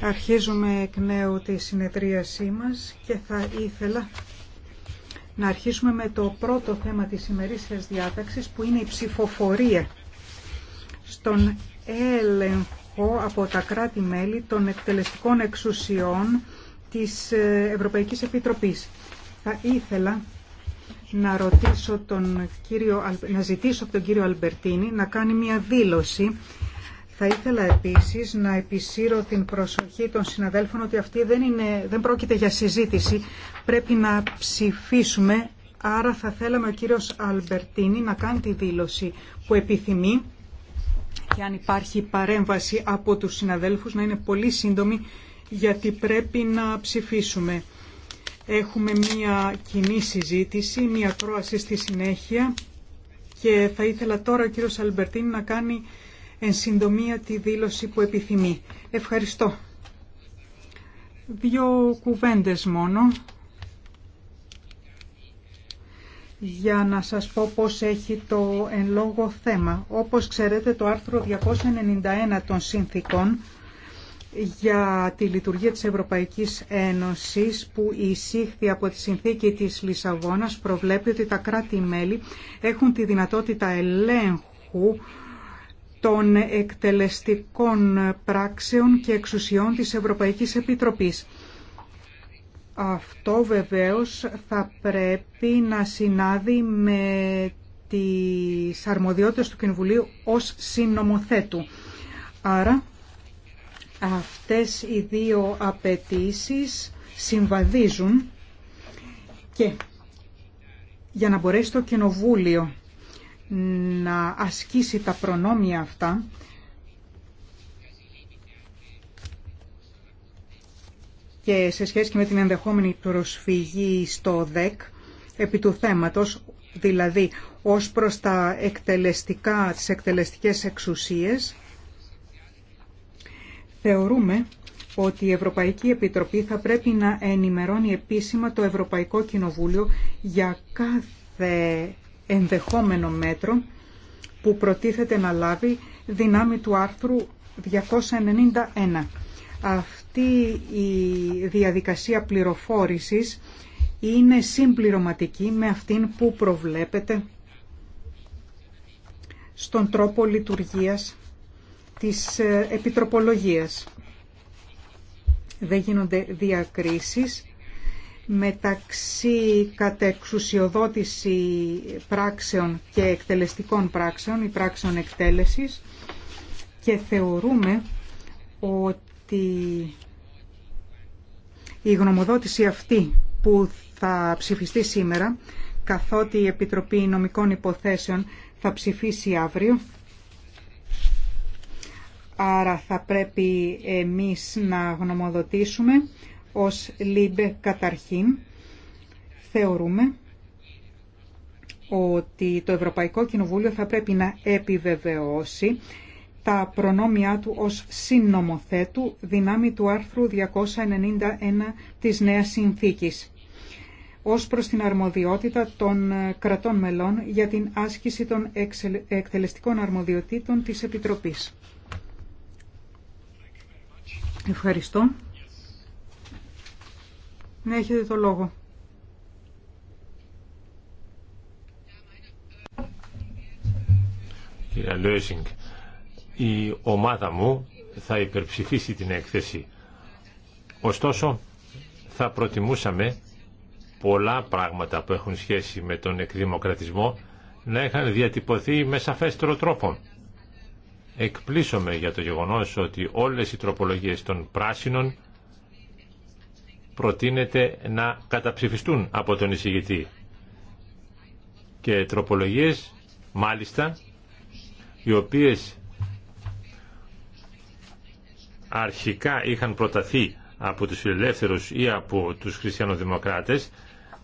Αρχίζουμε εκ νέου τη συνεδρίασή μας και θα ήθελα να αρχίσουμε με το πρώτο θέμα της ημερήσιας διάταξης που είναι η ψηφοφορία στον έλεγχο από τα κράτη-μέλη των εκτελεστικών εξουσιών της ε, Ευρωπαϊκής Επιτροπής. Θα ήθελα να, ρωτήσω τον κύριο, να ζητήσω από τον κύριο Αλμπερτίνη να κάνει μια δήλωση θα ήθελα επίσης να επισύρω την προσοχή των συναδέλφων ότι αυτή δεν, είναι, δεν πρόκειται για συζήτηση. Πρέπει να ψηφίσουμε, άρα θα θέλαμε ο κύριος Αλμπερτίνη να κάνει τη δήλωση που επιθυμεί και αν υπάρχει παρέμβαση από τους συναδέλφους να είναι πολύ σύντομη γιατί πρέπει να ψηφίσουμε. Έχουμε μία κοινή συζήτηση, μία κρόαση στη συνέχεια και θα ήθελα τώρα ο κύριος Αλμπερτίνη να κάνει εν συντομία τη δήλωση που επιθυμεί. Ευχαριστώ. Δύο κουβέντες μόνο για να σας πω πώς έχει το εν λόγω θέμα. Όπως ξέρετε το άρθρο 291 των συνθήκων για τη λειτουργία της Ευρωπαϊκής Ένωσης που εισήχθη από τη συνθήκη της Λισαβόνας προβλέπει ότι τα κράτη-μέλη έχουν τη δυνατότητα ελέγχου των εκτελεστικών πράξεων και εξουσιών της Ευρωπαϊκής Επιτροπής. Αυτό βεβαίως θα πρέπει να συνάδει με τις αρμοδιότητες του Κοινοβουλίου ως συνομοθέτου. Άρα αυτές οι δύο απαιτήσει συμβαδίζουν και για να μπορέσει το Κοινοβούλιο να ασκήσει τα προνόμια αυτά και σε σχέση και με την ενδεχόμενη προσφυγή στο ΔΕΚ επί του θέματος, δηλαδή ως προς τα εκτελεστικά, τις εκτελεστικές εξουσίες, θεωρούμε ότι η Ευρωπαϊκή Επιτροπή θα πρέπει να ενημερώνει επίσημα το Ευρωπαϊκό Κοινοβούλιο για κάθε ενδεχόμενο μέτρο που προτίθεται να λάβει δυνάμει του άρθρου 291. Αυτή η διαδικασία πληροφόρησης είναι συμπληρωματική με αυτήν που προβλέπεται στον τρόπο λειτουργίας της ε, επιτροπολογίας. Δεν γίνονται διακρίσεις μεταξύ κατεξουσιοδότηση πράξεων και εκτελεστικών πράξεων ή πράξεων εκτέλεσης και θεωρούμε ότι η γνωμοδότηση αυτή που θα ψηφιστεί σήμερα καθότι η Επιτροπή Νομικών Υποθέσεων θα ψηφίσει αύριο άρα θα πρέπει εμείς να γνωμοδοτήσουμε ως λίμπε καταρχήν θεωρούμε ότι το Ευρωπαϊκό Κοινοβούλιο θα πρέπει να επιβεβαιώσει τα προνόμια του ως συνομοθέτου δυνάμει του άρθρου 291 της Νέας Συνθήκης ως προς την αρμοδιότητα των κρατών μελών για την άσκηση των εκτελεστικών αρμοδιοτήτων της Επιτροπής. Ευχαριστώ. Ναι, έχετε το λόγο. Κύριε Λόισινγκ, η ομάδα μου θα υπερψηφίσει την έκθεση. Ωστόσο, θα προτιμούσαμε πολλά πράγματα που έχουν σχέση με τον εκδημοκρατισμό να είχαν διατυπωθεί με σαφέστερο τρόπο. Εκπλήσωμε για το γεγονός ότι όλες οι τροπολογίες των πράσινων προτείνεται να καταψηφιστούν από τον εισηγητή. Και τροπολογίες, μάλιστα, οι οποίες αρχικά είχαν προταθεί από τους φιλελεύθερους ή από τους χριστιανοδημοκράτες,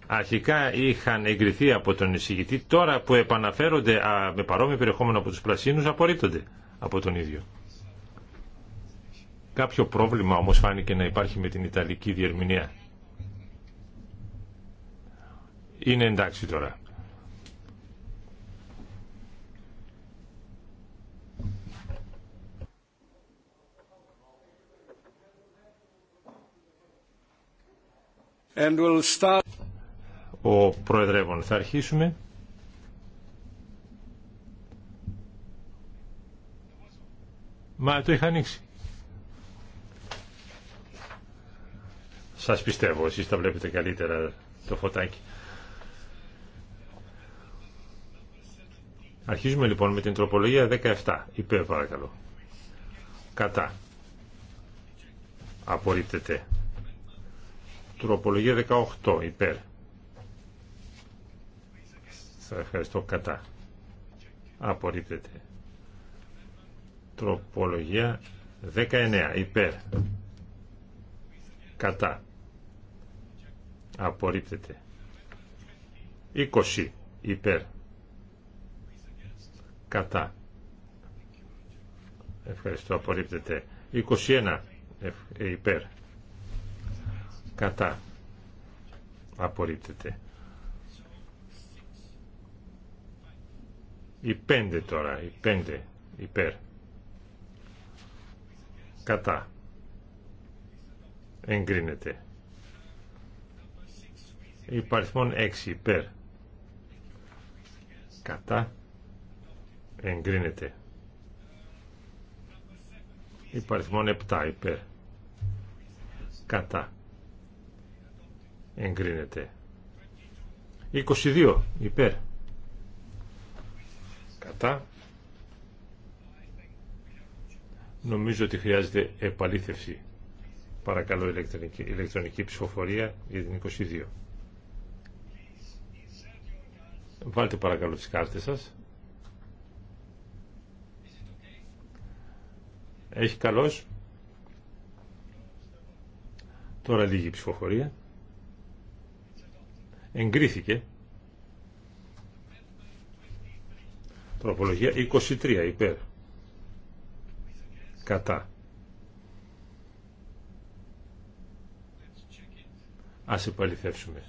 αρχικά είχαν εγκριθεί από τον εισηγητή, τώρα που επαναφέρονται με παρόμοιο περιεχόμενο από τους πρασίνους, απορρίπτονται από τον ίδιο. Κάποιο πρόβλημα όμως φάνηκε να υπάρχει με την Ιταλική διερμηνία. Είναι εντάξει τώρα. And we'll start... Ο Προεδρεύων θα αρχίσουμε. Μα το είχα ανοίξει. Σας πιστεύω, εσείς τα βλέπετε καλύτερα το φωτάκι. Αρχίζουμε λοιπόν με την τροπολογία 17. Υπέρ παρακαλώ. Κατά. Απορρίπτεται. Τροπολογία 18. Υπέρ. Σας ευχαριστώ. Κατά. Απορρίπτεται. Τροπολογία 19. Υπέρ. Κατά απορρίπτεται 20 υπέρ κατά ευχαριστώ απορρίπτεται 21 ε, υπέρ κατά απορρίπτεται οι πέντε τώρα οι πέντε. υπέρ κατά εγκρίνεται υπαριθμών 6 υπέρ κατά εγκρίνεται υπαριθμών 7 υπέρ κατά εγκρίνεται 22 υπέρ κατά νομίζω ότι χρειάζεται επαλήθευση παρακαλώ ηλεκτρονική, ηλεκτρονική ψηφοφορία για την 22 Βάλτε παρακαλώ τις κάρτες σας. Έχει καλός. Τώρα λίγη ψηφοφορία. Εγκρίθηκε. Τροπολογία 23 υπέρ. Κατά. Ας επαληθεύσουμε.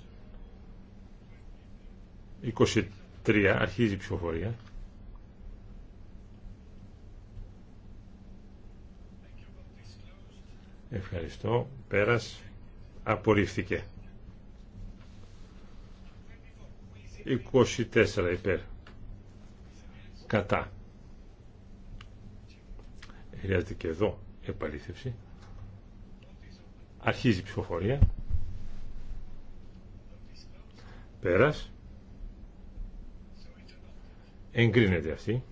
23 αρχίζει η ψηφοφορία. Ευχαριστώ. Πέρας. Απορρίφθηκε. 24 υπέρ. Κατά. Χρειάζεται και εδώ επαλήθευση. Αρχίζει η ψηφοφορία. Πέρας. Εγκρίνεται αυτή.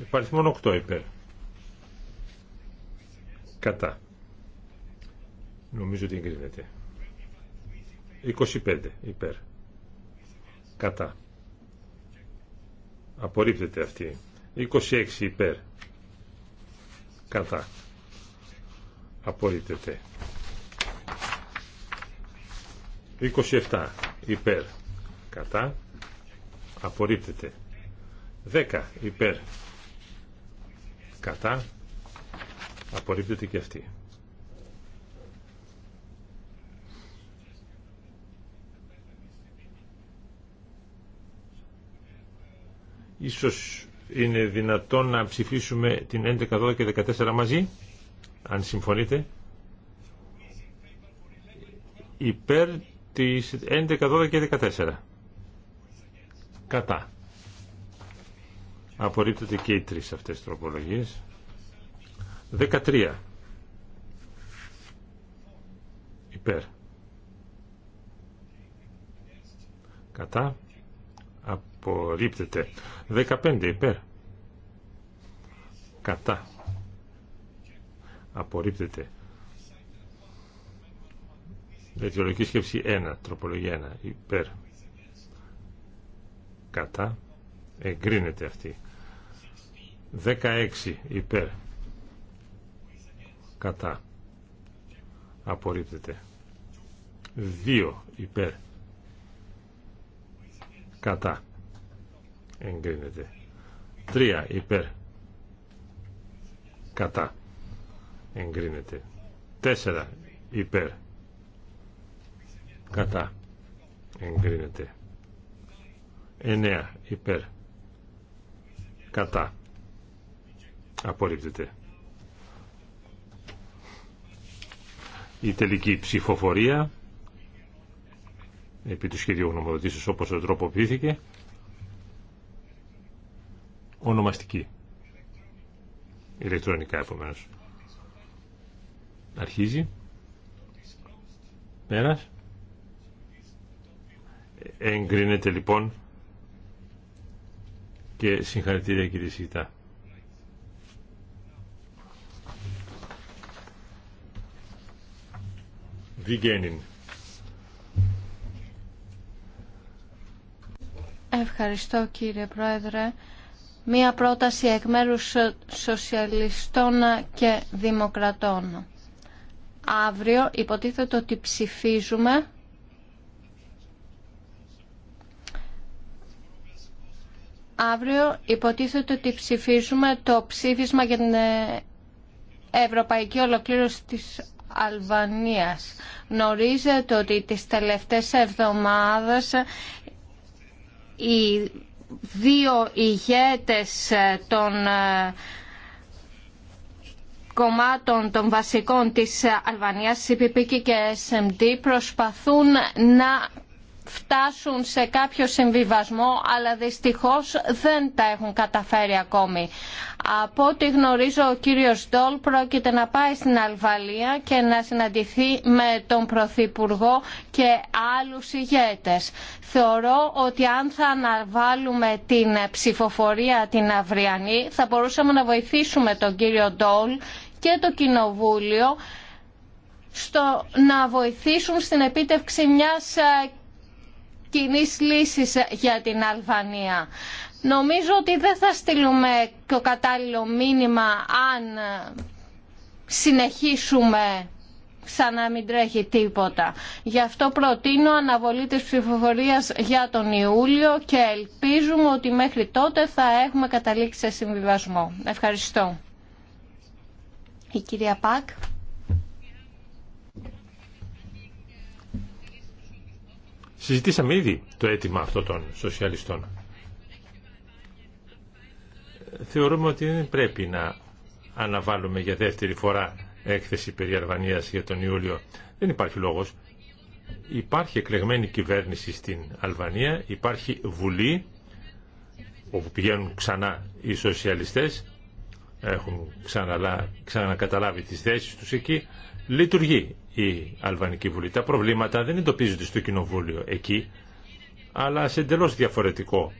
Υπάρχει μόνο 8 υπέρ. Κατά. Νομίζω ότι εγκρίνεται. 25 υπέρ. Κατά. Απορρίπτεται αυτή. 26 υπέρ. Κατά. Απορρίπτεται. 27 υπέρ κατά απορρίπτεται 10 υπέρ κατά απορρίπτεται και αυτή Ίσως είναι δυνατόν να ψηφίσουμε την 11, 12 και 14 μαζί, αν συμφωνείτε. Υπέρ της 11, 12 και 14 κατά. Απορρίπτονται και οι τρεις αυτές τροπολογίες. 13. Υπέρ. Κατά. Απορρίπτεται. 15. Υπέρ. Κατά. Απορρίπτεται. Αιτιολογική σκέψη 1. Τροπολογία 1. Υπέρ κατά εγκρίνεται αυτή 16 υπέρ κατά απορρίπτεται 2 υπέρ κατά εγκρίνεται 3 υπέρ κατά εγκρίνεται 4 υπέρ κατά εγκρίνεται 9 υπέρ κατά απορρίπτεται η τελική ψηφοφορία επί του σχεδίου γνωμοδοτήσεως όπως ο πήθηκε ονομαστική ηλεκτρονικά επομένως αρχίζει πέρας ε, εγκρίνεται λοιπόν και συγχαρητήρια κύριε Σιγητά. Ευχαριστώ κύριε Πρόεδρε. Μία πρόταση εκ μέρους σοσιαλιστών και δημοκρατών. Αύριο υποτίθεται ότι ψηφίζουμε Αύριο υποτίθεται ότι ψηφίζουμε το ψήφισμα για την ε, ευρωπαϊκή ολοκλήρωση της Αλβανίας. Γνωρίζετε ότι τις τελευταίες εβδομάδες οι δύο ηγέτες των ε, κομμάτων των βασικών της Αλβανίας, CPP και SMD, προσπαθούν να φτάσουν σε κάποιο συμβιβασμό, αλλά δυστυχώς δεν τα έχουν καταφέρει ακόμη. Από ό,τι γνωρίζω, ο κύριος Ντόλ πρόκειται να πάει στην Αλβαλία και να συναντηθεί με τον Πρωθυπουργό και άλλους ηγέτες. Θεωρώ ότι αν θα αναβάλουμε την ψηφοφορία την αυριανή, θα μπορούσαμε να βοηθήσουμε τον κύριο Ντόλ και το Κοινοβούλιο στο να βοηθήσουν στην επίτευξη μιας ε, κοινή λύση για την Αλβανία. Νομίζω ότι δεν θα στείλουμε το κατάλληλο μήνυμα αν συνεχίσουμε σαν να μην τρέχει τίποτα. Γι' αυτό προτείνω αναβολή της ψηφοφορίας για τον Ιούλιο και ελπίζουμε ότι μέχρι τότε θα έχουμε καταλήξει σε συμβιβασμό. Ευχαριστώ. Η κυρία Πακ. Συζητήσαμε ήδη το αίτημα αυτό των σοσιαλιστών. Θεωρούμε ότι δεν πρέπει να αναβάλουμε για δεύτερη φορά έκθεση περί Αλβανίας για τον Ιούλιο. Δεν υπάρχει λόγος. Υπάρχει εκλεγμένη κυβέρνηση στην Αλβανία, υπάρχει Βουλή, όπου πηγαίνουν ξανά οι σοσιαλιστές, έχουν ξαναλα... ξανακαταλάβει τις θέσεις τους εκεί, λειτουργεί η Αλβανική Βουλή. Τα προβλήματα δεν εντοπίζονται στο Κοινοβούλιο εκεί, αλλά σε εντελώ διαφορετικό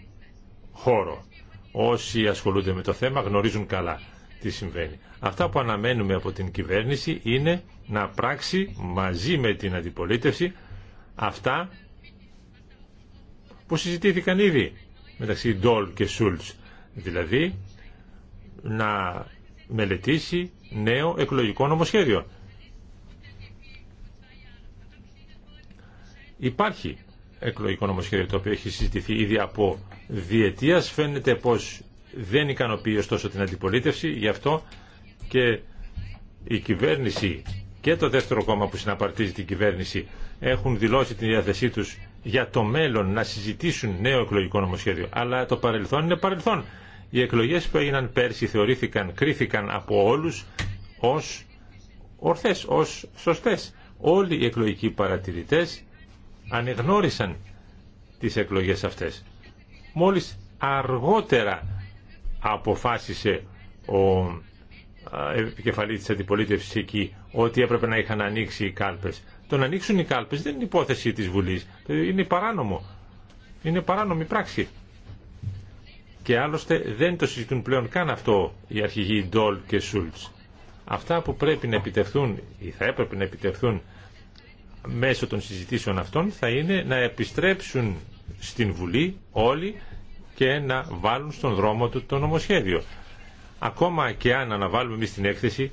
χώρο. Όσοι ασχολούνται με το θέμα γνωρίζουν καλά τι συμβαίνει. Αυτά που αναμένουμε από την κυβέρνηση είναι να πράξει μαζί με την αντιπολίτευση αυτά που συζητήθηκαν ήδη μεταξύ Ντόλ και Σούλτς. Δηλαδή να μελετήσει νέο εκλογικό νομοσχέδιο Υπάρχει εκλογικό νομοσχέδιο το οποίο έχει συζητηθεί ήδη από διετία. Φαίνεται πως δεν ικανοποιεί ωστόσο την αντιπολίτευση, γι' αυτό και η κυβέρνηση και το δεύτερο κόμμα που συναπαρτίζει την κυβέρνηση έχουν δηλώσει την διάθεσή τους για το μέλλον να συζητήσουν νέο εκλογικό νομοσχέδιο. Αλλά το παρελθόν είναι παρελθόν. Οι εκλογέ που έγιναν πέρσι θεωρήθηκαν, κρίθηκαν από όλου ω ορθέ, ω σωστέ. Όλοι οι εκλογικοί παρατηρητές ανεγνώρισαν τις εκλογές αυτές. Μόλις αργότερα αποφάσισε ο επικεφαλή της αντιπολίτευσης εκεί ότι έπρεπε να είχαν ανοίξει οι κάλπες. Το να ανοίξουν οι κάλπες δεν είναι υπόθεση της Βουλής. Είναι παράνομο. Είναι παράνομη πράξη. Και άλλωστε δεν το συζητούν πλέον καν αυτό οι αρχηγοί Ντόλ και Σούλτς. Αυτά που πρέπει να επιτευχθούν ή θα έπρεπε να επιτευχθούν μέσω των συζητήσεων αυτών θα είναι να επιστρέψουν στην Βουλή όλοι και να βάλουν στον δρόμο του το νομοσχέδιο. Ακόμα και αν αναβάλουμε εμεί την έκθεση,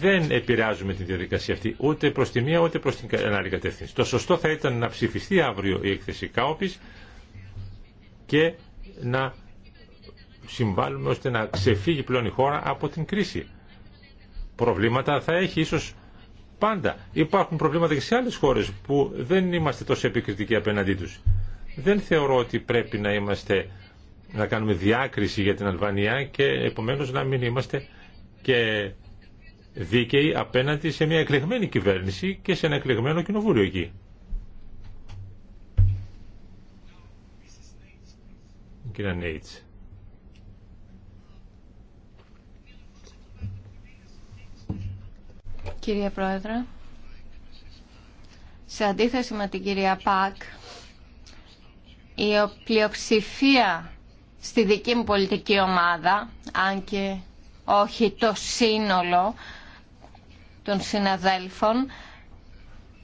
δεν επηρεάζουμε τη διαδικασία αυτή ούτε προ τη μία ούτε προ την άλλη κατεύθυνση. Το σωστό θα ήταν να ψηφιστεί αύριο η έκθεση Κάοπη και να συμβάλλουμε ώστε να ξεφύγει πλέον η χώρα από την κρίση. Προβλήματα θα έχει ίσως Πάντα υπάρχουν προβλήματα και σε άλλες χώρες που δεν είμαστε τόσο επικριτικοί απέναντί τους. Δεν θεωρώ ότι πρέπει να είμαστε να κάνουμε διάκριση για την Αλβανία και επομένως να μην είμαστε και δίκαιοι απέναντι σε μια εκλεγμένη κυβέρνηση και σε ένα εκλεγμένο κοινοβούλιο εκεί. Κύριε Νέιτς. Κύριε Πρόεδρε, σε αντίθεση με την κυρία Πακ, η πλειοψηφία στη δική μου πολιτική ομάδα, αν και όχι το σύνολο των συναδέλφων,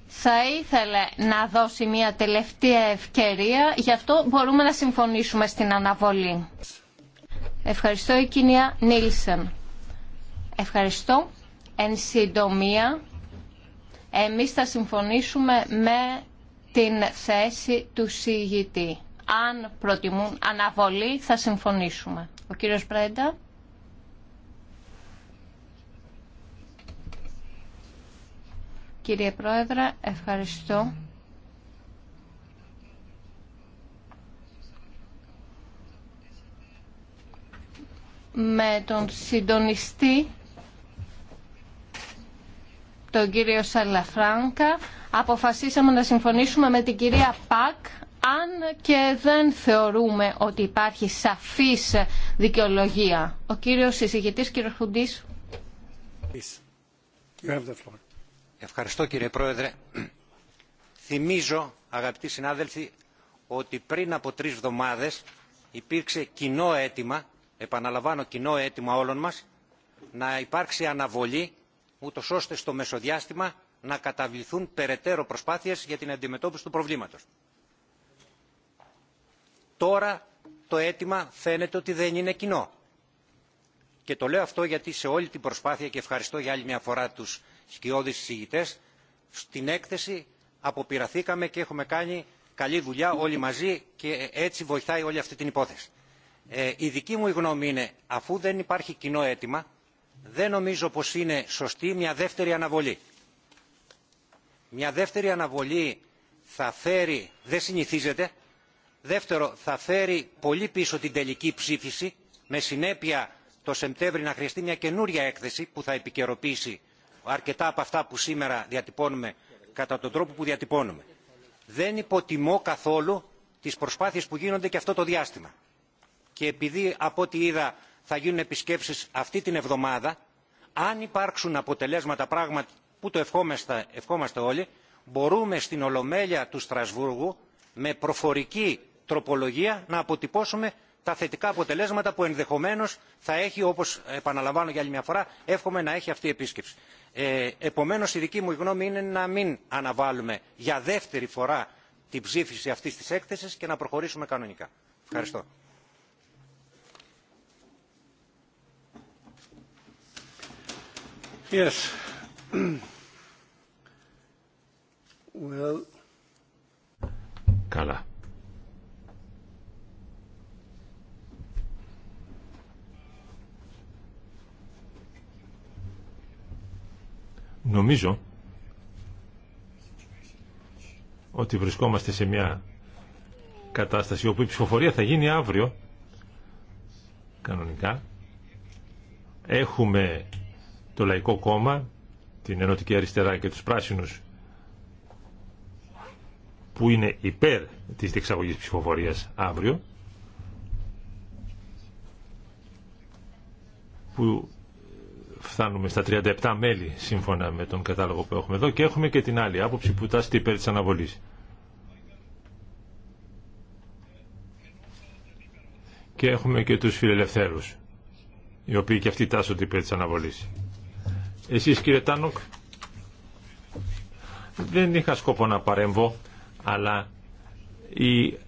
θα ήθελε να δώσει μια τελευταία ευκαιρία, γι' αυτό μπορούμε να συμφωνήσουμε στην αναβολή. Ευχαριστώ η κυρία Νίλσεν. Ευχαριστώ. Εν συντομία, εμείς θα συμφωνήσουμε με την θέση του συγητή. Αν προτιμούν αναβολή, θα συμφωνήσουμε. Ο κύριος Πρέντα. Κύριε Πρόεδρε, ευχαριστώ. Με τον συντονιστή τον κύριο Σαλαφράνκα αποφασίσαμε να συμφωνήσουμε με την κυρία Πακ αν και δεν θεωρούμε ότι υπάρχει σαφής δικαιολογία. Ο κύριος συζητητής, κύριος Χουντής. Ευχαριστώ κύριε Πρόεδρε. Θυμίζω, αγαπητοί συνάδελφοι, ότι πριν από τρεις εβδομάδες υπήρξε κοινό αίτημα, επαναλαμβάνω κοινό αίτημα όλων μας, να υπάρξει αναβολή ούτω ώστε στο μεσοδιάστημα να καταβληθούν περαιτέρω προσπάθειες για την αντιμετώπιση του προβλήματος. Τώρα το αίτημα φαίνεται ότι δεν είναι κοινό. Και το λέω αυτό γιατί σε όλη την προσπάθεια και ευχαριστώ για άλλη μια φορά τους σκιώδεις συζητητές, στην έκθεση αποπειραθήκαμε και έχουμε κάνει καλή δουλειά όλοι μαζί και έτσι βοηθάει όλη αυτή την υπόθεση. Ε, η δική μου γνώμη είναι αφού δεν υπάρχει κοινό αίτημα δεν νομίζω πως είναι σωστή μια δεύτερη αναβολή. Μια δεύτερη αναβολή θα φέρει, δεν συνηθίζεται, δεύτερο θα φέρει πολύ πίσω την τελική ψήφιση με συνέπεια το Σεπτέμβριο να χρειαστεί μια καινούρια έκθεση που θα επικαιροποιήσει αρκετά από αυτά που σήμερα διατυπώνουμε κατά τον τρόπο που διατυπώνουμε. Δεν υποτιμώ καθόλου τις προσπάθειες που γίνονται και αυτό το διάστημα. Και επειδή από ό,τι είδα θα γίνουν επισκέψεις αυτή την εβδομάδα. Αν υπάρξουν αποτελέσματα πράγματι που το ευχόμαστε, όλοι, μπορούμε στην Ολομέλεια του Στρασβούργου με προφορική τροπολογία να αποτυπώσουμε τα θετικά αποτελέσματα που ενδεχομένως θα έχει, όπως επαναλαμβάνω για άλλη μια φορά, εύχομαι να έχει αυτή η επίσκεψη. Ε, επομένως η δική μου γνώμη είναι να μην αναβάλουμε για δεύτερη φορά την ψήφιση αυτής της έκθεσης και να προχωρήσουμε κανονικά. Ευχαριστώ. Καλά. Νομίζω ότι βρισκόμαστε σε μια κατάσταση όπου η ψηφοφορία θα γίνει αύριο κανονικά. Έχουμε το Λαϊκό Κόμμα, την Ενωτική Αριστερά και τους Πράσινους που είναι υπέρ της διεξαγωγής ψηφοφορίας αύριο που φτάνουμε στα 37 μέλη σύμφωνα με τον κατάλογο που έχουμε εδώ και έχουμε και την άλλη άποψη που τάσσεται υπέρ της αναβολής. Και έχουμε και τους φιλελευθέρους οι οποίοι και αυτοί τάσσονται υπέρ της αναβολής. Εσείς κύριε Τάνοκ, δεν είχα σκόπο να παρέμβω, αλλά η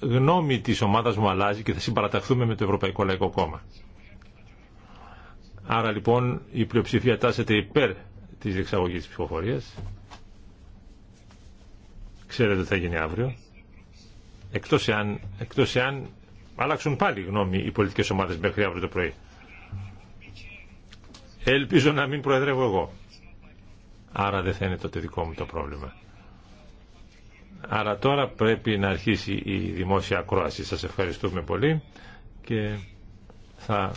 γνώμη της ομάδας μου αλλάζει και θα συμπαραταχθούμε με το Ευρωπαϊκό Λαϊκό Κόμμα. Άρα λοιπόν η πλειοψηφία τάσεται υπέρ της διεξαγωγής της ψηφοφορίας. Ξέρετε τι θα γίνει αύριο. Εκτός εάν, εκτός εάν αλλάξουν πάλι γνώμη οι πολιτικές ομάδες μέχρι αύριο το πρωί. Ελπίζω να μην προεδρεύω εγώ. Άρα δεν θα είναι τότε δικό μου το πρόβλημα. Άρα τώρα πρέπει να αρχίσει η δημόσια ακρόαση. Σας ευχαριστούμε πολύ και θα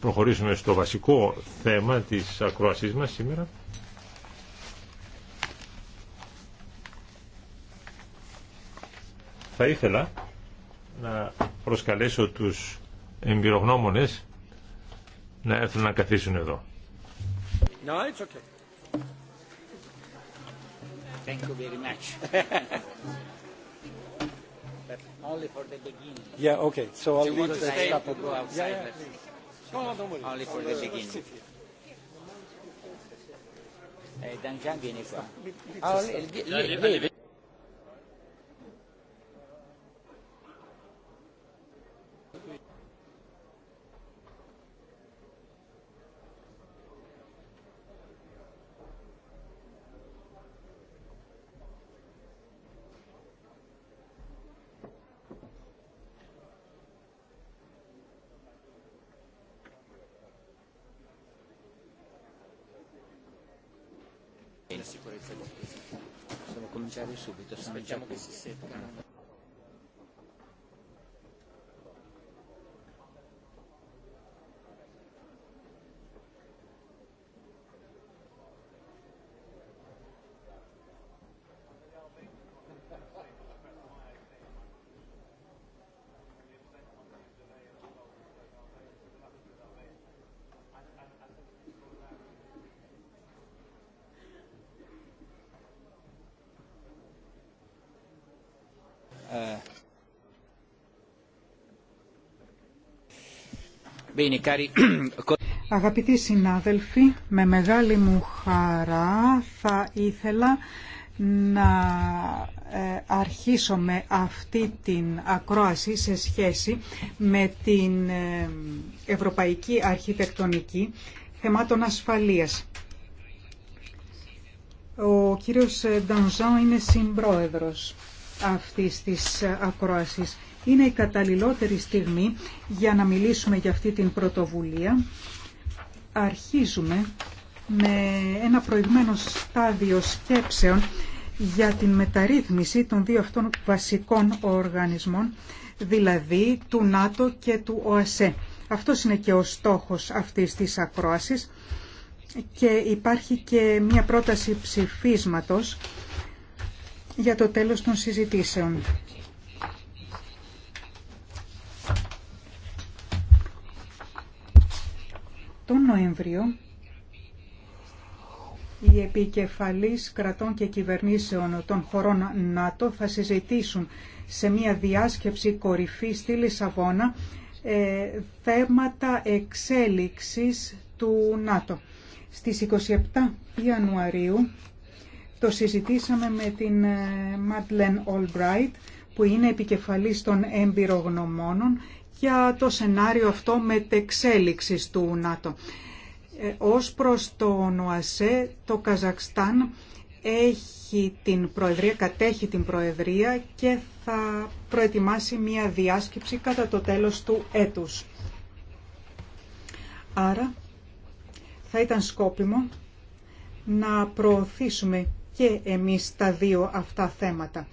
προχωρήσουμε στο βασικό θέμα της ακρόασής μας σήμερα. Θα ήθελα να προσκαλέσω τους εμπειρογνώμονες να έρθουν να καθίσουν εδώ. No, it's okay. Thank you very much. but only for the beginning. Yeah, okay. So I'll leave the stuff to go outside. Yeah, yeah, no, don't worry. Only for the beginning. Eh, Danjan viene qua. Ah, subito, se non Αγαπητοί συνάδελφοι, με μεγάλη μου χαρά θα ήθελα να ε, αρχίσω με αυτή την ακρόαση σε σχέση με την ε, Ευρωπαϊκή Αρχιτεκτονική θεμάτων ασφαλείας. Ο κύριος Ντανζάν είναι συμπρόεδρος αυτής της ε, ακρόασης είναι η καταλληλότερη στιγμή για να μιλήσουμε για αυτή την πρωτοβουλία. Αρχίζουμε με ένα προηγμένο στάδιο σκέψεων για την μεταρρύθμιση των δύο αυτών βασικών οργανισμών, δηλαδή του ΝΑΤΟ και του ΟΑΣΕ. Αυτό είναι και ο στόχος αυτής της ακρόασης και υπάρχει και μια πρόταση ψηφίσματος για το τέλος των συζητήσεων. Τον Νοέμβριο οι επικεφαλής κρατών και κυβερνήσεων των χωρών ΝΑΤΟ θα συζητήσουν σε μια διάσκεψη κορυφή στη Λισαβόνα ε, θέματα εξέλιξης του ΝΑΤΟ. Στις 27 Ιανουαρίου το συζητήσαμε με την Ματλέν ε, Ολμπράιτ που είναι επικεφαλής των εμπειρογνωμόνων για το σενάριο αυτό μετεξέλιξης του ΝΑΤΟ. Ε, ως προς το Νοασέ, το Καζακστάν έχει την προεδρία, κατέχει την προεδρία και θα προετοιμάσει μία διάσκεψη κατά το τέλος του έτους. Άρα θα ήταν σκόπιμο να προωθήσουμε και εμείς τα δύο αυτά θέματα.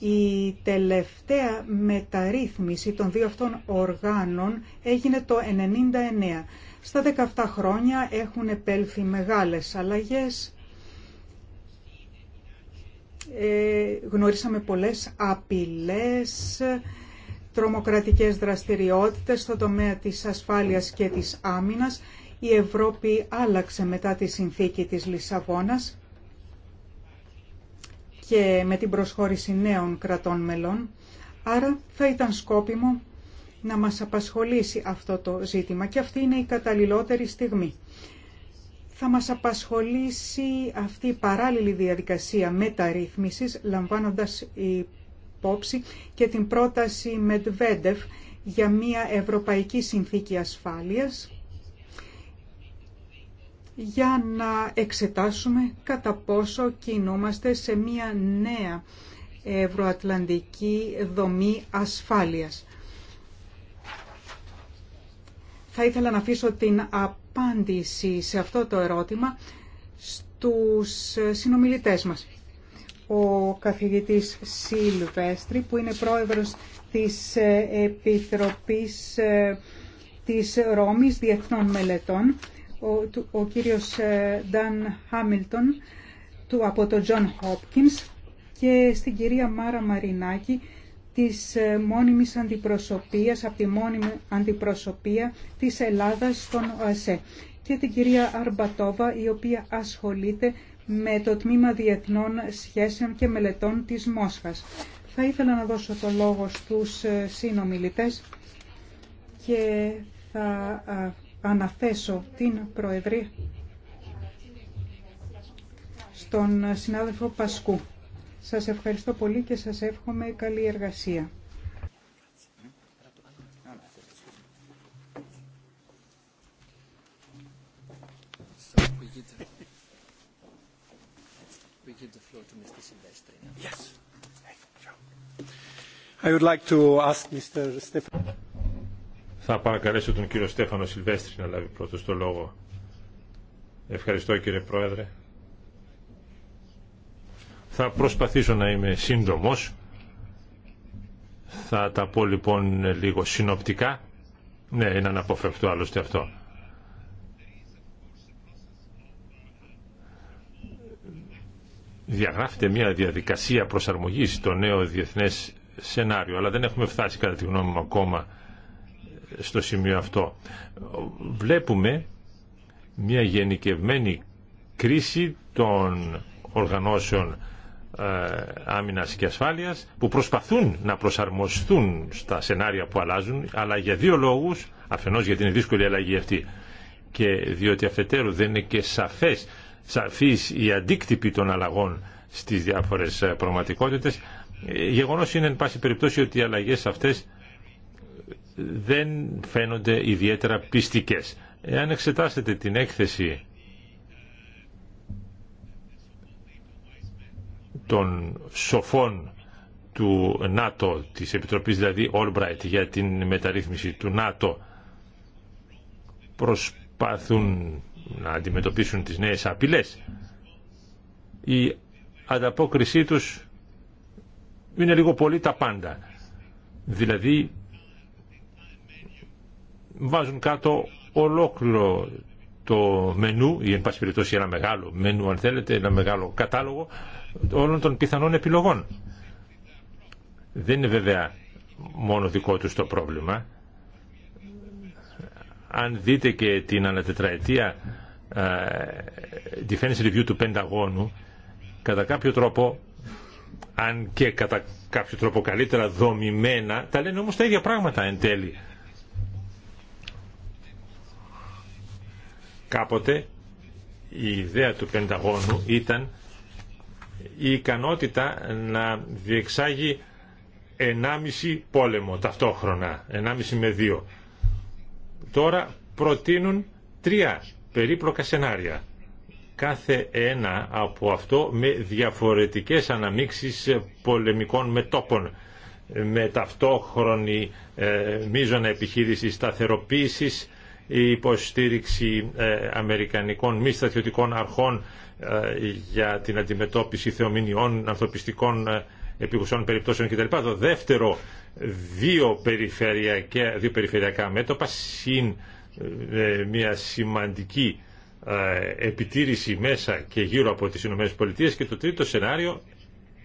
Η τελευταία μεταρρύθμιση των δύο αυτών οργάνων έγινε το 1999. Στα 17 χρόνια έχουν επέλθει μεγάλες αλλαγές. Ε, γνωρίσαμε πολλές απειλές, τρομοκρατικές δραστηριότητες στο τομέα της ασφάλειας και της άμυνας. Η Ευρώπη άλλαξε μετά τη συνθήκη της Λισαβόνας και με την προσχώρηση νέων κρατών μελών, άρα θα ήταν σκόπιμο να μας απασχολήσει αυτό το ζήτημα και αυτή είναι η καταλληλότερη στιγμή. Θα μας απασχολήσει αυτή η παράλληλη διαδικασία μεταρρύθμισης, λαμβάνοντας υπόψη και την πρόταση Μετβέντεφ για μια Ευρωπαϊκή Συνθήκη Ασφάλειας, για να εξετάσουμε κατά πόσο κινούμαστε σε μια νέα ευρωατλαντική δομή ασφάλειας. Θα ήθελα να αφήσω την απάντηση σε αυτό το ερώτημα στους συνομιλητές μας. Ο καθηγητής Σιλβέστρη που είναι πρόεδρος της Επιτροπής ε, της Ρώμης Διεθνών Μελετών ο, ο κύριος Νταν ε, Χάμιλτον του, από το John Hopkins και στην κυρία Μάρα Μαρινάκη της ε, μόνιμης αντιπροσωπείας, από τη μόνιμη αντιπροσωπεία της Ελλάδας στον ΟΑΣΕ και την κυρία Αρμπατόβα η οποία ασχολείται με το Τμήμα Διεθνών Σχέσεων και Μελετών της Μόσχας. Θα ήθελα να δώσω το λόγο στους ε, συνομιλητές και θα αναθέσω την Προεδρία στον συνάδελφο Πασκού. Σας ευχαριστώ πολύ και σας εύχομαι καλή εργασία. I would like to ask Mr. Θα παρακαλέσω τον κύριο Στέφανο Σιλβέστρη να λάβει πρώτο το λόγο. Ευχαριστώ κύριε Πρόεδρε. Θα προσπαθήσω να είμαι σύντομος. Θα τα πω λοιπόν λίγο συνοπτικά. Ναι, είναι αναποφευκτό άλλωστε αυτό. Διαγράφεται μια διαδικασία προσαρμογής στο νέο διεθνές σενάριο, αλλά δεν έχουμε φτάσει κατά τη γνώμη μου ακόμα στο σημείο αυτό. Βλέπουμε μια γενικευμένη κρίση των οργανώσεων ε, άμυνας και ασφάλειας που προσπαθούν να προσαρμοστούν στα σενάρια που αλλάζουν αλλά για δύο λόγους, αφενός γιατί είναι δύσκολη αλλαγή αυτή και διότι αφετέρου δεν είναι και σαφές, σαφής η αντίκτυπη των αλλαγών στις διάφορες ε, πραγματικότητες ε, γεγονός είναι εν πάση περιπτώσει ότι οι αλλαγές αυτές δεν φαίνονται ιδιαίτερα πιστικές. Εάν εξετάσετε την έκθεση των σοφών του ΝΑΤΟ, της Επιτροπής δηλαδή Όλμπραϊτ για την μεταρρύθμιση του ΝΑΤΟ, προσπαθούν να αντιμετωπίσουν τις νέες απειλές. Η ανταπόκρισή τους είναι λίγο πολύ τα πάντα. Δηλαδή βάζουν κάτω ολόκληρο το μενού ή εν πάση περιπτώσει ένα μεγάλο μενού αν θέλετε, ένα μεγάλο κατάλογο όλων των πιθανών επιλογών. Δεν είναι βέβαια μόνο δικό τους το πρόβλημα. Αν δείτε και την ανατετραετία uh, Defense Review του Πενταγώνου κατά κάποιο τρόπο αν και κατά κάποιο τρόπο καλύτερα δομημένα τα λένε όμως τα ίδια πράγματα εν τέλει Κάποτε η ιδέα του Πενταγώνου ήταν η ικανότητα να διεξάγει ενάμιση πόλεμο ταυτόχρονα, ενάμιση με δύο. Τώρα προτείνουν τρία περίπλοκα σενάρια. Κάθε ένα από αυτό με διαφορετικές αναμίξεις πολεμικών μετόπων, με ταυτόχρονη ε, μείζωνα επιχείρηση σταθεροποίησης, η υποστήριξη ε, αμερικανικών μη στρατιωτικών αρχών ε, για την αντιμετώπιση θεομηνιών, ανθρωπιστικών ε, επιγουσών περιπτώσεων κτλ. Το δεύτερο, δύο περιφερειακά, μέτωπα συν μια σημαντική επιτήρηση μέσα και γύρω από τις ΗΠΑ και το τρίτο σενάριο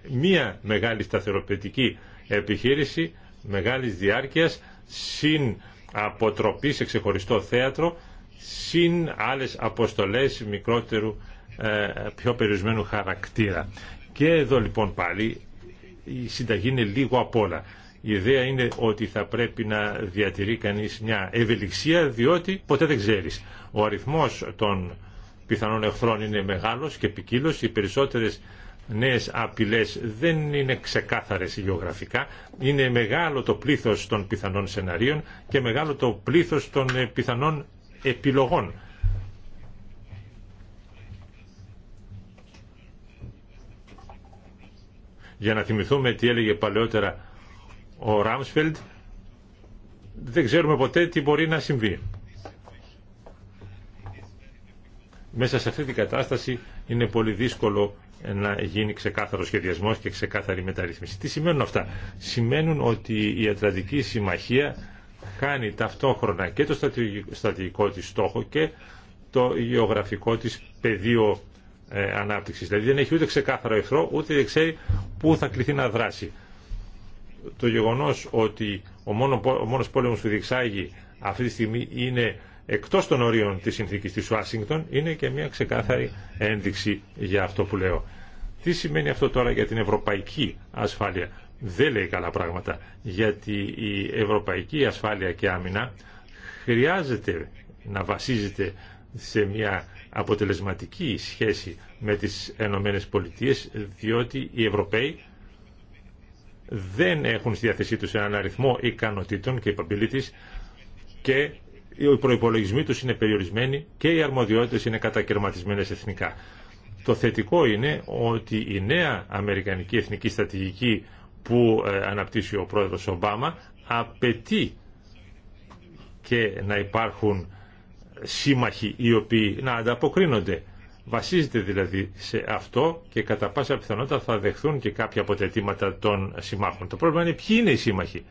μια μεγάλη σταθεροποιητική επιχείρηση μεγάλης διάρκειας συν αποτροπή σε ξεχωριστό θέατρο συν άλλες αποστολές μικρότερου ε, πιο περιορισμένου χαρακτήρα. Και εδώ λοιπόν πάλι η συνταγή είναι λίγο απ' όλα. Η ιδέα είναι ότι θα πρέπει να διατηρεί κανείς μια ευελιξία διότι ποτέ δεν ξέρεις. Ο αριθμός των πιθανών εχθρών είναι μεγάλος και ποικίλος. Οι περισσότερες νέες απειλές δεν είναι ξεκάθαρες γεωγραφικά. Είναι μεγάλο το πλήθος των πιθανών σεναρίων και μεγάλο το πλήθος των ε, πιθανών επιλογών. Για να θυμηθούμε τι έλεγε παλαιότερα ο Ράμσφελντ, δεν ξέρουμε ποτέ τι μπορεί να συμβεί. Μέσα σε αυτή την κατάσταση είναι πολύ δύσκολο να γίνει ξεκάθαρο σχεδιασμό και ξεκάθαρη μεταρρύθμιση. Τι σημαίνουν αυτά. Σημαίνουν ότι η Ατλαντική Συμμαχία κάνει ταυτόχρονα και το στρατηγικό τη στόχο και το γεωγραφικό τη πεδίο ε, ανάπτυξης. Δηλαδή δεν έχει ούτε ξεκάθαρο εχθρό, ούτε δεν ξέρει πού θα κληθεί να δράσει. Το γεγονός ότι ο, μόνο, ο μόνος πόλεμος που διεξάγει μονο πόλεμο μονος που διεξαγει αυτη τη στιγμή είναι εκτός των ορίων της συνθήκης της Ουάσιγκτον είναι και μια ξεκάθαρη ένδειξη για αυτό που λέω. Τι σημαίνει αυτό τώρα για την ευρωπαϊκή ασφάλεια. Δεν λέει καλά πράγματα, γιατί η ευρωπαϊκή ασφάλεια και άμυνα χρειάζεται να βασίζεται σε μια αποτελεσματική σχέση με τις Ενωμένες Πολιτείες, διότι οι Ευρωπαίοι δεν έχουν στη διάθεσή τους έναν αριθμό ικανοτήτων και και οι προπολογισμοί τους είναι περιορισμένοι και οι αρμοδιότητες είναι κατακαιρματισμένε εθνικά. Το θετικό είναι ότι η νέα Αμερικανική Εθνική Στρατηγική που ε, αναπτύσσει ο πρόεδρος Ομπάμα απαιτεί και να υπάρχουν σύμμαχοι οι οποίοι να ανταποκρίνονται. Βασίζεται δηλαδή σε αυτό και κατά πάσα πιθανότητα θα δεχθούν και κάποια αποτετήματα των συμμάχων. Το πρόβλημα είναι ποιοι είναι οι σύμμαχοι.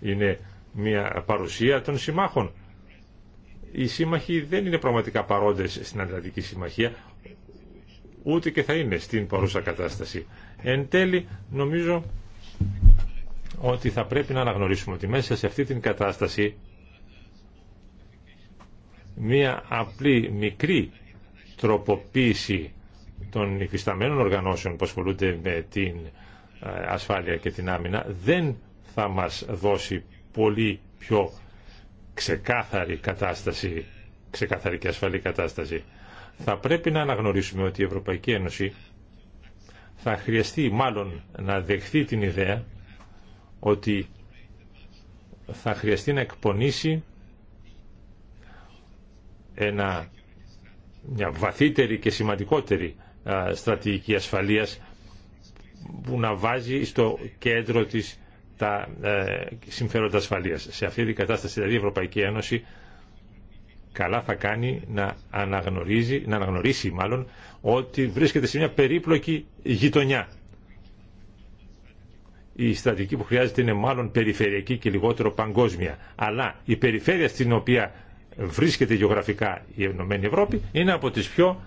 Είναι μια παρουσία των συμμάχων οι σύμμαχοι δεν είναι πραγματικά παρόντες στην Αντιλαντική Συμμαχία, ούτε και θα είναι στην παρούσα κατάσταση. Εν τέλει, νομίζω ότι θα πρέπει να αναγνωρίσουμε ότι μέσα σε αυτή την κατάσταση μία απλή μικρή τροποποίηση των υφισταμένων οργανώσεων που ασχολούνται με την ε, ασφάλεια και την άμυνα δεν θα μας δώσει πολύ πιο ξεκάθαρη κατάσταση, ξεκάθαρη και ασφαλή κατάσταση. Θα πρέπει να αναγνωρίσουμε ότι η Ευρωπαϊκή Ένωση θα χρειαστεί μάλλον να δεχθεί την ιδέα ότι θα χρειαστεί να εκπονήσει ένα, μια βαθύτερη και σημαντικότερη στρατηγική ασφαλείας που να βάζει στο κέντρο της τα ε, συμφέροντα ασφαλεία Σε αυτή την κατάσταση δηλαδή η Ευρωπαϊκή Ένωση καλά θα κάνει να, αναγνωρίζει, να αναγνωρίσει μάλλον ότι βρίσκεται σε μια περίπλοκη γειτονιά. Η στρατική που χρειάζεται είναι μάλλον περιφερειακή και λιγότερο παγκόσμια. Αλλά η περιφέρεια στην οποία βρίσκεται γεωγραφικά η Ευρώπη είναι από τις πιο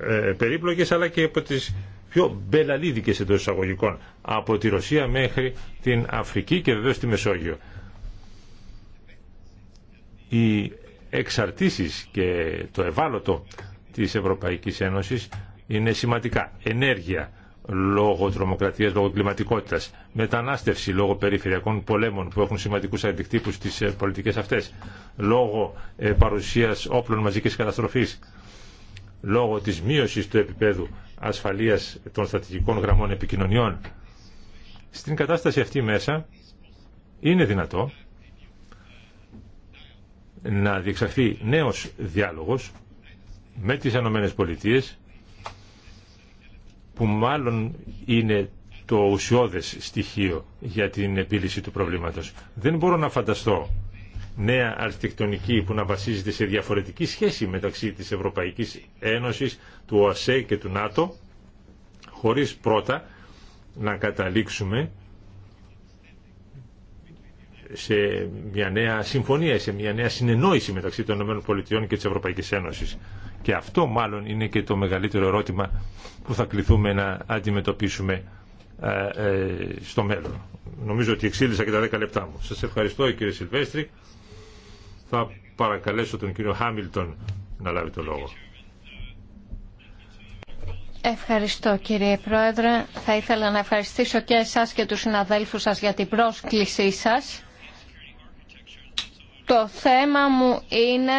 ε, περίπλοκες αλλά και από τις πιο μπελαλίδικε εντό εισαγωγικών από τη Ρωσία μέχρι την Αφρική και βεβαίω τη Μεσόγειο. Οι εξαρτήσεις και το ευάλωτο της Ευρωπαϊκής Ένωση είναι σημαντικά. Ενέργεια λόγω τρομοκρατία, λόγω κλιματικότητα, μετανάστευση λόγω περιφερειακών πολέμων που έχουν σημαντικούς αντικτύπους στι ε, πολιτικές αυτέ, λόγω ε, παρουσίας όπλων μαζική καταστροφή λόγω της μείωσης του επίπεδου ασφαλείας των στρατηγικών γραμμών επικοινωνιών. Στην κατάσταση αυτή μέσα είναι δυνατό να διεξαχθεί νέος διάλογος με τις ΗΠΑ που μάλλον είναι το ουσιώδες στοιχείο για την επίλυση του προβλήματος. Δεν μπορώ να φανταστώ νέα αρχιτεκτονική που να βασίζεται σε διαφορετική σχέση μεταξύ της Ευρωπαϊκής Ένωσης, του ΟΑΣΕ και του ΝΑΤΟ, χωρίς πρώτα να καταλήξουμε σε μια νέα συμφωνία, σε μια νέα συνεννόηση μεταξύ των ΗΠΑ και της Ευρωπαϊκής Ένωσης. Και αυτό μάλλον είναι και το μεγαλύτερο ερώτημα που θα κληθούμε να αντιμετωπίσουμε ε, ε, στο μέλλον. Νομίζω ότι εξήλυσα και τα 10 λεπτά μου. Σας ευχαριστώ κύριε Σιλβέστρη θα παρακαλέσω τον κύριο Χάμιλτον να λάβει το λόγο. Ευχαριστώ κύριε Πρόεδρε. Θα ήθελα να ευχαριστήσω και εσάς και τους συναδέλφους σας για την πρόσκλησή σας. Το θέμα μου είναι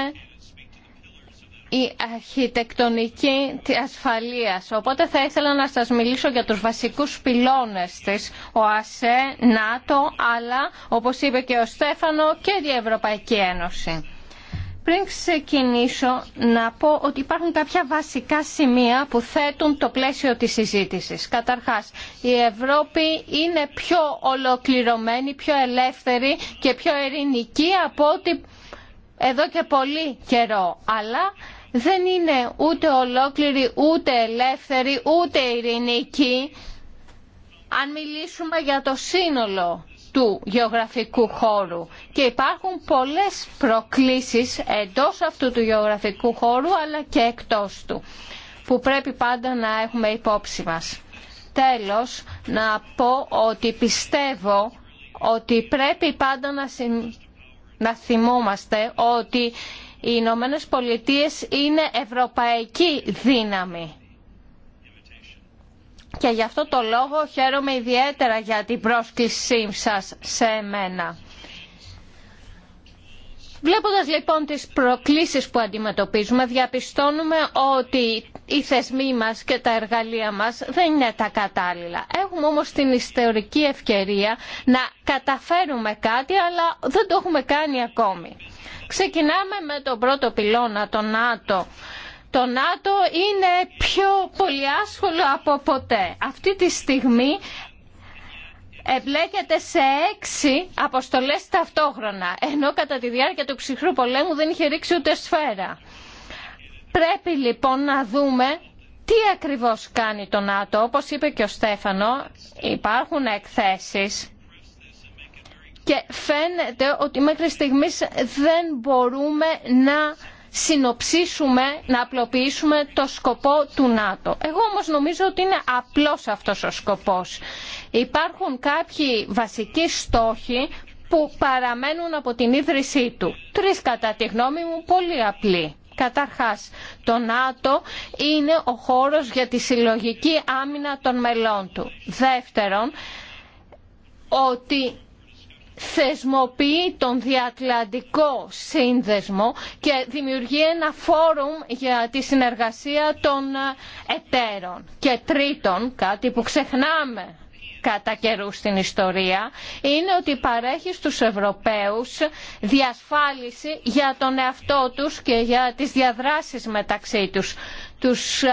η αρχιτεκτονική της ασφαλείας. Οπότε θα ήθελα να σας μιλήσω για τους βασικούς πυλώνες της ΟΑΣΕ, ΝΑΤΟ, αλλά όπως είπε και ο Στέφανο και η Ευρωπαϊκή Ένωση. Πριν ξεκινήσω να πω ότι υπάρχουν κάποια βασικά σημεία που θέτουν το πλαίσιο της συζήτησης. Καταρχάς, η Ευρώπη είναι πιο ολοκληρωμένη, πιο ελεύθερη και πιο ειρηνική από ό,τι εδώ και πολύ καιρό. Αλλά δεν είναι ούτε ολόκληρη, ούτε ελεύθερη, ούτε ειρηνική αν μιλήσουμε για το σύνολο του γεωγραφικού χώρου και υπάρχουν πολλές προκλήσεις εντός αυτού του γεωγραφικού χώρου αλλά και εκτός του που πρέπει πάντα να έχουμε υπόψη μας. Τέλος, να πω ότι πιστεύω ότι πρέπει πάντα να, να θυμόμαστε ότι οι Ηνωμένε Πολιτείε είναι ευρωπαϊκή δύναμη. Και γι' αυτό το λόγο χαίρομαι ιδιαίτερα για την πρόσκλησή σας σε εμένα. Βλέποντας λοιπόν τις προκλήσεις που αντιμετωπίζουμε, διαπιστώνουμε ότι οι θεσμοί μας και τα εργαλεία μας δεν είναι τα κατάλληλα. Έχουμε όμως την ιστορική ευκαιρία να καταφέρουμε κάτι, αλλά δεν το έχουμε κάνει ακόμη. Ξεκινάμε με τον πρώτο πυλώνα, τον ΝΑΤΟ. Το ΝΑΤΟ είναι πιο πολυάσχολο από ποτέ. Αυτή τη στιγμή εμπλέκεται σε έξι αποστολές ταυτόχρονα, ενώ κατά τη διάρκεια του ψυχρού πολέμου δεν είχε ρίξει ούτε σφαίρα. Πρέπει λοιπόν να δούμε τι ακριβώς κάνει το ΝΑΤΟ. Όπως είπε και ο Στέφανο, υπάρχουν εκθέσεις και φαίνεται ότι μέχρι στιγμής δεν μπορούμε να συνοψίσουμε, να απλοποιήσουμε το σκοπό του ΝΑΤΟ. Εγώ όμως νομίζω ότι είναι απλός αυτός ο σκοπός. Υπάρχουν κάποιοι βασικοί στόχοι που παραμένουν από την ίδρυσή του. Τρεις κατά τη γνώμη μου πολύ απλοί. Καταρχάς, το ΝΑΤΟ είναι ο χώρος για τη συλλογική άμυνα των μελών του. Δεύτερον, ότι θεσμοποιεί τον διατλαντικό σύνδεσμο και δημιουργεί ένα φόρουμ για τη συνεργασία των εταίρων. Και τρίτον, κάτι που ξεχνάμε κατά καιρού στην ιστορία, είναι ότι παρέχει στους Ευρωπαίους διασφάλιση για τον εαυτό τους και για τις διαδράσεις μεταξύ τους τους ε,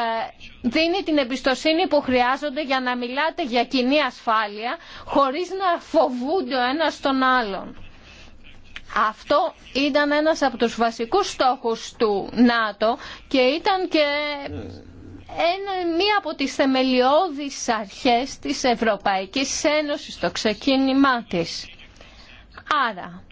δίνει την εμπιστοσύνη που χρειάζονται για να μιλάτε για κοινή ασφάλεια χωρίς να φοβούνται ο ένας τον άλλον. Αυτό ήταν ένας από τους βασικούς στόχους του ΝΑΤΟ και ήταν και ένα μία από τις θεμελιώδεις αρχές της Ευρωπαϊκής Ένωσης, το ξεκίνημά της. Άρα,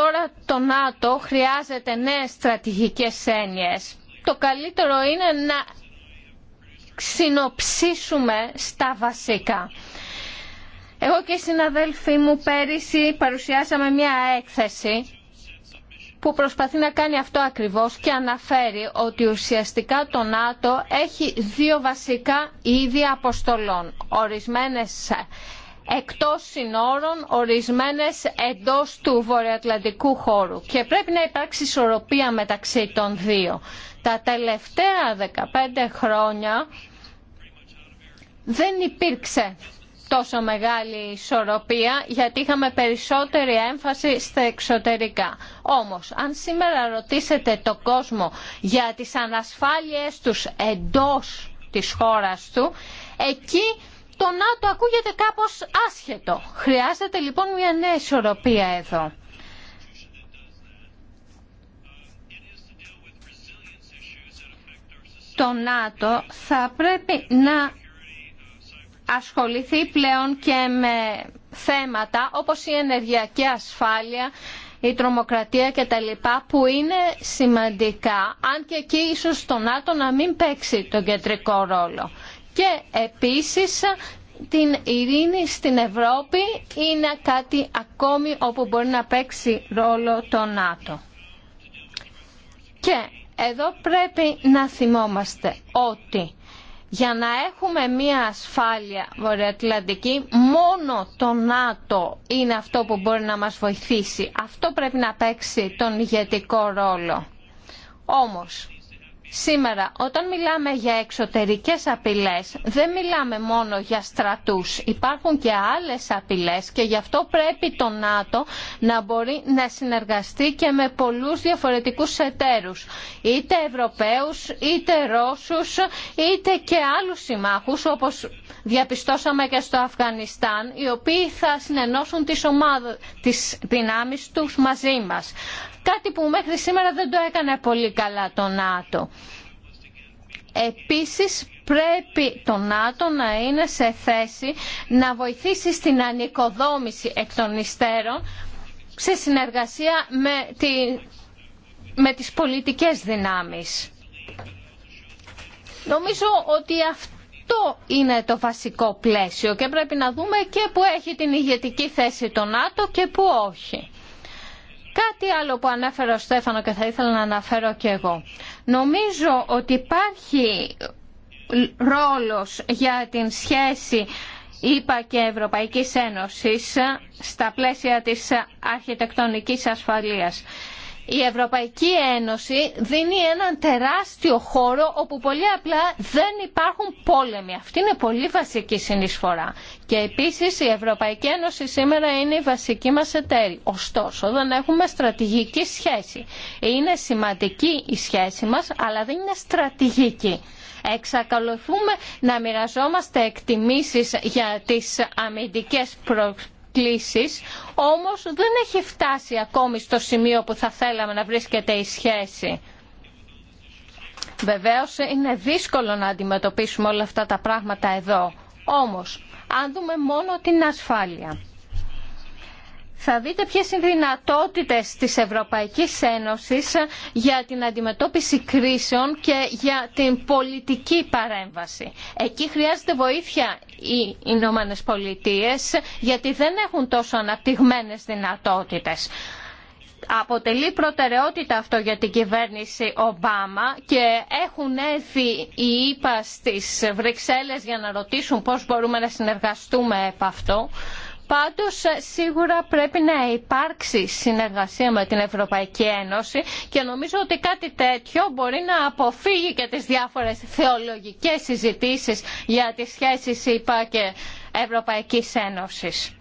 Τώρα το ΝΑΤΟ χρειάζεται νέες στρατηγικές έννοιες. Το καλύτερο είναι να συνοψίσουμε στα βασικά. Εγώ και οι συναδέλφοί μου πέρυσι παρουσιάσαμε μια έκθεση που προσπαθεί να κάνει αυτό ακριβώς και αναφέρει ότι ουσιαστικά το ΝΑΤΟ έχει δύο βασικά είδη αποστολών. Ορισμένες εκτός συνόρων, ορισμένες εντός του βορειοατλαντικού χώρου. Και πρέπει να υπάρξει ισορροπία μεταξύ των δύο. Τα τελευταία 15 χρόνια δεν υπήρξε τόσο μεγάλη ισορροπία γιατί είχαμε περισσότερη έμφαση στα εξωτερικά. Όμως, αν σήμερα ρωτήσετε το κόσμο για τις ανασφάλειες τους εντός της χώρας του, εκεί το ΝΑΤΟ ακούγεται κάπως άσχετο. Χρειάζεται λοιπόν μια νέα ισορροπία εδώ. Το ΝΑΤΟ θα πρέπει να ασχοληθεί πλέον και με θέματα όπως η ενεργειακή ασφάλεια, η τρομοκρατία κτλ. που είναι σημαντικά, αν και εκεί ίσως το ΝΑΤΟ να μην παίξει τον κεντρικό ρόλο και επίσης την ειρήνη στην Ευρώπη είναι κάτι ακόμη όπου μπορεί να παίξει ρόλο το ΝΑΤΟ. Και εδώ πρέπει να θυμόμαστε ότι για να έχουμε μία ασφάλεια βορειοατλαντική, μόνο το ΝΑΤΟ είναι αυτό που μπορεί να μας βοηθήσει. Αυτό πρέπει να παίξει τον ηγετικό ρόλο. Όμως, Σήμερα, όταν μιλάμε για εξωτερικές απειλές, δεν μιλάμε μόνο για στρατούς. Υπάρχουν και άλλες απειλές και γι' αυτό πρέπει το ΝΑΤΟ να μπορεί να συνεργαστεί και με πολλούς διαφορετικούς εταίρους. Είτε Ευρωπαίους, είτε Ρώσους, είτε και άλλους συμμάχους, όπως διαπιστώσαμε και στο Αφγανιστάν, οι οποίοι θα συνενώσουν τις, ομάδες, τις δυνάμεις τους μαζί μας. Κάτι που μέχρι σήμερα δεν το έκανε πολύ καλά το ΝΑΤΟ. Επίσης πρέπει το ΝΑΤΟ να είναι σε θέση να βοηθήσει στην ανοικοδόμηση εκ των υστέρων σε συνεργασία με, τη, με τις πολιτικές δυνάμεις. Νομίζω ότι αυτό είναι το βασικό πλαίσιο και πρέπει να δούμε και που έχει την ηγετική θέση το ΝΑΤΟ και που όχι. Κάτι άλλο που ανέφερε ο Στέφανο και θα ήθελα να αναφέρω και εγώ. Νομίζω ότι υπάρχει ρόλος για την σχέση ΙΠΑ και Ευρωπαϊκής Ένωσης στα πλαίσια της αρχιτεκτονικής ασφαλείας. Η Ευρωπαϊκή Ένωση δίνει έναν τεράστιο χώρο όπου πολύ απλά δεν υπάρχουν πόλεμοι. Αυτή είναι πολύ βασική συνεισφορά. Και επίσης η Ευρωπαϊκή Ένωση σήμερα είναι η βασική μας εταίρη. Ωστόσο δεν έχουμε στρατηγική σχέση. Είναι σημαντική η σχέση μας αλλά δεν είναι στρατηγική. Εξακολουθούμε να μοιραζόμαστε εκτιμήσεις για τις αμυντικές προσπάθειες Όμω όμως δεν έχει φτάσει ακόμη στο σημείο που θα θέλαμε να βρίσκεται η σχέση. Βεβαίως είναι δύσκολο να αντιμετωπίσουμε όλα αυτά τα πράγματα εδώ. Όμως, αν δούμε μόνο την ασφάλεια, θα δείτε ποιες είναι οι δυνατότητες της Ευρωπαϊκής Ένωσης για την αντιμετώπιση κρίσεων και για την πολιτική παρέμβαση. Εκεί χρειάζεται βοήθεια οι Ηνωμένε Πολιτείε γιατί δεν έχουν τόσο αναπτυγμένες δυνατότητες. Αποτελεί προτεραιότητα αυτό για την κυβέρνηση Ομπάμα και έχουν έρθει οι ΙΠΑ στις Βρυξέλλες για να ρωτήσουν πώς μπορούμε να συνεργαστούμε επ' αυτό. Πάντως ε, σίγουρα πρέπει να υπάρξει συνεργασία με την Ευρωπαϊκή Ένωση και νομίζω ότι κάτι τέτοιο μπορεί να αποφύγει και τις διάφορες θεολογικές συζητήσεις για τις σχέσεις ΕΠΑ και Ευρωπαϊκής Ένωσης.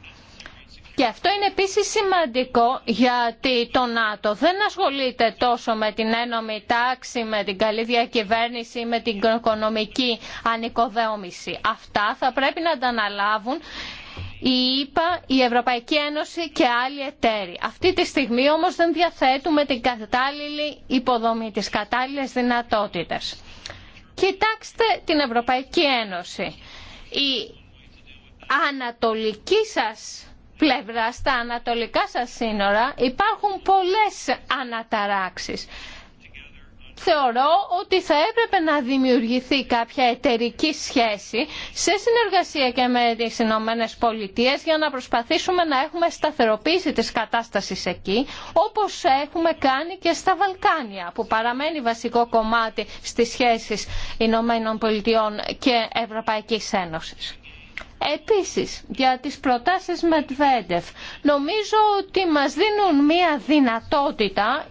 Και αυτό είναι επίσης σημαντικό γιατί το ΝΑΤΟ δεν ασχολείται τόσο με την ένωμη τάξη, με την καλή διακυβέρνηση, με την οικονομική ανικοδόμηση. Αυτά θα πρέπει να τα αναλάβουν η ΕΠΑ, η Ευρωπαϊκή Ένωση και άλλοι εταίροι. Αυτή τη στιγμή όμως δεν διαθέτουμε την κατάλληλη υποδομή, τις κατάλληλες δυνατότητες. Κοιτάξτε την Ευρωπαϊκή Ένωση. Η ανατολική σας πλευρά, στα ανατολικά σας σύνορα υπάρχουν πολλές αναταράξεις θεωρώ ότι θα έπρεπε να δημιουργηθεί κάποια εταιρική σχέση σε συνεργασία και με τις Ηνωμένε Πολιτείε για να προσπαθήσουμε να έχουμε σταθεροποίηση της κατάστασης εκεί όπως έχουμε κάνει και στα Βαλκάνια που παραμένει βασικό κομμάτι στις σχέσεις Ηνωμένων Πολιτειών και Ευρωπαϊκής Ένωσης. Επίσης, για τις προτάσεις Μετβέντεφ, νομίζω ότι μας δίνουν μία δυνατότητα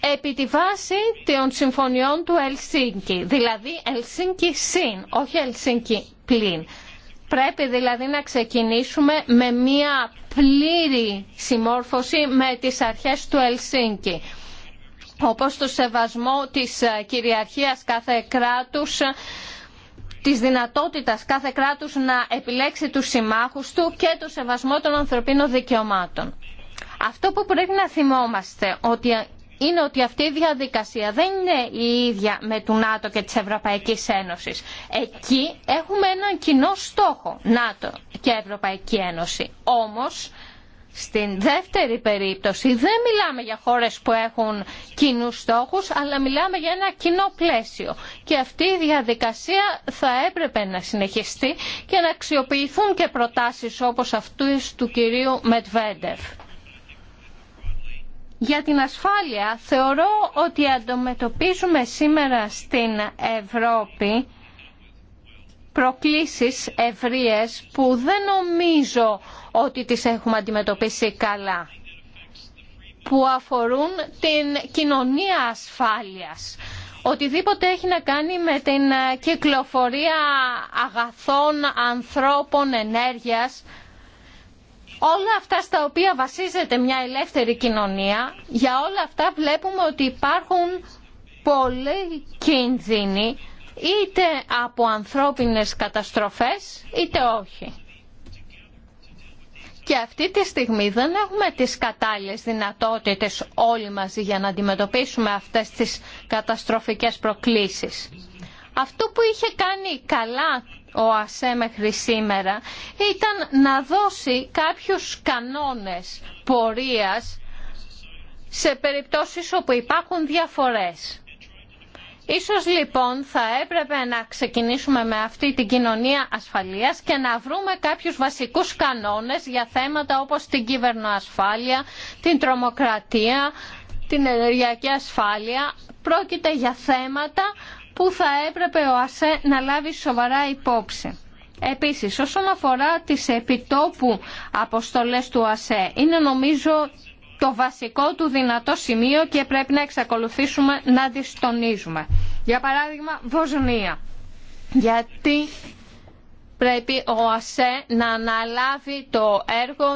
επί τη βάση των συμφωνιών του Ελσίνκη. Δηλαδή Ελσίνκη συν, όχι Ελσίνκη πλην. Πρέπει δηλαδή να ξεκινήσουμε με μία πλήρη συμμόρφωση με τις αρχές του Ελσίνκη όπως το σεβασμό της ε, κυριαρχίας κάθε κράτους, της δυνατότητας κάθε κράτους να επιλέξει τους συμμάχους του και το σεβασμό των ανθρωπίνων δικαιωμάτων. Αυτό που πρέπει να θυμόμαστε ότι είναι ότι αυτή η διαδικασία δεν είναι η ίδια με του ΝΑΤΟ και της Ευρωπαϊκής Ένωσης. Εκεί έχουμε έναν κοινό στόχο, ΝΑΤΟ και Ευρωπαϊκή Ένωση. Όμως, στην δεύτερη περίπτωση δεν μιλάμε για χώρες που έχουν κοινούς στόχους, αλλά μιλάμε για ένα κοινό πλαίσιο. Και αυτή η διαδικασία θα έπρεπε να συνεχιστεί και να αξιοποιηθούν και προτάσεις όπως αυτού του κυρίου Μετβέντεφ. Για την ασφάλεια θεωρώ ότι αντιμετωπίζουμε σήμερα στην Ευρώπη προκλήσεις ευρείες που δεν νομίζω ότι τις έχουμε αντιμετωπίσει καλά που αφορούν την κοινωνία ασφάλειας. Οτιδήποτε έχει να κάνει με την κυκλοφορία αγαθών, ανθρώπων, ενέργειας όλα αυτά στα οποία βασίζεται μια ελεύθερη κοινωνία, για όλα αυτά βλέπουμε ότι υπάρχουν πολλοί κίνδυνοι είτε από ανθρώπινες καταστροφές είτε όχι. Και αυτή τη στιγμή δεν έχουμε τις κατάλληλες δυνατότητες όλοι μαζί για να αντιμετωπίσουμε αυτές τις καταστροφικές προκλήσεις. Αυτό που είχε κάνει καλά ο ΑΣΕ μέχρι σήμερα ήταν να δώσει κάποιους κανόνες πορείας σε περιπτώσεις όπου υπάρχουν διαφορές. Ίσως λοιπόν θα έπρεπε να ξεκινήσουμε με αυτή την κοινωνία ασφαλείας και να βρούμε κάποιους βασικούς κανόνες για θέματα όπως την κυβερνοασφάλεια, την τρομοκρατία, την ενεργειακή ασφάλεια. Πρόκειται για θέματα που θα έπρεπε ο ΑΣΕ να λάβει σοβαρά υπόψη. Επίσης, όσον αφορά τις επιτόπου αποστολές του ΑΣΕ, είναι νομίζω το βασικό του δυνατό σημείο και πρέπει να εξακολουθήσουμε να τις τονίζουμε. Για παράδειγμα, Βοσνία. Γιατί πρέπει ο ΑΣΕ να αναλάβει το έργο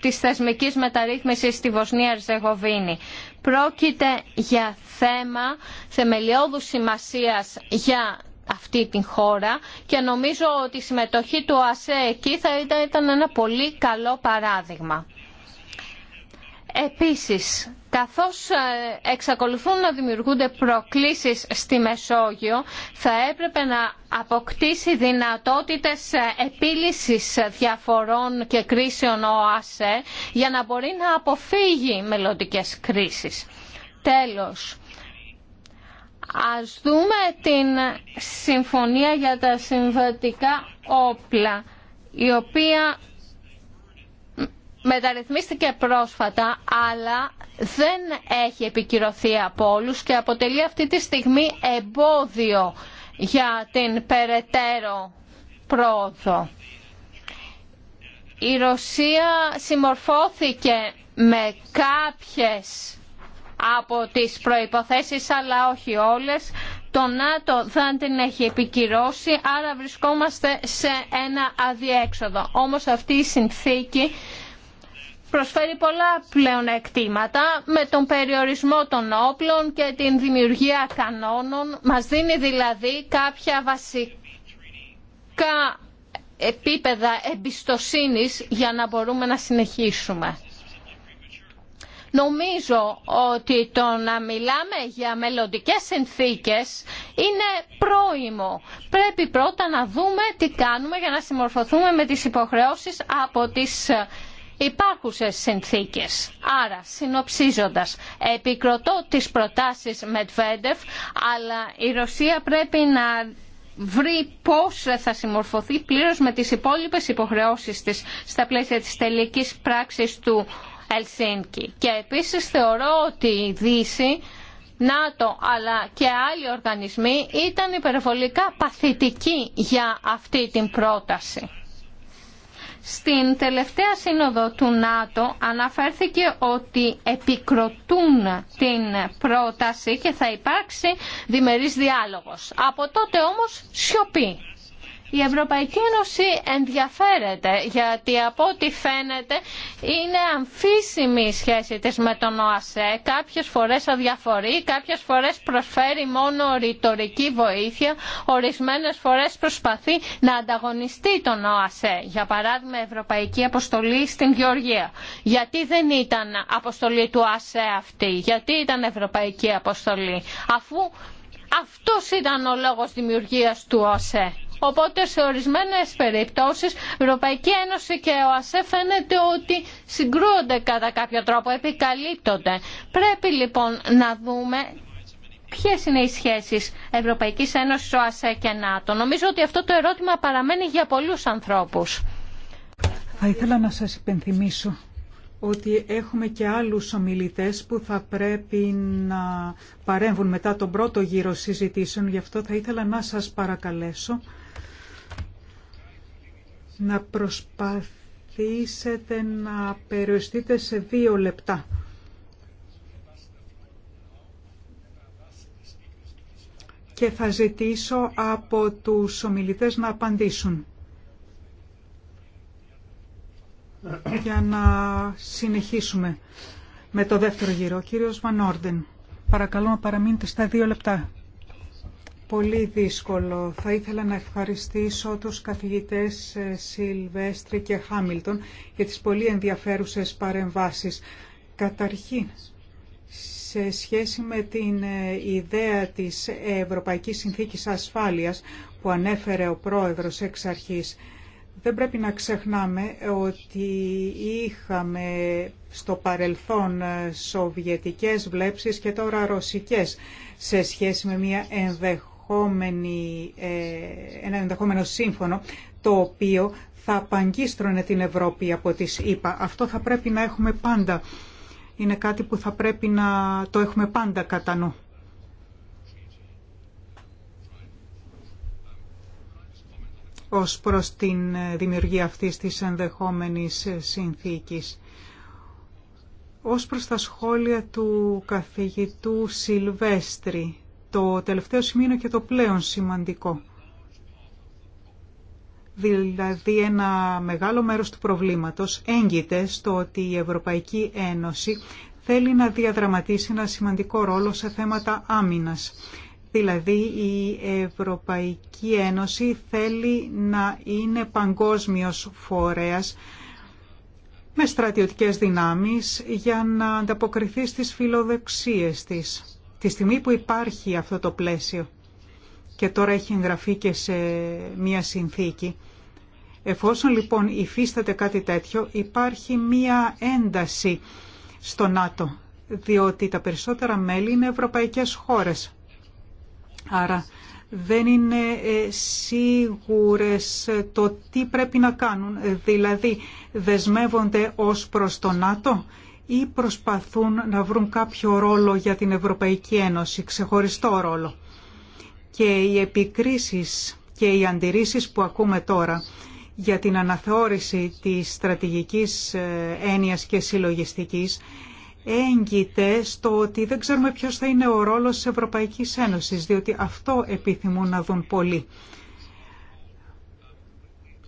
της θεσμικής μεταρρύθμισης στη Βοσνία ρζεγοβίνη. Πρόκειται για θέμα θεμελιώδους σημασίας για αυτή την χώρα και νομίζω ότι η συμμετοχή του ΑΣΕ εκεί θα ήταν ένα πολύ καλό παράδειγμα. Επίσης, καθώς ε, εξακολουθούν να δημιουργούνται προκλήσεις στη Μεσόγειο, θα έπρεπε να αποκτήσει δυνατότητες ε, επίλυσης διαφορών και κρίσεων ο ΑΣΕ για να μπορεί να αποφύγει μελλοντικές κρίσεις. Τέλος, ας δούμε την συμφωνία για τα συμβατικά όπλα, η οποία μεταρρυθμίστηκε πρόσφατα αλλά δεν έχει επικυρωθεί από όλους και αποτελεί αυτή τη στιγμή εμπόδιο για την περαιτέρω πρόοδο. Η Ρωσία συμμορφώθηκε με κάποιες από τις προϋποθέσεις αλλά όχι όλες. Το ΝΑΤΟ δεν την έχει επικυρώσει, άρα βρισκόμαστε σε ένα αδιέξοδο. Όμως αυτή η συνθήκη προσφέρει πολλά πλέον εκτήματα, με τον περιορισμό των όπλων και την δημιουργία κανόνων. Μας δίνει δηλαδή κάποια βασικά επίπεδα εμπιστοσύνης για να μπορούμε να συνεχίσουμε. Νομίζω ότι το να μιλάμε για μελλοντικές συνθήκες είναι πρόημο. Πρέπει πρώτα να δούμε τι κάνουμε για να συμμορφωθούμε με τις υποχρεώσεις από τις Υπάρχουν συνθήκες. Άρα, συνοψίζοντας, επικροτώ τις προτάσεις Μετβέντεφ, αλλά η Ρωσία πρέπει να βρει πώς θα συμμορφωθεί πλήρως με τις υπόλοιπες υποχρεώσεις της στα πλαίσια της τελικής πράξης του Ελσίνκη. Και επίσης θεωρώ ότι η Δύση, ΝΑΤΟ αλλά και άλλοι οργανισμοί ήταν υπερβολικά παθητικοί για αυτή την πρόταση. Στην τελευταία σύνοδο του ΝΑΤΟ αναφέρθηκε ότι επικροτούν την πρόταση και θα υπάρξει διμερής διάλογος. Από τότε όμως σιωπή η Ευρωπαϊκή Ένωση ενδιαφέρεται γιατί από ό,τι φαίνεται είναι αμφίσιμη η σχέση της με τον ΟΑΣΕ. Κάποιες φορές αδιαφορεί, κάποιες φορές προσφέρει μόνο ρητορική βοήθεια, ορισμένες φορές προσπαθεί να ανταγωνιστεί τον ΟΑΣΕ. Για παράδειγμα Ευρωπαϊκή Αποστολή στην Γεωργία. Γιατί δεν ήταν αποστολή του ΟΑΣΕ αυτή, γιατί ήταν Ευρωπαϊκή Αποστολή, αφού αυτός ήταν ο λόγος δημιουργίας του ΟΑΣΕ. Οπότε σε ορισμένες περιπτώσεις η Ευρωπαϊκή Ένωση και ο ΑΣΕ φαίνεται ότι συγκρούονται κατά κάποιο τρόπο, επικαλύπτονται. Πρέπει λοιπόν να δούμε Ποιε είναι οι σχέσει Ευρωπαϊκή Ένωση, ΟΑΣΕ και ΝΑΤΟ. Νομίζω ότι αυτό το ερώτημα παραμένει για πολλού ανθρώπου. Θα ήθελα να σας υπενθυμίσω ότι έχουμε και άλλους ομιλητές που θα πρέπει να παρέμβουν μετά τον πρώτο γύρο συζητήσεων. Γι' αυτό θα ήθελα να σας παρακαλέσω να προσπαθήσετε να περιοριστείτε σε δύο λεπτά. Και θα ζητήσω από τους ομιλητές να απαντήσουν. Για να συνεχίσουμε με το δεύτερο γύρο. κύριος Βανόρντεν, παρακαλώ να παραμείνετε στα δύο λεπτά πολύ δύσκολο. Θα ήθελα να ευχαριστήσω τους καθηγητές ε, Σιλβέστρη και Χάμιλτον για τις πολύ ενδιαφέρουσες παρεμβάσεις. Καταρχήν, σε σχέση με την ε, ιδέα της Ευρωπαϊκής Συνθήκης Ασφάλειας που ανέφερε ο πρόεδρος εξ αρχής, δεν πρέπει να ξεχνάμε ότι είχαμε στο παρελθόν ε, σοβιετικές βλέψεις και τώρα ρωσικές σε σχέση με μια ενδεχόμενη ενδεχόμενη, ε, ένα ενδεχόμενο σύμφωνο το οποίο θα απαγκίστρωνε την Ευρώπη από τις ΗΠΑ. Αυτό θα πρέπει να έχουμε πάντα. Είναι κάτι που θα πρέπει να το έχουμε πάντα κατά νου. ως προς την δημιουργία αυτής της ενδεχόμενης συνθήκης. Ως προς τα σχόλια του καθηγητού Σιλβέστρη το τελευταίο σημείο είναι και το πλέον σημαντικό. Δηλαδή ένα μεγάλο μέρος του προβλήματος έγκυται στο ότι η Ευρωπαϊκή Ένωση θέλει να διαδραματίσει ένα σημαντικό ρόλο σε θέματα άμυνας. Δηλαδή η Ευρωπαϊκή Ένωση θέλει να είναι παγκόσμιος φορέας με στρατιωτικές δυνάμεις για να ανταποκριθεί στις φιλοδοξίες της. Τη στιγμή που υπάρχει αυτό το πλαίσιο και τώρα έχει εγγραφεί και σε μία συνθήκη, εφόσον λοιπόν υφίσταται κάτι τέτοιο, υπάρχει μία ένταση στο ΝΑΤΟ, διότι τα περισσότερα μέλη είναι ευρωπαϊκές χώρες. Άρα δεν είναι ε, σίγουρες ε, το τι πρέπει να κάνουν. Δηλαδή δεσμεύονται ως προς το ΝΑΤΟ ή προσπαθούν να βρουν κάποιο ρόλο για την Ευρωπαϊκή Ένωση, ξεχωριστό ρόλο. Και οι επικρίσεις και οι αντιρρήσεις που ακούμε τώρα για την αναθεώρηση της στρατηγικής ε, έννοιας και συλλογιστικής έγκυται στο ότι δεν ξέρουμε ποιος θα είναι ο ρόλος της Ευρωπαϊκής Ένωσης, διότι αυτό επιθυμούν να δουν πολλοί.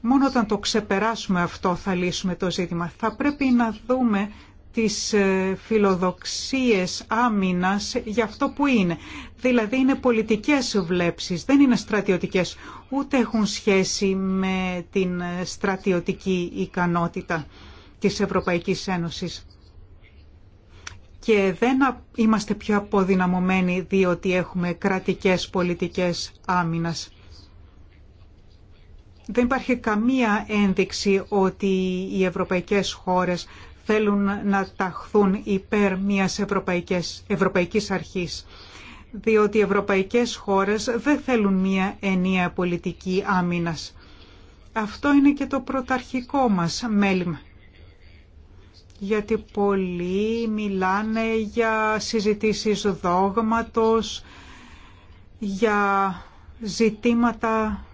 Μόνο όταν το ξεπεράσουμε αυτό θα λύσουμε το ζήτημα. Θα πρέπει να δούμε τις ε, φιλοδοξίες άμυνας για αυτό που είναι. Δηλαδή είναι πολιτικές βλέψεις, δεν είναι στρατιωτικές, ούτε έχουν σχέση με την στρατιωτική ικανότητα της Ευρωπαϊκής Ένωσης. Και δεν είμαστε πιο αποδυναμωμένοι διότι έχουμε κρατικές πολιτικές άμυνας. Δεν υπάρχει καμία ένδειξη ότι οι ευρωπαϊκές χώρες θέλουν να ταχθούν υπέρ μιας ευρωπαϊκής, ευρωπαϊκής αρχής διότι οι ευρωπαϊκές χώρες δεν θέλουν μια ενιαία πολιτική άμυνας. Αυτό είναι και το πρωταρχικό μας μέλημα. Γιατί πολλοί μιλάνε για συζητήσεις δόγματος, για ζητήματα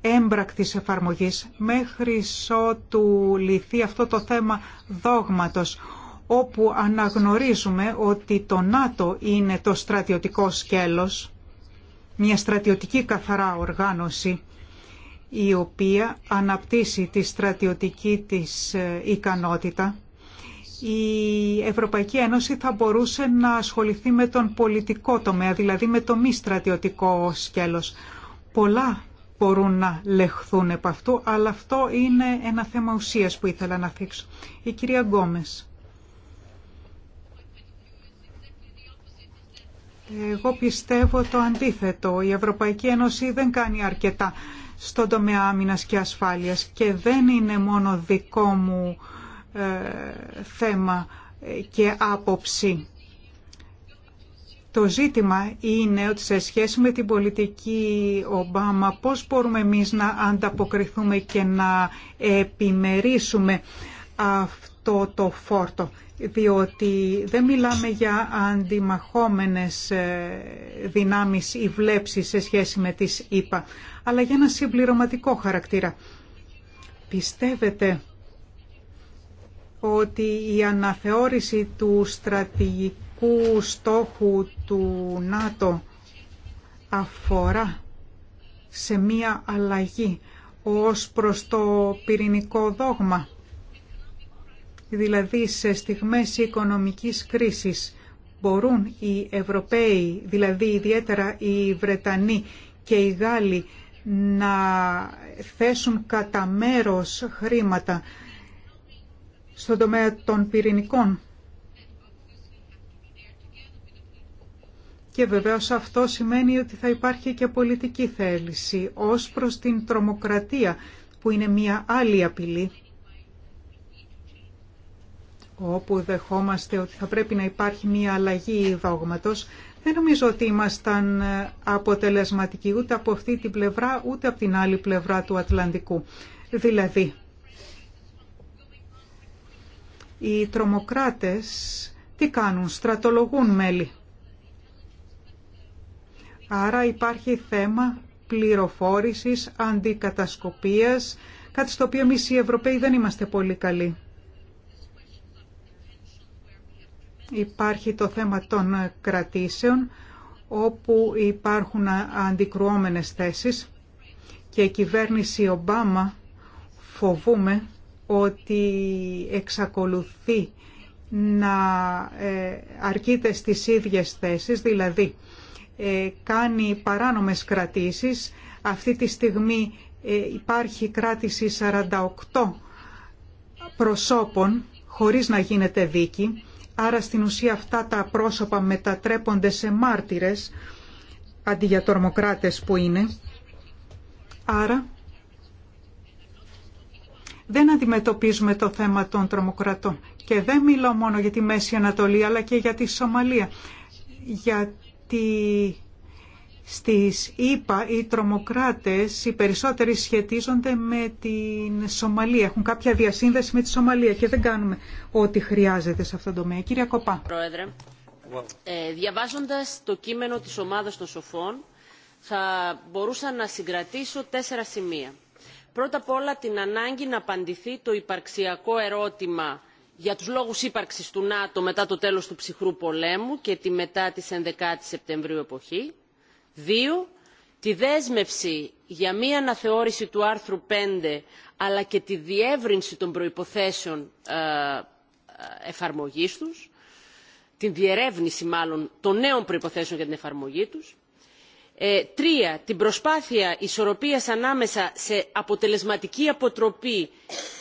έμπρακτης εφαρμογής μέχρι ότου λυθεί αυτό το θέμα δόγματος όπου αναγνωρίζουμε ότι το ΝΑΤΟ είναι το στρατιωτικό σκέλος, μια στρατιωτική καθαρά οργάνωση η οποία αναπτύσσει τη στρατιωτική της ε, ικανότητα. Η Ευρωπαϊκή Ένωση θα μπορούσε να ασχοληθεί με τον πολιτικό τομέα, δηλαδή με το μη στρατιωτικό σκέλος. Πολλά μπορούν να λεχθούν επ' αυτού, αλλά αυτό είναι ένα θέμα ουσίας που ήθελα να θίξω. Η κυρία Γκόμες. Εγώ πιστεύω το αντίθετο. Η Ευρωπαϊκή Ένωση δεν κάνει αρκετά στον τομέα άμυνας και ασφάλειας και δεν είναι μόνο δικό μου ε, θέμα και άποψη. Το ζήτημα είναι ότι σε σχέση με την πολιτική Ομπάμα πώς μπορούμε εμείς να ανταποκριθούμε και να επιμερίσουμε αυτό το φόρτο διότι δεν μιλάμε για αντιμαχόμενες ε, δυνάμεις ή βλέψεις σε σχέση με τις ΗΠΑ, αλλά για ένα συμπληρωματικό χαρακτήρα. Πιστεύετε ότι η αναθεώρηση του στρατηγικού βασικού στόχου του ΝΑΤΟ αφορά σε μία αλλαγή ως προς το πυρηνικό δόγμα, δηλαδή σε στιγμές οικονομικής κρίσης μπορούν οι Ευρωπαίοι, δηλαδή ιδιαίτερα οι Βρετανοί και οι Γάλλοι, να θέσουν κατά μέρος χρήματα στον τομέα των πυρηνικών Και βεβαίως αυτό σημαίνει ότι θα υπάρχει και πολιτική θέληση ως προς την τρομοκρατία που είναι μια άλλη απειλή όπου δεχόμαστε ότι θα πρέπει να υπάρχει μια αλλαγή δόγματος. Δεν νομίζω ότι ήμασταν ε, αποτελεσματικοί ούτε από αυτή την πλευρά ούτε από την άλλη πλευρά του Ατλαντικού. Δηλαδή, οι τρομοκράτες τι κάνουν, στρατολογούν μέλη Άρα υπάρχει θέμα πληροφόρησης, αντικατασκοπίας, κάτι στο οποίο εμείς οι Ευρωπαίοι δεν είμαστε πολύ καλοί. Υπάρχει το θέμα των κρατήσεων, όπου υπάρχουν αντικρουόμενες θέσεις και η κυβέρνηση Ομπάμα φοβούμε ότι εξακολουθεί να ε, αρκείται στις ίδιες θέσεις, δηλαδή ε, κάνει παράνομες κρατήσεις. Αυτή τη στιγμή ε, υπάρχει κράτηση 48 προσώπων χωρίς να γίνεται δίκη. Άρα στην ουσία αυτά τα πρόσωπα μετατρέπονται σε μάρτυρες αντί για τορμοκράτες που είναι. Άρα δεν αντιμετωπίζουμε το θέμα των τρομοκρατών. Και δεν μιλώ μόνο για τη Μέση Ανατολή αλλά και για τη Σομαλία. για ότι στις ΙΠΑ οι τρομοκράτες οι περισσότεροι σχετίζονται με την Σομαλία. Έχουν κάποια διασύνδεση με τη Σομαλία και δεν κάνουμε ό,τι χρειάζεται σε αυτό το τομέα. Κύριε Κοπά. Πρόεδρε, ε, διαβάζοντας το κείμενο της ομάδας των σοφών θα μπορούσα να συγκρατήσω τέσσερα σημεία. Πρώτα απ' όλα την ανάγκη να απαντηθεί το υπαρξιακό ερώτημα για τους λόγους ύπαρξης του νατο μετά το τέλος του ψυχρού πολέμου και τη μετά της 11 η σεπτεμβρίου εποχή. Δύο, τη δέσμευση για μια αναθεώρηση του άρθρου 5 αλλά και τη διεύρυνση των προϋποθέσεων ε, ε, εφαρμογής τους την διερεύνηση μάλλον των νέων προϋποθέσεων για την εφαρμογή τους ε, τρία την προσπάθεια ισορροπίας ανάμεσα σε αποτελεσματική αποτροπή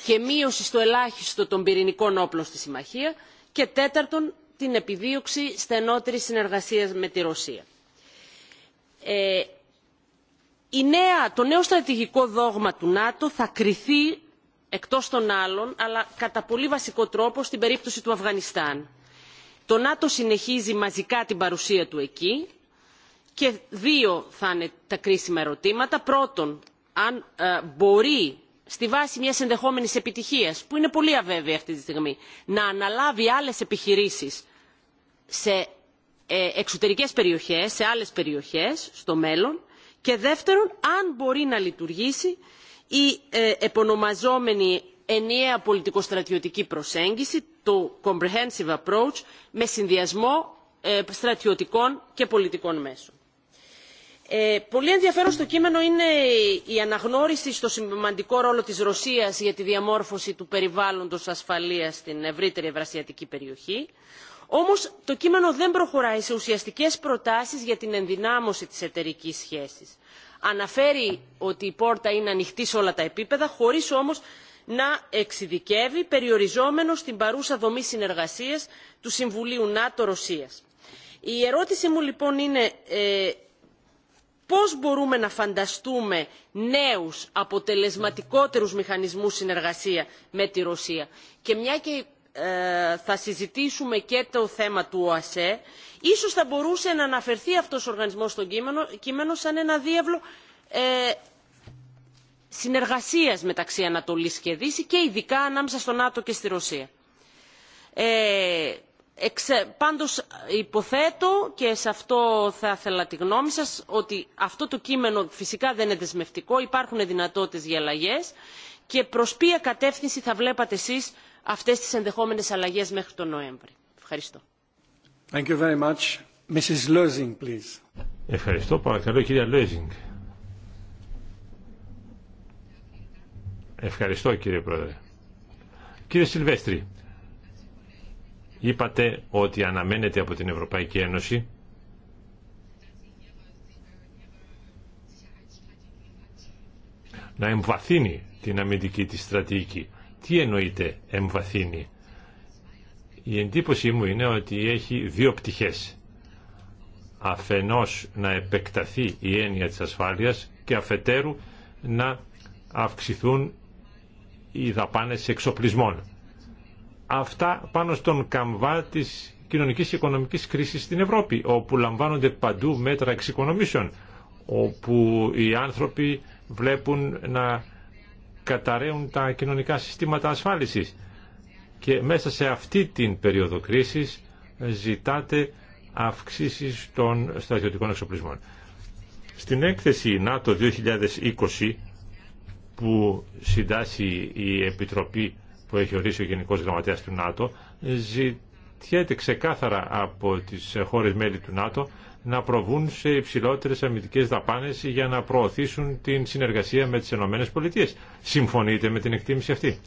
και μείωση στο ελάχιστο των πυρηνικών όπλων στη συμμαχία και τέταρτον την επιδίωξη στενότερης συνεργασίας με τη ρωσία. Ε, η νέα, το νέο στρατηγικό δόγμα του νάτο θα κριθεί εκτός των άλλων αλλά κατά πολύ βασικό τρόπο στην περίπτωση του αφγανιστάν. το νάτο συνεχίζει μαζικά την παρουσία του εκεί και δύο θα είναι τα κρίσιμα ερωτήματα. Πρώτον, αν ε, μπορεί στη βάση μιας ενδεχόμενης επιτυχίας, που είναι πολύ αβέβαιη αυτή τη στιγμή, να αναλάβει άλλες επιχειρήσεις σε ε, εξωτερικές περιοχές, σε άλλες περιοχές στο μέλλον και δεύτερον, αν μπορεί να λειτουργήσει η ε, επωνομαζόμενη ενιαία πολιτικοστρατιωτική προσέγγιση, το comprehensive approach, με συνδυασμό στρατιωτικών και πολιτικών μέσων. Ε, πολύ ενδιαφέρον στο κείμενο είναι η αναγνώριση στο σημαντικό ρόλο της Ρωσίας για τη διαμόρφωση του περιβάλλοντος ασφαλείας στην ευρύτερη ευρασιατική περιοχή. Όμως το κείμενο δεν προχωράει σε ουσιαστικές προτάσεις για την ενδυνάμωση της εταιρική σχέσης. Αναφέρει ότι η πόρτα είναι ανοιχτή σε όλα τα επίπεδα, χωρίς όμως να εξειδικεύει, περιοριζόμενο στην παρούσα δομή συνεργασίας του Συμβουλίου ΝΑΤΟ-Ρωσίας. Η ερώτηση μου λοιπόν είναι ε, πώς μπορούμε να φανταστούμε νέους αποτελεσματικότερους μηχανισμούς συνεργασία με τη Ρωσία. Και μια και ε, θα συζητήσουμε και το θέμα του ΟΑΣΕ, ίσως θα μπορούσε να αναφερθεί αυτός ο οργανισμός στο κείμενο, κείμενο σαν ένα διάβλο ε, συνεργασίας μεταξύ Ανατολής και Δύση και ειδικά ανάμεσα στο ΝΑΤΟ και στη Ρωσία. Ε, Πάντως υποθέτω και σε αυτό θα ήθελα τη γνώμη σας ότι αυτό το κείμενο φυσικά δεν είναι δεσμευτικό, υπάρχουν δυνατότητες για αλλαγές και προς ποια κατεύθυνση θα βλέπατε εσείς αυτές τις ενδεχόμενες αλλαγές μέχρι τον Νοέμβρη. Ευχαριστώ. Thank you very much. Mrs. Lösing, please. Ευχαριστώ. Παρακαλώ, κυρία Λέζινγκ. Ευχαριστώ, κύριε Πρόεδρε. Κύριε Σιλβέστρη, Είπατε ότι αναμένεται από την Ευρωπαϊκή Ένωση να εμβαθύνει την αμυντική της στρατηγική. Τι εννοείται εμβαθύνει. Η εντύπωση μου είναι ότι έχει δύο πτυχές. Αφενός να επεκταθεί η έννοια της ασφάλειας και αφετέρου να αυξηθούν οι δαπάνες εξοπλισμών. Αυτά πάνω στον καμβά της κοινωνικής και οικονομικής κρίσης στην Ευρώπη, όπου λαμβάνονται παντού μέτρα εξοικονομήσεων, όπου οι άνθρωποι βλέπουν να καταραίουν τα κοινωνικά συστήματα ασφάλισης. Και μέσα σε αυτή την περίοδο κρίσης ζητάτε αυξήσεις των στρατιωτικών εξοπλισμών. Στην έκθεση ΝΑΤΟ 2020 που συντάσσει η Επιτροπή που έχει ορίσει ο Γενικό Γραμματέας του ΝΑΤΟ ζητιέται ξεκάθαρα από τις χώρες μέλη του ΝΑΤΟ να προβούν σε υψηλότερε αμυντικές δαπάνες για να προωθήσουν την συνεργασία με τις ΗΠΑ. Συμφωνείτε με την εκτίμηση αυτή.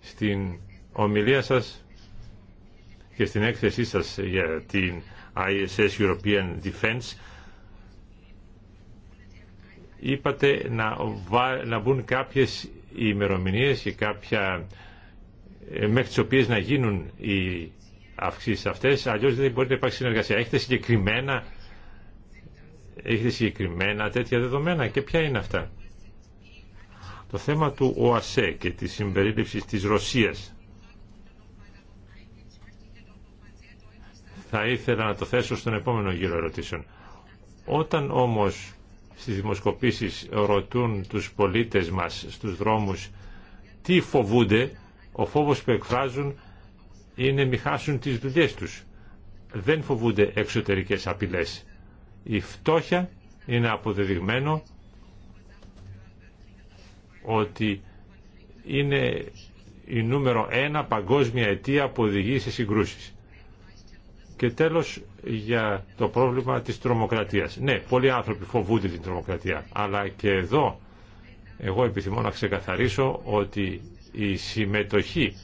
Στην ομιλία σας και στην έκθεσή σας για την ISS European Defense είπατε να, να μπουν κάποιες ημερομηνίες και κάποια ε, μέχρι τις οποίες να γίνουν οι αυξήσει αυτές, αλλιώς δεν μπορεί να υπάρξει συνεργασία. Έχετε συγκεκριμένα, έχετε συγκεκριμένα τέτοια δεδομένα και ποια είναι αυτά. Το θέμα του ΟΑΣΕ και της συμπερίληψης της Ρωσίας θα ήθελα να το θέσω στον επόμενο γύρο ερωτήσεων. Όταν όμως στις δημοσκοπήσεις ρωτούν τους πολίτες μας στους δρόμους τι φοβούνται, ο φόβος που εκφράζουν είναι μη χάσουν τις δουλειές τους. Δεν φοβούνται εξωτερικές απειλές. Η φτώχεια είναι αποδεδειγμένο ότι είναι η νούμερο ένα παγκόσμια αιτία που οδηγεί σε συγκρούσεις. Και τέλος για το πρόβλημα της τρομοκρατίας. Ναι, πολλοί άνθρωποι φοβούνται την τρομοκρατία, αλλά και εδώ εγώ επιθυμώ να ξεκαθαρίσω ότι η συμμετοχή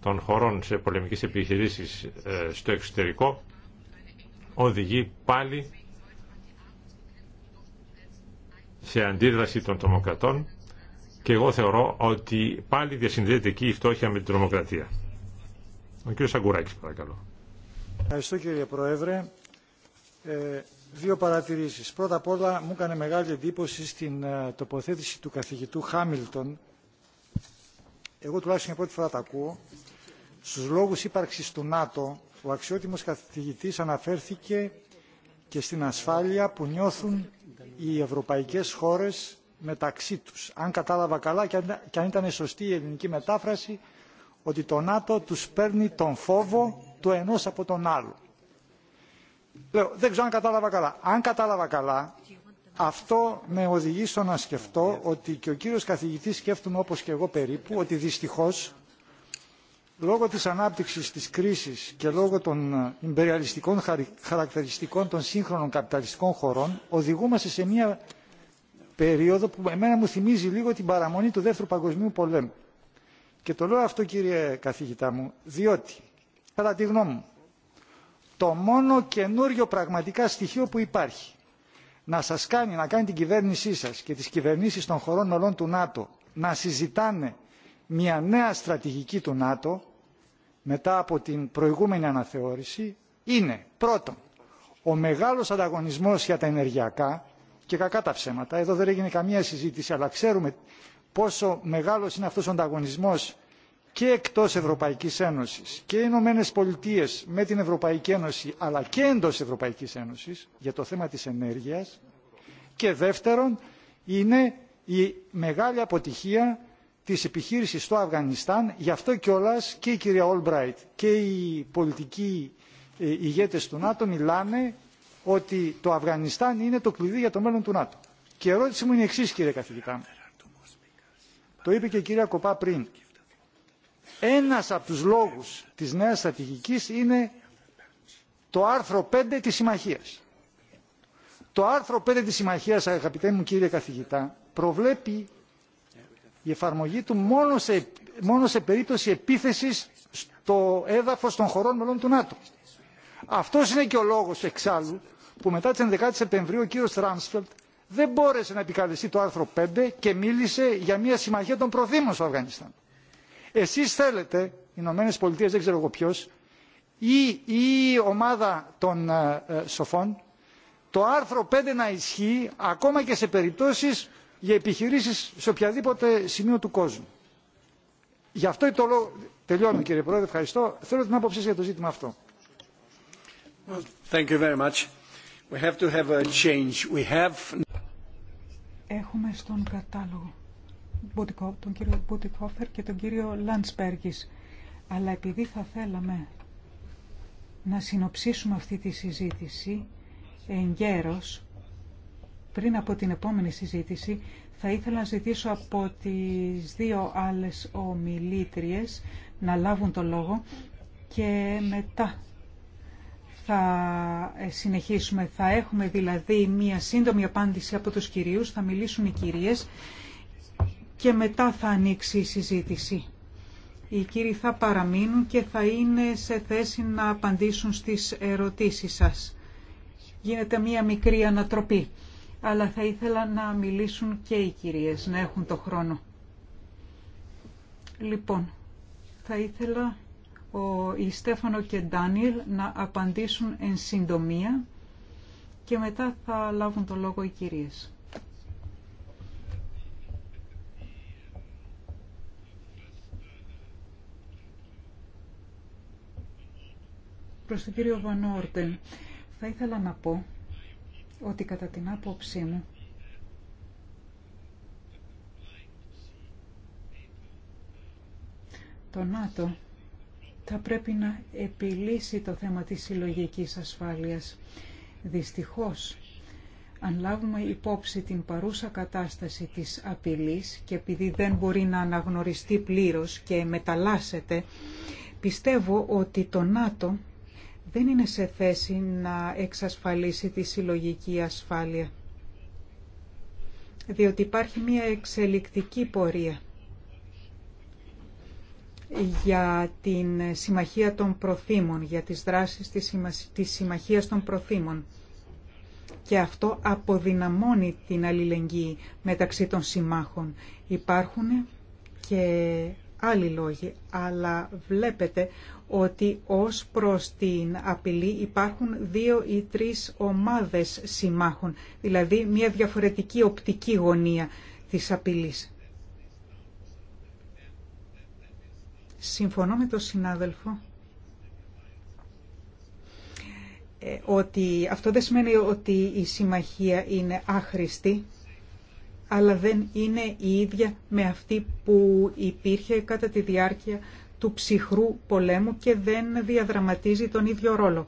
των χωρών σε πολεμικές επιχειρήσεις ε, στο εξωτερικό οδηγεί πάλι σε αντίδραση των τρομοκρατών και εγώ θεωρώ ότι πάλι διασυνδέεται εκεί η φτώχεια με την τρομοκρατία. Ο κύριος Αγκουράκης παρακαλώ. Ευχαριστώ κύριε Πρόεδρε. Ε, δύο παρατηρήσεις. Πρώτα απ' όλα μου έκανε μεγάλη εντύπωση στην ε, τοποθέτηση του καθηγητού Χάμιλτον εγώ τουλάχιστον για πρώτη φορά τα ακούω, στους λόγους ύπαρξης του ΝΑΤΟ, ο αξιότιμος καθηγητής αναφέρθηκε και στην ασφάλεια που νιώθουν οι ευρωπαϊκές χώρες μεταξύ τους. Αν κατάλαβα καλά και αν ήταν σωστή η ελληνική μετάφραση, ότι το ΝΑΤΟ τους παίρνει τον φόβο του ενός από τον άλλο. δεν ξέρω αν κατάλαβα καλά. Αν κατάλαβα καλά, αυτό με οδηγεί στο να σκεφτώ ότι και ο κύριος καθηγητής σκέφτομαι όπως και εγώ περίπου ότι δυστυχώς λόγω της ανάπτυξης της κρίσης και λόγω των υπεριαλιστικών χαρακτηριστικών των σύγχρονων καπιταλιστικών χωρών οδηγούμαστε σε μια περίοδο που εμένα μου θυμίζει λίγο την παραμονή του δεύτερου παγκοσμίου πολέμου. Και το λέω αυτό κύριε καθηγητά μου διότι κατά τη γνώμη μου το μόνο καινούριο πραγματικά στοιχείο που υπάρχει να σας κάνει, να κάνει την κυβέρνησή σας και τις κυβερνήσεις των χωρών μελών του ΝΑΤΟ να συζητάνε μια νέα στρατηγική του ΝΑΤΟ μετά από την προηγούμενη αναθεώρηση είναι πρώτον ο μεγάλος ανταγωνισμός για τα ενεργειακά και κακά τα ψέματα εδώ δεν έγινε καμία συζήτηση αλλά ξέρουμε πόσο μεγάλος είναι αυτός ο ανταγωνισμός και εκτός Ευρωπαϊκής Ένωσης και οι Ηνωμένε Πολιτείε με την Ευρωπαϊκή Ένωση αλλά και εντός Ευρωπαϊκής Ένωσης για το θέμα της ενέργειας και δεύτερον είναι η μεγάλη αποτυχία της επιχείρησης στο Αφγανιστάν γι' αυτό κιόλας και η κυρία Όλμπραϊτ και οι πολιτικοί ε, ηγέτες του ΝΑΤΟ μιλάνε ότι το Αφγανιστάν είναι το κλειδί για το μέλλον του ΝΑΤΟ. Και η ερώτηση μου είναι η κύριε καθηγητά Το είπε και η κυρία Κοπά πριν ένας από τους λόγους της νέας στρατηγικής είναι το άρθρο 5 της Συμμαχίας. Το άρθρο 5 της Συμμαχίας, αγαπητέ μου κύριε καθηγητά, προβλέπει η εφαρμογή του μόνο σε, μόνο σε περίπτωση επίθεσης στο έδαφος των χωρών μελών του ΝΑΤΟ. Αυτός είναι και ο λόγος εξάλλου που μετά τις 11 Σεπτεμβρίου ο κύριος Ράμσφελτ δεν μπόρεσε να επικαλεστεί το άρθρο 5 και μίλησε για μια συμμαχία των προδήμων στο Αφγανιστάν. Εσείς θέλετε, οι Ηνωμένες Πολιτείες, δεν ξέρω εγώ ποιο, ή η ομάδα των ε, ε, σοφών, το άρθρο 5 να ισχύει ακόμα και σε περιπτώσεις για επιχειρήσεις σε οποιαδήποτε σημείο του κόσμου. Γι' αυτό το λόγο... Τελειώνω κύριε Πρόεδρε, ευχαριστώ. Θέλω την άποψή για το ζήτημα αυτό. Έχουμε στον κατάλογο τον κύριο Μπουτικόφερ και τον κύριο Λαντσπέργης. Αλλά επειδή θα θέλαμε να συνοψίσουμε αυτή τη συζήτηση εγκαίρως, πριν από την επόμενη συζήτηση, θα ήθελα να ζητήσω από τις δύο άλλες ομιλήτριες να λάβουν το λόγο και μετά θα ε, συνεχίσουμε. Θα έχουμε δηλαδή μία σύντομη απάντηση από τους κυρίους, θα μιλήσουν οι κυρίες και μετά θα ανοίξει η συζήτηση. Οι κύριοι θα παραμείνουν και θα είναι σε θέση να απαντήσουν στις ερωτήσεις σας. Γίνεται μία μικρή ανατροπή, αλλά θα ήθελα να μιλήσουν και οι κυρίες, να έχουν το χρόνο. Λοιπόν, θα ήθελα ο, η Στέφανο και Ντάνιλ να απαντήσουν εν συντομία και μετά θα λάβουν το λόγο οι κυρίες. Προς τον κύριο Βανόρτεν, θα ήθελα να πω ότι κατά την άποψή μου το ΝΑΤΟ θα πρέπει να επιλύσει το θέμα της συλλογική ασφάλειας. Δυστυχώς, αν λάβουμε υπόψη την παρούσα κατάσταση της απειλής και επειδή δεν μπορεί να αναγνωριστεί πλήρως και μεταλλάσσεται, πιστεύω ότι το ΝΑΤΟ δεν είναι σε θέση να εξασφαλίσει τη συλλογική ασφάλεια. Διότι υπάρχει μια εξελικτική πορεία για την Συμμαχία των Προθήμων, για τις δράσεις της Συμμαχίας των Προθήμων. Και αυτό αποδυναμώνει την αλληλεγγύη μεταξύ των συμμάχων. Υπάρχουν και άλλοι λόγοι, αλλά βλέπετε ότι ως προς την απειλή υπάρχουν δύο ή τρεις ομάδες συμμάχων, δηλαδή μια διαφορετική οπτική γωνία της απειλής. Συμφωνώ με τον συνάδελφο ε, ότι αυτό δεν σημαίνει ότι η συμμαχία είναι άχρηστη, αλλά δεν είναι η ίδια με αυτή που υπήρχε κατά τη διάρκεια του ψυχρού πολέμου και δεν διαδραματίζει τον ίδιο ρόλο.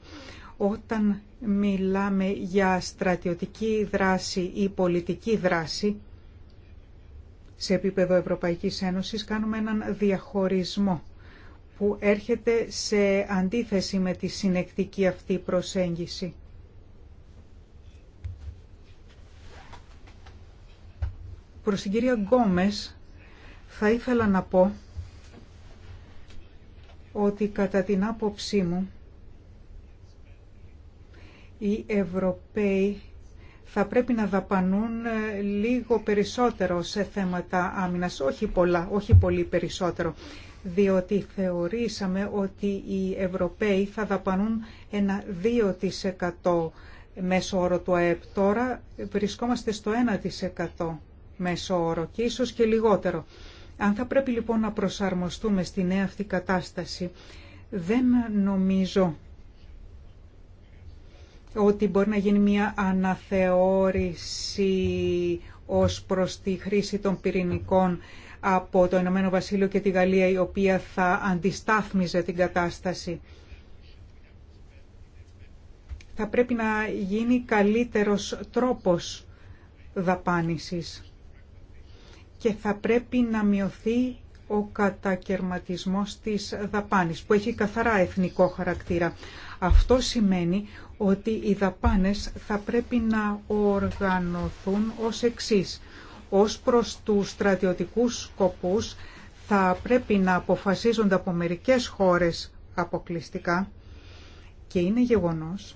Όταν μιλάμε για στρατιωτική δράση ή πολιτική δράση, σε επίπεδο Ευρωπαϊκής Ένωσης κάνουμε έναν διαχωρισμό που έρχεται σε αντίθεση με τη συνεκτική αυτή προσέγγιση. Προς την κυρία Γκόμες θα ήθελα να πω ότι κατά την άποψή μου οι Ευρωπαίοι θα πρέπει να δαπανούν ε, λίγο περισσότερο σε θέματα άμυνας, όχι πολλά, όχι πολύ περισσότερο, διότι θεωρήσαμε ότι οι Ευρωπαίοι θα δαπανούν ένα 2% μέσο όρο του ΑΕΠ. Τώρα βρισκόμαστε στο 1% μέσο όρο και ίσως και λιγότερο. Αν θα πρέπει λοιπόν να προσαρμοστούμε στη νέα αυτή κατάσταση, δεν νομίζω ότι μπορεί να γίνει μια αναθεώρηση ως προς τη χρήση των πυρηνικών από το Ηνωμένο Βασίλειο και τη Γαλλία, η οποία θα αντιστάθμιζε την κατάσταση. Θα πρέπει να γίνει καλύτερος τρόπος δαπάνησης και θα πρέπει να μειωθεί ο κατακαιρματισμός της δαπάνης που έχει καθαρά εθνικό χαρακτήρα. Αυτό σημαίνει ότι οι δαπάνες θα πρέπει να οργανωθούν ως εξής. Ως προς τους στρατιωτικούς σκοπούς θα πρέπει να αποφασίζονται από μερικές χώρες αποκλειστικά και είναι γεγονός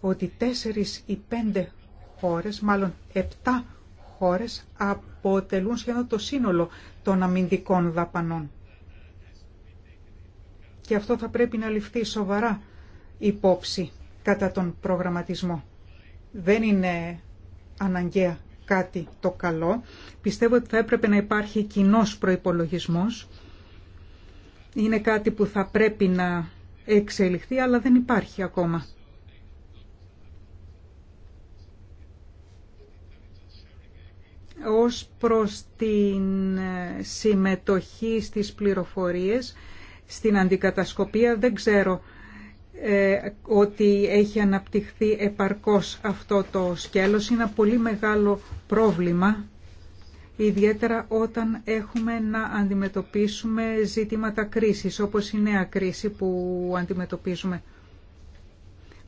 ότι τέσσερις ή πέντε χώρες, μάλλον επτά χώρες αποτελούν σχεδόν το σύνολο των αμυντικών δαπανών. Και αυτό θα πρέπει να ληφθεί σοβαρά υπόψη κατά τον προγραμματισμό. Δεν είναι αναγκαία κάτι το καλό. Πιστεύω ότι θα έπρεπε να υπάρχει κοινός προϋπολογισμός. Είναι κάτι που θα πρέπει να εξελιχθεί, αλλά δεν υπάρχει ακόμα. ως προς την ε, συμμετοχή στις πληροφορίες, στην αντικατασκοπία, δεν ξέρω ε, ότι έχει αναπτυχθεί επαρκώς αυτό το σκέλος. Είναι ένα πολύ μεγάλο πρόβλημα, ιδιαίτερα όταν έχουμε να αντιμετωπίσουμε ζήτηματα κρίσης, όπως η νέα κρίση που αντιμετωπίζουμε.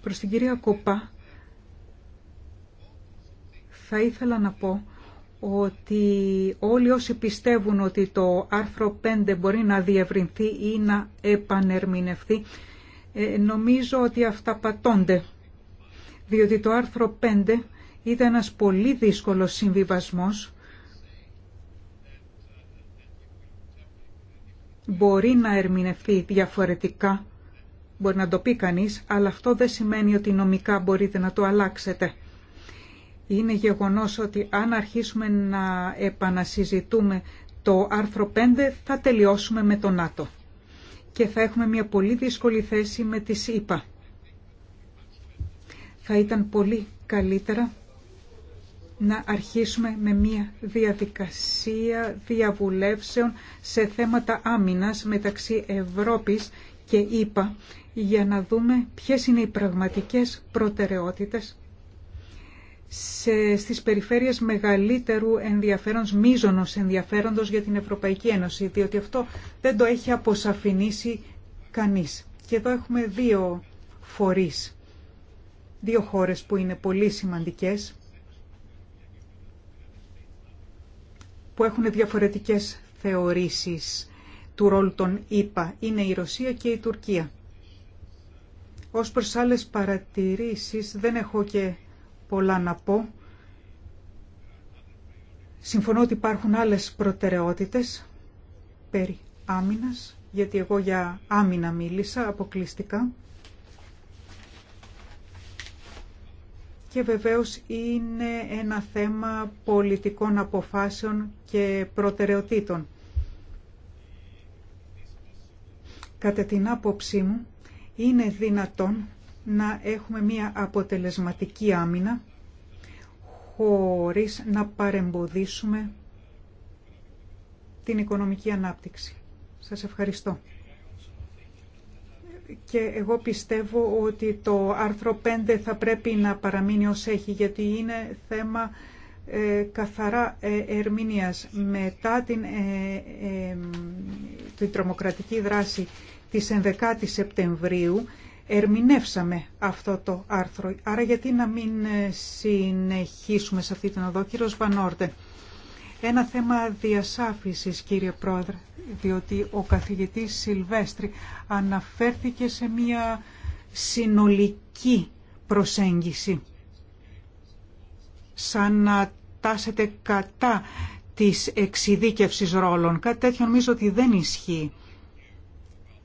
Προς την κυρία Κοπά, θα ήθελα να πω ότι όλοι όσοι πιστεύουν ότι το άρθρο 5 μπορεί να διευρυνθεί ή να επανερμηνευθεί, ε, νομίζω ότι αυταπατώνται. Διότι το άρθρο 5 ήταν ένας πολύ δύσκολος συμβιβασμός. Μπορεί να ερμηνευθεί διαφορετικά, μπορεί να το πει κανείς, αλλά αυτό δεν σημαίνει ότι νομικά μπορείτε να το αλλάξετε. Είναι γεγονός ότι αν αρχίσουμε να επανασυζητούμε το άρθρο 5 θα τελειώσουμε με το ΝΑΤΟ και θα έχουμε μια πολύ δύσκολη θέση με τις ΙΠΑ. Θα ήταν πολύ καλύτερα να αρχίσουμε με μια διαδικασία διαβουλεύσεων σε θέματα άμυνας μεταξύ Ευρώπης και ΗΠΑ για να δούμε ποιες είναι οι πραγματικές προτεραιότητες σε, στις περιφέρειες μεγαλύτερου ενδιαφέροντος, μίζωνος ενδιαφέροντος για την Ευρωπαϊκή Ένωση, διότι αυτό δεν το έχει αποσαφηνίσει κανείς. Και εδώ έχουμε δύο φορείς, δύο χώρες που είναι πολύ σημαντικές, που έχουν διαφορετικές θεωρήσεις του ρόλου των ΙΠΑ. Είναι η Ρωσία και η Τουρκία. Ως προς άλλες παρατηρήσεις δεν έχω και πολλά να πω. Συμφωνώ ότι υπάρχουν άλλες προτεραιότητες περί άμυνας, γιατί εγώ για άμυνα μίλησα αποκλειστικά. Και βεβαίως είναι ένα θέμα πολιτικών αποφάσεων και προτεραιοτήτων. Κατά την άποψή μου, είναι δυνατόν να έχουμε μία αποτελεσματική άμυνα χωρίς να παρεμποδίσουμε την οικονομική ανάπτυξη. Σας ευχαριστώ. Και εγώ πιστεύω ότι το άρθρο 5 θα πρέπει να παραμείνει ως έχει, γιατί είναι θέμα ε, καθαρά ε, Μετά την, ε, ε, την τρομοκρατική δράση της 11 η Σεπτεμβρίου, ερμηνεύσαμε αυτό το άρθρο. Άρα γιατί να μην ε, συνεχίσουμε σε αυτή την οδό, κύριος Βανόρτε. Ένα θέμα διασάφησης, κύριε Πρόεδρε, διότι ο καθηγητής Σιλβέστρη αναφέρθηκε σε μια συνολική προσέγγιση, σαν να τάσετε κατά της εξειδίκευσης ρόλων. Κάτι τέτοιο νομίζω ότι δεν ισχύει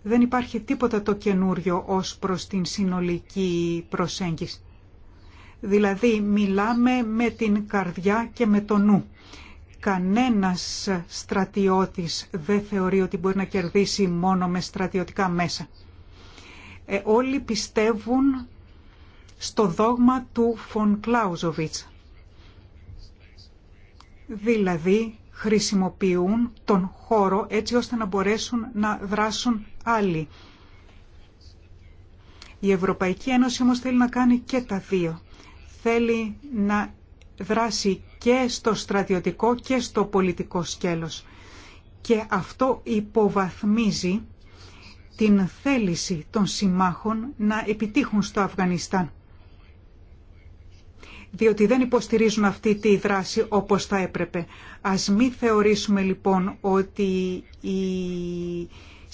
δεν υπάρχει τίποτα το καινούριο ως προς την συνολική προσέγγιση. Δηλαδή μιλάμε με την καρδιά και με το νου. Κανένας στρατιώτης δεν θεωρεί ότι μπορεί να κερδίσει μόνο με στρατιωτικά μέσα. Ε, όλοι πιστεύουν στο δόγμα του Φον Κλάουζοβιτς. Δηλαδή χρησιμοποιούν τον χώρο έτσι ώστε να μπορέσουν να δράσουν Άλλη, Η Ευρωπαϊκή Ένωση όμως θέλει να κάνει και τα δύο. Θέλει να δράσει και στο στρατιωτικό και στο πολιτικό σκέλος. Και αυτό υποβαθμίζει την θέληση των συμμάχων να επιτύχουν στο Αφγανιστάν. Διότι δεν υποστηρίζουν αυτή τη δράση όπως θα έπρεπε. Ας μην θεωρήσουμε λοιπόν ότι η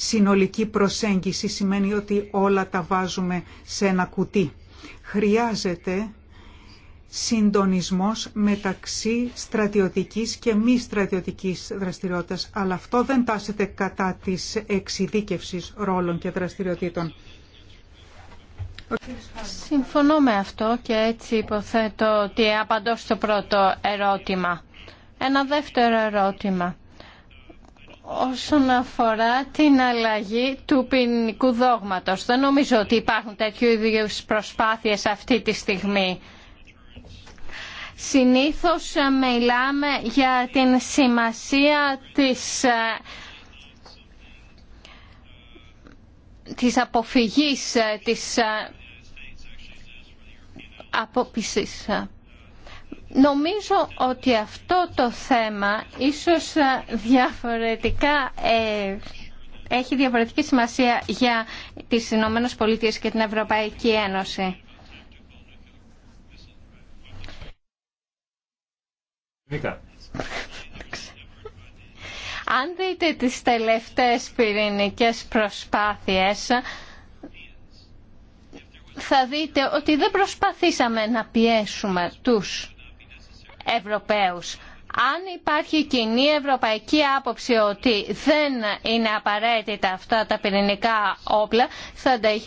συνολική προσέγγιση σημαίνει ότι όλα τα βάζουμε σε ένα κουτί. Χρειάζεται συντονισμός μεταξύ στρατιωτικής και μη στρατιωτικής δραστηριότητας, αλλά αυτό δεν τάσεται κατά της εξειδίκευσης ρόλων και δραστηριοτήτων. Συμφωνώ με αυτό και έτσι υποθέτω ότι απαντώ στο πρώτο ερώτημα. Ένα δεύτερο ερώτημα όσον αφορά την αλλαγή του ποινικού δόγματος. Δεν νομίζω ότι υπάρχουν τέτοιου είδου προσπάθειες αυτή τη στιγμή. Συνήθως μιλάμε για την σημασία της, ε, της αποφυγής, ε, της ε, απόπισης Νομίζω ότι αυτό το θέμα ίσως ε, διαφορετικά ε, έχει διαφορετική σημασία για τις Ηνωμένε Πολιτείες και την Ευρωπαϊκή Ένωση. Αν δείτε τις τελευταίες πυρηνικές προσπάθειες, θα δείτε ότι δεν προσπαθήσαμε να πιέσουμε τους Ευρωπαίους. Αν υπάρχει κοινή ευρωπαϊκή άποψη ότι δεν είναι απαραίτητα αυτά τα πυρηνικά όπλα, θα τα ή,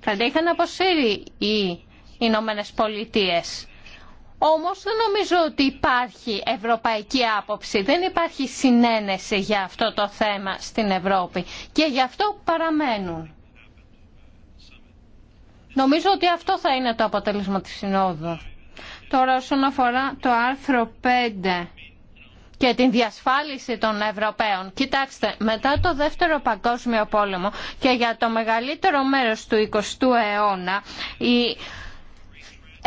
θα τα είχαν αποσύρει οι Ηνωμένε Πολιτείε. Όμως δεν νομίζω ότι υπάρχει ευρωπαϊκή άποψη, δεν υπάρχει συνένεση για αυτό το θέμα στην Ευρώπη και γι' αυτό παραμένουν. Νομίζω ότι αυτό θα είναι το αποτέλεσμα της Συνόδου. Τώρα όσον αφορά το άρθρο 5 και την διασφάλιση των Ευρωπαίων. Κοιτάξτε, μετά το Δεύτερο Παγκόσμιο Πόλεμο και για το μεγαλύτερο μέρος του 20ου αιώνα, οι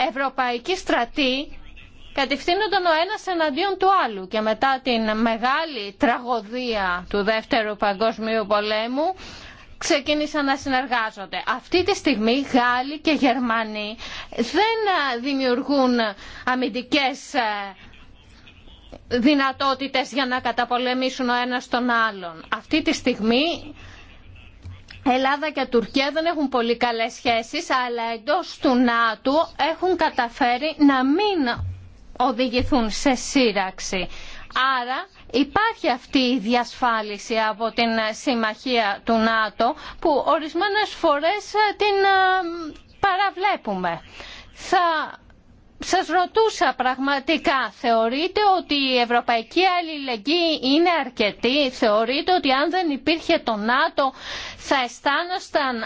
ευρωπαϊκοί στρατοί κατευθύνονταν ο ένας εναντίον του άλλου και μετά την μεγάλη τραγωδία του Δεύτερου Παγκόσμιου Πολέμου ξεκίνησαν να συνεργάζονται. Αυτή τη στιγμή Γάλλοι και Γερμανοί δεν ε, δημιουργούν αμυντικές ε, δυνατότητες για να καταπολεμήσουν ο ένας τον άλλον. Αυτή τη στιγμή Ελλάδα και Τουρκία δεν έχουν πολύ καλές σχέσεις, αλλά εντός του ΝΑΤΟ έχουν καταφέρει να μην οδηγηθούν σε σύραξη. Άρα Υπάρχει αυτή η διασφάλιση από την συμμαχία του ΝΑΤΟ που ορισμένες φορές ε, την ε, παραβλέπουμε. Θα σας ρωτούσα πραγματικά, θεωρείτε ότι η ευρωπαϊκή αλληλεγγύη είναι αρκετή, θεωρείτε ότι αν δεν υπήρχε το ΝΑΤΟ θα αισθάνοσταν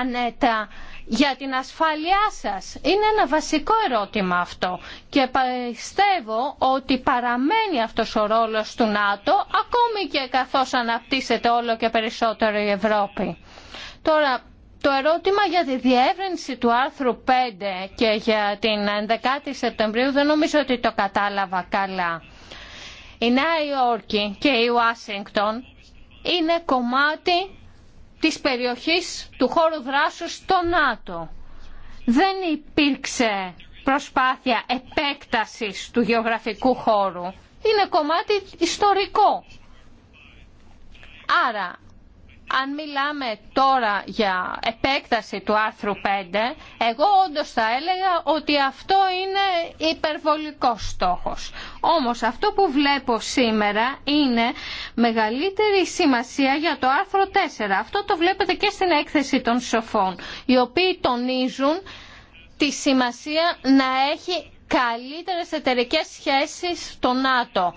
άνετα για την ασφάλειά σας. Είναι ένα βασικό ερώτημα αυτό και πιστεύω ότι παραμένει αυτός ο ρόλος του ΝΑΤΟ ακόμη και καθώς αναπτύσσεται όλο και περισσότερο η Ευρώπη. Τώρα, το ερώτημα για τη διεύρυνση του άρθρου 5 και για την 11η Σεπτεμβρίου δεν νομίζω ότι το κατάλαβα καλά. Η Νέα Υόρκη και η Ουάσιγκτον είναι κομμάτι της περιοχής του χώρου δράσεως στο ΝΑΤΟ. Δεν υπήρξε προσπάθεια επέκτασης του γεωγραφικού χώρου. Είναι κομμάτι ιστορικό. Άρα αν μιλάμε τώρα για επέκταση του άρθρου 5, εγώ όντως θα έλεγα ότι αυτό είναι υπερβολικός στόχος. Όμως αυτό που βλέπω σήμερα είναι μεγαλύτερη σημασία για το άρθρο 4. Αυτό το βλέπετε και στην έκθεση των σοφών, οι οποίοι τονίζουν τη σημασία να έχει καλύτερες εταιρικές σχέσεις στο ΝΑΤΟ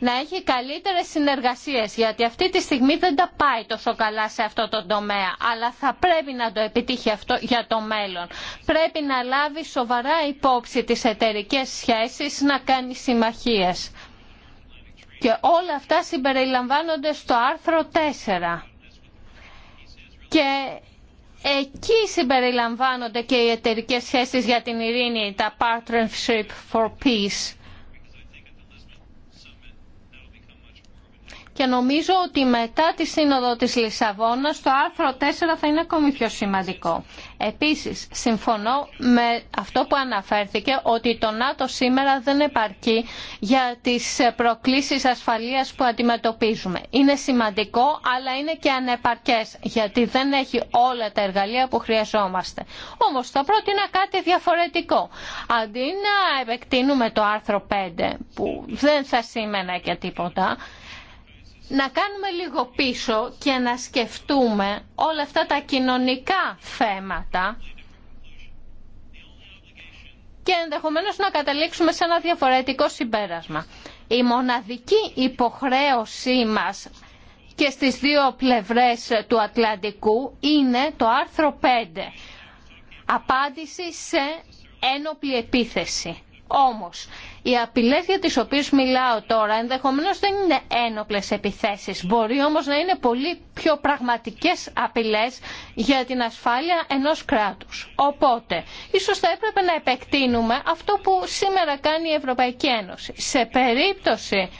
να έχει καλύτερες συνεργασίες γιατί αυτή τη στιγμή δεν τα πάει τόσο καλά σε αυτό το τομέα αλλά θα πρέπει να το επιτύχει αυτό για το μέλλον. Πρέπει να λάβει σοβαρά υπόψη τις εταιρικές σχέσεις να κάνει συμμαχίες. Και όλα αυτά συμπεριλαμβάνονται στο άρθρο 4. Και εκεί συμπεριλαμβάνονται και οι εταιρικές σχέσεις για την ειρήνη, τα Partnership for Peace Και νομίζω ότι μετά τη Σύνοδο της Λισαβόνας το άρθρο 4 θα είναι ακόμη πιο σημαντικό. Επίσης, συμφωνώ με αυτό που αναφέρθηκε ότι το ΝΑΤΟ σήμερα δεν επαρκεί για τις προκλήσεις ασφαλείας που αντιμετωπίζουμε. Είναι σημαντικό, αλλά είναι και ανεπαρκές, γιατί δεν έχει όλα τα εργαλεία που χρειαζόμαστε. Όμως θα πρότεινα κάτι διαφορετικό. Αντί να επεκτείνουμε το άρθρο 5, που δεν θα σήμαινε και τίποτα, να κάνουμε λίγο πίσω και να σκεφτούμε όλα αυτά τα κοινωνικά θέματα και ενδεχομένως να καταλήξουμε σε ένα διαφορετικό συμπέρασμα. Η μοναδική υποχρέωσή μας και στις δύο πλευρές του Ατλαντικού είναι το άρθρο 5. Απάντηση σε ένοπλη επίθεση. Όμως, οι απειλές για τις οποίες μιλάω τώρα ενδεχομένως δεν είναι ένοπλες επιθέσεις. Μπορεί όμως να είναι πολύ πιο πραγματικές απειλές για την ασφάλεια ενός κράτους. Οπότε, ίσως θα έπρεπε να επεκτείνουμε αυτό που σήμερα κάνει η Ευρωπαϊκή Ένωση. Σε περίπτωση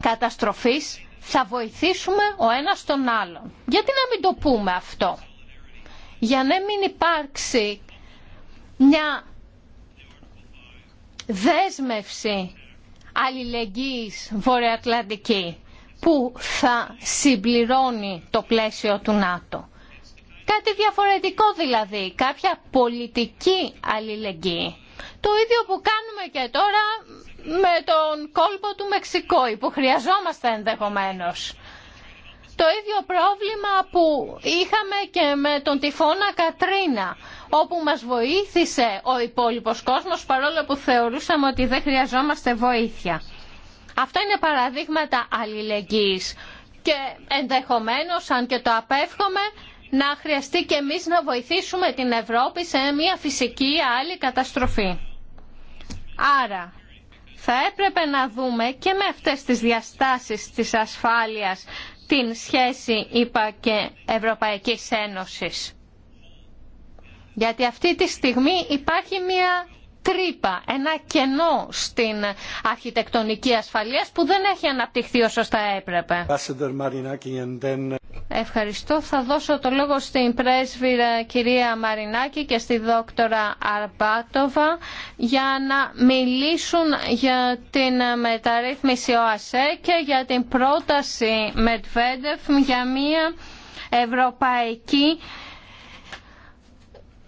καταστροφής θα βοηθήσουμε ο ένας τον άλλον. Γιατί να μην το πούμε αυτό. Για να μην υπάρξει μια δέσμευση αλληλεγγύης βορειοατλαντική που θα συμπληρώνει το πλαίσιο του ΝΑΤΟ. Κάτι διαφορετικό δηλαδή, κάποια πολιτική αλληλεγγύη. Το ίδιο που κάνουμε και τώρα με τον κόλπο του Μεξικό, που χρειαζόμαστε ενδεχομένως το ίδιο πρόβλημα που είχαμε και με τον τυφώνα Κατρίνα όπου μας βοήθησε ο υπόλοιπος κόσμος παρόλο που θεωρούσαμε ότι δεν χρειαζόμαστε βοήθεια. Αυτά είναι παραδείγματα αλληλεγγύης και ενδεχομένως, αν και το απέφχομαι, να χρειαστεί και εμείς να βοηθήσουμε την Ευρώπη σε μια φυσική άλλη καταστροφή. Άρα, θα έπρεπε να δούμε και με αυτές τις διαστάσεις της ασφάλειας την σχέση είπα και Ευρωπαϊκής Ένωσης. Γιατί αυτή τη στιγμή υπάρχει μια τρύπα, ένα κενό στην αρχιτεκτονική ασφαλείας που δεν έχει αναπτυχθεί όσο θα έπρεπε. Uh, Ευχαριστώ. Θα δώσω το λόγο στην πρέσβυρα κυρία Μαρινάκη και στη δόκτωρα Αρπάτοβα για να μιλήσουν για την μεταρρύθμιση ΟΑΣΕ και για την πρόταση Μετβέντεφ για μια ευρωπαϊκή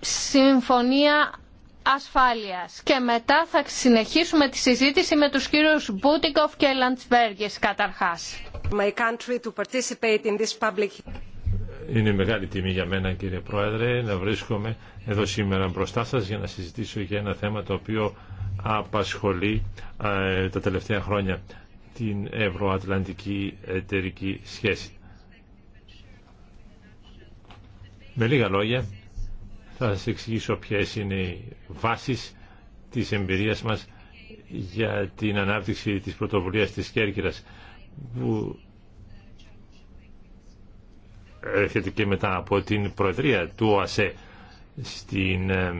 συμφωνία ασφάλειας και μετά θα συνεχίσουμε τη συζήτηση με τους κύριους Μπούτικοφ και Λαντσβέργης καταρχάς. Είναι μεγάλη τιμή για μένα κύριε Πρόεδρε να βρίσκομαι εδώ σήμερα μπροστά σας για να συζητήσω για ένα θέμα το οποίο απασχολεί τα τελευταία χρόνια την ευρωατλαντική εταιρική σχέση. Με λίγα λόγια, θα σας εξηγήσω ποιες είναι οι βάσεις της εμπειρίας μας για την ανάπτυξη της πρωτοβουλίας της Κέρκυρας που έρχεται και μετά από την Προεδρία του ΟΑΣΕ στην, ε,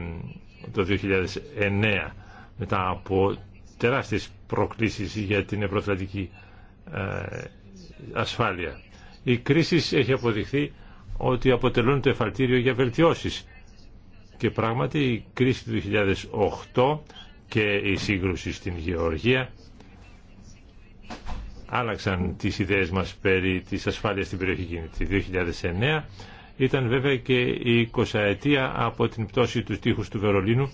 το 2009 μετά από τεράστιες προκλήσεις για την ευρωθρατική ε, ασφάλεια. Η κρίση έχει αποδειχθεί ότι αποτελούν το εφαλτήριο για βελτιώσεις και πράγματι η κρίση του 2008 και η σύγκρουση στην Γεωργία άλλαξαν τις ιδέες μας περί της ασφάλειας στην περιοχή εκείνη. Το 2009 ήταν βέβαια και η 20 ετία από την πτώση του τείχους του Βερολίνου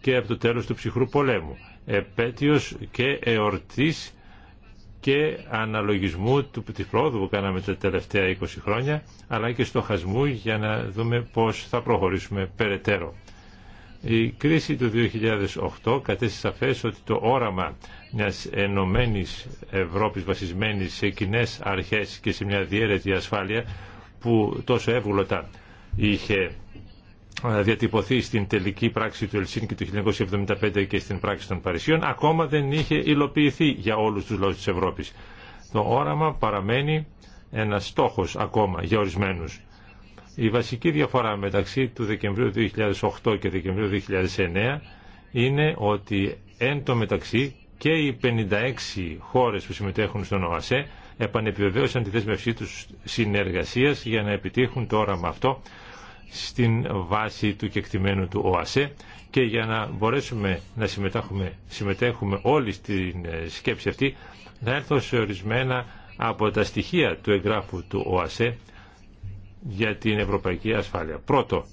και από το τέλος του ψυχρού πολέμου. Επέτειος και εορτής και αναλογισμού του, της πρόοδου που κάναμε τα τελευταία 20 χρόνια, αλλά και στοχασμού για να δούμε πώς θα προχωρήσουμε περαιτέρω. Η κρίση του 2008 κατέστησε σαφές ότι το όραμα μιας ενωμένης Ευρώπης βασισμένης σε κοινέ αρχές και σε μια διαίρετη ασφάλεια που τόσο εύγλωτα είχε ε, διατυπωθεί στην τελική πράξη του Ελσίνκη του 1975 και στην πράξη των Παρισιών ακόμα δεν είχε υλοποιηθεί για όλους τους λόγους της Ευρώπης. Το όραμα παραμένει ένα στόχος ακόμα για ορισμένους. Η βασική διαφορά μεταξύ του Δεκεμβρίου 2008 και Δεκεμβρίου 2009 είναι ότι εν τω μεταξύ και οι 56 χώρες που συμμετέχουν στον ΟΑΣΕ επανεπιβεβαίωσαν τη δέσμευσή τους συνεργασίας για να επιτύχουν το όραμα αυτό στην βάση του κεκτημένου του ΟΑΣΕ και για να μπορέσουμε να συμμετέχουμε, συμμετέχουμε όλοι στην ε, σκέψη αυτή να έρθω σε ορισμένα από τα στοιχεία του εγγράφου του ΟΑΣΕ για την ευρωπαϊκή ασφάλεια. Πρώτο,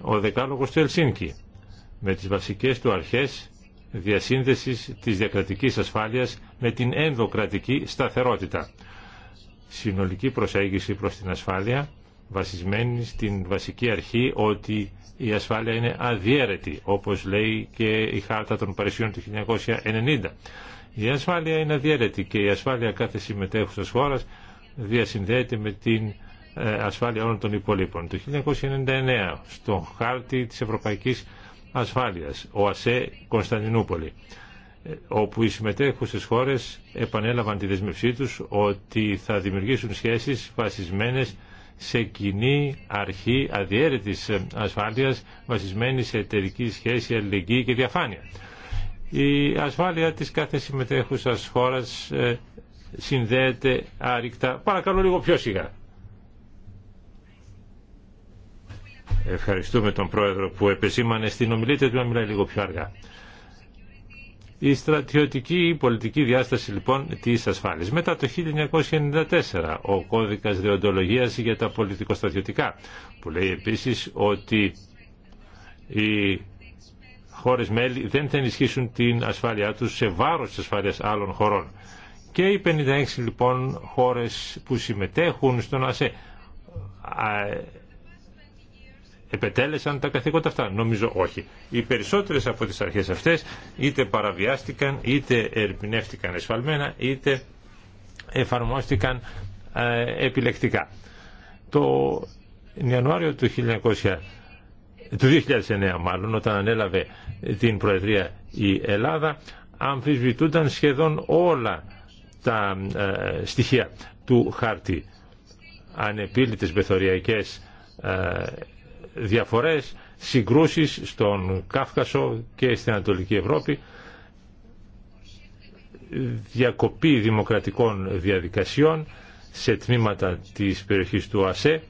ο δεκάλογος του Ελσίνκη με τις βασικές του αρχές διασύνδεσης της διακρατικής ασφάλειας με την ενδοκρατική σταθερότητα. Συνολική προσέγγιση προς την ασφάλεια βασισμένη στην βασική αρχή ότι η ασφάλεια είναι αδιέρετη, όπως λέει και η Χάρτα των Παρισιών του 1990. Η ασφάλεια είναι αδιέρετη και η ασφάλεια κάθε συμμετέχουσας χώρας διασυνδέεται με την ε, ασφάλεια όλων των υπολείπων. Το 1999, στο χάρτη της Ευρωπαϊκής Ασφάλειας, ο ΑΣΕ Κωνσταντινούπολη, ε, όπου οι συμμετέχουσες χώρες επανέλαβαν τη δεσμευσή τους ότι θα δημιουργήσουν σχέσεις βασισμένες σε κοινή αρχή αδιέρετης ασφάλειας βασισμένη σε εταιρική σχέση, αλληλεγγύη και διαφάνεια. Η ασφάλεια της κάθε συμμετέχουσας χώρας ε, συνδέεται άρρηκτα. Παρακαλώ λίγο πιο σιγά. Ευχαριστούμε τον Πρόεδρο που επεσήμανε στην ομιλία του να μιλάει λίγο πιο αργά. Η στρατιωτική ή πολιτική διάσταση λοιπόν της ασφάλειας. Μετά το 1994 ο κώδικας διοντολογίας για τα πολιτικοστρατιωτικά που λέει επίσης ότι οι χώρες μέλη δεν θα ενισχύσουν την ασφάλειά τους σε βάρος της ασφάλειας άλλων χωρών. Και οι 56 λοιπόν χώρες που συμμετέχουν στον ΑΣΕ επετέλεσαν τα καθήκοντα αυτά. Νομίζω όχι. Οι περισσότερε από τις αρχές αυτές είτε παραβιάστηκαν, είτε ερμηνεύτηκαν εσφαλμένα, είτε εφαρμόστηκαν ε, επιλεκτικά. Το Ιανουάριο του 1900 του 2009 μάλλον, όταν ανέλαβε την Προεδρία η Ελλάδα, αμφισβητούνταν σχεδόν όλα τα ε, στοιχεία του χάρτη. Ανεπίλητες μεθοριακές ε, διαφορές, συγκρούσεις στον Κάφκασο και στην Ανατολική Ευρώπη, διακοπή δημοκρατικών διαδικασιών σε τμήματα της περιοχής του ΑΣΕ,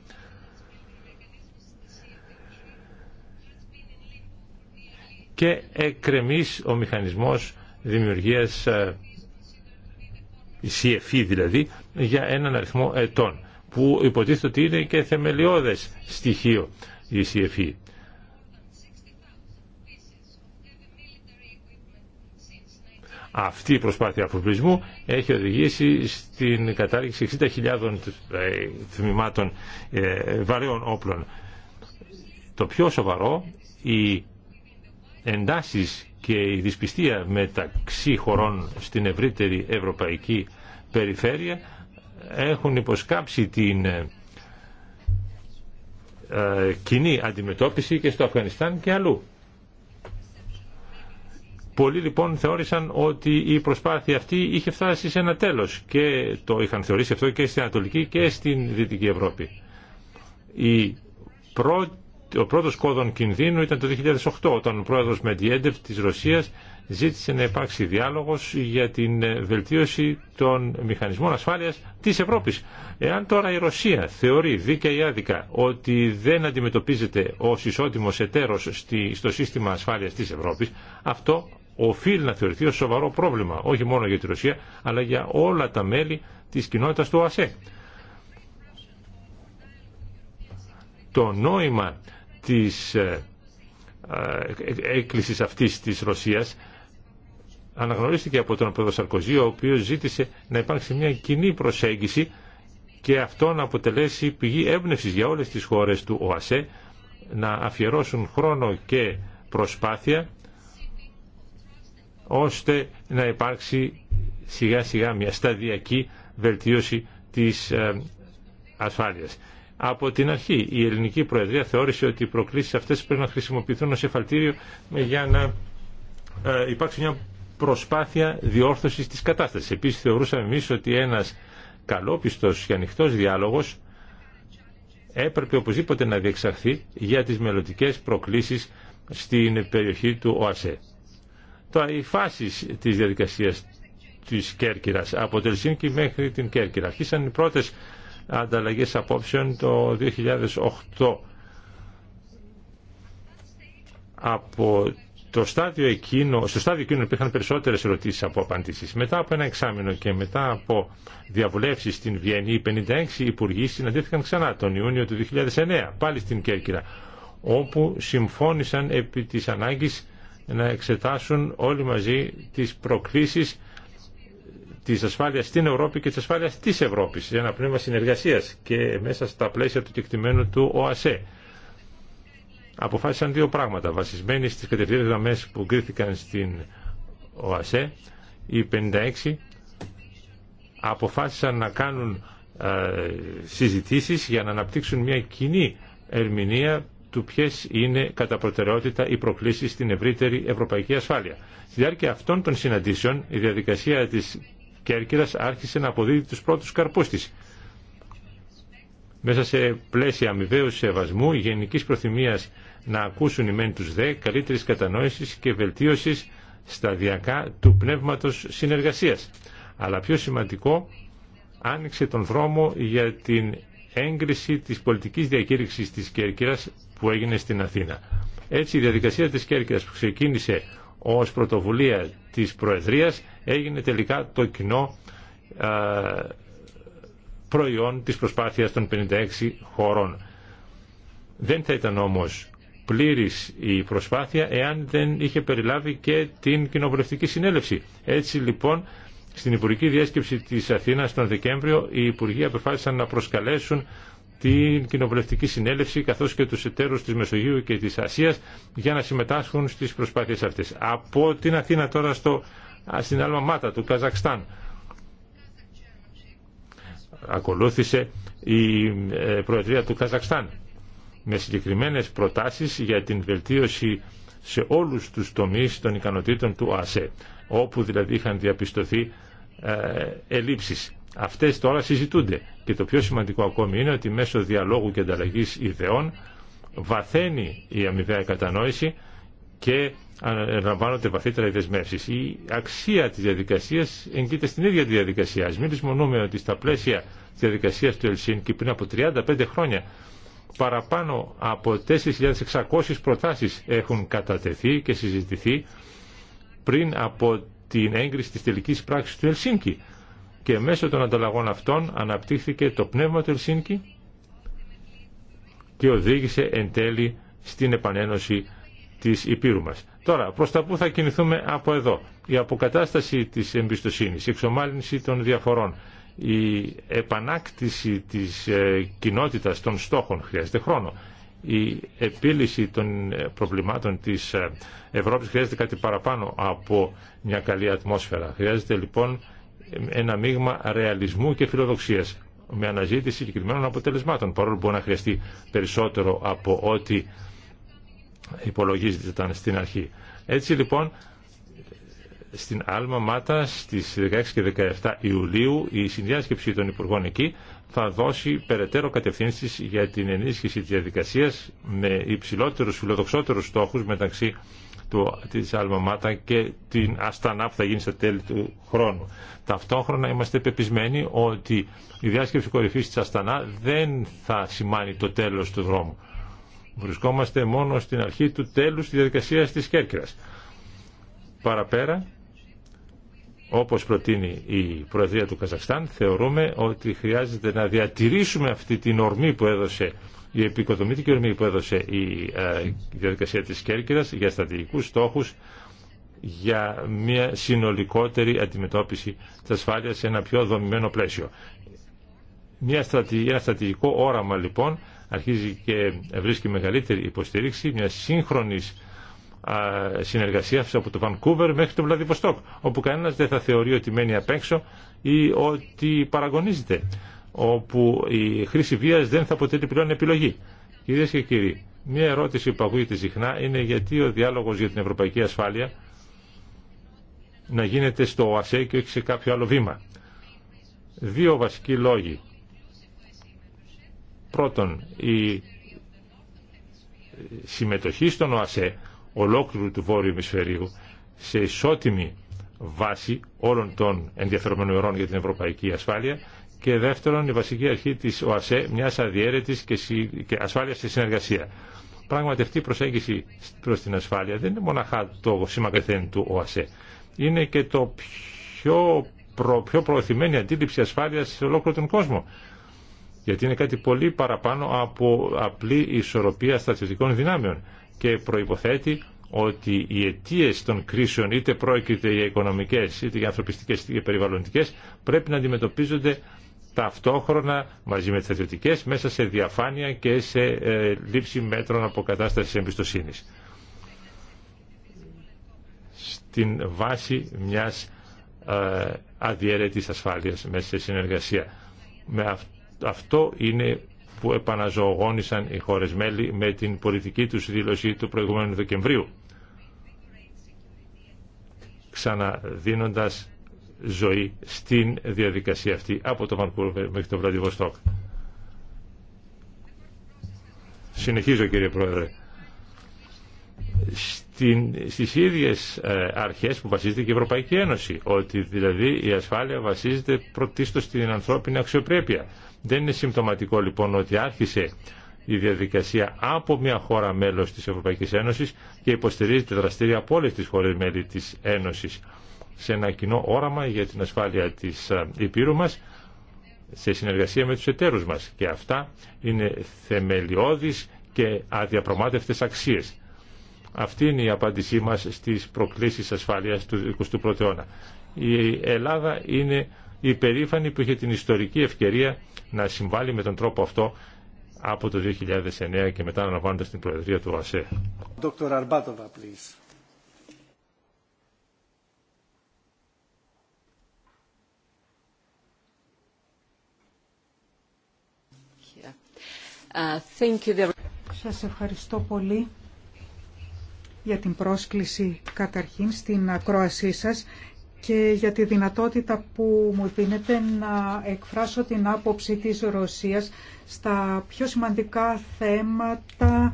και εκκρεμής ο μηχανισμός δημιουργίας ε, CFE δηλαδή για έναν αριθμό ετών που υποτίθεται ότι είναι και θεμελιώδες στοιχείο η e e. Αυτή η προσπάθεια αφοπλισμού έχει οδηγήσει στην κατάργηση 60.000 ε, τμήματων ε, βαρέων όπλων. Το πιο σοβαρό, οι εντάσεις και η δυσπιστία μεταξύ χωρών στην ευρύτερη ευρωπαϊκή περιφέρεια έχουν υποσκάψει την ε, ε, κοινή αντιμετώπιση και στο Αφγανιστάν και αλλού. Πολλοί λοιπόν θεώρησαν ότι η προσπάθεια αυτή είχε φτάσει σε ένα τέλος και το είχαν θεωρήσει αυτό και στην Ανατολική και στην Δυτική Ευρώπη. Η ο πρώτος κόδων κινδύνου ήταν το 2008 όταν ο πρόεδρος Μεντιέντεφ της Ρωσίας ζήτησε να υπάρξει διάλογος για την ε, βελτίωση των μηχανισμών ασφάλειας της Ευρώπης. Εάν τώρα η Ρωσία θεωρεί δίκαια ή άδικα ότι δεν αντιμετωπίζεται ως ισότιμος εταίρος στο σύστημα ασφάλειας της Ευρώπης, αυτό οφείλει να θεωρηθεί ως σοβαρό πρόβλημα, όχι μόνο για τη Ρωσία, αλλά για όλα τα μέλη της κοινότητας του ΟΑΣΕ. Το νόημα της ε, ε, έκκλησης αυτής της Ρωσίας αναγνωρίστηκε από τον πρόεδρο Σαρκοζή, ο οποίος ζήτησε να υπάρξει μια κοινή προσέγγιση και αυτό να αποτελέσει πηγή έμπνευση για όλες τις χώρες του ΟΑΣΕ να αφιερώσουν χρόνο και προσπάθεια ώστε να υπάρξει σιγά σιγά μια σταδιακή βελτίωση της ε, ασφάλειας. Από την αρχή η ελληνική προεδρία θεώρησε ότι οι προκλήσεις αυτές πρέπει να χρησιμοποιηθούν ως εφαλτήριο για να ε, υπάρξει μια προσπάθεια διόρθωσης της κατάστασης. Επίσης θεωρούσαμε εμείς ότι ένας καλόπιστος και ανοιχτός διάλογος έπρεπε οπωσδήποτε να διεξαχθεί για τις μελλοντικέ προκλήσεις στην περιοχή του ΟΑΣΕ. Τώρα οι φάσεις της διαδικασίας της Κέρκυρας από Τελσίνκη μέχρι την Κέρκυρα αρχίσαν οι πρώτες ανταλλαγές απόψεων το 2008 από το στάδιο εκείνο, στο στάδιο εκείνο υπήρχαν περισσότερε ερωτήσει από απαντήσει. Μετά από ένα εξάμεινο και μετά από διαβουλεύσει στην Βιέννη, οι 56 υπουργοί συναντήθηκαν ξανά τον Ιούνιο του 2009, πάλι στην Κέρκυρα, όπου συμφώνησαν επί τη ανάγκη να εξετάσουν όλοι μαζί τι προκλήσει τη ασφάλεια στην Ευρώπη και τη ασφάλεια τη Ευρώπη, ένα πνεύμα συνεργασία και μέσα στα πλαίσια του κεκτημένου του ΟΑΣΕ αποφάσισαν δύο πράγματα βασισμένοι στις κατευθείαν γραμμέ που κρίθηκαν στην ΟΑΣΕ οι 56 αποφάσισαν να κάνουν ε, συζητήσεις για να αναπτύξουν μια κοινή ερμηνεία του ποιε είναι κατά προτεραιότητα οι προκλήσει στην ευρύτερη ευρωπαϊκή ασφάλεια. Στη διάρκεια αυτών των συναντήσεων, η διαδικασία τη Κέρκυρα άρχισε να αποδίδει του πρώτου καρπού τη μέσα σε πλαίσια αμοιβαίου σεβασμού, γενικής προθυμίας να ακούσουν οι μεν τους δε, καλύτερη κατανόησης και βελτίωσης σταδιακά του πνεύματος συνεργασίας. Αλλά πιο σημαντικό, άνοιξε τον δρόμο για την έγκριση της πολιτικής διακήρυξης της Κέρκυρας που έγινε στην Αθήνα. Έτσι η διαδικασία της Κέρκυρας που ξεκίνησε ως πρωτοβουλία της Προεδρίας έγινε τελικά το κοινό προϊόν της προσπάθειας των 56 χωρών. Δεν θα ήταν όμως πλήρης η προσπάθεια εάν δεν είχε περιλάβει και την κοινοβουλευτική συνέλευση. Έτσι λοιπόν στην Υπουργική Διέσκεψη της Αθήνας τον Δεκέμβριο οι Υπουργοί αποφάσισαν να προσκαλέσουν την κοινοβουλευτική συνέλευση καθώς και τους εταίρους της Μεσογείου και της Ασίας για να συμμετάσχουν στις προσπάθειες αυτές. Από την Αθήνα τώρα στο, στην Αλμαμάτα του Καζακστάν ακολούθησε η ε, Προεδρία του Καζακστάν με συγκεκριμένες προτάσεις για την βελτίωση σε όλους τους τομείς των ικανοτήτων του ΑΣΕ, όπου δηλαδή είχαν διαπιστωθεί ε, ελλείψεις. Αυτές τώρα συζητούνται και το πιο σημαντικό ακόμη είναι ότι μέσω διαλόγου και ανταλλαγής ιδεών βαθαίνει η αμοιβαία κατανόηση και αναλαμβάνονται βαθύτερα οι δεσμεύσει. Η αξία τη διαδικασία εγγύεται στην ίδια τη διαδικασία. Α μην λησμονούμε ότι στα πλαίσια τη διαδικασία του Ελσίνκη πριν από 35 χρόνια παραπάνω από 4.600 προτάσει, έχουν κατατεθεί και συζητηθεί πριν από την έγκριση τη τελική πράξη του Ελσίνκη. Και μέσω των ανταλλαγών αυτών αναπτύχθηκε το πνεύμα του Ελσίνκη και οδήγησε εν τέλει στην επανένωση της Υπήρου Τώρα, προς τα πού θα κινηθούμε από εδώ. Η αποκατάσταση της εμπιστοσύνης, η εξομάλυνση των διαφορών, η επανάκτηση της ε, κοινότητας των στόχων χρειάζεται χρόνο. Η επίλυση των ε, προβλημάτων της ε, Ευρώπης χρειάζεται κάτι παραπάνω από μια καλή ατμόσφαιρα. Χρειάζεται λοιπόν ένα μείγμα ρεαλισμού και φιλοδοξίας με αναζήτηση συγκεκριμένων αποτελεσμάτων παρόλο που μπορεί να χρειαστεί περισσότερο από ό,τι υπολογίζεται ήταν στην αρχή. Έτσι λοιπόν στην Άλμα Μάτα στις 16 και 17 Ιουλίου η συνδιάσκεψη των Υπουργών εκεί θα δώσει περαιτέρω κατευθύνσεις για την ενίσχυση της διαδικασίας με υψηλότερους, φιλοδοξότερους στόχους μεταξύ του, της Μάτα και την Αστανά που θα γίνει στα τέλη του χρόνου. Ταυτόχρονα είμαστε πεπισμένοι ότι η διάσκεψη κορυφής της Αστανά δεν θα σημάνει το τέλος του δρόμου. Βρισκόμαστε μόνο στην αρχή του τέλους της διαδικασίας της Κέρκυρας. Παραπέρα, όπως προτείνει η Προεδρία του Καζακστάν, θεωρούμε ότι χρειάζεται να διατηρήσουμε αυτή την ορμή που έδωσε η επικοδομητική ορμή που έδωσε η ε, διαδικασία της Κέρκυρας για στρατηγικούς στόχους για μια συνολικότερη αντιμετώπιση της ασφάλειας σε ένα πιο δομημένο πλαίσιο. Μια ένα στρατηγικό όραμα λοιπόν αρχίζει και βρίσκει μεγαλύτερη υποστήριξη μια σύγχρονη συνεργασία από το Βανκούβερ μέχρι το Βλαδιβοστόκ, όπου κανένα δεν θα θεωρεί ότι μένει απ' έξω ή ότι παραγωνίζεται, όπου η χρήση βία δεν θα αποτελεί πλέον επιλογή. Κυρίε και κύριοι, μια ερώτηση που ακούγεται συχνά είναι γιατί ο διάλογο για την ευρωπαϊκή ασφάλεια να γίνεται στο ΟΑΣΕ και όχι σε κάποιο άλλο βήμα. Δύο βασικοί λόγοι Πρώτον, η συμμετοχή στον ΟΑΣΕ ολόκληρου του Βόρειου Ημισφαιρίου σε ισότιμη βάση όλων των ενδιαφερομένων ορών για την ευρωπαϊκή ασφάλεια και δεύτερον η βασική αρχή της ΟΑΣΕ μιας αδιέρετης και ασφάλειας στη συνεργασία. Πράγματι αυτή η προσέγγιση προς την ασφάλεια δεν είναι μοναχά το σήμα καθέν του ΟΑΣΕ. Είναι και το πιο, προ, πιο προωθημένη αντίληψη ασφάλειας σε ολόκληρο τον κόσμο γιατί είναι κάτι πολύ παραπάνω από απλή ισορροπία στρατιωτικών δυνάμεων και προϋποθέτει ότι οι αιτίε των κρίσεων, είτε πρόκειται για οικονομικές, είτε για ανθρωπιστικές, είτε για περιβαλλοντικές, πρέπει να αντιμετωπίζονται ταυτόχρονα μαζί με τις στρατιωτικές μέσα σε διαφάνεια και σε ε, λήψη μέτρων αποκατάστασης εμπιστοσύνης. Στην βάση μιας ε, ασφάλειας μέσα σε συνεργασία. Με αυτό αυτό είναι που επαναζωογόνησαν οι χώρες μέλη με την πολιτική τους δήλωση του προηγούμενου Δεκεμβρίου ξαναδίνοντας ζωή στην διαδικασία αυτή από το Βανκούβερ μέχρι το Βραντιβοστόκ. Συνεχίζω κύριε Πρόεδρε. Στην, στις ίδιες ε, αρχές που βασίζεται και η Ευρωπαϊκή Ένωση ότι δηλαδή η ασφάλεια βασίζεται πρωτίστως στην ανθρώπινη αξιοπρέπεια δεν είναι συμπτωματικό λοιπόν ότι άρχισε η διαδικασία από μια χώρα μέλος της Ευρωπαϊκής Ένωσης και υποστηρίζεται δραστήρια από όλες τις χώρες μέλη της Ένωσης σε ένα κοινό όραμα για την ασφάλεια της ε, Υπήρου μας σε συνεργασία με τους εταίρους μας. Και αυτά είναι θεμελιώδεις και αδιαπρομάτευτες αξίες. Αυτή είναι η απάντησή μας στις προκλήσεις ασφάλειας του 21ου αιώνα. Η Ελλάδα είναι υπερήφανη που είχε την ιστορική ευκαιρία να συμβάλλει με τον τρόπο αυτό από το 2009 και μετά αναβάνοντας την Προεδρία του ΟΑΣΕ. Uh, σας ευχαριστώ πολύ για την πρόσκληση καταρχήν στην ακρόασή σας και για τη δυνατότητα που μου δίνεται να εκφράσω την άποψη της Ρωσίας στα πιο σημαντικά θέματα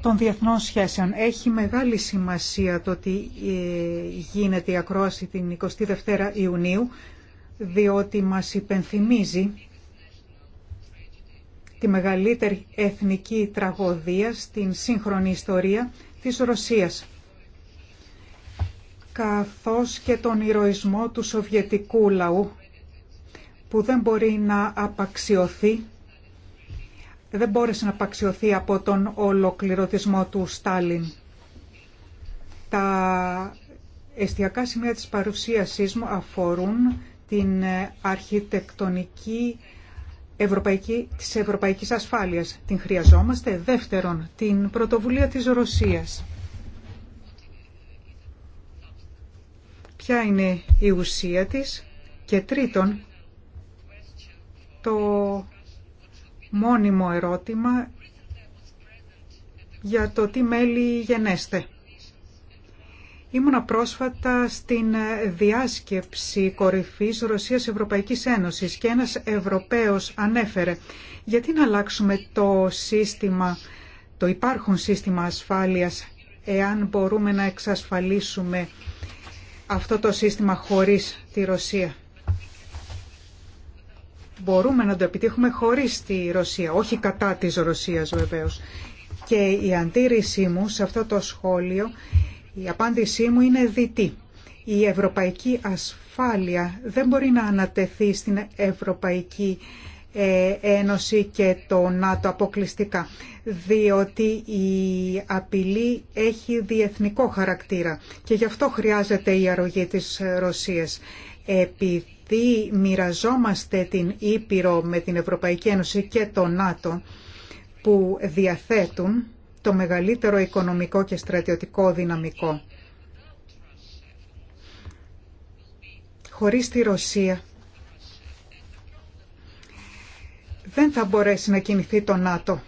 των διεθνών σχέσεων. Έχει μεγάλη σημασία το ότι ε, γίνεται η ακρόαση την 22 Ιουνίου, διότι μας υπενθυμίζει τη μεγαλύτερη εθνική τραγωδία στην σύγχρονη ιστορία της Ρωσίας καθώς και τον ηρωισμό του Σοβιετικού λαού που δεν μπορεί να απαξιωθεί δεν μπόρεσε να απαξιωθεί από τον ολοκληρωτισμό του Στάλιν. Τα εστιακά σημεία της παρουσίασής μου αφορούν την αρχιτεκτονική ευρωπαϊκή, της ευρωπαϊκής ασφάλειας. Την χρειαζόμαστε. Δεύτερον, την πρωτοβουλία της Ρωσίας ποια είναι η ουσία της και τρίτον το μόνιμο ερώτημα για το τι μέλη γενέστε. Ήμουνα πρόσφατα στην διάσκεψη κορυφής Ρωσίας-Ευρωπαϊκής Ένωσης και ένας Ευρωπαίος ανέφερε γιατί να αλλάξουμε το σύστημα, το υπάρχον σύστημα ασφάλειας εάν μπορούμε να εξασφαλίσουμε αυτό το σύστημα χωρίς τη Ρωσία. Μπορούμε να το επιτύχουμε χωρίς τη Ρωσία, όχι κατά της Ρωσίας βεβαίως. Και η αντίρρησή μου σε αυτό το σχόλιο, η απάντησή μου είναι διτή. Η ευρωπαϊκή ασφάλεια δεν μπορεί να ανατεθεί στην ευρωπαϊκή ε, Ένωση και το ΝΑΤΟ αποκλειστικά, διότι η απειλή έχει διεθνικό χαρακτήρα και γι' αυτό χρειάζεται η αρρωγή της Ρωσίας. Επειδή μοιραζόμαστε την Ήπειρο με την Ευρωπαϊκή Ένωση και το ΝΑΤΟ που διαθέτουν το μεγαλύτερο οικονομικό και στρατιωτικό δυναμικό. Χωρίς τη Ρωσία δεν θα μπορέσει να κινηθεί το ΝΑΤΟ,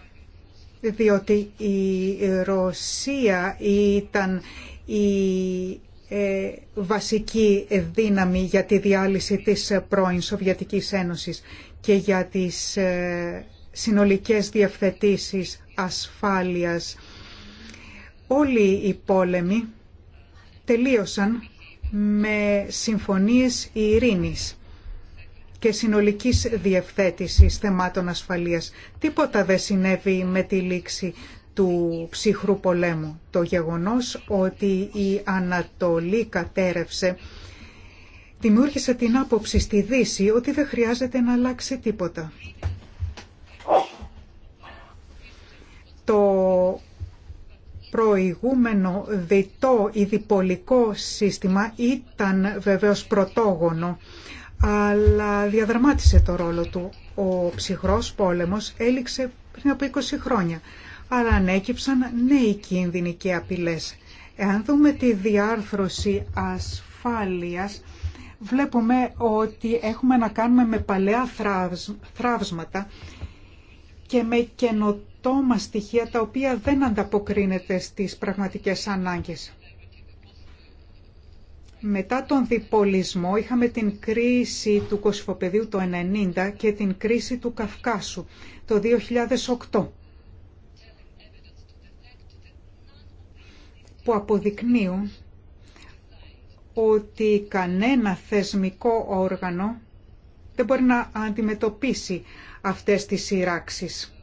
διότι η Ρωσία ήταν η ε, βασική δύναμη για τη διάλυση της πρώην Σοβιετικής Ένωσης και για τις ε, συνολικές διευθετήσεις ασφάλειας. Όλοι οι πόλεμοι τελείωσαν με συμφωνίες ειρήνης και συνολικής διευθέτησης θεμάτων ασφαλείας. Τίποτα δεν συνέβη με τη λήξη του ψυχρού πολέμου. Το γεγονός ότι η Ανατολή κατέρευσε δημιούργησε την άποψη στη Δύση ότι δεν χρειάζεται να αλλάξει τίποτα. Το προηγούμενο διτό ή διπολικό σύστημα ήταν βεβαίως πρωτόγονο αλλά διαδραμάτισε το ρόλο του. Ο ψυχρός πόλεμος έληξε πριν από 20 χρόνια, αλλά ανέκυψαν νέοι κίνδυνοι και απειλές. Εάν δούμε τη διάρθρωση ασφάλειας, βλέπουμε ότι έχουμε να κάνουμε με παλαιά θράψματα και με καινοτόμα στοιχεία τα οποία δεν ανταποκρίνεται στις πραγματικές ανάγκες. Μετά τον διπολισμό είχαμε την κρίση του Κωσυφοπεδίου το 1990 και την κρίση του Καυκάσου το 2008 που αποδεικνύουν ότι κανένα θεσμικό όργανο δεν μπορεί να αντιμετωπίσει αυτές τις σειράξεις.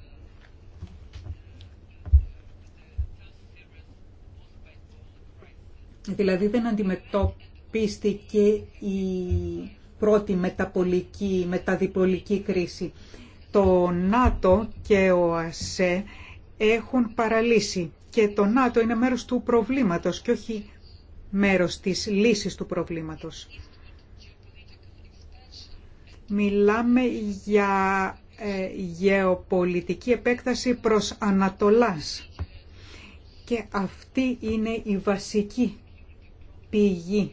Δηλαδή δεν αντιμετωπίστηκε η πρώτη μεταπολική, μεταδιπολική κρίση. Το ΝΑΤΟ και ο ΑΣΕ έχουν παραλύσει και το ΝΑΤΟ είναι μέρος του προβλήματος και όχι μέρος της λύσης του προβλήματος. Μιλάμε για ε, γεωπολιτική επέκταση προς Ανατολάς και αυτή είναι η βασική πηγή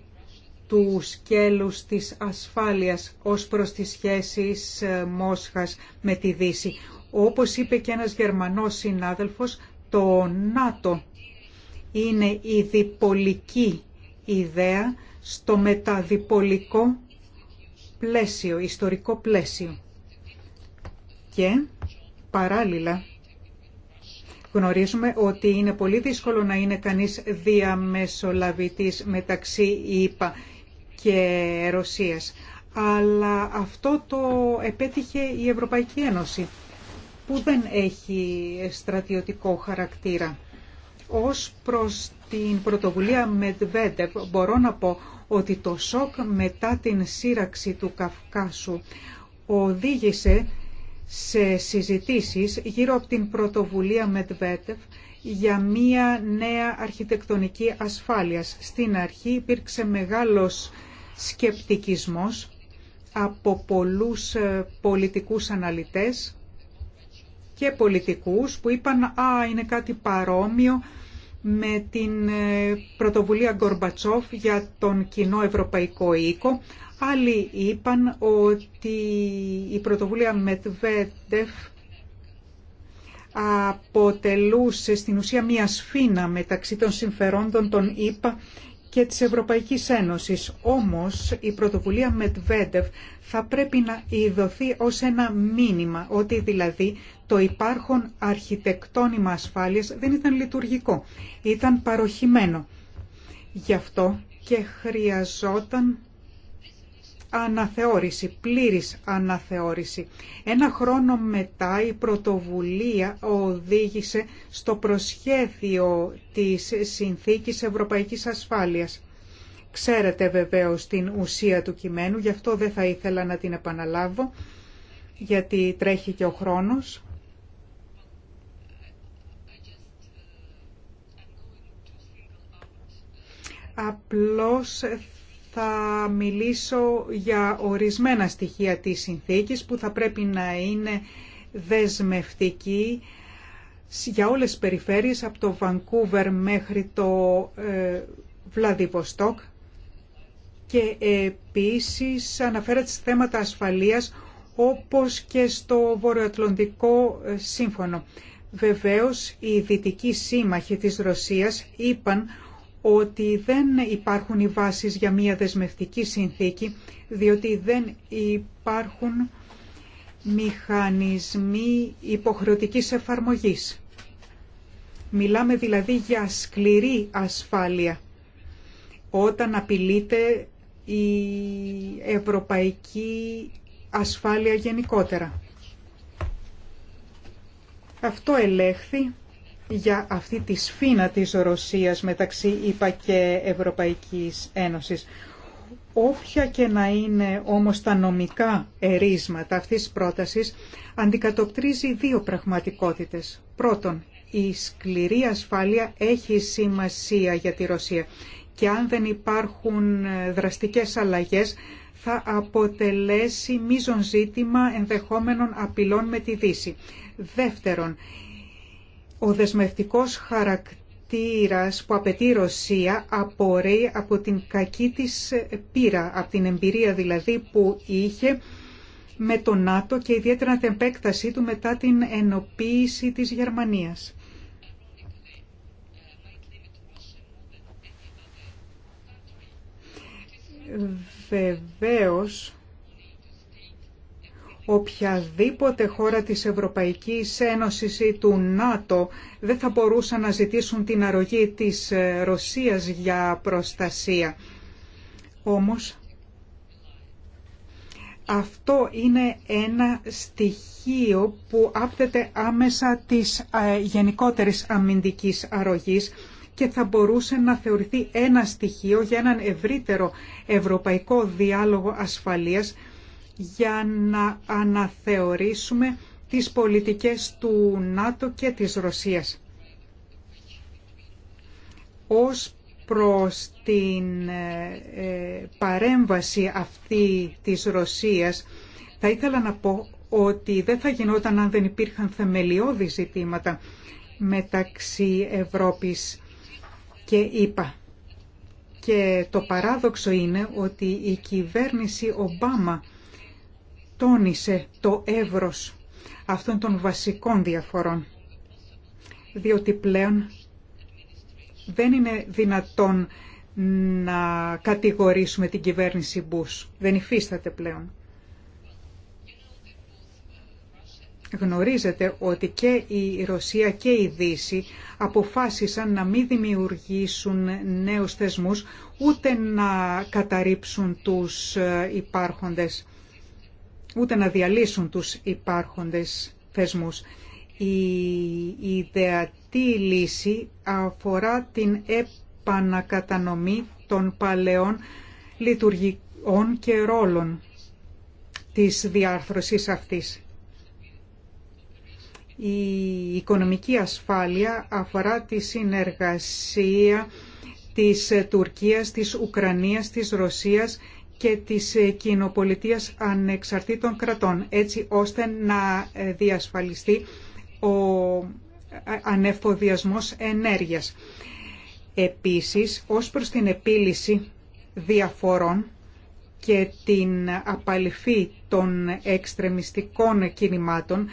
του σκέλους της ασφάλειας ως προς τις σχέσεις ε, Μόσχας με τη Δύση. Όπως είπε και ένας Γερμανός συνάδελφος, το ΝΑΤΟ είναι η διπολική ιδέα στο μεταδιπολικό πλαίσιο, ιστορικό πλαίσιο. Και παράλληλα Γνωρίζουμε ότι είναι πολύ δύσκολο να είναι κανείς διαμεσολαβητής μεταξύ ΙΠΑ και Ρωσίας. Αλλά αυτό το επέτυχε η Ευρωπαϊκή Ένωση που δεν έχει στρατιωτικό χαρακτήρα. Ως προς την πρωτοβουλία Medvedev μπορώ να πω ότι το σοκ μετά την σύραξη του Καυκάσου οδήγησε σε συζητήσεις γύρω από την πρωτοβουλία Μετβέτεφ για μία νέα αρχιτεκτονική ασφάλειας. Στην αρχή υπήρξε μεγάλος σκεπτικισμός από πολλούς ε, πολιτικούς αναλυτές και πολιτικούς που είπαν «Α, είναι κάτι παρόμοιο με την ε, πρωτοβουλία Γκορμπατσόφ για τον κοινό ευρωπαϊκό οίκο, Άλλοι είπαν ότι η πρωτοβουλία ΜΕΤΒΕΤΕΦ αποτελούσε στην ουσία μία σφήνα μεταξύ των συμφερόντων των ΗΠΑ και της Ευρωπαϊκής Ένωσης. Όμως η πρωτοβουλία Μετβέντεφ θα πρέπει να ειδωθεί ως ένα μήνυμα ότι δηλαδή το υπάρχον αρχιτεκτόνιμα ασφάλειας δεν ήταν λειτουργικό, ήταν παροχημένο. Γι' αυτό και χρειαζόταν αναθεώρηση, πλήρης αναθεώρηση. Ένα χρόνο μετά η πρωτοβουλία οδήγησε στο προσχέδιο της Συνθήκης Ευρωπαϊκής Ασφάλειας. Ξέρετε βεβαίως την ουσία του κειμένου, γι' αυτό δεν θα ήθελα να την επαναλάβω, γιατί τρέχει και ο χρόνος. Απλώς θα μιλήσω για ορισμένα στοιχεία της συνθήκης που θα πρέπει να είναι δεσμευτική για όλες τις περιφέρειες από το Βανκούβερ μέχρι το ε, Βλαδιβοστόκ και επίσης αναφέρεται τις θέματα ασφαλείας όπως και στο Βορειοατλαντικό ε, Σύμφωνο. Βεβαίως, οι δυτικοί σύμμαχοι της Ρωσίας είπαν ότι δεν υπάρχουν οι βάσεις για μια δεσμευτική συνθήκη, διότι δεν υπάρχουν μηχανισμοί υποχρεωτικής εφαρμογής. Μιλάμε δηλαδή για σκληρή ασφάλεια όταν απειλείται η ευρωπαϊκή ασφάλεια γενικότερα. Αυτό ελέγχθη για αυτή τη σφήνα της Ρωσίας μεταξύ ΙΠΑ και Ευρωπαϊκής Ένωσης. Όποια και να είναι όμως τα νομικά ερίσματα αυτής της πρότασης αντικατοπτρίζει δύο πραγματικότητες. Πρώτον, η σκληρή ασφάλεια έχει σημασία για τη Ρωσία και αν δεν υπάρχουν δραστικές αλλαγές θα αποτελέσει μείζον ζήτημα ενδεχόμενων απειλών με τη Δύση. Δεύτερον, ο δεσμευτικός χαρακτήρας που απαιτεί η Ρωσία απορρέει από την κακή της πείρα, από την εμπειρία δηλαδή που είχε με το ΝΑΤΟ και ιδιαίτερα την επέκτασή του μετά την ενοποίηση της Γερμανίας. Βεβαίως, οποιαδήποτε χώρα της Ευρωπαϊκής Ένωσης ή του ΝΑΤΟ δεν θα μπορούσαν να ζητήσουν την αρρωγή της ε, Ρωσίας για προστασία. Όμως αυτό είναι ένα στοιχείο που άπτεται άμεσα της ε, γενικότερης αμυντικής αρρωγής και θα μπορούσε να θεωρηθεί ένα στοιχείο για έναν ευρύτερο ευρωπαϊκό διάλογο ασφαλείας για να αναθεωρήσουμε τις πολιτικές του ΝΑΤΟ και της Ρωσίας. Ως προς την ε, παρέμβαση αυτή της Ρωσίας θα ήθελα να πω ότι δεν θα γινόταν αν δεν υπήρχαν θεμελιώδη ζητήματα μεταξύ Ευρώπης και ΗΠΑ. Και το παράδοξο είναι ότι η κυβέρνηση Ομπάμα τόνισε το εύρος αυτών των βασικών διαφορών, διότι πλέον δεν είναι δυνατόν να κατηγορήσουμε την κυβέρνηση Μπούς. Δεν υφίσταται πλέον. Γνωρίζετε ότι και η Ρωσία και η Δύση αποφάσισαν να μην δημιουργήσουν νέους θεσμούς ούτε να καταρρύψουν τους ε, υπάρχοντες ούτε να διαλύσουν τους υπάρχοντες θεσμούς. Η ιδεατή λύση αφορά την επανακατανομή των παλαιών λειτουργικών και ρόλων της διάρθρωσης αυτής. Η οικονομική ασφάλεια αφορά τη συνεργασία της Τουρκίας, της Ουκρανίας, της Ρωσίας και της ε, κοινοπολιτείας ανεξαρτήτων κρατών, έτσι ώστε να ε, διασφαλιστεί ο ε, ανεφοδιασμός ενέργειας. Επίσης, ως προς την επίλυση διαφορών και την απαλυφή των εξτρεμιστικών κινημάτων,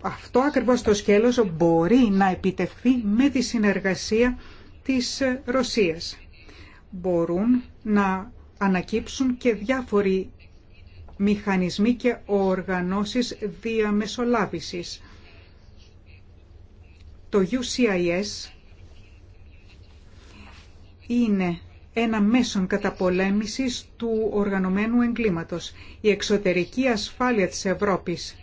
αυτό ακριβώς το σκέλος μπορεί να επιτευχθεί με τη συνεργασία της Ρωσίας. Μπορούν να ανακύψουν και διάφοροι μηχανισμοί και οργανώσεις διαμεσολάβησης. Το UCIS είναι ένα μέσον καταπολέμησης του οργανωμένου εγκλήματος. Η εξωτερική ασφάλεια της Ευρώπης,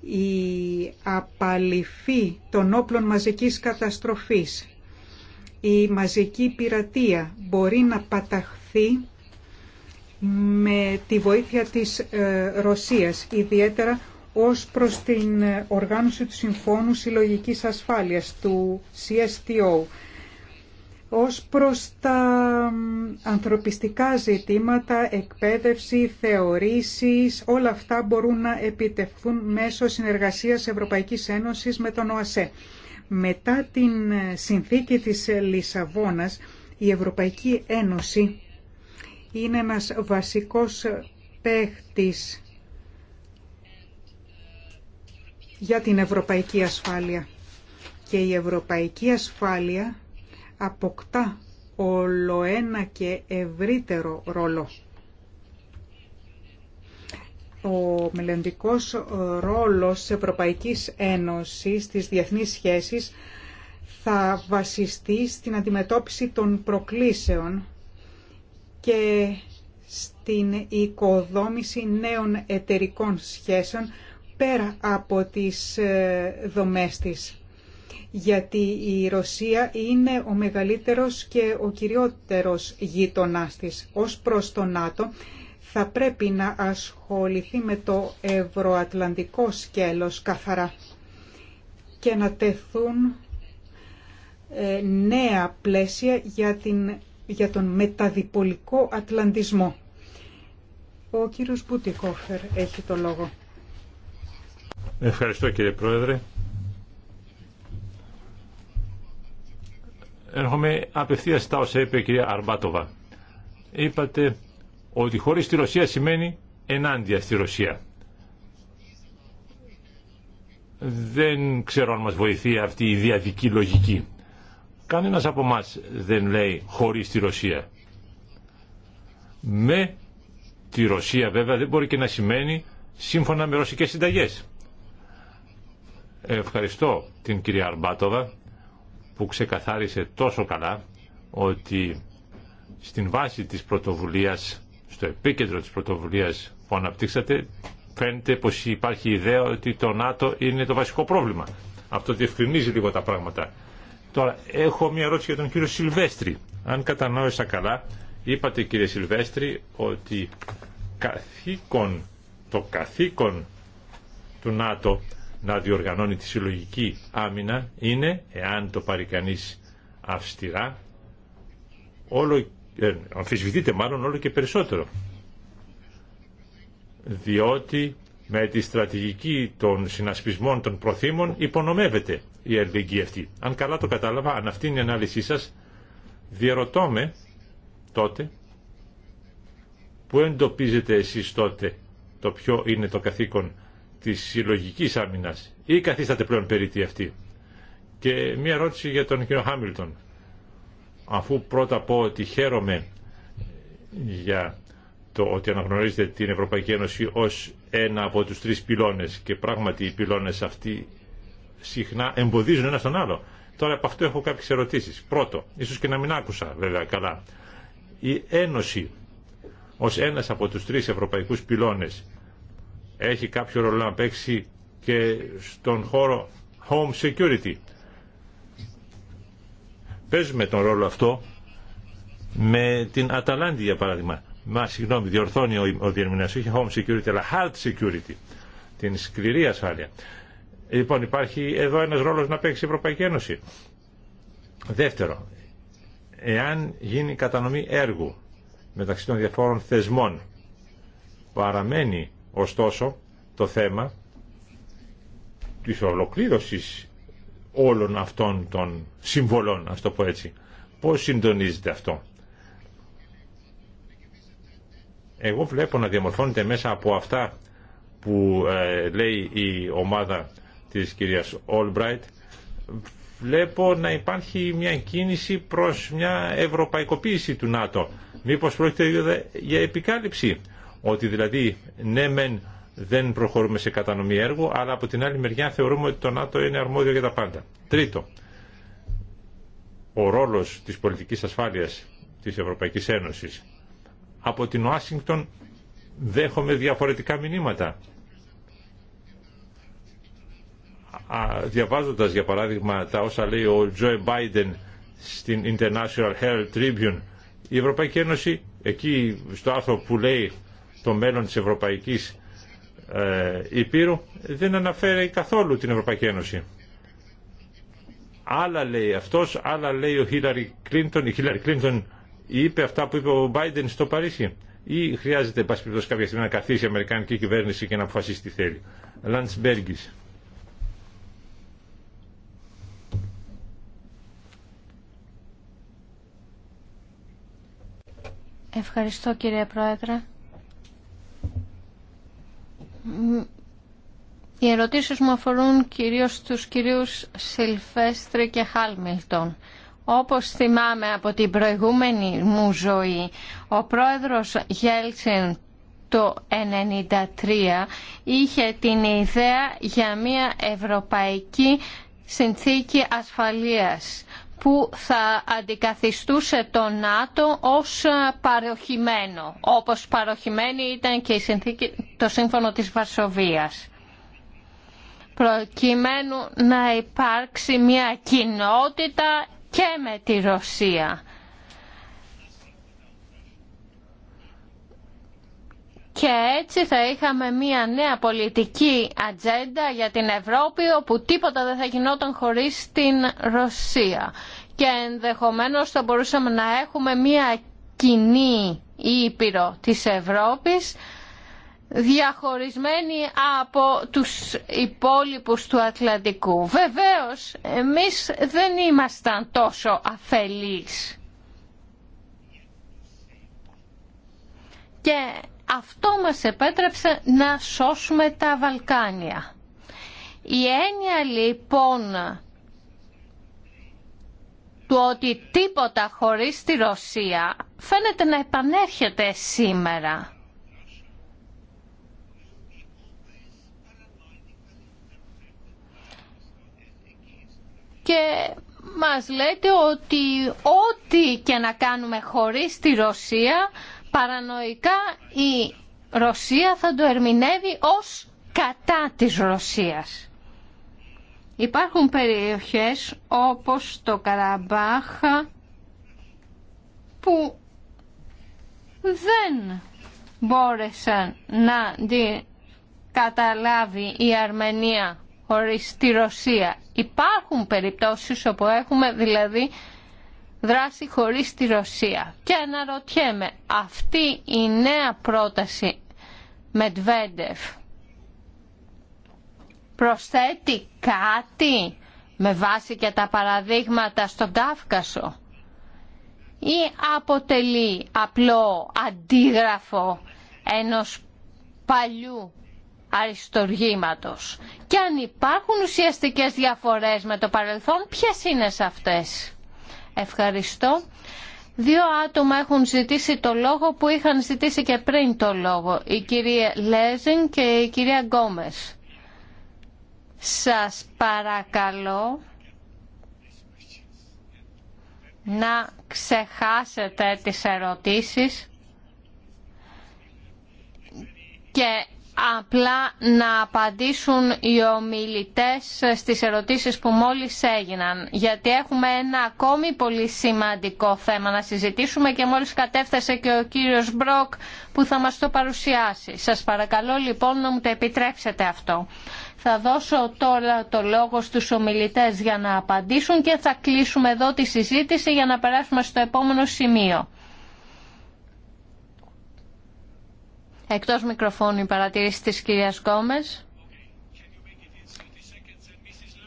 η απαλυφή των όπλων μαζικής καταστροφής, η μαζική πειρατεία μπορεί να παταχθεί με τη βοήθεια της ε, Ρωσίας, ιδιαίτερα ως προς την οργάνωση του Συμφώνου Συλλογικής Ασφάλειας, του CSTO, ως προς τα ανθρωπιστικά ζητήματα, εκπαίδευση, θεωρήσεις, όλα αυτά μπορούν να επιτευχθούν μέσω συνεργασίας Ευρωπαϊκής Ένωσης με τον ΟΑΣΕ. Μετά την ε, συνθήκη της ε, Λισαβόνας, η Ευρωπαϊκή Ένωση είναι ένας βασικός παίχτης για την ευρωπαϊκή ασφάλεια. Και η ευρωπαϊκή ασφάλεια αποκτά ολοένα και ευρύτερο ρόλο. Ο μελλοντικός ρόλος της Ευρωπαϊκής Ένωσης στις διεθνείς σχέσεις θα βασιστεί στην αντιμετώπιση των προκλήσεων και στην οικοδόμηση νέων εταιρικών σχέσεων πέρα από τις ε, δομές της. Γιατί η Ρωσία είναι ο μεγαλύτερος και ο κυριότερος γείτονάς της. Ως προς το ΝΑΤΟ θα πρέπει να ασχοληθεί με το ευρωατλαντικό σκέλος καθαρά και να τεθούν ε, νέα πλαίσια για την για τον μεταδιπολικό ατλαντισμό. Ο κύριος Μπουτικόφερ έχει το λόγο. Ευχαριστώ κύριε Πρόεδρε. Έρχομαι απευθεία, στα όσα είπε η κυρία Αρμπάτοβα. Είπατε ότι χωρίς τη Ρωσία σημαίνει ενάντια στη Ρωσία. Δεν ξέρω αν μας βοηθεί αυτή η διαδική λογική. Κανένας από εμά δεν λέει χωρίς τη Ρωσία. Με τη Ρωσία βέβαια δεν μπορεί και να σημαίνει σύμφωνα με ρωσικές συνταγές. Ευχαριστώ την κυρία Αρμπάτοβα που ξεκαθάρισε τόσο καλά ότι στην βάση της πρωτοβουλίας, στο επίκεντρο της πρωτοβουλίας που αναπτύξατε, φαίνεται πως υπάρχει ιδέα ότι το ΝΑΤΟ είναι το βασικό πρόβλημα. Αυτό διευκρινίζει λίγο τα πράγματα. Τώρα, έχω μια ερώτηση για τον κύριο Σιλβέστρη. Αν κατανόησα καλά, είπατε κύριε Σιλβέστρη ότι καθήκον, το καθήκον του ΝΑΤΟ να διοργανώνει τη συλλογική άμυνα είναι, εάν το πάρει κανεί αυστηρά, όλο, ε, αμφισβητείται μάλλον όλο και περισσότερο. Διότι με τη στρατηγική των συνασπισμών των προθήμων υπονομεύεται η αλληλεγγύη αυτή. Αν καλά το κατάλαβα, αν αυτή είναι η ανάλυση σας, διαρωτώ με τότε που εντοπίζετε εσείς τότε το ποιο είναι το καθήκον της συλλογική άμυνας ή καθίσατε πλέον περίτη αυτή. Και μία ερώτηση για τον κύριο Χάμιλτον. Αφού πρώτα πω ότι χαίρομαι για το ότι αναγνωρίζετε την Ευρωπαϊκή Ένωση ως ένα από τους τρεις πυλώνες και πράγματι οι πυλώνες αυτοί συχνά εμποδίζουν ένα τον άλλο. Τώρα από αυτό έχω κάποιες ερωτήσεις. Πρώτο, ίσως και να μην άκουσα βέβαια καλά. Η Ένωση ως ένας από τους τρεις ευρωπαϊκούς πυλώνες έχει κάποιο ρόλο να παίξει και στον χώρο home security. Παίζουμε τον ρόλο αυτό με την Αταλάντη για παράδειγμα. Μα συγγνώμη, διορθώνει ο, ο διερμηνέας, όχι home security αλλά hard security, την σκληρή ασφάλεια. Λοιπόν, υπάρχει εδώ ένας ρόλος να παίξει η Ευρωπαϊκή Ένωση. Δεύτερο, εάν γίνει κατανομή έργου μεταξύ των διαφόρων θεσμών, παραμένει ωστόσο το θέμα της ολοκλήρωση όλων αυτών των συμβολών, α το πω έτσι. Πώ συντονίζεται αυτό. Εγώ βλέπω να διαμορφώνεται μέσα από αυτά που ε, λέει η ομάδα της κυρίας Όλμπραϊτ βλέπω να υπάρχει μια κίνηση προς μια ευρωπαϊκοποίηση του ΝΑΤΟ. Μήπως πρόκειται δηλαδή για επικάλυψη, ότι δηλαδή ναι μεν δεν προχωρούμε σε κατανομή έργου, αλλά από την άλλη μεριά θεωρούμε ότι το ΝΑΤΟ είναι αρμόδιο για τα πάντα. Τρίτο, ο ρόλος της πολιτικής ασφάλειας της Ευρωπαϊκής Ένωσης. Από την Ουάσιγκτον δέχομαι διαφορετικά μηνύματα. διαβάζοντας για παράδειγμα τα όσα λέει ο Τζοε Μπάιντεν στην International Herald Tribune η Ευρωπαϊκή Ένωση εκεί στο άρθρο που λέει το μέλλον της Ευρωπαϊκής ε, Υπήρου δεν αναφέρει καθόλου την Ευρωπαϊκή Ένωση άλλα λέει αυτός άλλα λέει ο Χίλαρη Κλίντον η Χίλαρη Κλίντον είπε αυτά που είπε ο Μπάιντεν στο Παρίσι ή χρειάζεται εν πάση κάποια στιγμή να καθίσει η Αμερικανική κυβέρνηση και να αποφασίσει τι θέλει. Λαντσμπέργκης. Ευχαριστώ κύριε Πρόεδρε. Οι ερωτήσεις μου αφορούν κυρίως τους κυρίους Σιλφέστρη και Χάλμιλτον. Όπως θυμάμαι από την προηγούμενη μου ζωή, ο πρόεδρος Γέλσιν το 1993 είχε την ιδέα για μια ευρωπαϊκή συνθήκη ασφαλείας που θα αντικαθιστούσε το ΝΑΤΟ ως παροχημένο, όπως παροχημένη ήταν και η συνθήκη, το σύμφωνο της Βαρσοβίας προκειμένου να υπάρξει μια κοινότητα και με τη Ρωσία και έτσι θα είχαμε μια νέα πολιτική ατζέντα για την Ευρώπη όπου τίποτα δεν θα γινόταν χωρίς την Ρωσία. Και ενδεχομένως θα μπορούσαμε να έχουμε μια κοινή ήπειρο της Ευρώπης διαχωρισμένη από τους υπόλοιπους του Ατλαντικού. Βεβαίως, εμείς δεν ήμασταν τόσο αφελείς. Και αυτό μας επέτρεψε να σώσουμε τα Βαλκάνια. Η έννοια λοιπόν του ότι τίποτα χωρίς τη Ρωσία φαίνεται να επανέρχεται σήμερα. Και μας λέτε ότι ό,τι και να κάνουμε χωρίς τη Ρωσία παρανοϊκά η Ρωσία θα το ερμηνεύει ως κατά της Ρωσίας. Υπάρχουν περιοχές όπως το Καραμπάχα που δεν μπόρεσαν να την καταλάβει η Αρμενία χωρίς τη Ρωσία. Υπάρχουν περιπτώσεις όπου έχουμε δηλαδή δράση χωρίς τη Ρωσία. Και αναρωτιέμαι, αυτή η νέα πρόταση Μετβέντεφ προσθέτει κάτι με βάση και τα παραδείγματα στον Κάφκασο ή αποτελεί απλό αντίγραφο ενός παλιού αριστοργήματος. Και αν υπάρχουν ουσιαστικές διαφορές με το παρελθόν, ποιες είναι σε αυτές. Ευχαριστώ. Δύο άτομα έχουν ζητήσει το λόγο που είχαν ζητήσει και πριν το λόγο. Η κυρία Λέζιν και η κυρία Γκόμες. Σας παρακαλώ να ξεχάσετε τις ερωτήσεις και απλά να απαντήσουν οι ομιλητές στις ερωτήσεις που μόλις έγιναν. Γιατί έχουμε ένα ακόμη πολύ σημαντικό θέμα να συζητήσουμε και μόλις κατέφτασε και ο κύριος Μπροκ που θα μας το παρουσιάσει. Σας παρακαλώ λοιπόν να μου το επιτρέψετε αυτό. Θα δώσω τώρα το λόγο στους ομιλητές για να απαντήσουν και θα κλείσουμε εδώ τη συζήτηση για να περάσουμε στο επόμενο σημείο. Εκτός μικροφώνου η παρατήρηση της κυρίας Κόμες.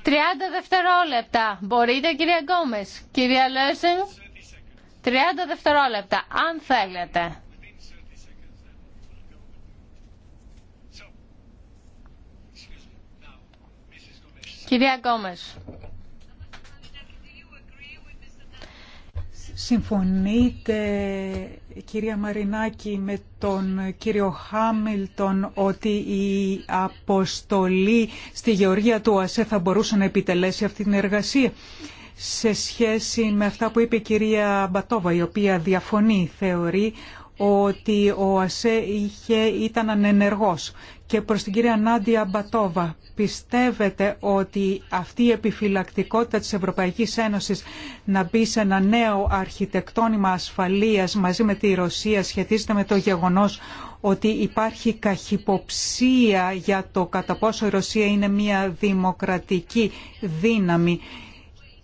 30 δευτερόλεπτα. Μπορείτε κυρία Γκόμες. Κυρία Λέσσιν, 30 δευτερόλεπτα, αν θέλετε. Κυρία Γκόμες. Συμφωνείτε κυρία Μαρινάκη με τον κύριο Χάμιλτον ότι η αποστολή στη γεωργία του ΟΑΣΕ θα μπορούσε να επιτελέσει αυτή την εργασία σε σχέση με αυτά που είπε η κυρία Μπατόβα η οποία διαφωνεί θεωρεί ότι ο ΑΣΕ είχε, ήταν ανενεργός και προς την κυρία Νάντια Μπατόβα, πιστεύετε ότι αυτή η επιφυλακτικότητα της Ευρωπαϊκής Ένωσης να μπει σε ένα νέο αρχιτεκτόνιμα ασφαλείας μαζί με τη Ρωσία σχετίζεται με το γεγονός ότι υπάρχει καχυποψία για το κατά πόσο η Ρωσία είναι μια δημοκρατική δύναμη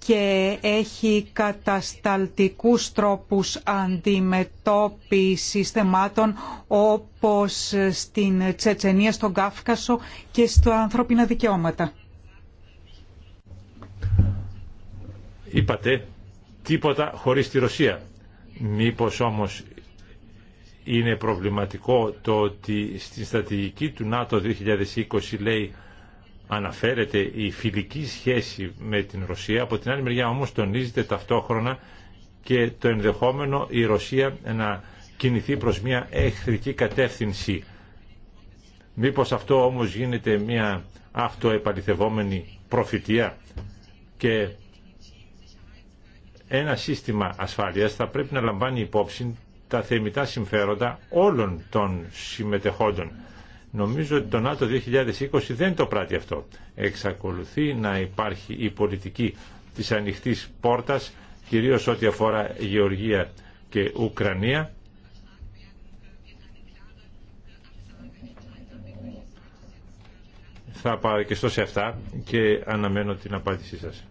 και έχει κατασταλτικούς τρόπους αντιμετώπισης θεμάτων όπως στην Τσετσενία, στον Κάφκασο και στα ανθρώπινα δικαιώματα. Είπατε τίποτα χωρίς τη Ρωσία. Μήπως όμως είναι προβληματικό το ότι στην στρατηγική του ΝΑΤΟ 2020 λέει αναφέρεται η φιλική σχέση με την Ρωσία, από την άλλη μεριά όμως τονίζεται ταυτόχρονα και το ενδεχόμενο η Ρωσία να κινηθεί προς μια εχθρική κατεύθυνση. Μήπως αυτό όμως γίνεται μια αυτοεπαληθευόμενη προφητεία και ένα σύστημα ασφάλειας θα πρέπει να λαμβάνει υπόψη τα θεμητά συμφέροντα όλων των συμμετεχόντων. Νομίζω ότι το ΝΑΤΟ 2020 δεν το πράττει αυτό. Εξακολουθεί να υπάρχει η πολιτική της ανοιχτής πόρτας, κυρίως ό,τι αφορά Γεωργία και Ουκρανία. Θα παρακεστώ σε αυτά και αναμένω την απάντησή σας.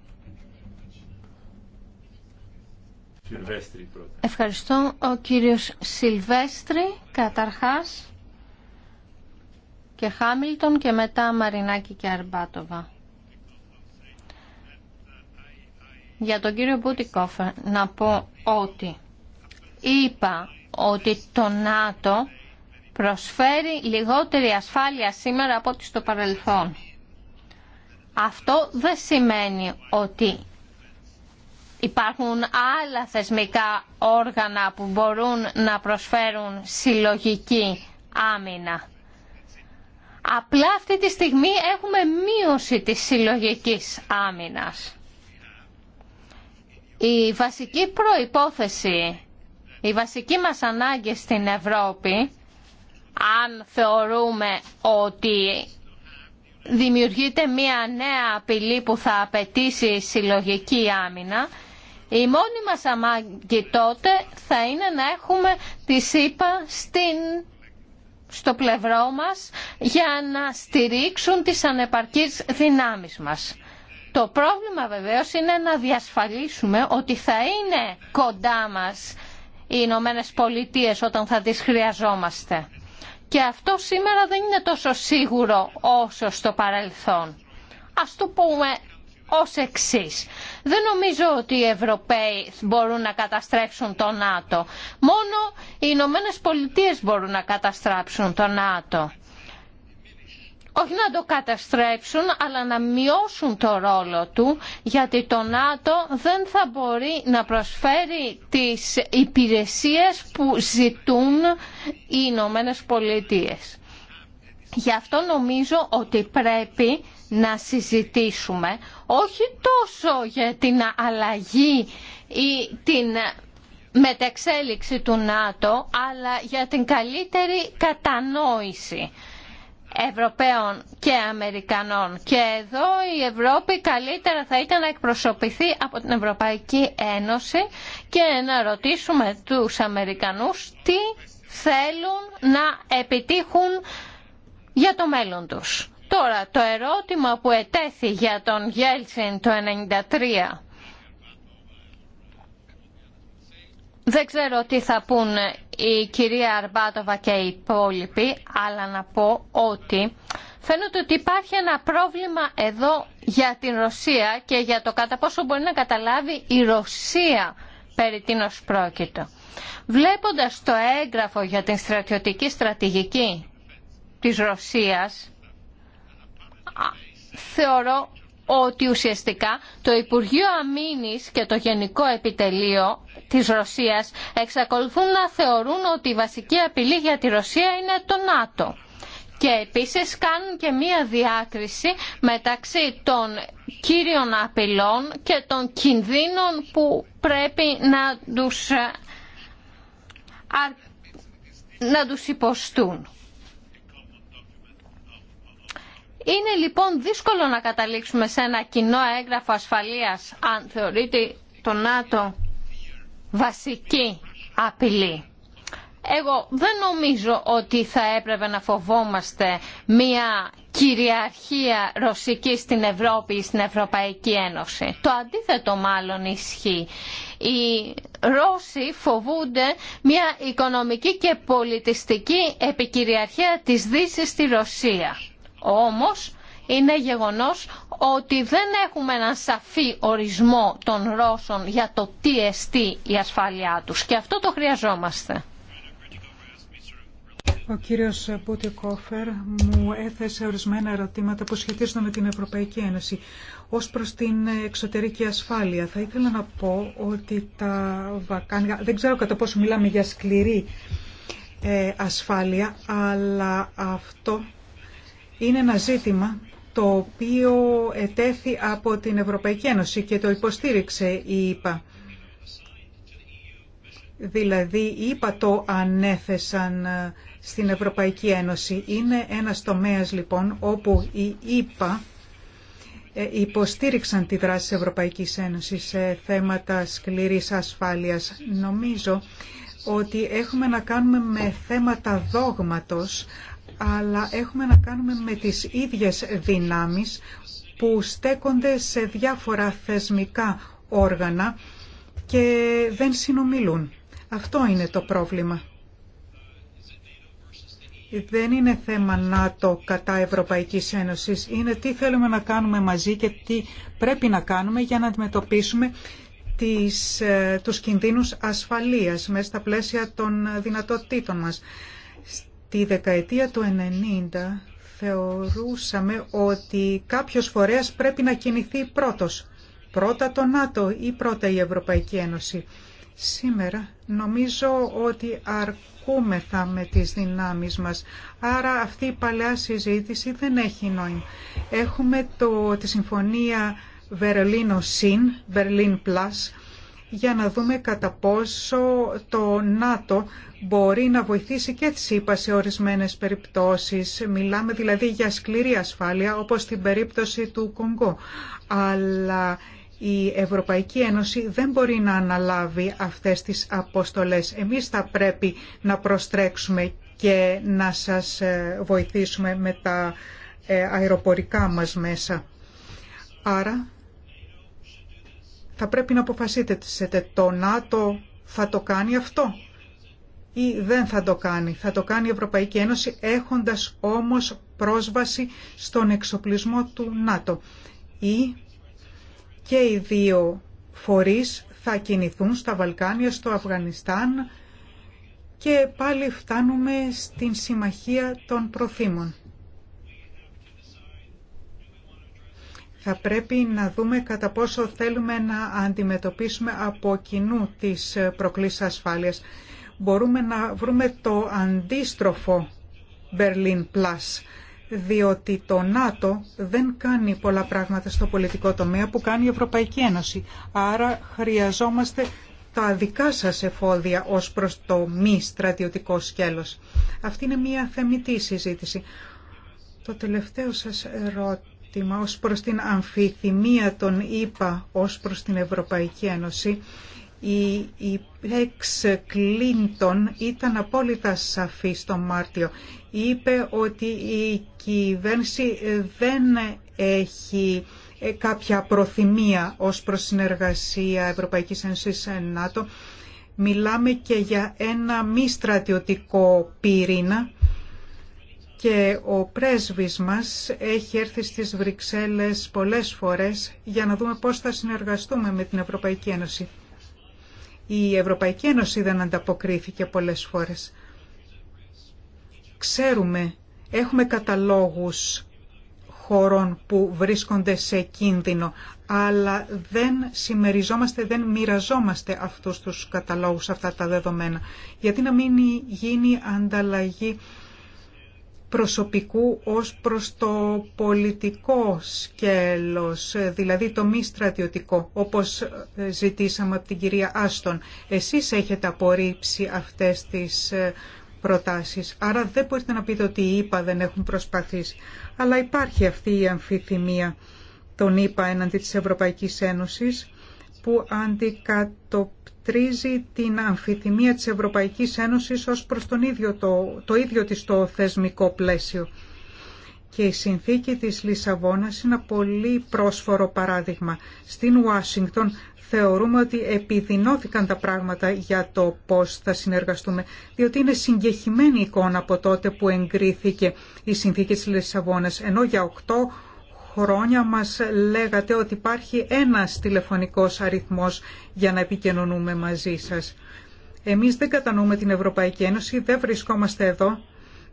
Ευχαριστώ. Ο κύριος Σιλβέστρη, καταρχάς και Χάμιλτον και μετά Μαρινάκη και Αρμπάτοβα. Για τον κύριο Μπούτικοφ να πω ότι είπα ότι το ΝΑΤΟ προσφέρει λιγότερη ασφάλεια σήμερα από ό,τι στο παρελθόν. Αυτό δεν σημαίνει ότι υπάρχουν άλλα θεσμικά όργανα που μπορούν να προσφέρουν συλλογική άμυνα. Απλά αυτή τη στιγμή έχουμε μείωση της συλλογικής άμυνας. Η βασική προϋπόθεση, η βασική μας ανάγκη στην Ευρώπη, αν θεωρούμε ότι δημιουργείται μια νέα απειλή που θα απαιτήσει συλλογική άμυνα, η μόνη μας ανάγκη τότε θα είναι να έχουμε τη ΣΥΠΑ στην στο πλευρό μας για να στηρίξουν τις ανεπαρκείς δυνάμεις μας. Το πρόβλημα βεβαίως είναι να διασφαλίσουμε ότι θα είναι κοντά μας οι Ηνωμένε Πολιτείε όταν θα τις χρειαζόμαστε. Και αυτό σήμερα δεν είναι τόσο σίγουρο όσο στο παρελθόν. Ας το πούμε ως εξή. Δεν νομίζω ότι οι Ευρωπαίοι μπορούν να καταστρέψουν το ΝΑΤΟ. Μόνο οι Ηνωμένε Πολιτείε μπορούν να καταστράψουν το ΝΑΤΟ. Όχι να το καταστρέψουν, αλλά να μειώσουν το ρόλο του, γιατί το ΝΑΤΟ δεν θα μπορεί να προσφέρει τις υπηρεσίες που ζητούν οι Ηνωμένε Πολιτείε. Γι' αυτό νομίζω ότι πρέπει να συζητήσουμε όχι τόσο για την αλλαγή ή την μετεξέλιξη του ΝΑΤΟ αλλά για την καλύτερη κατανόηση Ευρωπαίων και Αμερικανών. Και εδώ η Ευρώπη καλύτερα θα ήταν να εκπροσωπηθεί από την Ευρωπαϊκή Ένωση και να ρωτήσουμε τους Αμερικανούς τι θέλουν να επιτύχουν για το μέλλον τους. Τώρα, το ερώτημα που ετέθη για τον Γέλσιν το 1993 Δεν ξέρω τι θα πούν η κυρία Αρμπάτοβα και οι υπόλοιποι, αλλά να πω ότι φαίνεται ότι υπάρχει ένα πρόβλημα εδώ για την Ρωσία και για το κατά πόσο μπορεί να καταλάβει η Ρωσία περί τίνος πρόκειτο. Βλέποντας το έγγραφο για την στρατιωτική στρατηγική της Ρωσίας, θεωρώ ότι ουσιαστικά το Υπουργείο Αμήνης και το Γενικό Επιτελείο της Ρωσίας εξακολουθούν να θεωρούν ότι η βασική απειλή για τη Ρωσία είναι το ΝΑΤΟ. Και επίσης κάνουν και μία διάκριση μεταξύ των κύριων απειλών και των κινδύνων που πρέπει να τους, ε, να υποστούν. Είναι λοιπόν δύσκολο να καταλήξουμε σε ένα κοινό έγγραφο ασφαλείας αν θεωρείται το ΝΑΤΟ βασική απειλή. Εγώ δεν νομίζω ότι θα έπρεπε να φοβόμαστε μία κυριαρχία ρωσική στην Ευρώπη ή στην Ευρωπαϊκή Ένωση. Το αντίθετο μάλλον ισχύει. Οι Ρώσοι φοβούνται μία οικονομική και πολιτιστική επικυριαρχία της Δύσης στη Ρωσία. Όμως είναι γεγονός ότι δεν έχουμε έναν σαφή ορισμό των Ρώσων για το τι εστί η ασφάλειά τους και αυτό το χρειαζόμαστε. Ο κύριος Κόφερ μου έθεσε ορισμένα ερωτήματα που σχετίζονται με την Ευρωπαϊκή Ένωση. Ως προς την εξωτερική ασφάλεια θα ήθελα να πω ότι τα Βακάνια, δεν ξέρω κατά πόσο μιλάμε για σκληρή ε, ασφάλεια, αλλά αυτό είναι ένα ζήτημα το οποίο ετέθη από την Ευρωπαϊκή Ένωση και το υποστήριξε η ΕΠΑ. Δηλαδή, η ΕΠΑ το ανέθεσαν ε, στην Ευρωπαϊκή Ένωση. Είναι ένας τομέας λοιπόν όπου η ΕΠΑ ε, υποστήριξαν τη δράση της Ευρωπαϊκής Ένωσης σε θέματα σκληρής ασφάλειας. Νομίζω ότι έχουμε να κάνουμε με θέματα δόγματος, αλλά έχουμε να κάνουμε με τις ίδιες δυνάμεις που στέκονται σε διάφορα θεσμικά όργανα και δεν συνομιλούν. Αυτό είναι το πρόβλημα. Δεν είναι θέμα ΝΑΤΟ κατά Ευρωπαϊκής Ένωσης. Είναι τι θέλουμε να κάνουμε μαζί και τι πρέπει να κάνουμε για να αντιμετωπίσουμε τις, ε, τους κινδύνους ασφαλείας μέσα στα πλαίσια των δυνατοτήτων μας. Τη δεκαετία του 90 θεωρούσαμε ότι κάποιος φορέας πρέπει να κινηθεί πρώτος. Πρώτα το ΝΑΤΟ ή πρώτα η Ευρωπαϊκή Ένωση. Σήμερα νομίζω ότι αρκούμεθα με τις δυνάμεις μας. Άρα αυτή η παλαιά συζήτηση δεν έχει νόημα. Έχουμε το, τη συμφωνία Βερολίνο ΣΥΝ, Berlin ΠΛΑΣ» για να δούμε κατά πόσο το ΝΑΤΟ μπορεί να βοηθήσει και τη ΣΥΠΑ σε ορισμένες περιπτώσεις. Μιλάμε δηλαδή για σκληρή ασφάλεια όπως στην περίπτωση του Κονγκό. Αλλά η Ευρωπαϊκή Ένωση δεν μπορεί να αναλάβει αυτές τις αποστολές. Εμείς θα πρέπει να προστρέξουμε και να σας ε, βοηθήσουμε με τα ε, αεροπορικά μας μέσα. Άρα θα πρέπει να αποφασίσετε το ΝΑΤΟ θα το κάνει αυτό ή δεν θα το κάνει. Θα το κάνει η Ευρωπαϊκή Ένωση έχοντας όμως πρόσβαση στον εξοπλισμό του ΝΑΤΟ. Ή και οι δύο φορείς θα κινηθούν στα Βαλκάνια, στο Αφγανιστάν και πάλι φτάνουμε στην Συμμαχία των Προθήμων. θα πρέπει να δούμε κατά πόσο θέλουμε να αντιμετωπίσουμε από κοινού τις προκλήσεις ασφάλειας. Μπορούμε να βρούμε το αντίστροφο Berlin Plus, διότι το ΝΑΤΟ δεν κάνει πολλά πράγματα στο πολιτικό τομέα που κάνει η Ευρωπαϊκή Ένωση. Άρα χρειαζόμαστε τα δικά σας εφόδια ως προς το μη στρατιωτικό σκέλος. Αυτή είναι μια θεμητή συζήτηση. Το τελευταίο σας ερώτημα Ω ως προς την αμφιθυμία των ΗΠΑ ως προς την Ευρωπαϊκή Ένωση. Η, η Εξ Κλίντον ήταν απόλυτα σαφή στο Μάρτιο. Είπε ότι η κυβέρνηση δεν έχει ε, κάποια προθυμία ως προς συνεργασία Ευρωπαϊκής Ένωσης ΝΑΤΟ. Μιλάμε και για ένα μη στρατιωτικό πυρήνα και ο πρέσβης μας έχει έρθει στις Βρυξέλλες πολλές φορές για να δούμε πώς θα συνεργαστούμε με την Ευρωπαϊκή Ένωση. Η Ευρωπαϊκή Ένωση δεν ανταποκρίθηκε πολλές φορές. Ξέρουμε, έχουμε καταλόγους χωρών που βρίσκονται σε κίνδυνο, αλλά δεν συμμεριζόμαστε, δεν μοιραζόμαστε αυτούς τους καταλόγους, αυτά τα δεδομένα. Γιατί να μην γίνει ανταλλαγή προσωπικού ως προς το πολιτικό σκέλος, δηλαδή το μη στρατιωτικό, όπως ζητήσαμε από την κυρία Άστον. Εσείς έχετε απορρίψει αυτές τις ε, προτάσεις, άρα δεν μπορείτε να πείτε ότι οι ΙΠΑ δεν έχουν προσπαθήσει. Αλλά υπάρχει αυτή η αμφιθυμία των ΙΠΑ έναντι της Ευρωπαϊκής Ένωσης που αντικατοπτύσσει την αμφιθυμία της Ευρωπαϊκής Ένωσης ως προς τον ίδιο το, το ίδιο της το θεσμικό πλαίσιο. Και η συνθήκη της Λισαβόνας είναι ένα πολύ πρόσφορο παράδειγμα. Στην Ουάσιγκτον θεωρούμε ότι επιδεινώθηκαν τα πράγματα για το πώς θα συνεργαστούμε, διότι είναι συγκεχημένη εικόνα από τότε που εγκρίθηκε η συνθήκη της Λισαβόνας, ενώ για οκτώ χρόνια μας λέγατε ότι υπάρχει ένας τηλεφωνικός αριθμός για να επικοινωνούμε μαζί σας. Εμείς δεν κατανοούμε την Ευρωπαϊκή Ένωση, δεν βρισκόμαστε εδώ.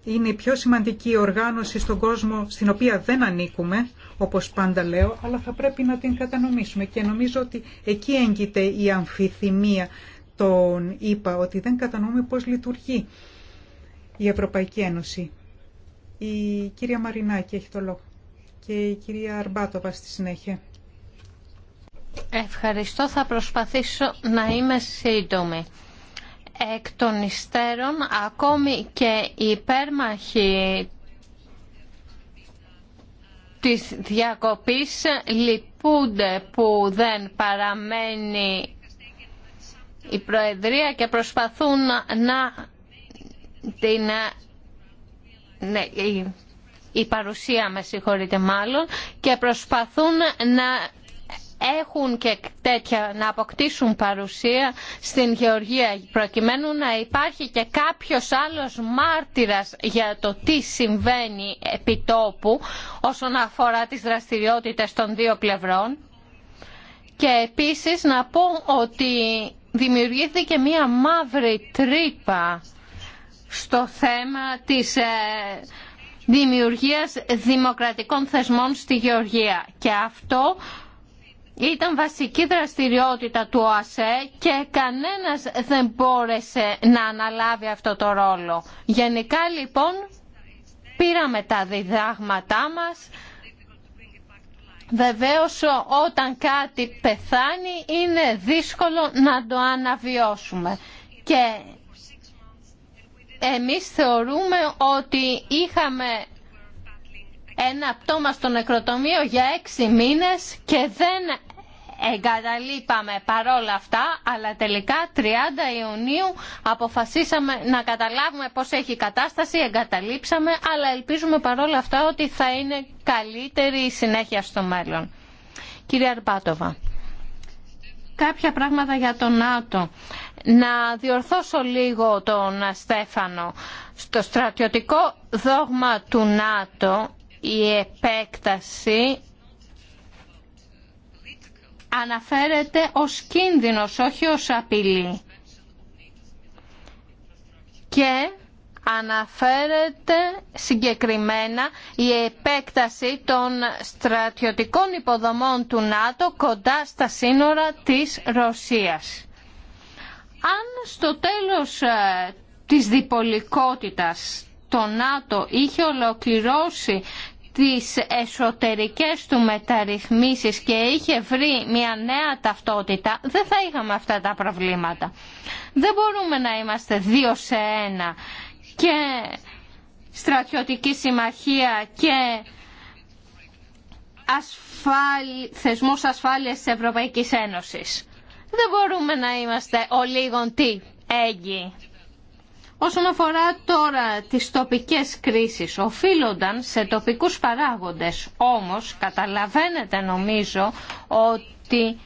Είναι η πιο σημαντική οργάνωση στον κόσμο στην οποία δεν ανήκουμε, όπως πάντα λέω, αλλά θα πρέπει να την κατανομήσουμε. Και νομίζω ότι εκεί έγκυται η αμφιθυμία των ΗΠΑ, ότι δεν κατανοούμε πώς λειτουργεί η Ευρωπαϊκή Ένωση. Η κυρία Μαρινάκη έχει το λόγο και η κυρία Αρμπάτοβα στη συνέχεια. Ευχαριστώ. Θα προσπαθήσω να είμαι σύντομη. Εκ των υστέρων, ακόμη και η υπέρμαχοι της διακοπής λυπούνται που δεν παραμένει η Προεδρία και προσπαθούν να την... Ναι, η παρουσία με συγχωρείτε μάλλον και προσπαθούν να έχουν και τέτοια να αποκτήσουν παρουσία στην Γεωργία προκειμένου να υπάρχει και κάποιος άλλος μάρτυρας για το τι συμβαίνει επί τόπου όσον αφορά τις δραστηριότητες των δύο πλευρών και επίσης να πω ότι δημιουργήθηκε μία μαύρη τρύπα στο θέμα της ε, δημιουργίας δημοκρατικών θεσμών στη Γεωργία. Και αυτό ήταν βασική δραστηριότητα του ΟΑΣΕ και κανένας δεν μπόρεσε να αναλάβει αυτό το ρόλο. Γενικά λοιπόν πήραμε τα διδάγματά μας. Βεβαίως όταν κάτι πεθάνει είναι δύσκολο να το αναβιώσουμε. Και εμείς θεωρούμε ότι είχαμε ένα πτώμα στο νεκροτομείο για έξι μήνες και δεν εγκαταλείπαμε παρόλα αυτά, αλλά τελικά 30 Ιουνίου αποφασίσαμε να καταλάβουμε πώς έχει η κατάσταση, εγκαταλείψαμε, αλλά ελπίζουμε παρόλα αυτά ότι θα είναι καλύτερη η συνέχεια στο μέλλον. Κύριε Αρπάτοβα, κάποια πράγματα για τον ΝΑΤΟ να διορθώσω λίγο τον Στέφανο. Στο στρατιωτικό δόγμα του ΝΑΤΟ η επέκταση αναφέρεται ως κίνδυνος, όχι ως απειλή. Και αναφέρεται συγκεκριμένα η επέκταση των στρατιωτικών υποδομών του ΝΑΤΟ κοντά στα σύνορα της Ρωσίας. Αν στο τέλος ε, της διπολικότητας το ΝΑΤΟ είχε ολοκληρώσει τις εσωτερικές του μεταρρυθμίσεις και είχε βρει μια νέα ταυτότητα, δεν θα είχαμε αυτά τα προβλήματα. Δεν μπορούμε να είμαστε δύο σε ένα και στρατιωτική συμμαχία και ασφάλι, θεσμός ασφάλειας της Ευρωπαϊκής Ένωσης. Δεν μπορούμε να είμαστε ο λίγον τι έγκυοι. Όσον αφορά τώρα τις τοπικές κρίσεις, οφείλονταν σε τοπικούς παράγοντες. Όμως, καταλαβαίνετε νομίζω ότι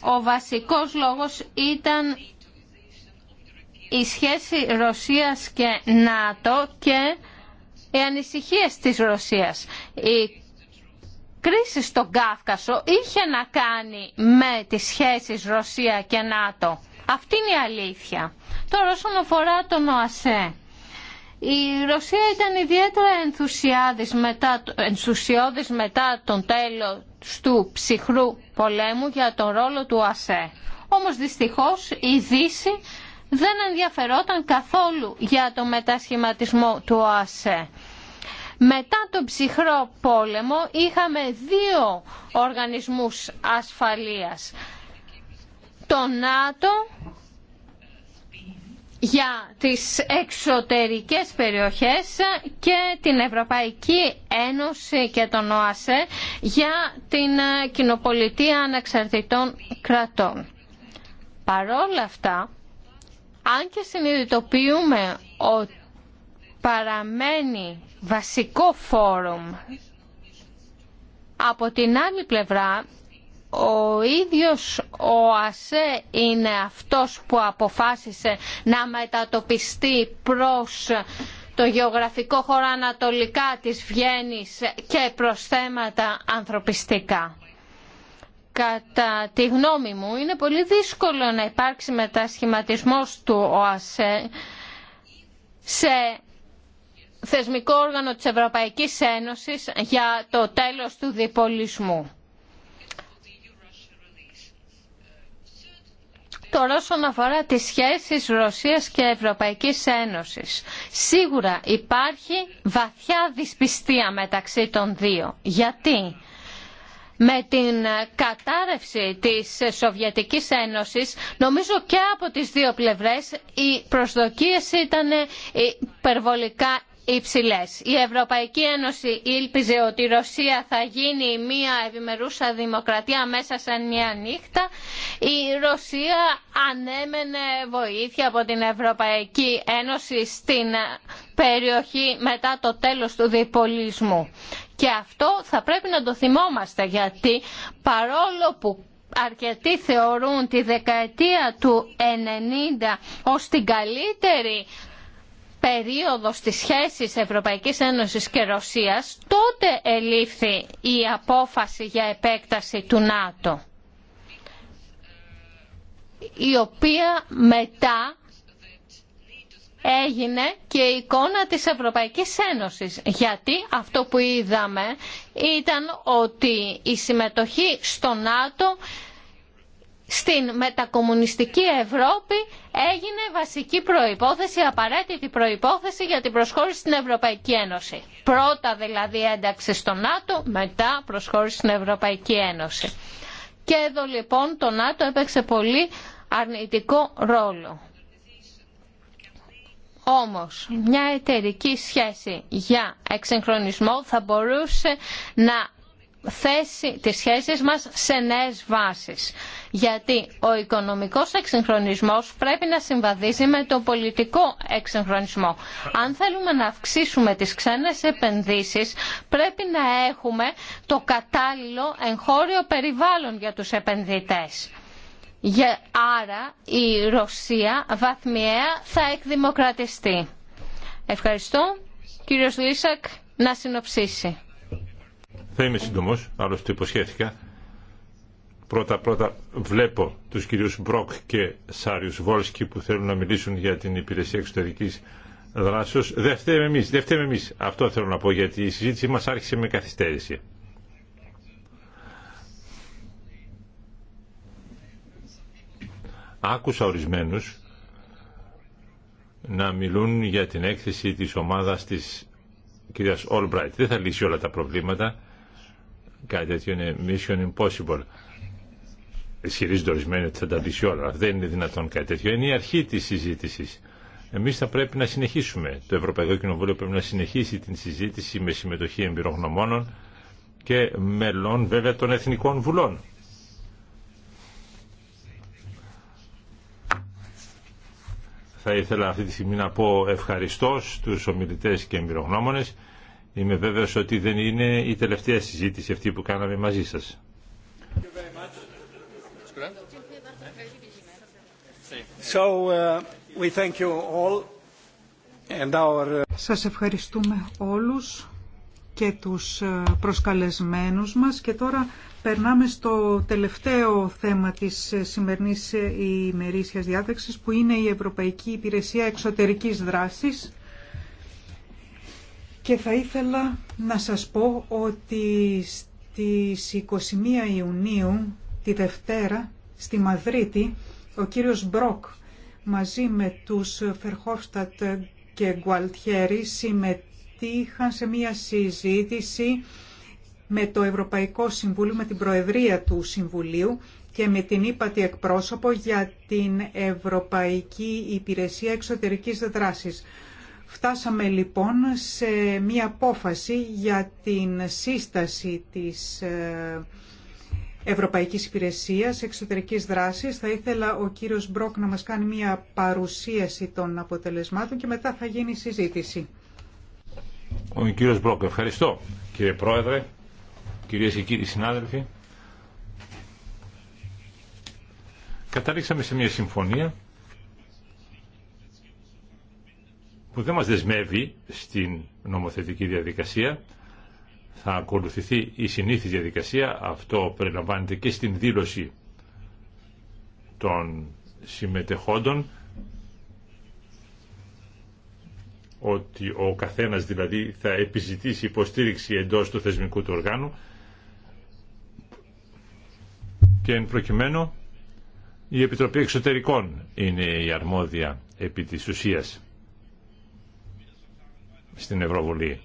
ο βασικός λόγος ήταν η σχέση Ρωσίας και ΝΑΤΟ και οι ανησυχίες της Ρωσίας κρίση στον Κάφκασο είχε να κάνει με τις σχέσεις Ρωσία και ΝΑΤΟ. Αυτή είναι η αλήθεια. Τώρα όσον αφορά τον ΟΑΣΕ. Η Ρωσία ήταν ιδιαίτερα ενθουσιώδης μετά, μετά τον τέλος του ψυχρού πολέμου για τον ρόλο του ΟΑΣΕ. Όμως δυστυχώς η Δύση δεν ενδιαφερόταν καθόλου για το μετασχηματισμό του ΟΑΣΕ. Μετά τον ψυχρό πόλεμο είχαμε δύο οργανισμούς ασφαλείας. Το ΝΑΤΟ για τις εξωτερικές περιοχές και την Ευρωπαϊκή Ένωση και τον ΟΑΣΕ για την κοινοπολιτεία ανεξαρτητών κρατών. Παρόλα αυτά, αν και συνειδητοποιούμε ότι παραμένει βασικό φόρουμ. Από την άλλη πλευρά, ο ίδιος ο ΑΣΕ είναι αυτός που αποφάσισε να μετατοπιστεί προς το γεωγραφικό χώρο ανατολικά της Βιέννης και προς θέματα ανθρωπιστικά. Κατά τη γνώμη μου είναι πολύ δύσκολο να υπάρξει μετασχηματισμός του ΟΑΣΕ σε θεσμικό όργανο της Ευρωπαϊκής Ένωσης για το τέλος του διπολισμού. Τώρα όσον αφορά τις σχέσεις Ρωσίας και Ευρωπαϊκής Ένωσης, σίγουρα υπάρχει βαθιά δυσπιστία μεταξύ των δύο. Γιατί με την κατάρρευση της Σοβιετικής Ένωσης, νομίζω και από τις δύο πλευρές οι προσδοκίες ήταν υπερβολικά η Ευρωπαϊκή Ένωση ήλπιζε ότι η Ρωσία θα γίνει μια ευημερούσα δημοκρατία μέσα σε μια νύχτα. Η Ρωσία ανέμενε βοήθεια από την Ευρωπαϊκή Ένωση στην περιοχή μετά το τέλος του διπολισμού. Και αυτό θα πρέπει να το θυμόμαστε γιατί παρόλο που αρκετοί θεωρούν τη δεκαετία του 90 ως την καλύτερη περίοδος της σχέσης Ευρωπαϊκής Ένωσης και Ρωσίας, τότε ελήφθη η απόφαση για επέκταση του ΝΑΤΟ, η οποία μετά έγινε και η εικόνα της Ευρωπαϊκής Ένωσης. Γιατί αυτό που είδαμε ήταν ότι η συμμετοχή στο ΝΑΤΟ στην μετακομμουνιστική Ευρώπη έγινε βασική προϋπόθεση, απαραίτητη προϋπόθεση για την προσχώρηση στην Ευρωπαϊκή Ένωση. Πρώτα δηλαδή ένταξη στο ΝΑΤΟ, μετά προσχώρηση στην Ευρωπαϊκή Ένωση. Και εδώ λοιπόν το ΝΑΤΟ έπαιξε πολύ αρνητικό ρόλο. Όμως μια εταιρική σχέση για εξυγχρονισμό θα μπορούσε να θέσει τις σχέσεις μας σε νέες βάσεις γιατί ο οικονομικός εξυγχρονισμός πρέπει να συμβαδίζει με το πολιτικό εξυγχρονισμό. Αν θέλουμε να αυξήσουμε τις ξένες επενδύσεις, πρέπει να έχουμε το κατάλληλο εγχώριο περιβάλλον για τους επενδυτές. Άρα η Ρωσία βαθμιαία θα εκδημοκρατιστεί. Ευχαριστώ. Κύριος Λίσακ, να συνοψίσει. Θα είμαι σύντομος, άλλωστε υποσχέθηκα. Πρώτα πρώτα βλέπω τους κυρίους Μπροκ και Σάριους Βόλσκι που θέλουν να μιλήσουν για την υπηρεσία εξωτερικής δράσεως. Δεν φταίμε εμείς, δεν φταίμε εμείς. Αυτό θέλω να πω γιατί η συζήτησή μας άρχισε με καθυστέρηση. Άκουσα ορισμένους να μιλούν για την έκθεση της ομάδας της κυρίας Όλμπραϊτ. Δεν θα λύσει όλα τα προβλήματα. Κάτι τέτοιο είναι mission impossible ισχυρίζονται ορισμένοι ότι θα τα λύσει όλα. Δεν είναι δυνατόν κάτι τέτοιο. Είναι η αρχή τη συζήτηση. Εμεί θα πρέπει να συνεχίσουμε. Το Ευρωπαϊκό Κοινοβούλιο πρέπει να συνεχίσει την συζήτηση με συμμετοχή εμπειρογνωμόνων και μελών βέβαια των Εθνικών Βουλών. Θα ήθελα αυτή τη στιγμή να πω ευχαριστώ στους ομιλητές και εμπειρογνώμονες. Είμαι βέβαιος ότι δεν είναι η τελευταία συζήτηση αυτή που κάναμε μαζί σας. Uh, uh, σας ευχαριστούμε όλους και τους ε, προσκαλεσμένους μας και τώρα περνάμε στο τελευταίο θέμα της ε, σημερινής ε, ημερήσιας διάταξης που είναι η Ευρωπαϊκή Υπηρεσία Εξωτερικής Δράσης και θα ήθελα να σας πω ότι στις 21 Ιουνίου τη Δευτέρα στη Μαδρίτη ο κύριος Μπροκ μαζί με τους Φερχόφστατ και Γκουαλτιέρη συμμετείχαν σε μία συζήτηση με το Ευρωπαϊκό Συμβούλιο, με την Προεδρία του Συμβουλίου και με την ύπατη εκπρόσωπο για την Ευρωπαϊκή Υπηρεσία Εξωτερικής Δράσης. Φτάσαμε λοιπόν σε μία απόφαση για την σύσταση της ε, Ευρωπαϊκής Υπηρεσίας Εξωτερικής Δράσης. Θα ήθελα ο κύριος Μπρόκ να μας κάνει μια παρουσίαση των αποτελεσμάτων και μετά θα γίνει συζήτηση. Ο κύριος Μπρόκ, ευχαριστώ. Κύριε Πρόεδρε, κυρίες και κύριοι συνάδελφοι, καταλήξαμε σε μια συμφωνία που δεν μας δεσμεύει στην νομοθετική διαδικασία, θα ακολουθηθεί η συνήθις διαδικασία. Αυτό περιλαμβάνεται και στην δήλωση των συμμετεχόντων ότι ο καθένας δηλαδή θα επιζητήσει υποστήριξη εντός του θεσμικού του οργάνου και εν προκειμένου η Επιτροπή Εξωτερικών είναι η αρμόδια επί της ουσίας στην Ευρωβουλή.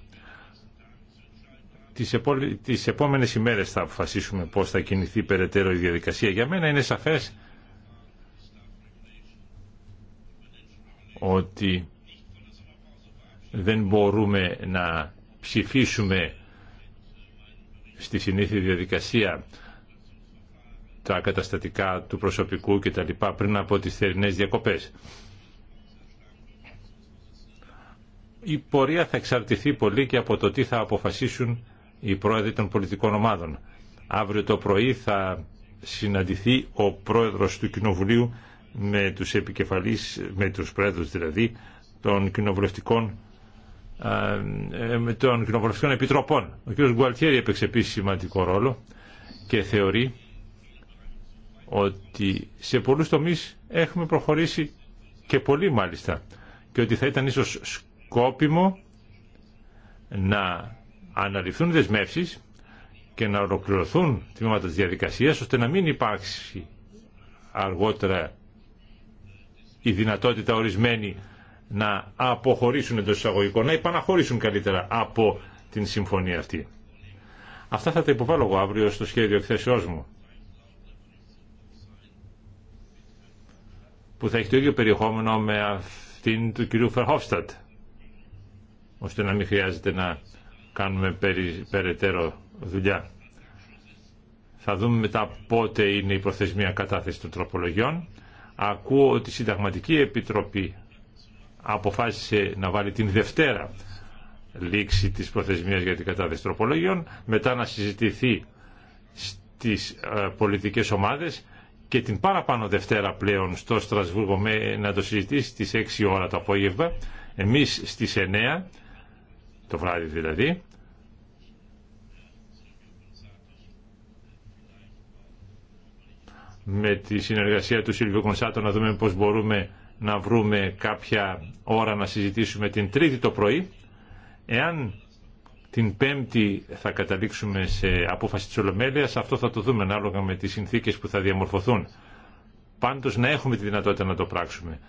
Τις, τις επόμενες ημέρες θα αποφασίσουμε πώς θα κινηθεί περαιτέρω η διαδικασία. Για μένα είναι σαφές ότι δεν μπορούμε να ψηφίσουμε στη συνήθεια διαδικασία τα καταστατικά του προσωπικού και τα λοιπά πριν από τις θερινές διακοπές. Η πορεία θα εξαρτηθεί πολύ και από το τι θα αποφασίσουν οι πρόεδροι των πολιτικών ομάδων. Αύριο το πρωί θα συναντηθεί ο πρόεδρος του Κοινοβουλίου με τους επικεφαλής με τους πρόεδρους δηλαδή, των κοινοβουλευτικών, ε, με των κοινοβουλευτικών επιτροπών. Ο κ. Γκουαλτιέρη έπαιξε επίση σημαντικό ρόλο και θεωρεί ότι σε πολλούς τομείς έχουμε προχωρήσει και πολύ μάλιστα και ότι θα ήταν ίσως σκόπιμο να οι δεσμεύσει και να ολοκληρωθούν τμήματα τη διαδικασίας ώστε να μην υπάρξει αργότερα η δυνατότητα ορισμένη να αποχωρήσουν εντός εισαγωγικών, να υπαναχωρήσουν καλύτερα από την συμφωνία αυτή. Αυτά θα τα υποβάλω εγώ αύριο στο σχέδιο εκθέσεώ μου. Που θα έχει το ίδιο περιεχόμενο με αυτήν του κυρίου Φερχόφστατ. Ώστε να μην χρειάζεται να κάνουμε περαιτέρω δουλειά. Θα δούμε μετά πότε είναι η προθεσμία κατάθεση των τροπολογιών. Ακούω ότι η Συνταγματική Επιτροπή αποφάσισε να βάλει την Δευτέρα λήξη της προθεσμίας για την κατάθεση τροπολογιών, μετά να συζητηθεί στις ε, πολιτικές ομάδες και την παραπάνω Δευτέρα πλέον στο Στρασβούργο να το συζητήσει στις 6 ώρα το απόγευμα, εμείς στις 9 το βράδυ δηλαδή, με τη συνεργασία του Σίλβιου Κονσάτο να δούμε πώς μπορούμε να βρούμε κάποια ώρα να συζητήσουμε την Τρίτη το πρωί. Εάν την Πέμπτη θα καταλήξουμε σε απόφαση της Ολομέλειας, αυτό θα το δούμε ανάλογα με τις συνθήκες που θα διαμορφωθούν. Πάντως να έχουμε τη δυνατότητα να το πράξουμε.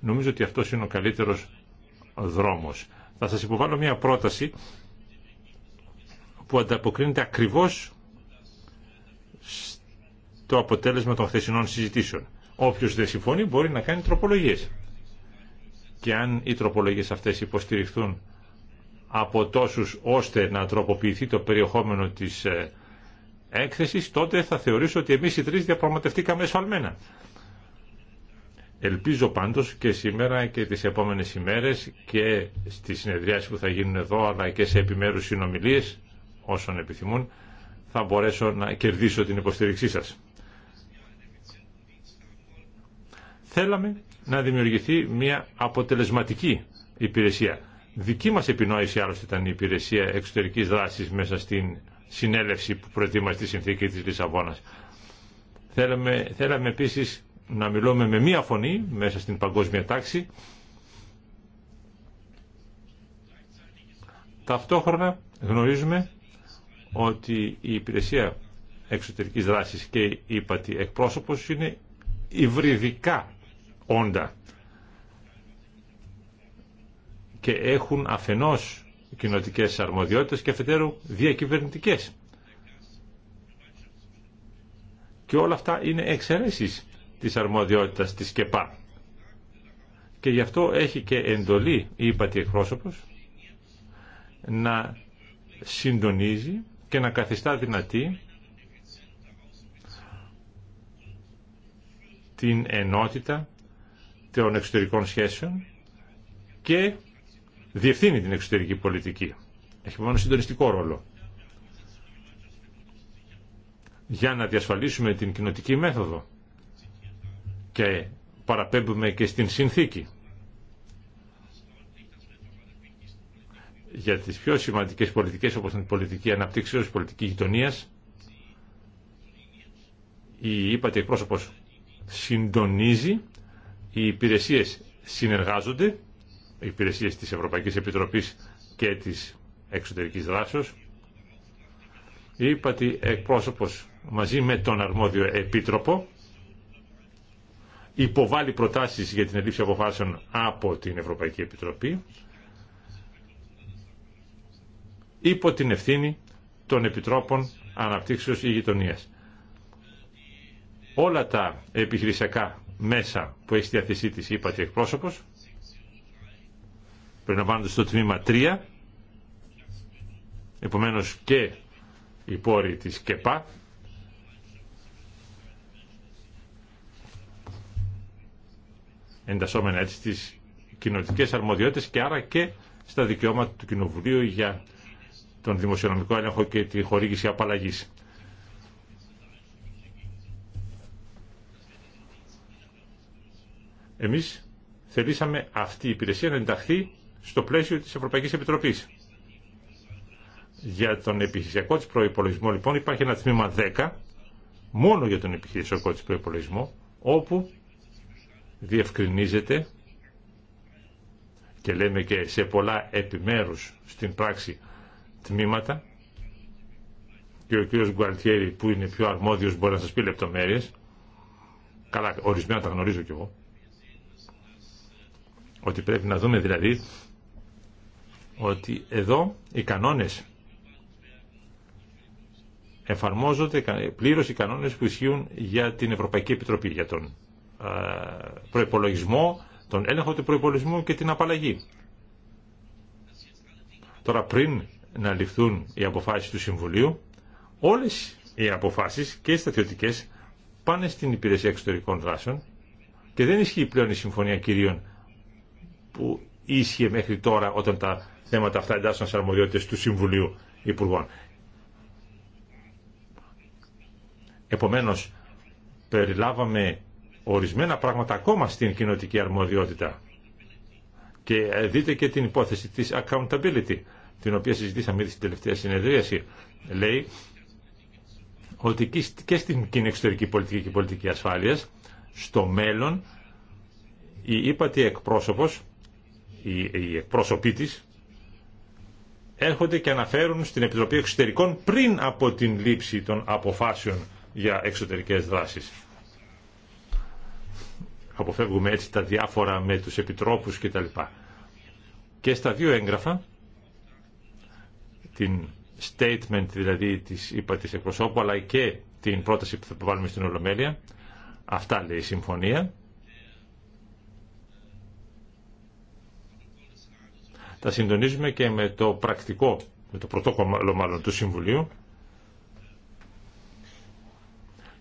Νομίζω ότι αυτό είναι ο καλύτερος δρόμος. Θα σας υποβάλω μια πρόταση που ανταποκρίνεται ακριβώς στο αποτέλεσμα των χθεσινών συζητήσεων. Όποιος δεν συμφωνεί μπορεί να κάνει τροπολογίες. Και αν οι τροπολογίες αυτές υποστηριχθούν από τόσους ώστε να τροποποιηθεί το περιεχόμενο της ε, έκθεσης, τότε θα θεωρήσω ότι εμείς οι τρεις διαπραγματευτήκαμε εσφαλμένα. Ελπίζω πάντως και σήμερα και τις επόμενες ημέρες και στις συνεδριάσεις που θα γίνουν εδώ αλλά και σε επιμέρους συνομιλίες όσων επιθυμούν θα μπορέσω να κερδίσω την υποστήριξή σας. Θέλαμε να δημιουργηθεί μια αποτελεσματική υπηρεσία. Δική μας επινόηση άλλωστε ήταν η υπηρεσία εξωτερικής δράσης μέσα στην συνέλευση που προετοίμασε τη συνθήκη της Λισαβόνας. Θέλαμε, θέλαμε επίσης να μιλούμε με μία φωνή μέσα στην παγκόσμια τάξη. Ταυτόχρονα γνωρίζουμε ότι η υπηρεσία εξωτερικής δράσης και η ύπατη εκπρόσωπος είναι υβριδικά όντα και έχουν αφενός κοινοτικές αρμοδιότητες και αφετέρου διακυβερνητικές. Και όλα αυτά είναι εξαιρέσεις της αρμοδιότητας της ΚΕΠΑ. Και γι' αυτό έχει και εντολή η ΥΠΑΤΗ εκπρόσωπος να συντονίζει και να καθιστά δυνατή την ενότητα των εξωτερικών σχέσεων και διευθύνει την εξωτερική πολιτική. Έχει μόνο συντονιστικό ρόλο. Για να διασφαλίσουμε την κοινοτική μέθοδο και παραπέμπουμε και στην συνθήκη. Για τις πιο σημαντικές πολιτικές όπως την πολιτική αναπτύξεως, πολιτική γειτονίας, η είπατε εκπρόσωπος συντονίζει, οι υπηρεσίες συνεργάζονται, οι υπηρεσίες της Ευρωπαϊκής Επιτροπής και της εξωτερικής δράσεως. Η είπατε εκπρόσωπος μαζί με τον αρμόδιο επίτροπο υποβάλλει προτάσεις για την ελήψη αποφάσεων από την Ευρωπαϊκή Επιτροπή υπό την ευθύνη των Επιτρόπων Αναπτύξεως ή Γειτονίας. Όλα τα επιχειρησιακά μέσα που έχει στη διαθεσή της είπατε εκπρόσωπος περιλαμβάνονται στο τμήμα 3 επομένως και οι πόροι της ΚΕΠΑ εντασσόμενα έτσι στις κοινοτικές αρμοδιότητες και άρα και στα δικαιώματα του Κοινοβουλίου για τον δημοσιονομικό έλεγχο και τη χορήγηση απαλλαγής. Εμείς θελήσαμε αυτή η υπηρεσία να ενταχθεί στο πλαίσιο της Ευρωπαϊκής Επιτροπής. Για τον επιχειρησιακό της προϋπολογισμό λοιπόν υπάρχει ένα τμήμα 10 μόνο για τον επιχειρησιακό της προϋπολογισμό όπου διευκρινίζεται και λέμε και σε πολλά επιμέρους στην πράξη τμήματα και ο κύριος Γκουαλτιέρη που είναι πιο αρμόδιος μπορεί να σας πει λεπτομέρειες καλά ορισμένα τα γνωρίζω κι εγώ ότι πρέπει να δούμε δηλαδή ότι εδώ οι κανόνες εφαρμόζονται πλήρως οι κανόνες που ισχύουν για την Ευρωπαϊκή Επιτροπή για τον ε, προπολογισμό, τον έλεγχο του προπολογισμού και την απαλλαγή. Τώρα πριν να ληφθούν οι αποφάσεις του Συμβουλίου, όλες οι αποφάσεις και οι στατιωτικές πάνε στην υπηρεσία εξωτερικών δράσεων και δεν ισχύει πλέον η Συμφωνία Κυρίων που ίσχυε μέχρι τώρα όταν τα θέματα αυτά εντάσσονται σε αρμοδιότητες του Συμβουλίου Υπουργών. Επομένως, περιλάβαμε ορισμένα πράγματα ακόμα στην κοινοτική αρμοδιότητα. Και ε, δείτε και την υπόθεση της accountability, την οποία συζητήσαμε ήδη στην τελευταία συνεδρίαση. Λέει ότι και στην κοινή εξωτερική πολιτική και πολιτική ασφάλειας, στο μέλλον, η ύπατη εκπρόσωπος, οι, οι εκπρόσωποι της, έρχονται και αναφέρουν στην Επιτροπή Εξωτερικών πριν από την λήψη των αποφάσεων για εξωτερικές δράσεις αποφεύγουμε έτσι τα διάφορα με τους επιτρόπους κτλ. Και στα δύο έγγραφα, την statement δηλαδή της είπα της εκπροσώπου, αλλά και την πρόταση που θα βάλουμε στην Ολομέλεια, αυτά λέει η συμφωνία. Τα συντονίζουμε και με το πρακτικό, με το πρωτόκολλο μάλλον του Συμβουλίου,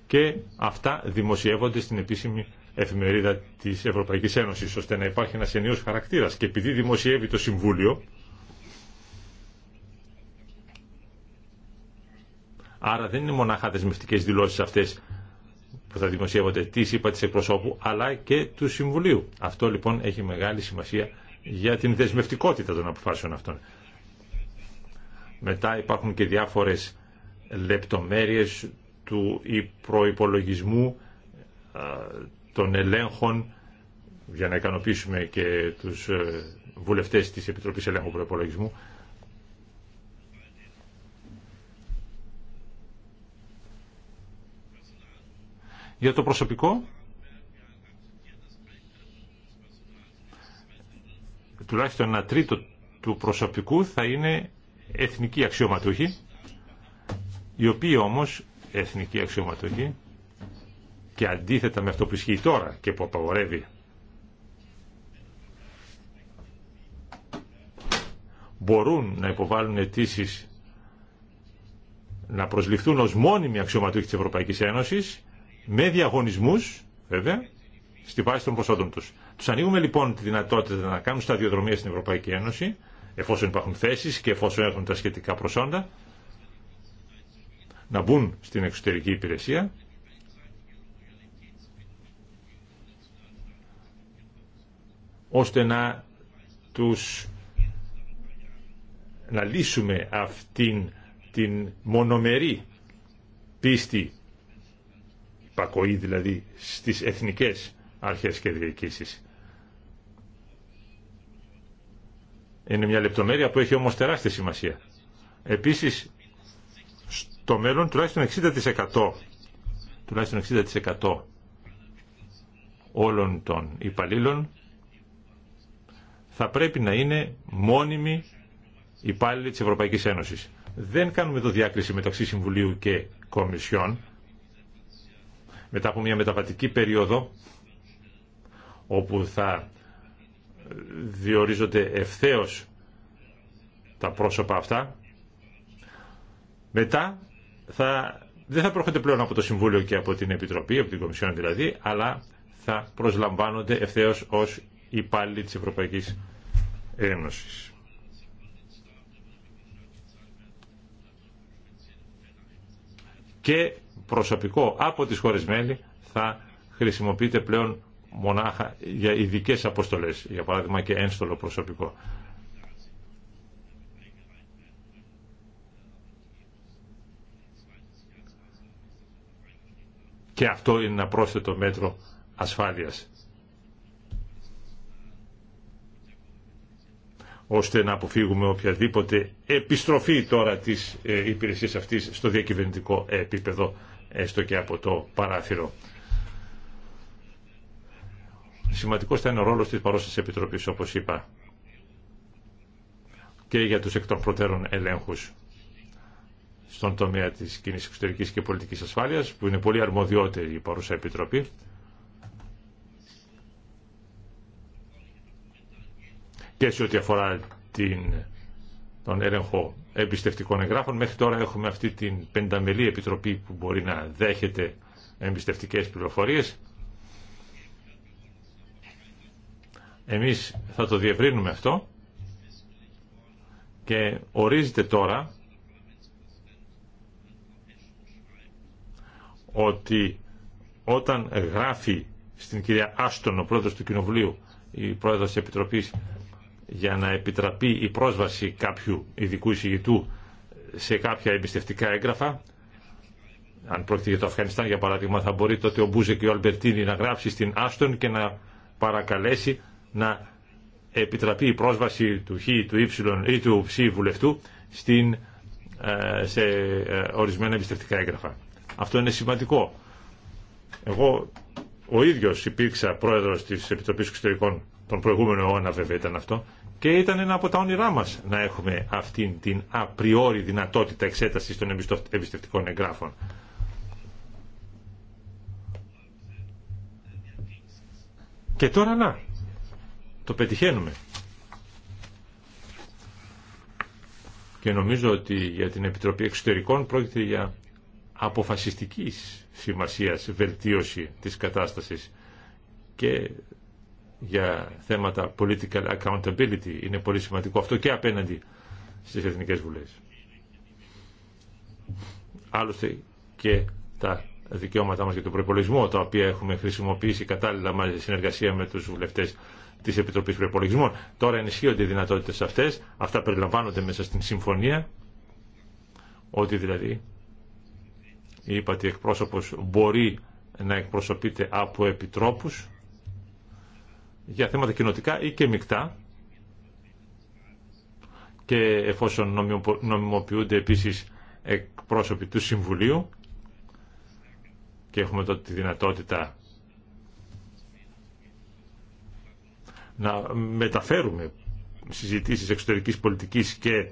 και αυτά δημοσιεύονται στην επίσημη εφημερίδα τη Ευρωπαϊκής Ένωση, ώστε να υπάρχει ένας ενίο χαρακτήρας. Και επειδή δημοσιεύει το Συμβούλιο, άρα δεν είναι μονάχα δεσμευτικέ δηλώσει αυτές που θα δημοσιεύονται τη είπα τη εκπροσώπου, αλλά και του Συμβουλίου. Αυτό λοιπόν έχει μεγάλη σημασία για την δεσμευτικότητα των αποφάσεων αυτών. Μετά υπάρχουν και διάφορες λεπτομέρειες του προϋπολογισμού των ελέγχων για να ικανοποιήσουμε και τους ε, βουλευτές της Επιτροπής Ελέγχου Προπολογισμού Για το προσωπικό τουλάχιστον ένα τρίτο του προσωπικού θα είναι εθνική αξιωματούχοι η οποία όμως εθνική αξιωματούχοι και αντίθετα με αυτό που ισχύει τώρα και που απαγορεύει. Μπορούν να υποβάλουν αιτήσει να προσληφθούν ως μόνιμοι αξιωματούχοι της Ευρωπαϊκής Ένωσης με διαγωνισμούς, βέβαια, στη βάση των προσόντων τους. Τους ανοίγουμε λοιπόν τη δυνατότητα να κάνουν σταδιοδρομία στην Ευρωπαϊκή Ένωση, εφόσον υπάρχουν θέσεις και εφόσον έχουν τα σχετικά προσόντα, να μπουν στην εξωτερική υπηρεσία ώστε να τους να λύσουμε αυτήν την μονομερή πίστη υπακοή δηλαδή στις εθνικές αρχές και διοικήσεις. Είναι μια λεπτομέρεια που έχει όμως τεράστια σημασία. Επίσης, στο μέλλον τουλάχιστον 60% τουλάχιστον 60% όλων των υπαλλήλων θα πρέπει να είναι μόνιμοι υπάλληλοι της Ευρωπαϊκής Ένωσης. Δεν κάνουμε εδώ διάκριση μεταξύ Συμβουλίου και Κομισιόν. Μετά από μια μεταβατική περίοδο όπου θα διορίζονται ευθέως τα πρόσωπα αυτά, μετά θα, δεν θα προέρχονται πλέον από το Συμβούλιο και από την Επιτροπή, από την Κομισιόν δηλαδή, αλλά θα προσλαμβάνονται ευθέως ως υπάλληλοι της Ευρωπαϊκής Ένωσης. Και προσωπικό από τις χώρες μέλη θα χρησιμοποιείται πλέον μονάχα για ειδικέ αποστολές, για παράδειγμα και ένστολο προσωπικό. Και αυτό είναι ένα πρόσθετο μέτρο ασφάλειας. ώστε να αποφύγουμε οποιαδήποτε επιστροφή τώρα της ε, υπηρεσίας αυτής στο διακυβερνητικό επίπεδο, έστω και από το παράθυρο. Σημαντικός θα είναι ο ρόλος της παρούσας επιτροπής, όπως είπα, και για τους εκ των προτέρων ελέγχους στον τομέα της κοινή εξωτερικής και πολιτικής ασφάλειας, που είναι πολύ αρμοδιότερη η παρούσα επιτροπή, και σε ό,τι αφορά την, τον έλεγχο εμπιστευτικών εγγράφων. Μέχρι τώρα έχουμε αυτή την πενταμελή επιτροπή που μπορεί να δέχεται εμπιστευτικές πληροφορίες. Εμείς θα το διευρύνουμε αυτό και ορίζεται τώρα ότι όταν γράφει στην κυρία Άστον, ο πρόεδρος του Κοινοβουλίου, η πρόεδρος της Επιτροπής για να επιτραπεί η πρόσβαση κάποιου ειδικού εισηγητού σε κάποια εμπιστευτικά έγγραφα. Αν πρόκειται για το Αφγανιστάν, για παράδειγμα, θα μπορεί τότε ο Μπούζεκ και ο Αλμπερτίνη να γράψει στην Άστον και να παρακαλέσει να επιτραπεί η πρόσβαση του Χ, του Υ ή του Ψ βουλευτού στην, ε, σε ε, ορισμένα εμπιστευτικά έγγραφα. Αυτό είναι σημαντικό. Εγώ ο ίδιος υπήρξα πρόεδρος της Επιτροπής Εξωτερικών τον προηγούμενο αιώνα βέβαια ήταν αυτό, και ήταν ένα από τα όνειρά μας να έχουμε αυτήν την απριόρι δυνατότητα εξέτασης των εμπιστευτικών εγγράφων. Και τώρα να, το πετυχαίνουμε. Και νομίζω ότι για την Επιτροπή Εξωτερικών πρόκειται για αποφασιστικής σημασίας βελτίωση της κατάστασης και για θέματα political accountability. Είναι πολύ σημαντικό αυτό και απέναντι στις Εθνικές Βουλές. Άλλωστε και τα δικαιώματά μας για τον προπολογισμό, τα οποία έχουμε χρησιμοποιήσει κατάλληλα μαζί συνεργασία με τους βουλευτές της Επιτροπής Προπολογισμών. Τώρα ενισχύονται οι δυνατότητες αυτές, αυτά περιλαμβάνονται μέσα στην συμφωνία, ότι δηλαδή η ότι εκπρόσωπος μπορεί να εκπροσωπείται από επιτρόπους για θέματα κοινοτικά ή και μεικτά και εφόσον νομιμοποιούνται επίσης εκπρόσωποι του Συμβουλίου και έχουμε τότε τη δυνατότητα να μεταφέρουμε συζητήσεις εξωτερικής πολιτικής και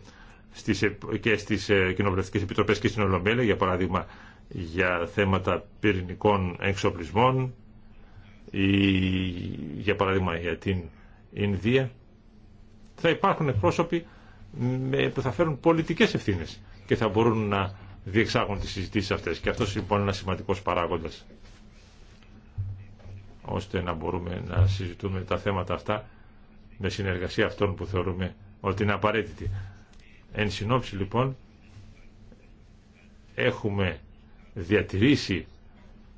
στις, και στις ε, κοινοβουλευτικές επιτροπές και στην Ολομέλεια, για παράδειγμα για θέματα πυρηνικών εξοπλισμών, ή για παράδειγμα για την Ινδία, θα υπάρχουν εκπρόσωποι που θα φέρουν πολιτικές ευθύνες και θα μπορούν να διεξάγουν τις συζητήσεις αυτές. Και αυτός λοιπόν είναι ένα σημαντικός παράγοντας ώστε να μπορούμε να συζητούμε τα θέματα αυτά με συνεργασία αυτών που θεωρούμε ότι είναι απαραίτητη. Εν συνόψη λοιπόν έχουμε διατηρήσει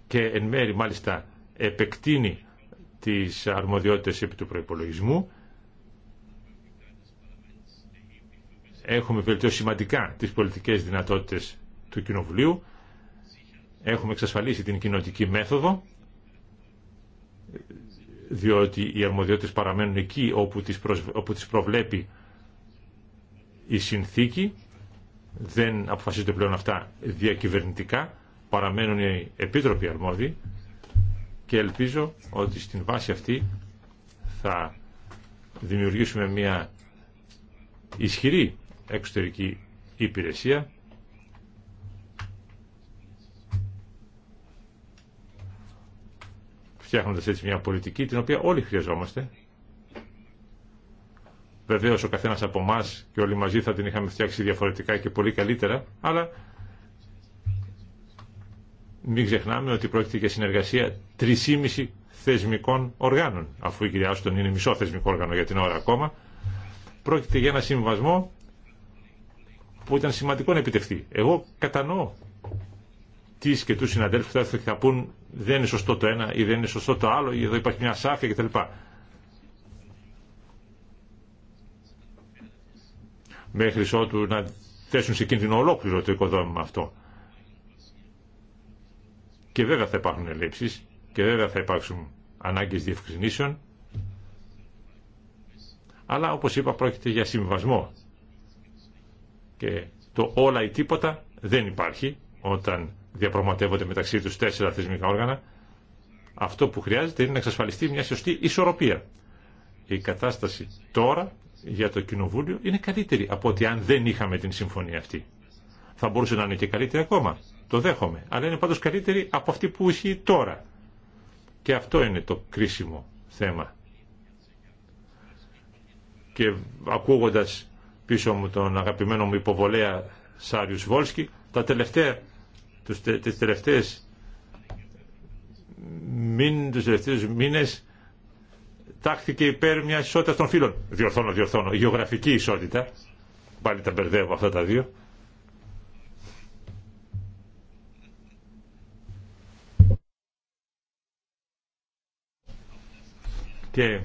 και εν μέρη μάλιστα επεκτείνει τις αρμοδιότητες επί του προϋπολογισμού. Έχουμε βελτιώσει σημαντικά τις πολιτικές δυνατότητες του Κοινοβουλίου. Έχουμε εξασφαλίσει την κοινοτική μέθοδο, διότι οι αρμοδιότητες παραμένουν εκεί όπου τις, όπου τις προβλέπει η συνθήκη. Δεν αποφασίζονται πλέον αυτά διακυβερνητικά, παραμένουν οι επίτροποι αρμόδιοι και ελπίζω ότι στην βάση αυτή θα δημιουργήσουμε μια ισχυρή εξωτερική υπηρεσία φτιάχνοντας έτσι μια πολιτική την οποία όλοι χρειαζόμαστε βεβαίως ο καθένας από εμά και όλοι μαζί θα την είχαμε φτιάξει διαφορετικά και πολύ καλύτερα αλλά μην ξεχνάμε ότι πρόκειται για συνεργασία 3,5 θεσμικών οργάνων, αφού η κυρία Άστον είναι μισό θεσμικό όργανο για την ώρα ακόμα. Πρόκειται για ένα συμβασμό που ήταν σημαντικό να επιτευχθεί. Εγώ κατανοώ τι και του συναντέλφου που θα έρθουν και θα πούν δεν είναι σωστό το ένα ή δεν είναι σωστό το άλλο ή εδώ υπάρχει μια σάφια κτλ. Μέχρι ότου να θέσουν σε κίνδυνο ολόκληρο το οικοδόμημα αυτό. Και βέβαια θα υπάρχουν ελλείψεις και βέβαια θα υπάρξουν ανάγκες διευκρινήσεων. Αλλά όπως είπα πρόκειται για συμβασμό. Και το όλα ή τίποτα δεν υπάρχει όταν διαπραγματεύονται μεταξύ τους τέσσερα θεσμικά όργανα. Αυτό που χρειάζεται είναι να εξασφαλιστεί μια σωστή ισορροπία. Η κατάσταση τώρα για το Κοινοβούλιο είναι καλύτερη από ότι αν δεν είχαμε την συμφωνία αυτή. Θα μπορούσε να είναι και καλύτερη ακόμα. Το δέχομαι. Αλλά είναι πάντως καλύτερη από αυτή που ισχύει τώρα. Και αυτό είναι το κρίσιμο θέμα. Και ακούγοντας πίσω μου τον αγαπημένο μου υποβολέα Σάριους Βόλσκι, τα τελευταία, τους, τε, τελευταίες, μην, τους τελευταίους μήνες τάχθηκε υπέρ μια ισότητα των φίλων Διορθώνω, διορθώνω. Γεωγραφική ισότητα. Πάλι τα μπερδεύω αυτά τα δύο. και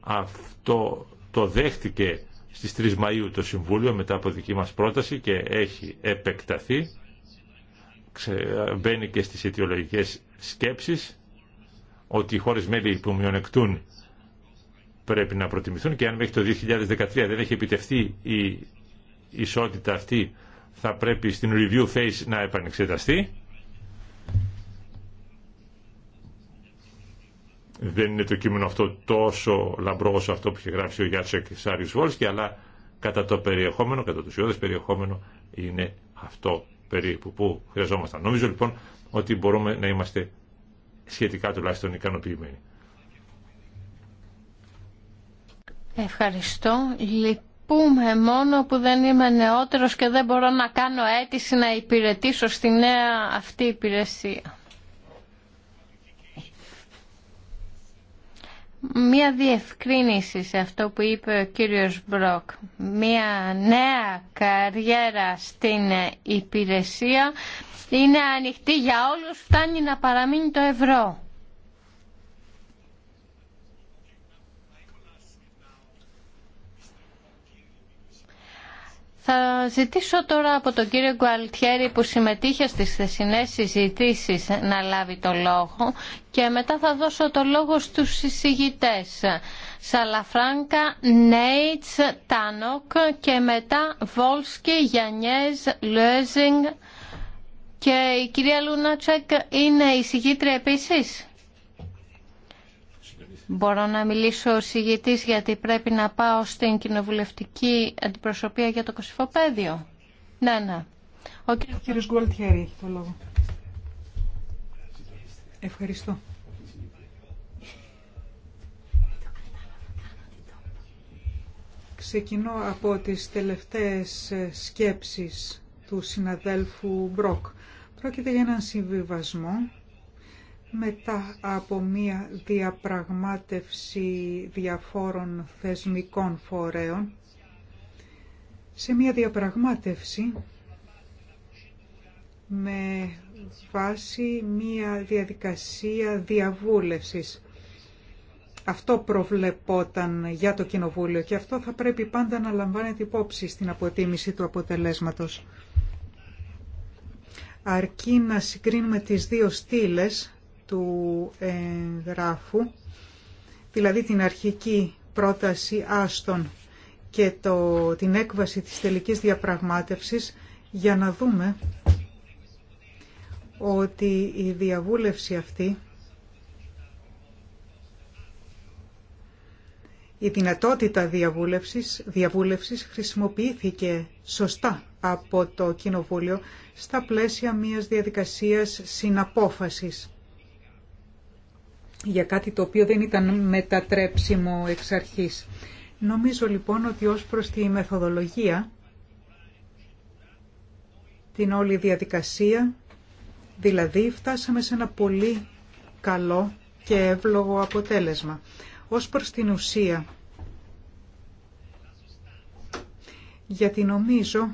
αυτό το δέχτηκε στις 3 Μαΐου το Συμβούλιο μετά από δική μας πρόταση και έχει επεκταθεί μπαίνει και στις αιτιολογικές σκέψεις ότι οι χώρες μέλη που μειονεκτούν πρέπει να προτιμηθούν και αν μέχρι το 2013 δεν έχει επιτευχθεί η ισότητα αυτή θα πρέπει στην review phase να επανεξεταστεί δεν είναι το κείμενο αυτό τόσο λαμπρό όσο αυτό που είχε γράψει ο Γιάτσεκ Σάριου Βόλσκι, αλλά κατά το περιεχόμενο, κατά το ουσιώδε περιεχόμενο, είναι αυτό περίπου που χρειαζόμασταν. Νομίζω λοιπόν ότι μπορούμε να είμαστε σχετικά τουλάχιστον ικανοποιημένοι. Ευχαριστώ. Λυπούμε μόνο που δεν είμαι νεότερος και δεν μπορώ να κάνω αίτηση να υπηρετήσω στη νέα αυτή υπηρεσία. μία διευκρίνηση σε αυτό που είπε ο κύριος Μπροκ. Μία νέα καριέρα στην υπηρεσία είναι ανοιχτή για όλους, φτάνει να παραμείνει το ευρώ. Θα ζητήσω τώρα από τον κύριο Γκουαλτιέρη που συμμετείχε στις θεσινές συζητήσεις να λάβει το λόγο και μετά θα δώσω το λόγο στους συζητητές. Σαλαφράνκα, Νέιτς, Τάνοκ και μετά Βόλσκι, Γιανιέζ, Λουέζινγκ και η κυρία Λούνατσεκ είναι η συγγήτρια επίσης. Μπορώ να μιλήσω ως ηγητής γιατί πρέπει να πάω στην κοινοβουλευτική αντιπροσωπεία για το κοσυφοπαίδιο. Ναι, ναι. Ο κύριος Γκουαλτιέρη έχει το λόγο. Ευχαριστώ. Ξεκινώ από τις τελευταίες σκέψεις του συναδέλφου Μπροκ. Πρόκειται για έναν συμβιβασμό μετά από μία διαπραγμάτευση διαφόρων θεσμικών φορέων, σε μία διαπραγμάτευση με βάση μία διαδικασία διαβούλευσης. Αυτό προβλεπόταν για το Κοινοβούλιο και αυτό θα πρέπει πάντα να λαμβάνεται υπόψη στην αποτίμηση του αποτελέσματος. Αρκεί να συγκρίνουμε τις δύο στήλες του γράφου, δηλαδή την αρχική πρόταση άστον και το, την έκβαση της τελικής διαπραγμάτευσης για να δούμε ότι η διαβούλευση αυτή Η δυνατότητα διαβούλευσης, διαβούλευσης χρησιμοποιήθηκε σωστά από το Κοινοβούλιο στα πλαίσια μιας διαδικασίας συναπόφασης για κάτι το οποίο δεν ήταν μετατρέψιμο εξ αρχής. Νομίζω λοιπόν ότι ως προς τη μεθοδολογία, την όλη διαδικασία, δηλαδή φτάσαμε σε ένα πολύ καλό και εύλογο αποτέλεσμα. Ως προς την ουσία, γιατί νομίζω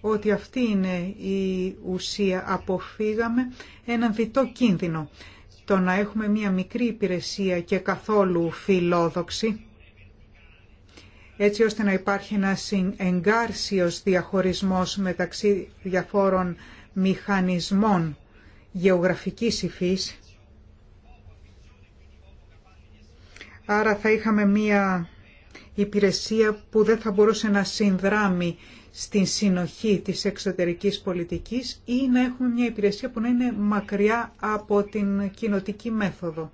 ότι αυτή είναι η ουσία. Αποφύγαμε έναν διτό κίνδυνο το να έχουμε μία μικρή υπηρεσία και καθόλου φιλόδοξη, έτσι ώστε να υπάρχει ένα εγκάρσιος διαχωρισμός μεταξύ διαφόρων μηχανισμών γεωγραφικής υφής. Άρα θα είχαμε μία υπηρεσία που δεν θα μπορούσε να συνδράμει στην συνοχή της εξωτερικής πολιτικής ή να έχουμε μια υπηρεσία που να είναι μακριά από την κοινοτική μέθοδο.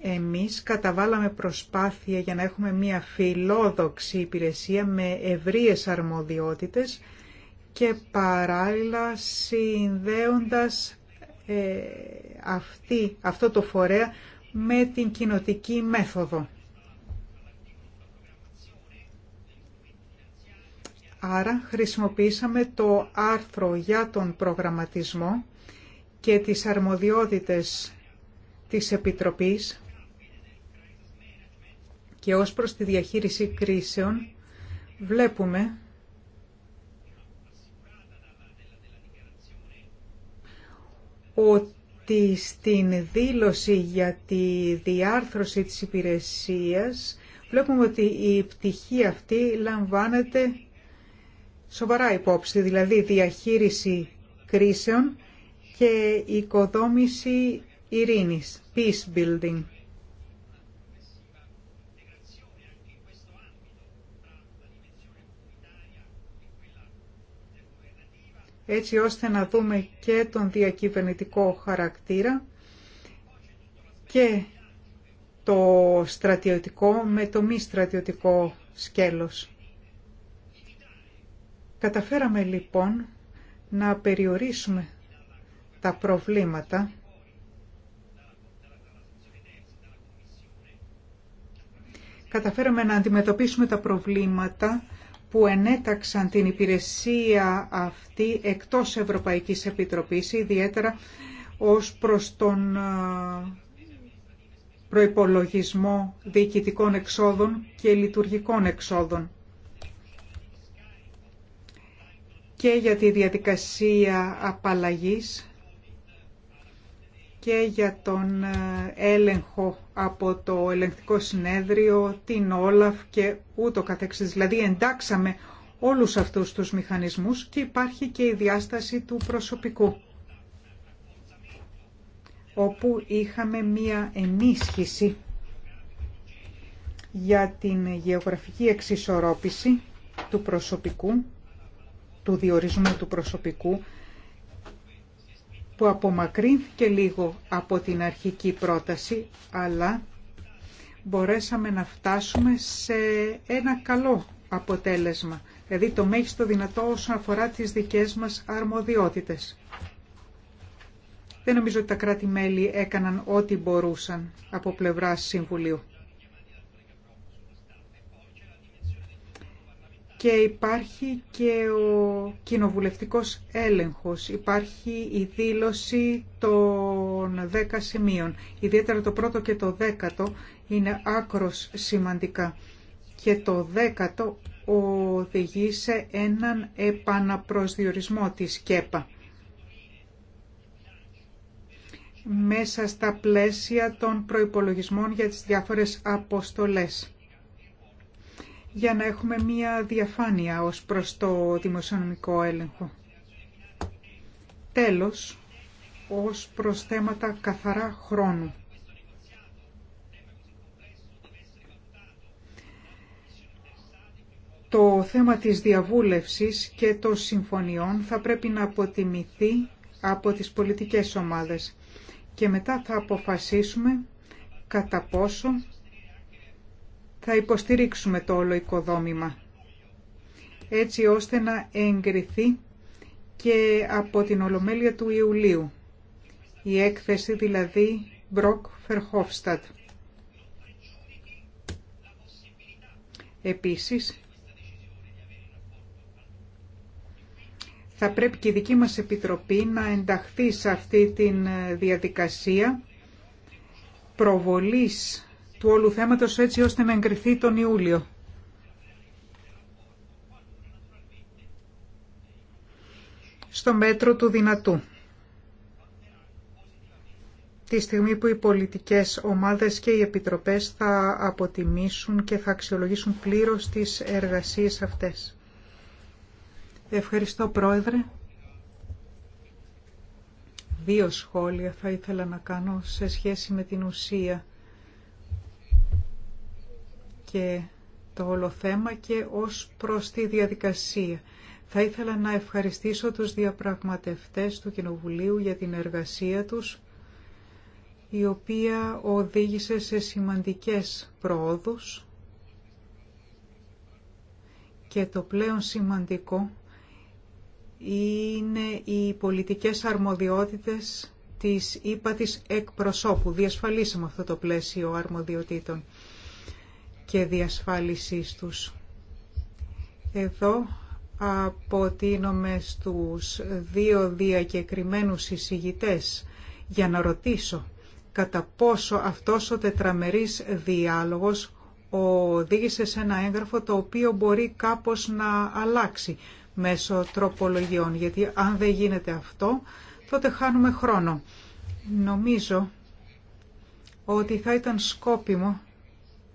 Εμείς καταβάλαμε προσπάθεια για να έχουμε μια φιλόδοξη υπηρεσία με ευρείες αρμοδιότητες και παράλληλα συνδέοντας ε, αυτή, αυτό το φορέα με την κοινοτική μέθοδο. Άρα χρησιμοποίησαμε το άρθρο για τον προγραμματισμό και τις αρμοδιότητες της Επιτροπής και ως προς τη διαχείριση κρίσεων βλέπουμε ότι στην δήλωση για τη διάρθρωση της υπηρεσίας βλέπουμε ότι η πτυχή αυτή λαμβάνεται σοβαρά υπόψη, δηλαδή διαχείριση κρίσεων και οικοδόμηση ειρήνης, peace building. έτσι ώστε να δούμε και τον διακυβερνητικό χαρακτήρα και το στρατιωτικό με το μη στρατιωτικό σκέλος. Καταφέραμε λοιπόν να περιορίσουμε τα προβλήματα καταφέραμε να αντιμετωπίσουμε τα προβλήματα που ενέταξαν την υπηρεσία αυτή εκτός Ευρωπαϊκής Επιτροπής, ιδιαίτερα ως προς τον προϋπολογισμό διοικητικών εξόδων και λειτουργικών εξόδων. και για τη διαδικασία απαλλαγής και για τον ε, έλεγχο από το ελεγκτικό συνέδριο, την Όλαφ και ούτω καθεξής. Δηλαδή εντάξαμε όλους αυτούς τους μηχανισμούς και υπάρχει και η διάσταση του προσωπικού όπου είχαμε μία ενίσχυση για την γεωγραφική εξισορρόπηση του προσωπικού του διορισμού του προσωπικού που απομακρύνθηκε λίγο από την αρχική πρόταση, αλλά μπορέσαμε να φτάσουμε σε ένα καλό αποτέλεσμα, δηλαδή το μέγιστο δυνατό όσον αφορά τις δικές μας αρμοδιότητες. Δεν νομίζω ότι τα κράτη-μέλη έκαναν ό,τι μπορούσαν από πλευράς Συμβουλίου. και υπάρχει και ο κοινοβουλευτικός έλεγχος. Υπάρχει η δήλωση των δέκα σημείων. Ιδιαίτερα το πρώτο και το δέκατο είναι άκρος σημαντικά. Και το δέκατο οδηγεί σε έναν επαναπροσδιορισμό της ΚΕΠΑ μέσα στα πλαίσια των προϋπολογισμών για τις διάφορες αποστολές για να έχουμε μία διαφάνεια ως προς το δημοσιονομικό έλεγχο. Τέλος, ως προς θέματα καθαρά χρόνου. Το θέμα της διαβούλευσης και των συμφωνιών θα πρέπει να αποτιμηθεί από τις πολιτικές ομάδες και μετά θα αποφασίσουμε κατά πόσο θα υποστηρίξουμε το όλο οικοδόμημα έτσι ώστε να εγκριθεί και από την Ολομέλεια του Ιουλίου. Η έκθεση δηλαδή Μπροκ Φερχόφστατ. Επίσης, θα πρέπει και η δική μας Επιτροπή να ενταχθεί σε αυτή τη διαδικασία προβολής του όλου θέματος έτσι ώστε να εγκριθεί τον Ιούλιο. Στο μέτρο του δυνατού. Τη στιγμή που οι πολιτικές ομάδες και οι επιτροπές θα αποτιμήσουν και θα αξιολογήσουν πλήρως τις εργασίες αυτές. Ευχαριστώ Πρόεδρε. Δύο σχόλια θα ήθελα να κάνω σε σχέση με την ουσία και το όλο θέμα και ως προς τη διαδικασία. Θα ήθελα να ευχαριστήσω τους διαπραγματευτές του Κοινοβουλίου για την εργασία τους, η οποία οδήγησε σε σημαντικές προόδους και το πλέον σημαντικό είναι οι πολιτικές αρμοδιότητες της ύπατης εκπροσώπου. Διασφαλίσαμε αυτό το πλαίσιο αρμοδιοτήτων και διασφάλισής τους. Εδώ αποτείνομαι στους δύο διακεκριμένους συζητητές για να ρωτήσω κατά πόσο αυτός ο τετραμερής διάλογος οδήγησε σε ένα έγγραφο το οποίο μπορεί κάπως να αλλάξει μέσω τροπολογιών, γιατί αν δεν γίνεται αυτό, τότε χάνουμε χρόνο. Νομίζω ότι θα ήταν σκόπιμο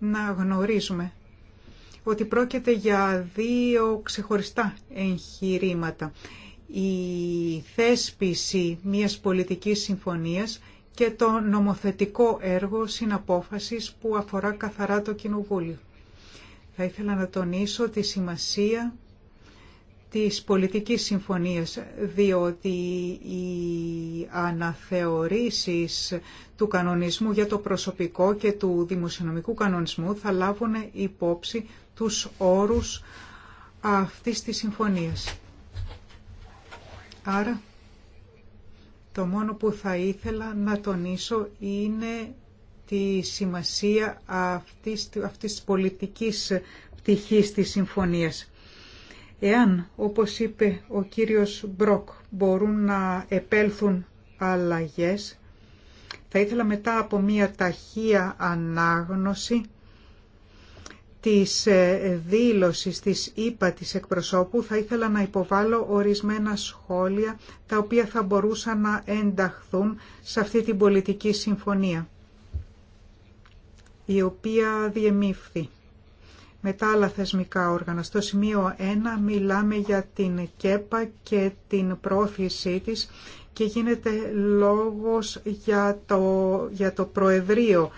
να γνωρίζουμε ότι πρόκειται για δύο ξεχωριστά εγχειρήματα. Η θέσπιση μιας πολιτικής συμφωνίας και το νομοθετικό έργο συναπόφασης που αφορά καθαρά το Κοινοβούλιο. Θα ήθελα να τονίσω τη σημασία της πολιτικής συμφωνίας, διότι οι αναθεωρήσεις του κανονισμού για το προσωπικό και του δημοσιονομικού κανονισμού θα λάβουν υπόψη τους όρους αυτής της συμφωνίας. Άρα, το μόνο που θα ήθελα να τονίσω είναι τη σημασία αυτής, αυτής της πολιτικής πτυχής της συμφωνίας. Εάν, όπως είπε ο κύριος Μπροκ, μπορούν να επέλθουν αλλαγές, θα ήθελα μετά από μία ταχεία ανάγνωση της ε, δήλωσης της ΥΠΑ της εκπροσώπου θα ήθελα να υποβάλω ορισμένα σχόλια τα οποία θα μπορούσαν να ενταχθούν σε αυτή την πολιτική συμφωνία η οποία διεμήφθη με άλλα θεσμικά όργανα. Στο σημείο 1 μιλάμε για την ΚΕΠΑ και την πρόθεσή της και γίνεται λόγος για το, για το Προεδρείο.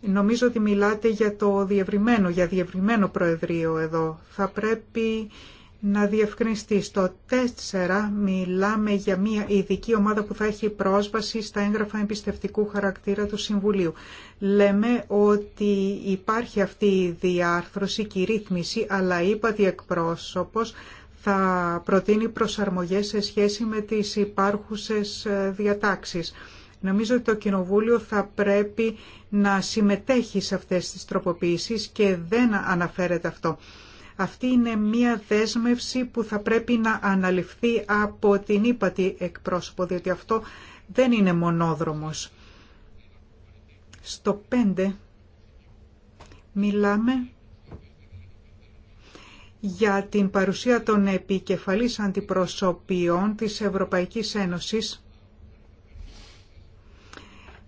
Νομίζω ότι μιλάτε για το διευρυμένο, για διευρυμένο Προεδρείο εδώ. Θα πρέπει να διευκρινιστεί. Στο 4 μιλάμε για μια ειδική ομάδα που θα έχει πρόσβαση στα έγγραφα εμπιστευτικού χαρακτήρα του Συμβουλίου. Λέμε ότι υπάρχει αυτή η διάρθρωση και η ρύθμιση, αλλά είπα ότι εκπρόσωπος θα προτείνει προσαρμογές σε σχέση με τις υπάρχουσες ε, διατάξεις. Νομίζω ότι το Κοινοβούλιο θα πρέπει να συμμετέχει σε αυτές τις τροποποίησεις και δεν αναφέρεται αυτό. Αυτή είναι μία δέσμευση που θα πρέπει να αναλυφθεί από την ύπατη εκπρόσωπο, διότι αυτό δεν είναι μονόδρομος. Στο 5 μιλάμε για την παρουσία των επικεφαλής αντιπροσωπιών της Ευρωπαϊκής Ένωσης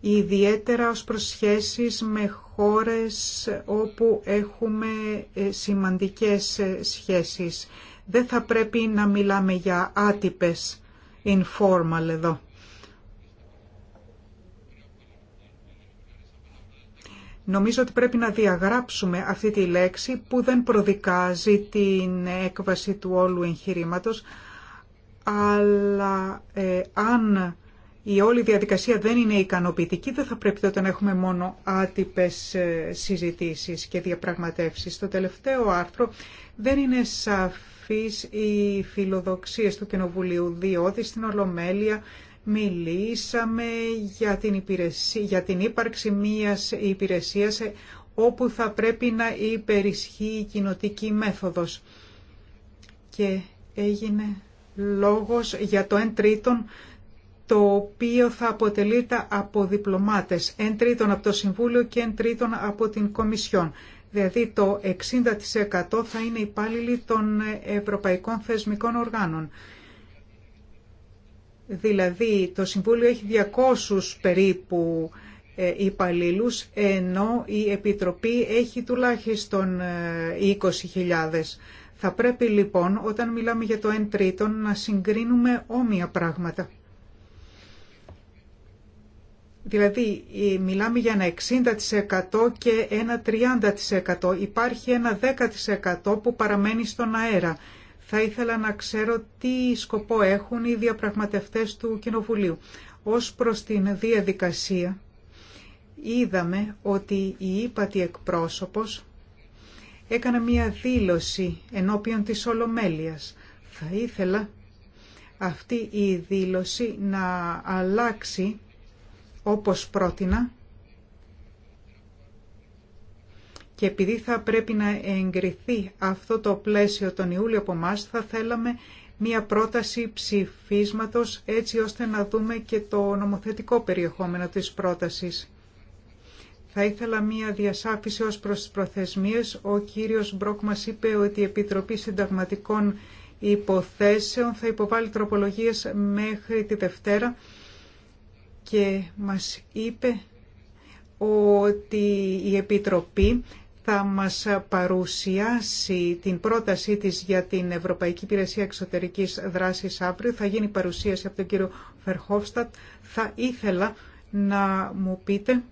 ιδιαίτερα ως προσχέσεις με χώρες όπου έχουμε ε, σημαντικές ε, σχέσεις. Δεν θα πρέπει να μιλάμε για άτυπες informal εδώ. Νομίζω ότι πρέπει να διαγράψουμε αυτή τη λέξη που δεν προδικάζει την έκβαση του όλου εγχειρήματος, αλλά ε, αν η όλη διαδικασία δεν είναι ικανοποιητική, δεν θα πρέπει τότε να έχουμε μόνο άτυπες ε, συζητήσεις και διαπραγματεύσεις. Το τελευταίο άρθρο δεν είναι σαφής οι φιλοδοξίες του Κοινοβουλίου, διότι στην Ολομέλεια μιλήσαμε για την, υπηρεσία, για την ύπαρξη μιας υπηρεσίας όπου θα πρέπει να υπερισχύει η κοινοτική μέθοδος. Και έγινε λόγος για το εν τρίτον το οποίο θα αποτελείται από διπλωμάτες, εν τρίτον από το Συμβούλιο και εν τρίτον από την Κομισιόν. Δηλαδή το 60% θα είναι υπάλληλοι των ευρωπαϊκών θεσμικών οργάνων. Δηλαδή το Συμβούλιο έχει 200 περίπου ε, υπαλλήλους, ενώ η Επιτροπή έχει τουλάχιστον 20.000. Ε, θα πρέπει λοιπόν όταν μιλάμε για το 1 τρίτον να συγκρίνουμε όμοια πράγματα. Δηλαδή ε, μιλάμε για ένα 60% και ένα 30%. Υπάρχει ένα 10% που παραμένει στον αέρα. Θα ήθελα να ξέρω τι σκοπό έχουν οι διαπραγματευτές του Κοινοβουλίου. Ως προς την διαδικασία είδαμε ότι η ύπατη εκπρόσωπος έκανε μία δήλωση ενώπιον της Ολομέλειας. Θα ήθελα αυτή η δήλωση να αλλάξει όπως πρότεινα και επειδή θα πρέπει να εγκριθεί αυτό το πλαίσιο τον Ιούλιο από εμάς, θα θέλαμε μία πρόταση ψηφίσματος έτσι ώστε να δούμε και το νομοθετικό περιεχόμενο της πρότασης. Θα ήθελα μία διασάφηση ως προς τις προθεσμίες. Ο κύριος Μπρόκ μας είπε ότι η Επιτροπή Συνταγματικών Υποθέσεων θα υποβάλει τροπολογίες μέχρι τη Δευτέρα και μας είπε ότι η Επιτροπή θα μας παρουσιάσει την πρότασή της για την Ευρωπαϊκή Υπηρεσία Εξωτερικής Δράσης αύριο. Θα γίνει παρουσίαση από τον κύριο Φερχόφστατ. Θα ήθελα να μου πείτε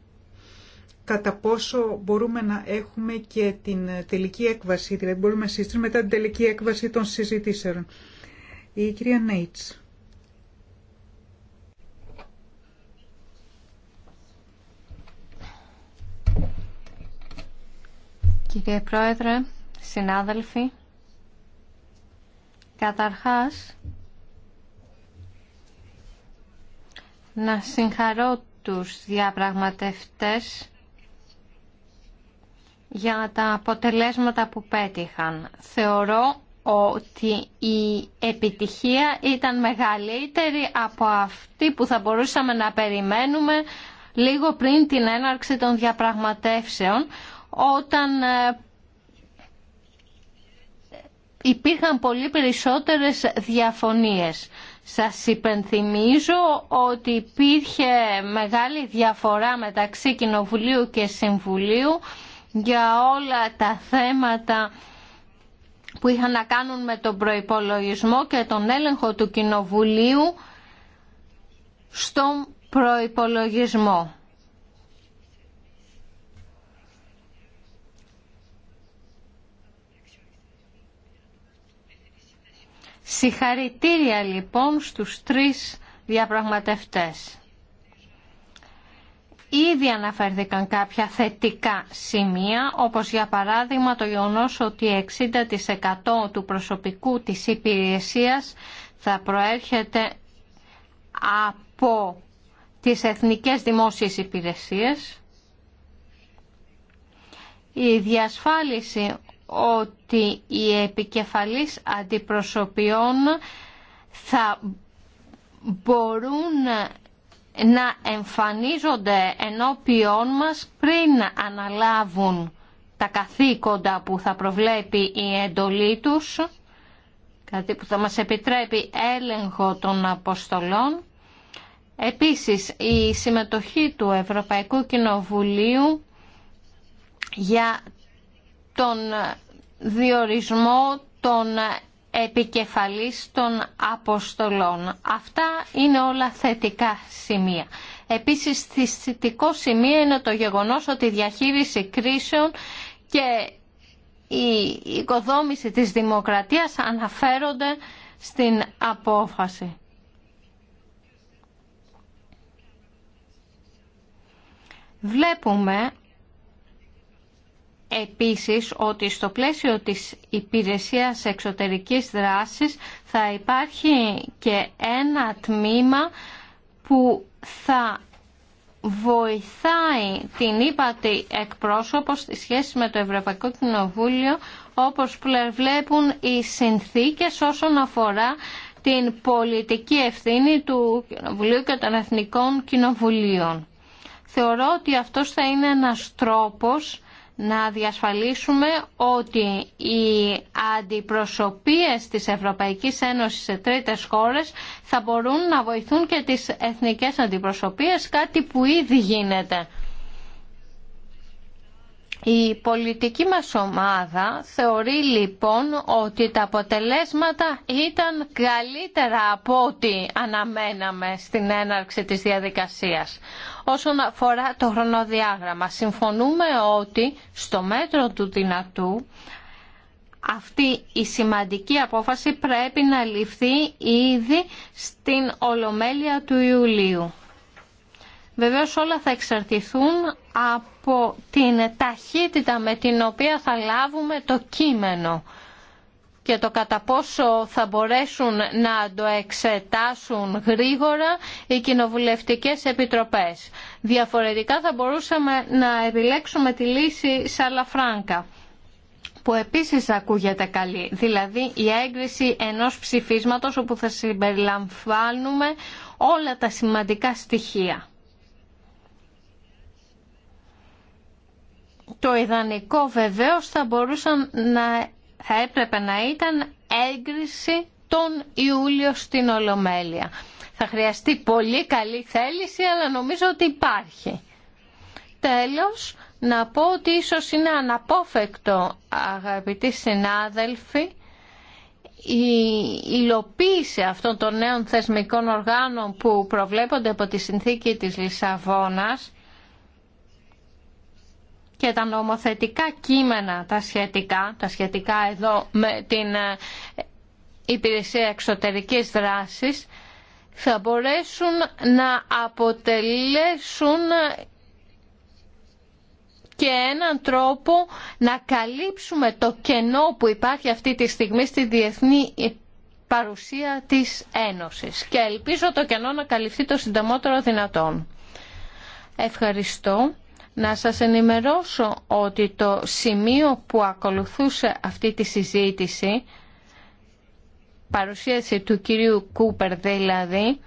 κατά πόσο μπορούμε να έχουμε και την τελική έκβαση, δηλαδή μπορούμε να συζητήσουμε μετά την τελική έκβαση των συζητήσεων. Η κυρία Νέιτς. Κύριε Πρόεδρε, συνάδελφοι, καταρχάς να συγχαρώ τους διαπραγματευτές για τα αποτελέσματα που πέτυχαν. Θεωρώ ότι η επιτυχία ήταν μεγαλύτερη από αυτή που θα μπορούσαμε να περιμένουμε λίγο πριν την έναρξη των διαπραγματεύσεων, όταν ε, υπήρχαν πολύ περισσότερες διαφωνίες. Σας υπενθυμίζω ότι υπήρχε μεγάλη διαφορά μεταξύ Κοινοβουλίου και Συμβουλίου για όλα τα θέματα που είχαν να κάνουν με τον προϋπολογισμό και τον έλεγχο του Κοινοβουλίου στον προϋπολογισμό. Συγχαρητήρια λοιπόν στους τρεις διαπραγματευτές. Ήδη αναφέρθηκαν κάποια θετικά σημεία, όπως για παράδειγμα το γεγονός ότι 60% του προσωπικού της υπηρεσίας θα προέρχεται από τις εθνικές δημόσιες υπηρεσίες. Η διασφάλιση ότι οι επικεφαλής αντιπροσωπιών θα μπορούν να εμφανίζονται ενώπιόν μας πριν αναλάβουν τα καθήκοντα που θα προβλέπει η εντολή τους, κάτι που θα μας επιτρέπει έλεγχο των αποστολών. Επίσης, η συμμετοχή του Ευρωπαϊκού Κοινοβουλίου για τον διορισμό των επικεφαλής των αποστολών. Αυτά είναι όλα θετικά σημεία. Επίσης, θετικό σημείο είναι το γεγονός ότι η διαχείριση κρίσεων και η οικοδόμηση της δημοκρατίας αναφέρονται στην απόφαση. Βλέπουμε επίσης ότι στο πλαίσιο της υπηρεσίας εξωτερικής δράσης θα υπάρχει και ένα τμήμα που θα βοηθάει την ύπατη εκπρόσωπο στη σχέση με το Ευρωπαϊκό Κοινοβούλιο όπως βλέπουν οι συνθήκες όσον αφορά την πολιτική ευθύνη του Κοινοβουλίου και των Εθνικών Κοινοβουλίων. Θεωρώ ότι αυτός θα είναι ένας τρόπος να διασφαλίσουμε ότι οι αντιπροσωπείες της Ευρωπαϊκής Ένωσης σε τρίτες χώρες θα μπορούν να βοηθούν και τις εθνικές αντιπροσωπείες, κάτι που ήδη γίνεται. Η πολιτική μας ομάδα θεωρεί λοιπόν ότι τα αποτελέσματα ήταν καλύτερα από ό,τι αναμέναμε στην έναρξη της διαδικασίας. Όσον αφορά το χρονοδιάγραμμα, συμφωνούμε ότι στο μέτρο του δυνατού αυτή η σημαντική απόφαση πρέπει να ληφθεί ήδη στην Ολομέλεια του Ιουλίου. Βεβαίως όλα θα εξαρτηθούν από την ταχύτητα με την οποία θα λάβουμε το κείμενο και το κατά πόσο θα μπορέσουν να το εξετάσουν γρήγορα οι κοινοβουλευτικές επιτροπές. Διαφορετικά θα μπορούσαμε να επιλέξουμε τη λύση Σαλαφράνκα που επίσης ακούγεται καλή, δηλαδή η έγκριση ενός ψηφίσματος όπου θα συμπεριλαμβάνουμε όλα τα σημαντικά στοιχεία. Το ιδανικό βεβαίως θα μπορούσαν να θα έπρεπε να ήταν έγκριση τον Ιούλιο στην Ολομέλεια. Θα χρειαστεί πολύ καλή θέληση, αλλά νομίζω ότι υπάρχει. Τέλος, να πω ότι ίσως είναι αναπόφευκτο, αγαπητοί συνάδελφοι, η υλοποίηση αυτών των νέων θεσμικών οργάνων που προβλέπονται από τη συνθήκη της Λισαβόνας και τα νομοθετικά κείμενα τα σχετικά, τα σχετικά εδώ με την ε, υπηρεσία εξωτερικής δράσης, θα μπορέσουν να αποτελέσουν ε, και έναν τρόπο να καλύψουμε το κενό που υπάρχει αυτή τη στιγμή στη διεθνή παρουσία της Ένωσης. Και ελπίζω το κενό να καλυφθεί το συντομότερο δυνατόν. Ευχαριστώ. Να σας ενημερώσω ότι το σημείο που ακολουθούσε αυτή τη συζήτηση, παρουσίαση του κυρίου Κούπερ δηλαδή,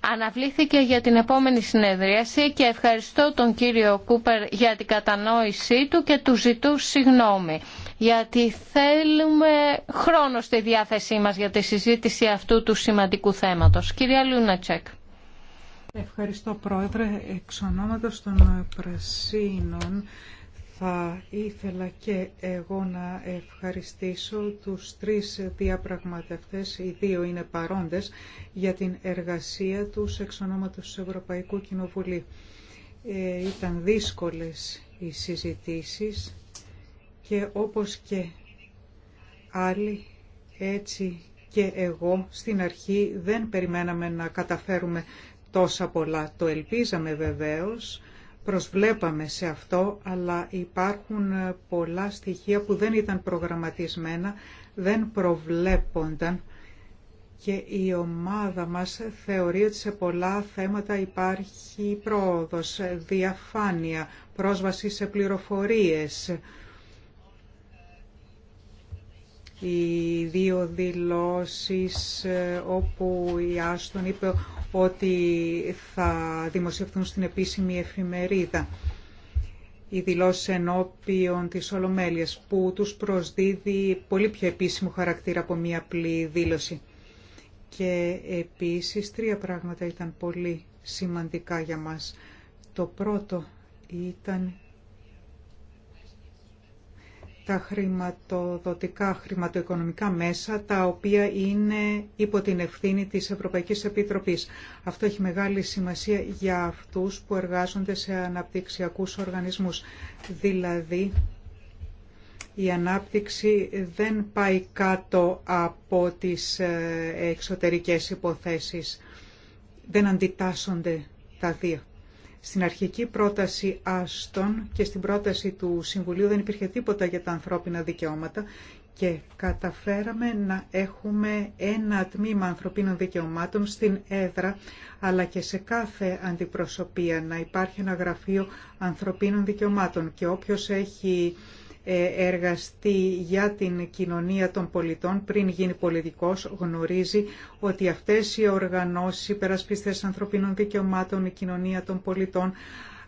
αναβλήθηκε για την επόμενη συνεδρίαση και ευχαριστώ τον κύριο Κούπερ για την κατανόησή του και του ζητώ συγγνώμη γιατί θέλουμε χρόνο στη διάθεσή μας για τη συζήτηση αυτού του σημαντικού θέματος. Κυρία Λούνατσεκ. Ευχαριστώ Πρόεδρε. Εξ ονόματος των Πρασίνων θα ήθελα και εγώ να ευχαριστήσω τους τρεις διαπραγματευτές, οι δύο είναι παρόντες, για την εργασία τους εξ ονόματος του Ευρωπαϊκού Κοινοβουλίου. Ε, ήταν δύσκολες οι συζητήσεις και όπως και άλλοι έτσι και εγώ στην αρχή δεν περιμέναμε να καταφέρουμε τόσα πολλά. Το ελπίζαμε βεβαίως, προσβλέπαμε σε αυτό, αλλά υπάρχουν ε, πολλά στοιχεία που δεν ήταν προγραμματισμένα, δεν προβλέπονταν και η ομάδα μας θεωρεί ότι σε πολλά θέματα υπάρχει πρόοδος, διαφάνεια, πρόσβαση σε πληροφορίες. Οι δύο δηλώσεις ε, όπου η Άστον είπε ότι θα δημοσιευθούν στην επίσημη εφημερίδα οι δηλώσει ενώπιον τη ολομέλεια που τους προσδίδει πολύ πιο επίσημο χαρακτήρα από μία απλή δήλωση. Και επίσης τρία πράγματα ήταν πολύ σημαντικά για μας. Το πρώτο ήταν τα χρηματοδοτικά, χρηματοοικονομικά μέσα, τα οποία είναι υπό την ευθύνη της Ευρωπαϊκής Επιτροπής. Αυτό έχει μεγάλη σημασία για αυτούς που εργάζονται σε αναπτυξιακούς οργανισμούς. Δηλαδή, η ανάπτυξη δεν πάει κάτω από τις ε, εξωτερικές υποθέσεις. Δεν αντιτάσσονται τα δύο. Στην αρχική πρόταση Άστον και στην πρόταση του Συμβουλίου δεν υπήρχε τίποτα για τα ανθρώπινα δικαιώματα και καταφέραμε να έχουμε ένα τμήμα ανθρωπίνων δικαιωμάτων στην έδρα αλλά και σε κάθε αντιπροσωπεία να υπάρχει ένα γραφείο ανθρωπίνων δικαιωμάτων και όποιος έχει ε, εργαστεί για την κοινωνία των πολιτών πριν γίνει πολιτικός, γνωρίζει ότι αυτές οι οργανώσεις, οι περασπιστές ανθρωπίνων δικαιωμάτων, η κοινωνία των πολιτών,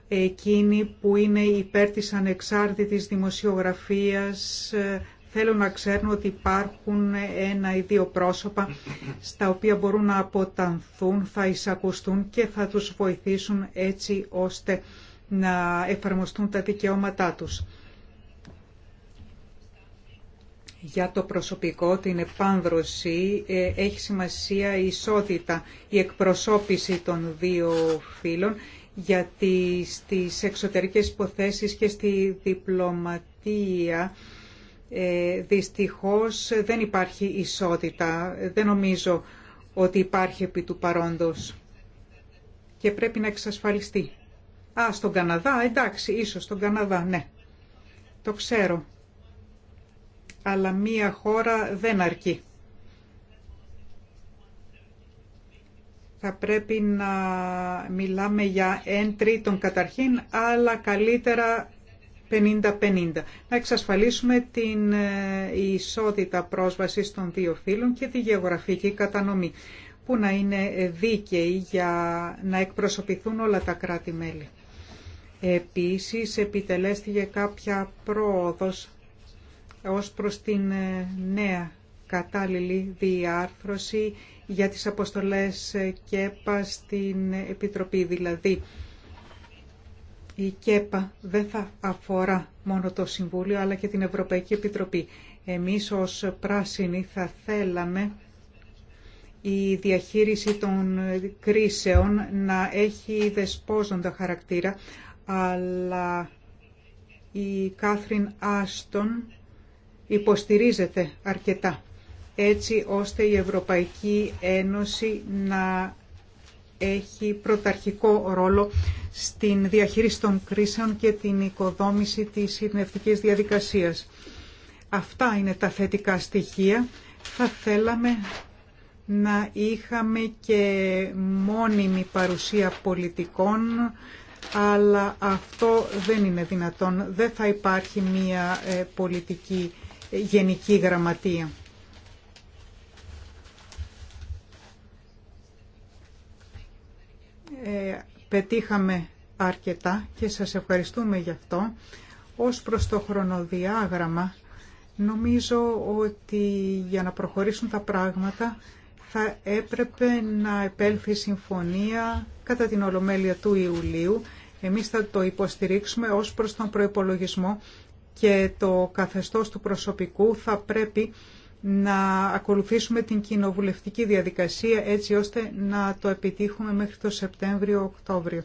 εκείνοι που είναι υπέρ της ανεξάρτητης δημοσιογραφίας, ε, θέλουν να ξέρουν ότι υπάρχουν ένα ή δύο πρόσωπα στα οποία μπορούν να αποτανθούν, θα εισακουστούν και θα τους βοηθήσουν έτσι ώστε να εφαρμοστούν τα δικαιώματά τους για το προσωπικό, την επάνδρωση, ε, έχει σημασία η ισότητα, η εκπροσώπηση των δύο φύλων, γιατί στις εξωτερικές υποθέσεις και στη διπλωματία ε, δυστυχώς δεν υπάρχει ισότητα. Δεν νομίζω ότι υπάρχει επί του παρόντος και πρέπει να εξασφαλιστεί. Α, στον Καναδά, εντάξει, ίσως στον Καναδά, ναι. Το ξέρω αλλά μία χώρα δεν αρκεί. Θα πρέπει να μιλάμε για εν τρίτον καταρχήν, αλλά καλύτερα 50-50. Να εξασφαλίσουμε την ε, ισότητα πρόσβασης των δύο φύλων και τη γεωγραφική κατανομή, που να είναι δίκαιη για να εκπροσωπηθούν όλα τα κράτη-μέλη. Επίσης, επιτελέστηκε κάποια πρόοδος ως προς την ε, νέα κατάλληλη διάρθρωση για τις αποστολές ε, ΚΕΠΑ στην Επιτροπή. Δηλαδή, η ΚΕΠΑ δεν θα αφορά μόνο το Συμβούλιο, αλλά και την Ευρωπαϊκή Επιτροπή. Εμείς ως πράσινοι θα θέλαμε η διαχείριση των ε, κρίσεων να έχει δεσπόζοντα χαρακτήρα, αλλά η Κάθριν Άστον υποστηρίζεται αρκετά έτσι ώστε η Ευρωπαϊκή Ένωση να έχει πρωταρχικό ρόλο στην διαχείριση των κρίσεων και την οικοδόμηση της ειρνευτικής διαδικασίας. Αυτά είναι τα θετικά στοιχεία. Θα θέλαμε να είχαμε και μόνιμη παρουσία πολιτικών, αλλά αυτό δεν είναι δυνατόν. Δεν θα υπάρχει μία ε, πολιτική Γενική Γραμματεία. Ε, πετύχαμε αρκετά και σας ευχαριστούμε γι' αυτό. Ως προς το χρονοδιάγραμμα, νομίζω ότι για να προχωρήσουν τα πράγματα θα έπρεπε να επέλθει συμφωνία κατά την Ολομέλεια του Ιουλίου. Εμείς θα το υποστηρίξουμε ως προς τον προϋπολογισμό και το καθεστώς του προσωπικού θα πρέπει να ακολουθήσουμε την κοινοβουλευτική διαδικασία έτσι ώστε να το επιτύχουμε μέχρι το Σεπτέμβριο-Οκτώβριο.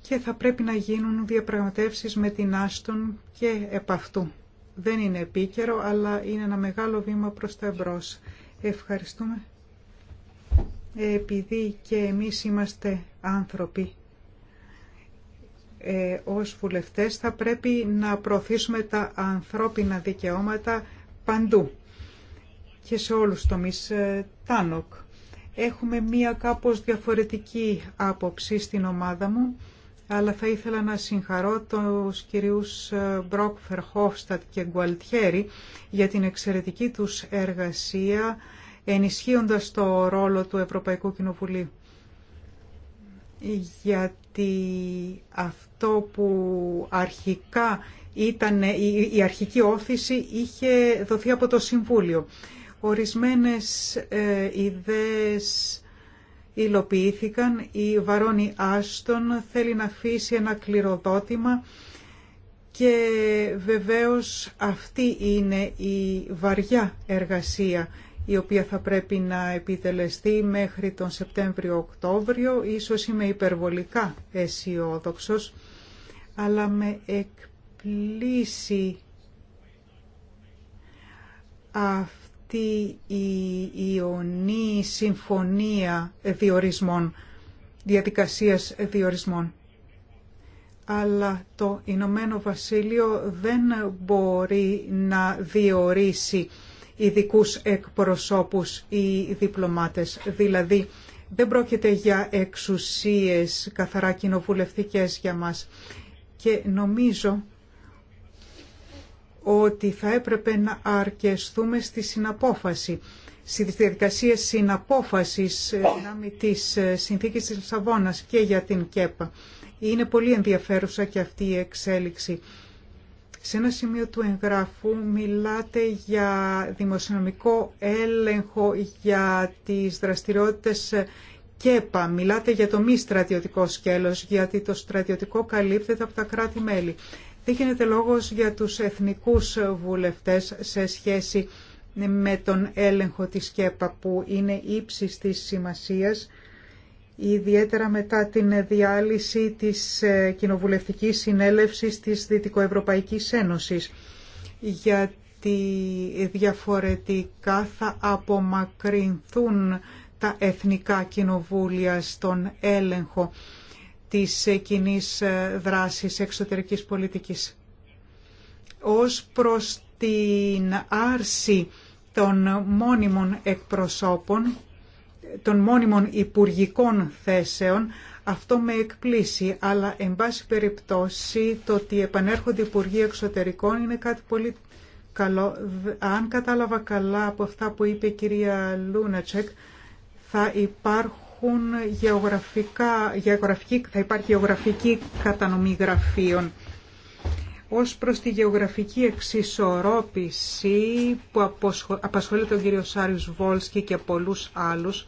Και θα πρέπει να γίνουν διαπραγματεύσεις με την Άστον και επ' αυτού. Δεν είναι επίκαιρο, αλλά είναι ένα μεγάλο βήμα προς τα εμπρός. Ευχαριστούμε. Επειδή και εμείς είμαστε άνθρωποι ε, ως βουλευτές θα πρέπει να προωθήσουμε τα ανθρώπινα δικαιώματα παντού και σε όλους τους τομείς ε, Τάνοκ. Έχουμε μία κάπως διαφορετική άποψη στην ομάδα μου, αλλά θα ήθελα να συγχαρώ τους κυρίους ε, Μπροκ, Φερχόφστατ και Γκουαλτιέρη για την εξαιρετική τους εργασία, ενισχύοντας το ρόλο του Ευρωπαϊκού Κοινοβουλίου γιατί αυτό που αρχικά ήταν η αρχική όθηση είχε δοθεί από το Συμβούλιο. Ορισμένες ε, ιδέες υλοποιήθηκαν. Η Βαρόνη Άστον θέλει να αφήσει ένα κληροδότημα και βεβαίως αυτή είναι η βαριά εργασία η οποία θα πρέπει να επιτελεστεί μέχρι τον Σεπτέμβριο-Οκτώβριο. Ίσως είμαι υπερβολικά αισιόδοξο, αλλά με εκπλήσει αυτή η ιονή συμφωνία διορισμών, διαδικασίας διορισμών. Αλλά το Ηνωμένο Βασίλειο δεν μπορεί να διορίσει ειδικού εκπροσώπου ή διπλωμάτες. Δηλαδή δεν πρόκειται για εξουσίες καθαρά κοινοβουλευτικέ για μας. Και νομίζω ότι θα έπρεπε να αρκεστούμε στη συναπόφαση, στι διαδικασίε συναπόφασης ε, δυνάμει της ε, συνθήκης της Λισαβόνα και για την ΚΕΠΑ. Είναι πολύ ενδιαφέρουσα και αυτή η εξέλιξη σε ένα σημείο του εγγράφου μιλάτε για δημοσιονομικό έλεγχο για τις δραστηριότητες ΚΕΠΑ. Μιλάτε για το μη στρατιωτικό σκέλος, γιατί το στρατιωτικό καλύπτεται από τα κράτη-μέλη. Δεν γίνεται λόγος για τους εθνικούς βουλευτές σε σχέση με τον έλεγχο της ΚΕΠΑ που είναι ύψης της σημασίας ιδιαίτερα μετά την διάλυση της ε, Κοινοβουλευτικής Συνέλευσης της Δυτικοευρωπαϊκής Ένωσης, γιατί διαφορετικά θα απομακρυνθούν τα εθνικά κοινοβούλια στον έλεγχο της ε, κοινή ε, δράσης εξωτερικής πολιτικής. Ως προς την άρση των μόνιμων εκπροσώπων των μόνιμων υπουργικών θέσεων, αυτό με εκπλήσει, αλλά εν πάση περιπτώσει το ότι επανέρχονται υπουργοί εξωτερικών είναι κάτι πολύ καλό. Αν κατάλαβα καλά από αυτά που είπε η κυρία Λούνατσεκ, θα υπάρχουν γεωγραφικά, γεωγραφική, θα υπάρχει γεωγραφική κατανομή γραφείων. Ως προς τη γεωγραφική εξισορρόπηση που απασχολεί τον κύριο Σάριους Βόλσκι και πολλούς άλλους,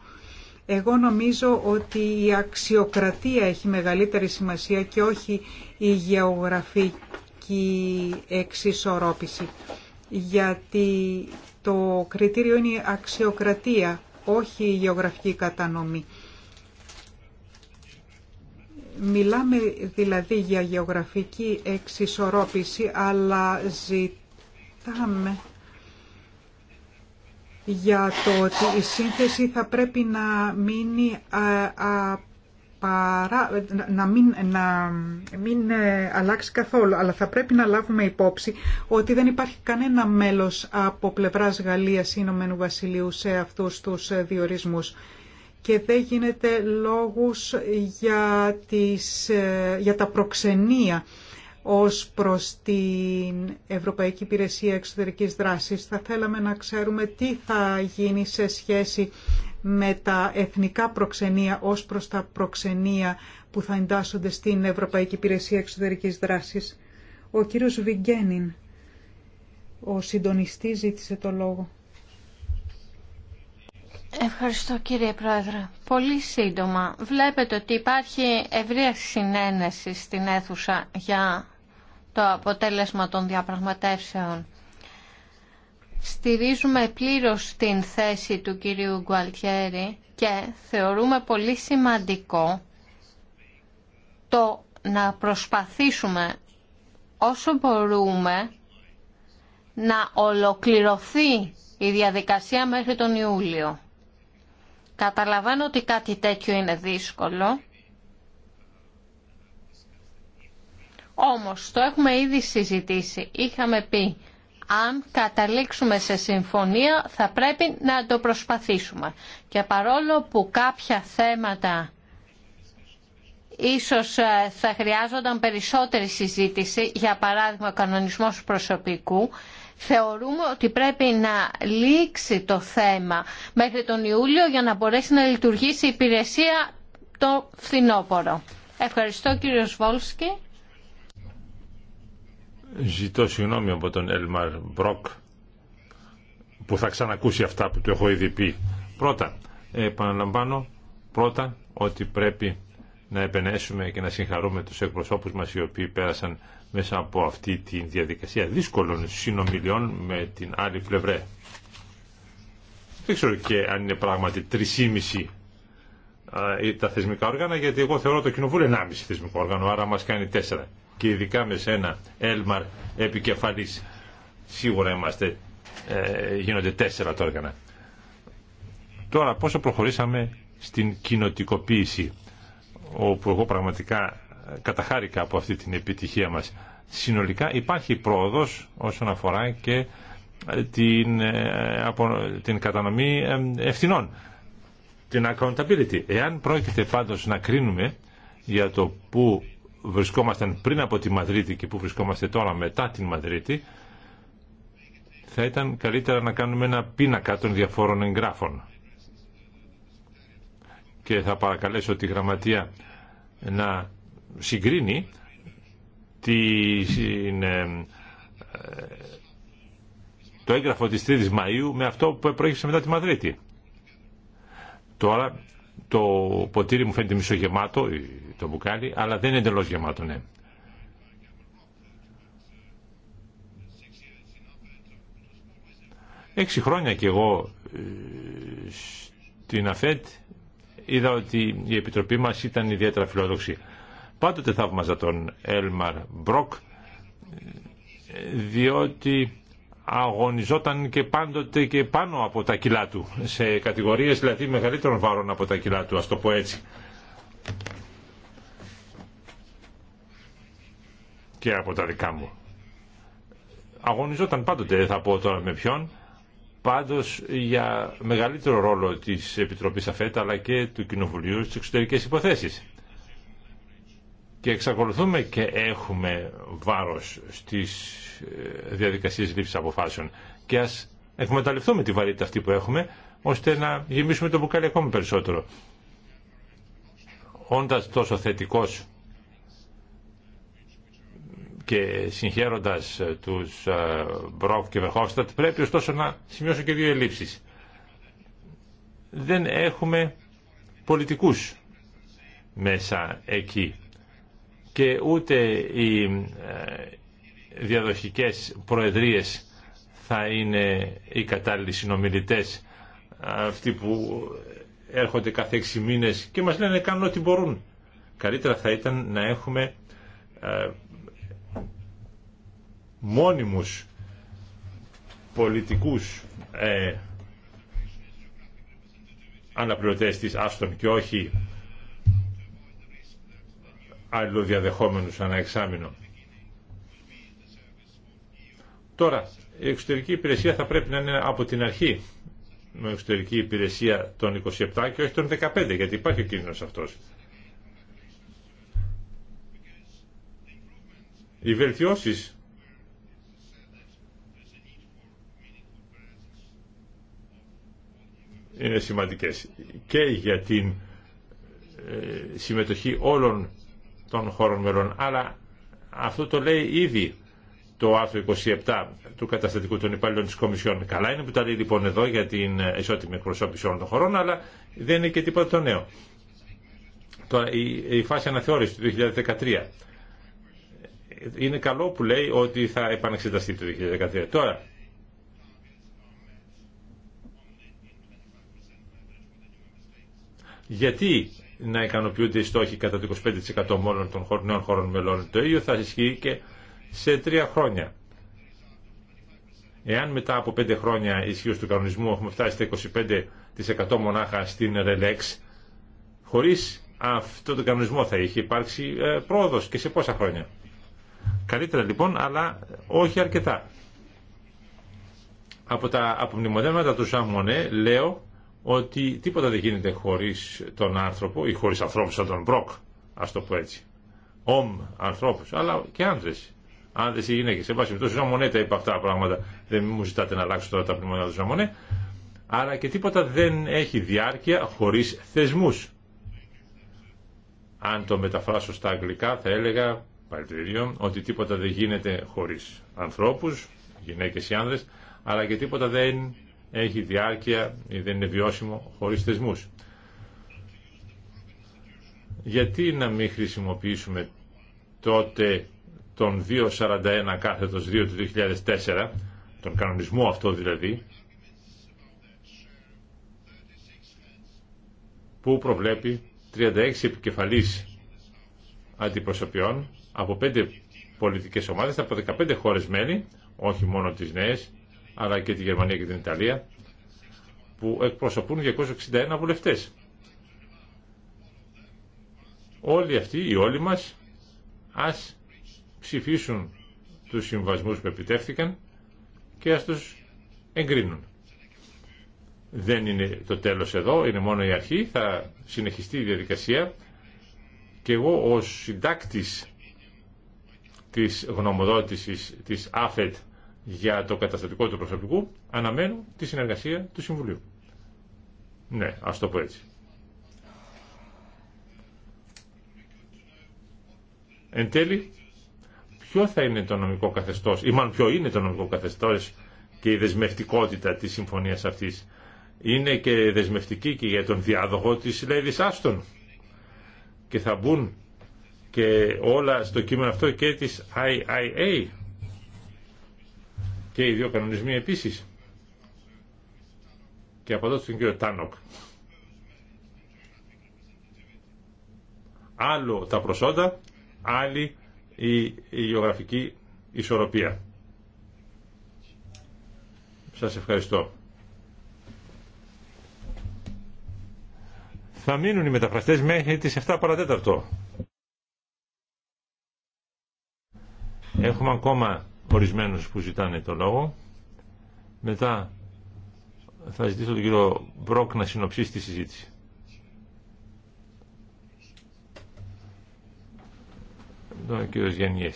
εγώ νομίζω ότι η αξιοκρατία έχει μεγαλύτερη σημασία και όχι η γεωγραφική εξισορρόπηση. Γιατί το κριτήριο είναι η αξιοκρατία, όχι η γεωγραφική κατανομή. Μιλάμε δηλαδή για γεωγραφική εξισορρόπηση, αλλά ζητάμε για το ότι η σύνθεση θα πρέπει να μείνει παρά, να, μην, να μην ε, αλλάξει καθόλου, αλλά θα πρέπει να λάβουμε υπόψη ότι δεν υπάρχει κανένα μέλος από πλευράς Γαλλίας ή Ηνωμένου Βασιλείου σε αυτούς τους ε, διορισμούς και δεν γίνεται λόγους για, τις, ε, για τα προξενία ως προς την Ευρωπαϊκή Υπηρεσία Εξωτερικής Δράσης. Θα θέλαμε να ξέρουμε τι θα γίνει σε σχέση με τα εθνικά προξενία ως προς τα προξενία που θα εντάσσονται στην Ευρωπαϊκή Υπηρεσία Εξωτερικής Δράσης. Ο κύριος Βιγγένιν, ο συντονιστής, ζήτησε το λόγο. Ευχαριστώ κύριε Πρόεδρε. Πολύ σύντομα. Βλέπετε ότι υπάρχει ευρία συνένεση στην αίθουσα για το αποτέλεσμα των διαπραγματεύσεων. Στηρίζουμε πλήρως την θέση του κυρίου Γκουαλτιέρη και θεωρούμε πολύ σημαντικό το να προσπαθήσουμε όσο μπορούμε να ολοκληρωθεί η διαδικασία μέχρι τον Ιούλιο. Καταλαβαίνω ότι κάτι τέτοιο είναι δύσκολο. Όμως το έχουμε ήδη συζητήσει. Είχαμε πει αν καταλήξουμε σε συμφωνία θα πρέπει να το προσπαθήσουμε. Και παρόλο που κάποια θέματα ίσως ε, θα χρειάζονταν περισσότερη συζήτηση, για παράδειγμα ο κανονισμός προσωπικού, Θεωρούμε ότι πρέπει να λήξει το θέμα μέχρι τον Ιούλιο για να μπορέσει να λειτουργήσει η υπηρεσία το φθινόπωρο. Ευχαριστώ κύριο Βόλσκι. Ζητώ συγγνώμη από τον Έλμαρ Μπροκ που θα ξανακούσει αυτά που του έχω ήδη πει. Πρώτα, επαναλαμβάνω πρώτα ότι πρέπει να επενέσουμε και να συγχαρούμε τους εκπροσώπους μας οι οποίοι πέρασαν μέσα από αυτή τη διαδικασία δύσκολων συνομιλιών με την άλλη πλευρά. Δεν ξέρω και αν είναι πράγματι 3,5 τα θεσμικά όργανα, γιατί εγώ θεωρώ το κοινοβούλιο 1,5 θεσμικό όργανο, άρα μας κάνει τέσσερα. Και ειδικά με σένα, Έλμαρ, επικεφαλής, σίγουρα είμαστε, ε, γίνονται τέσσερα τα όργανα. Τώρα, πόσο προχωρήσαμε στην κοινοτικοποίηση, όπου εγώ πραγματικά καταχάρηκα από αυτή την επιτυχία μας. Συνολικά υπάρχει πρόοδος όσον αφορά και ε, την, ε, από, την κατανομή ε, ευθυνών, την accountability. Εάν πρόκειται πάντως να κρίνουμε για το που βρισκόμασταν πριν από τη Μαδρίτη και που βρισκόμαστε τώρα μετά την Μαδρίτη, θα ήταν καλύτερα να κάνουμε ένα πίνακα των διαφόρων εγγράφων. Και θα παρακαλέσω τη Γραμματεία να συγκρίνει ε, το έγγραφο της 3ης Μαΐου με αυτό που προέκυψε μετά τη Μαδρίτη. Τώρα το ποτήρι μου φαίνεται μισογεμάτο, το μπουκάλι, αλλά δεν είναι εντελώς γεμάτο, ναι. Έξι χρόνια κι εγώ ε, στην ΑΦΕΤ είδα ότι η Επιτροπή μας ήταν ιδιαίτερα φιλόδοξη. Πάντοτε θαύμαζα τον Έλμαρ Μπροκ διότι αγωνιζόταν και πάντοτε και πάνω από τα κιλά του σε κατηγορίες δηλαδή μεγαλύτερων βάρων από τα κιλά του ας το πω έτσι και από τα δικά μου αγωνιζόταν πάντοτε δεν θα πω τώρα με ποιον πάντως για μεγαλύτερο ρόλο της Επιτροπής ΑΦΕΤ αλλά και του Κοινοβουλίου στις εξωτερικές υποθέσεις και εξακολουθούμε και έχουμε βάρος στις ε, διαδικασίες λήψης αποφάσεων και ας εκμεταλλευτούμε τη βαρύτητα αυτή που έχουμε ώστε να γεμίσουμε το μπουκάλι ακόμη περισσότερο. Όντας τόσο θετικός και συγχαίροντας ε, τους ε, Μπροκ και Βεχόφστατ, πρέπει ωστόσο να σημειώσω και δύο ελλείψεις. Δεν έχουμε πολιτικούς μέσα εκεί και ούτε οι ε, διαδοχικές προεδρίες θα είναι οι κατάλληλοι συνομιλητές ε, αυτοί που έρχονται κάθε έξι μήνες και μας λένε κάνουν ό,τι μπορούν. Καλύτερα θα ήταν να έχουμε ε, μόνιμους πολιτικούς ε, αναπληρωτές της Άστον και όχι αλληλοδιαδεχόμενους ανά εξάμεινο. Τώρα, η εξωτερική υπηρεσία θα πρέπει να είναι από την αρχή με εξωτερική υπηρεσία των 27 και όχι των 15, γιατί υπάρχει ο κίνδυνος αυτός. Οι βελτιώσεις είναι σημαντικές και για την ε, συμμετοχή όλων των χώρων μελών. Αλλά αυτό το λέει ήδη το άρθρο 27 του καταστατικού των υπαλλήλων της Κομισιόν. Καλά είναι που τα λέει λοιπόν εδώ για την ισότιμη εκπροσώπηση όλων των χωρών, αλλά δεν είναι και τίποτα το νέο. Τώρα, η, φάση αναθεώρηση του 2013. Είναι καλό που λέει ότι θα επανεξεταστεί το 2013. Τώρα, γιατί να ικανοποιούνται οι στόχοι κατά το 25% μόνο των νέων χωρών μελών. Το ίδιο θα ισχύει και σε τρία χρόνια. Εάν μετά από πέντε χρόνια ισχύω του κανονισμού έχουμε φτάσει στα 25% μονάχα στην ΡΕΛΕΞ, χωρίς αυτό τον κανονισμό θα είχε υπάρξει ε, πρόοδος και σε πόσα χρόνια. Καλύτερα λοιπόν, αλλά όχι αρκετά. Από τα απομνημονέματα του Σαμονέ λέω ότι τίποτα δεν γίνεται χωρίς τον άνθρωπο ή χωρίς ανθρώπους σαν τον Μπροκ, ας το πω έτσι. Ομ, ανθρώπους, αλλά και άνδρες, άνδρες ή γυναίκες. Σε πάση περιπτώσει, Ζαμονέ τα είπα αυτά τα πράγματα. Δεν μου ζητάτε να αλλάξω τώρα τα πνευματικά του Ζαμονέ. Άρα και τίποτα δεν έχει διάρκεια χωρίς θεσμούς. Αν το μεταφράσω στα αγγλικά θα έλεγα, πάλι ότι τίποτα δεν γίνεται χωρίς ανθρώπους, γυναίκες ή άνδρες, αλλά και τίποτα δεν έχει διάρκεια ή δεν είναι βιώσιμο χωρίς θεσμούς. Γιατί να μην χρησιμοποιήσουμε τότε τον 241 κάθετος 2 του 2004, τον κανονισμό αυτό δηλαδή, που προβλέπει 36 επικεφαλής αντιπροσωπιών από 5 πολιτικές ομάδες από 15 χώρες μέλη, όχι μόνο τις νέες, αλλά και τη Γερμανία και την Ιταλία, που εκπροσωπούν 261 βουλευτές. Όλοι αυτοί, οι όλοι μας, ας ψηφίσουν τους συμβασμούς που επιτεύχθηκαν και ας τους εγκρίνουν. Δεν είναι το τέλος εδώ, είναι μόνο η αρχή, θα συνεχιστεί η διαδικασία και εγώ ως συντάκτης της γνωμοδότησης της ΑΦΕΤ για το καταστατικό του προσωπικού αναμένω τη συνεργασία του Συμβουλίου. Ναι, α το πω έτσι. Εν τέλει, ποιο θα είναι το νομικό καθεστώ, ή μάλλον ποιο είναι το νομικό καθεστώ και η δεσμευτικότητα της συμφωνίας αυτή, Είναι και δεσμευτική και για τον διάδοχο της Λέιδη Άστον. Και θα μπουν και όλα στο κείμενο αυτό και της IIA και οι δύο κανονισμοί επίσης. Και από εδώ στον κύριο Τάνοκ. Άλλο τα προσόντα, άλλη η, γεωγραφική ισορροπία. Σας ευχαριστώ. Θα μείνουν οι μεταφραστές μέχρι τις 7 παρατέταρτο. Έχουμε ακόμα ορισμένους που ζητάνε το λόγο. Μετά θα ζητήσω τον κύριο Μπρόκ να συνοψίσει τη συζήτηση. Ο κύριος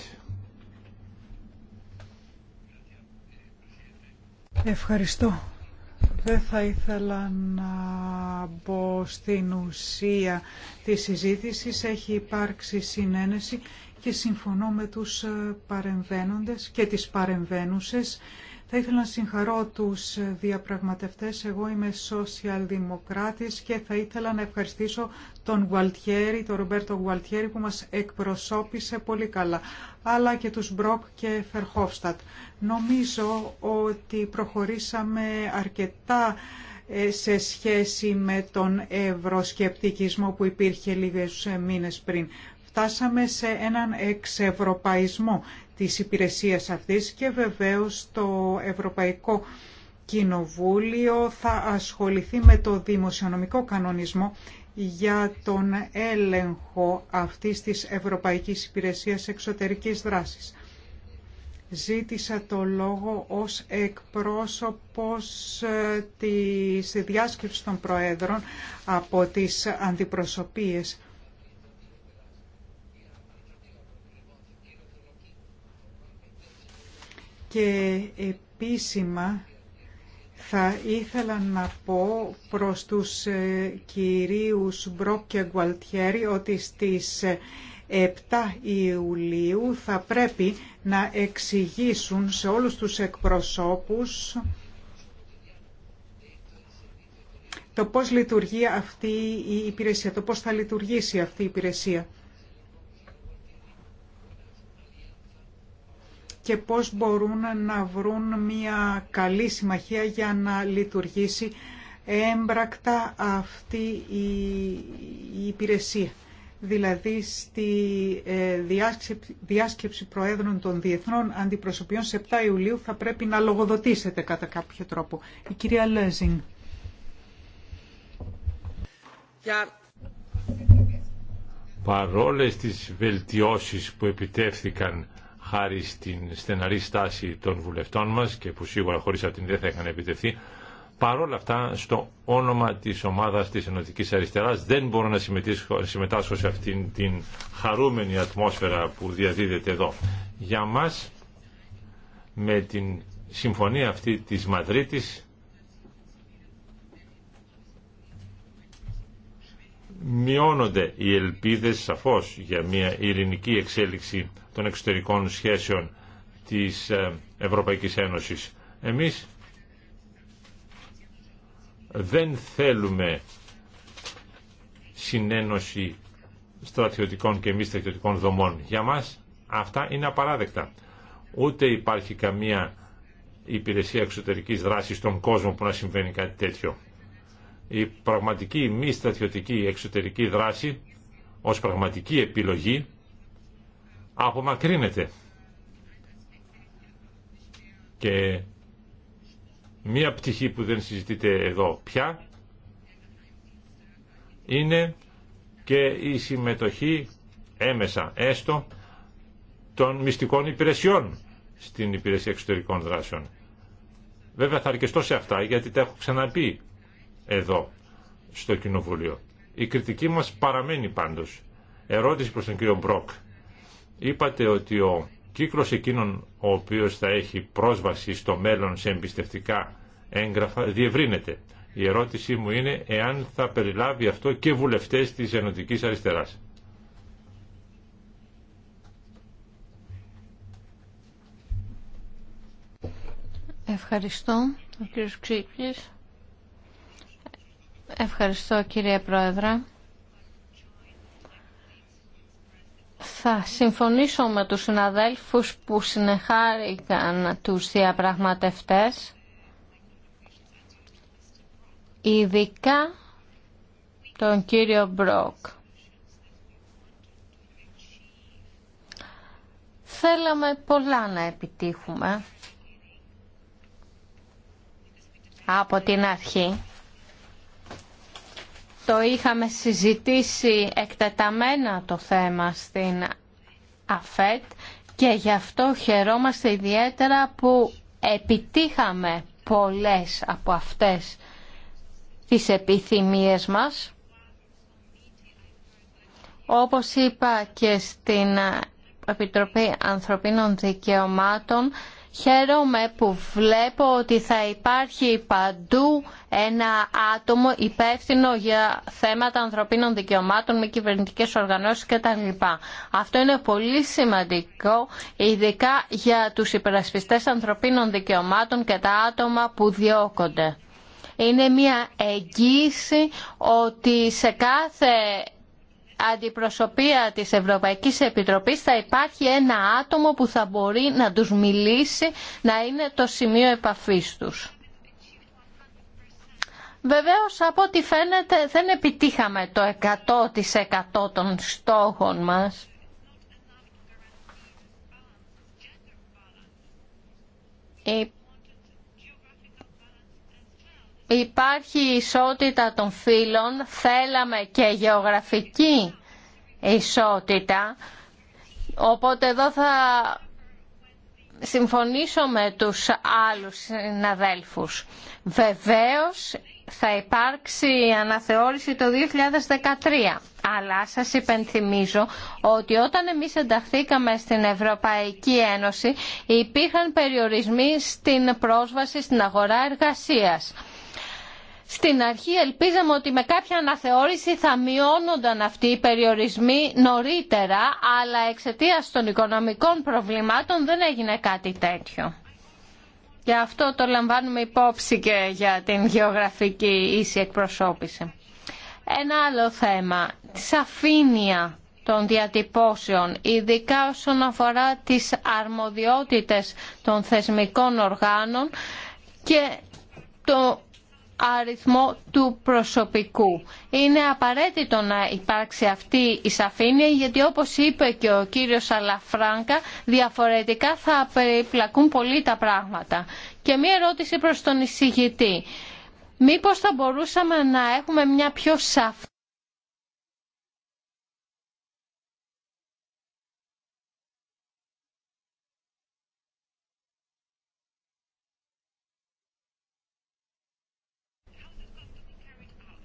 Ευχαριστώ. Δεν θα ήθελα να μπω στην ουσία της συζήτησης. Έχει υπάρξει συνένεση και συμφωνώ με τους ε, παρεμβαίνοντες και τις παρεμβαίνουσες. Θα ήθελα να συγχαρώ τους ε, διαπραγματευτές. Εγώ είμαι σοσιαλδημοκράτης και θα ήθελα να ευχαριστήσω τον Γουαλτιέρη, τον Ρομπέρτο Γουαλτιέρη που μας εκπροσώπησε πολύ καλά, αλλά και τους Μπροκ και Φερχόφστατ. Νομίζω ότι προχωρήσαμε αρκετά ε, σε σχέση με τον ευρωσκεπτικισμό που υπήρχε λίγες μήνες πριν. Φτάσαμε σε έναν εξευρωπαϊσμό της υπηρεσίας αυτής και βεβαίως το Ευρωπαϊκό Κοινοβούλιο θα ασχοληθεί με το δημοσιονομικό κανονισμό για τον έλεγχο αυτής της Ευρωπαϊκής Υπηρεσίας Εξωτερικής Δράσης. Ζήτησα το λόγο ως εκπρόσωπος ε, της διάσκεψης των Προέδρων από τις αντιπροσωπείες και επίσημα θα ήθελα να πω προς τους ε, κυρίους Μπροκ και Γκουαλτιέρη ότι στις 7 ε, Ιουλίου θα πρέπει να εξηγήσουν σε όλους τους εκπροσώπους το πώς λειτουργεί αυτή η υπηρεσία, το πώς θα λειτουργήσει αυτή η υπηρεσία. και πώς μπορούν να βρουν μια καλή συμμαχία για να λειτουργήσει έμπρακτα αυτή η υπηρεσία. Δηλαδή στη ε, διάσκεψη, Προέδρων των Διεθνών Αντιπροσωπιών σε 7 Ιουλίου θα πρέπει να λογοδοτήσετε κατά κάποιο τρόπο. Η κυρία Λέζινγκ. Παρόλες τις βελτιώσεις που επιτεύθηκαν χάρη στην στεναρή στάση των βουλευτών μας και που σίγουρα χωρίς αυτήν δεν θα είχαν επιτευθεί, παρόλα αυτά στο όνομα της ομάδας της Ενωτικής Αριστεράς δεν μπορώ να συμμετάσχω σε αυτήν την χαρούμενη ατμόσφαιρα που διαδίδεται εδώ. Για μας με την συμφωνία αυτή της Μαδρίτης μειώνονται οι ελπίδες σαφώς για μια ειρηνική εξέλιξη των εξωτερικών σχέσεων της ε, Ευρωπαϊκής Ένωσης. Εμείς δεν θέλουμε συνένωση στρατιωτικών και μη στρατιωτικών δομών. Για μας αυτά είναι απαράδεκτα. Ούτε υπάρχει καμία υπηρεσία εξωτερικής δράσης στον κόσμο που να συμβαίνει κάτι τέτοιο. Η πραγματική μη στρατιωτική εξωτερική δράση ως πραγματική επιλογή απομακρύνεται. Και μία πτυχή που δεν συζητείται εδώ πια είναι και η συμμετοχή έμεσα έστω των μυστικών υπηρεσιών στην υπηρεσία εξωτερικών δράσεων. Βέβαια θα αρκεστώ σε αυτά γιατί τα έχω ξαναπεί εδώ στο Κοινοβούλιο. Η κριτική μας παραμένει πάντως. Ερώτηση προς τον κύριο Μπρόκ είπατε ότι ο κύκλος εκείνων ο οποίος θα έχει πρόσβαση στο μέλλον σε εμπιστευτικά έγγραφα διευρύνεται. Η ερώτησή μου είναι εάν θα περιλάβει αυτό και βουλευτές της Ενωτικής Αριστεράς. Ευχαριστώ, κύριος Ξύπλης. Ευχαριστώ, κύριε Πρόεδρα. Θα συμφωνήσω με τους συναδέλφους που συνεχάρηκαν τους διαπραγματευτές, ειδικά τον κύριο Μπρόκ. Θέλαμε πολλά να επιτύχουμε από την αρχή. Το είχαμε συζητήσει εκτεταμένα το θέμα στην ΑΦΕΤ και γι' αυτό χαιρόμαστε ιδιαίτερα που επιτύχαμε πολλές από αυτές τις επιθυμίες μας. Όπως είπα και στην Επιτροπή Ανθρωπίνων Δικαιωμάτων, Χαίρομαι που βλέπω ότι θα υπάρχει παντού ένα άτομο υπεύθυνο για θέματα ανθρωπίνων δικαιωμάτων με κυβερνητικές οργανώσεις κτλ. Αυτό είναι πολύ σημαντικό ειδικά για τους υπερασπιστές ανθρωπίνων δικαιωμάτων και τα άτομα που διώκονται. Είναι μια εγγύηση ότι σε κάθε αντιπροσωπεία της Ευρωπαϊκής Επιτροπής θα υπάρχει ένα άτομο που θα μπορεί να τους μιλήσει, να είναι το σημείο επαφής τους. Βεβαίως από ό,τι φαίνεται δεν επιτύχαμε το 100% των στόχων μας υπάρχει ισότητα των φύλων, θέλαμε και γεωγραφική ισότητα, οπότε εδώ θα συμφωνήσω με τους άλλους συναδέλφους. Βεβαίως θα υπάρξει αναθεώρηση το 2013. Αλλά σας υπενθυμίζω ότι όταν εμείς ενταχθήκαμε στην Ευρωπαϊκή Ένωση υπήρχαν περιορισμοί στην πρόσβαση στην αγορά εργασίας. Στην αρχή ελπίζαμε ότι με κάποια αναθεώρηση θα μειώνονταν αυτοί οι περιορισμοί νωρίτερα, αλλά εξαιτία των οικονομικών προβλημάτων δεν έγινε κάτι τέτοιο. Και αυτό το λαμβάνουμε υπόψη και για την γεωγραφική ίση εκπροσώπηση. Ένα άλλο θέμα, τη σαφήνεια των διατυπώσεων, ειδικά όσον αφορά τις αρμοδιότητες των θεσμικών οργάνων και το αριθμό του προσωπικού. Είναι απαραίτητο να υπάρξει αυτή η σαφήνεια γιατί όπως είπε και ο κύριος Αλαφράγκα διαφορετικά θα περιπλακούν πολύ τα πράγματα. Και μία ερώτηση προς τον εισηγητή. Μήπως θα μπορούσαμε να έχουμε μια πιο σαφή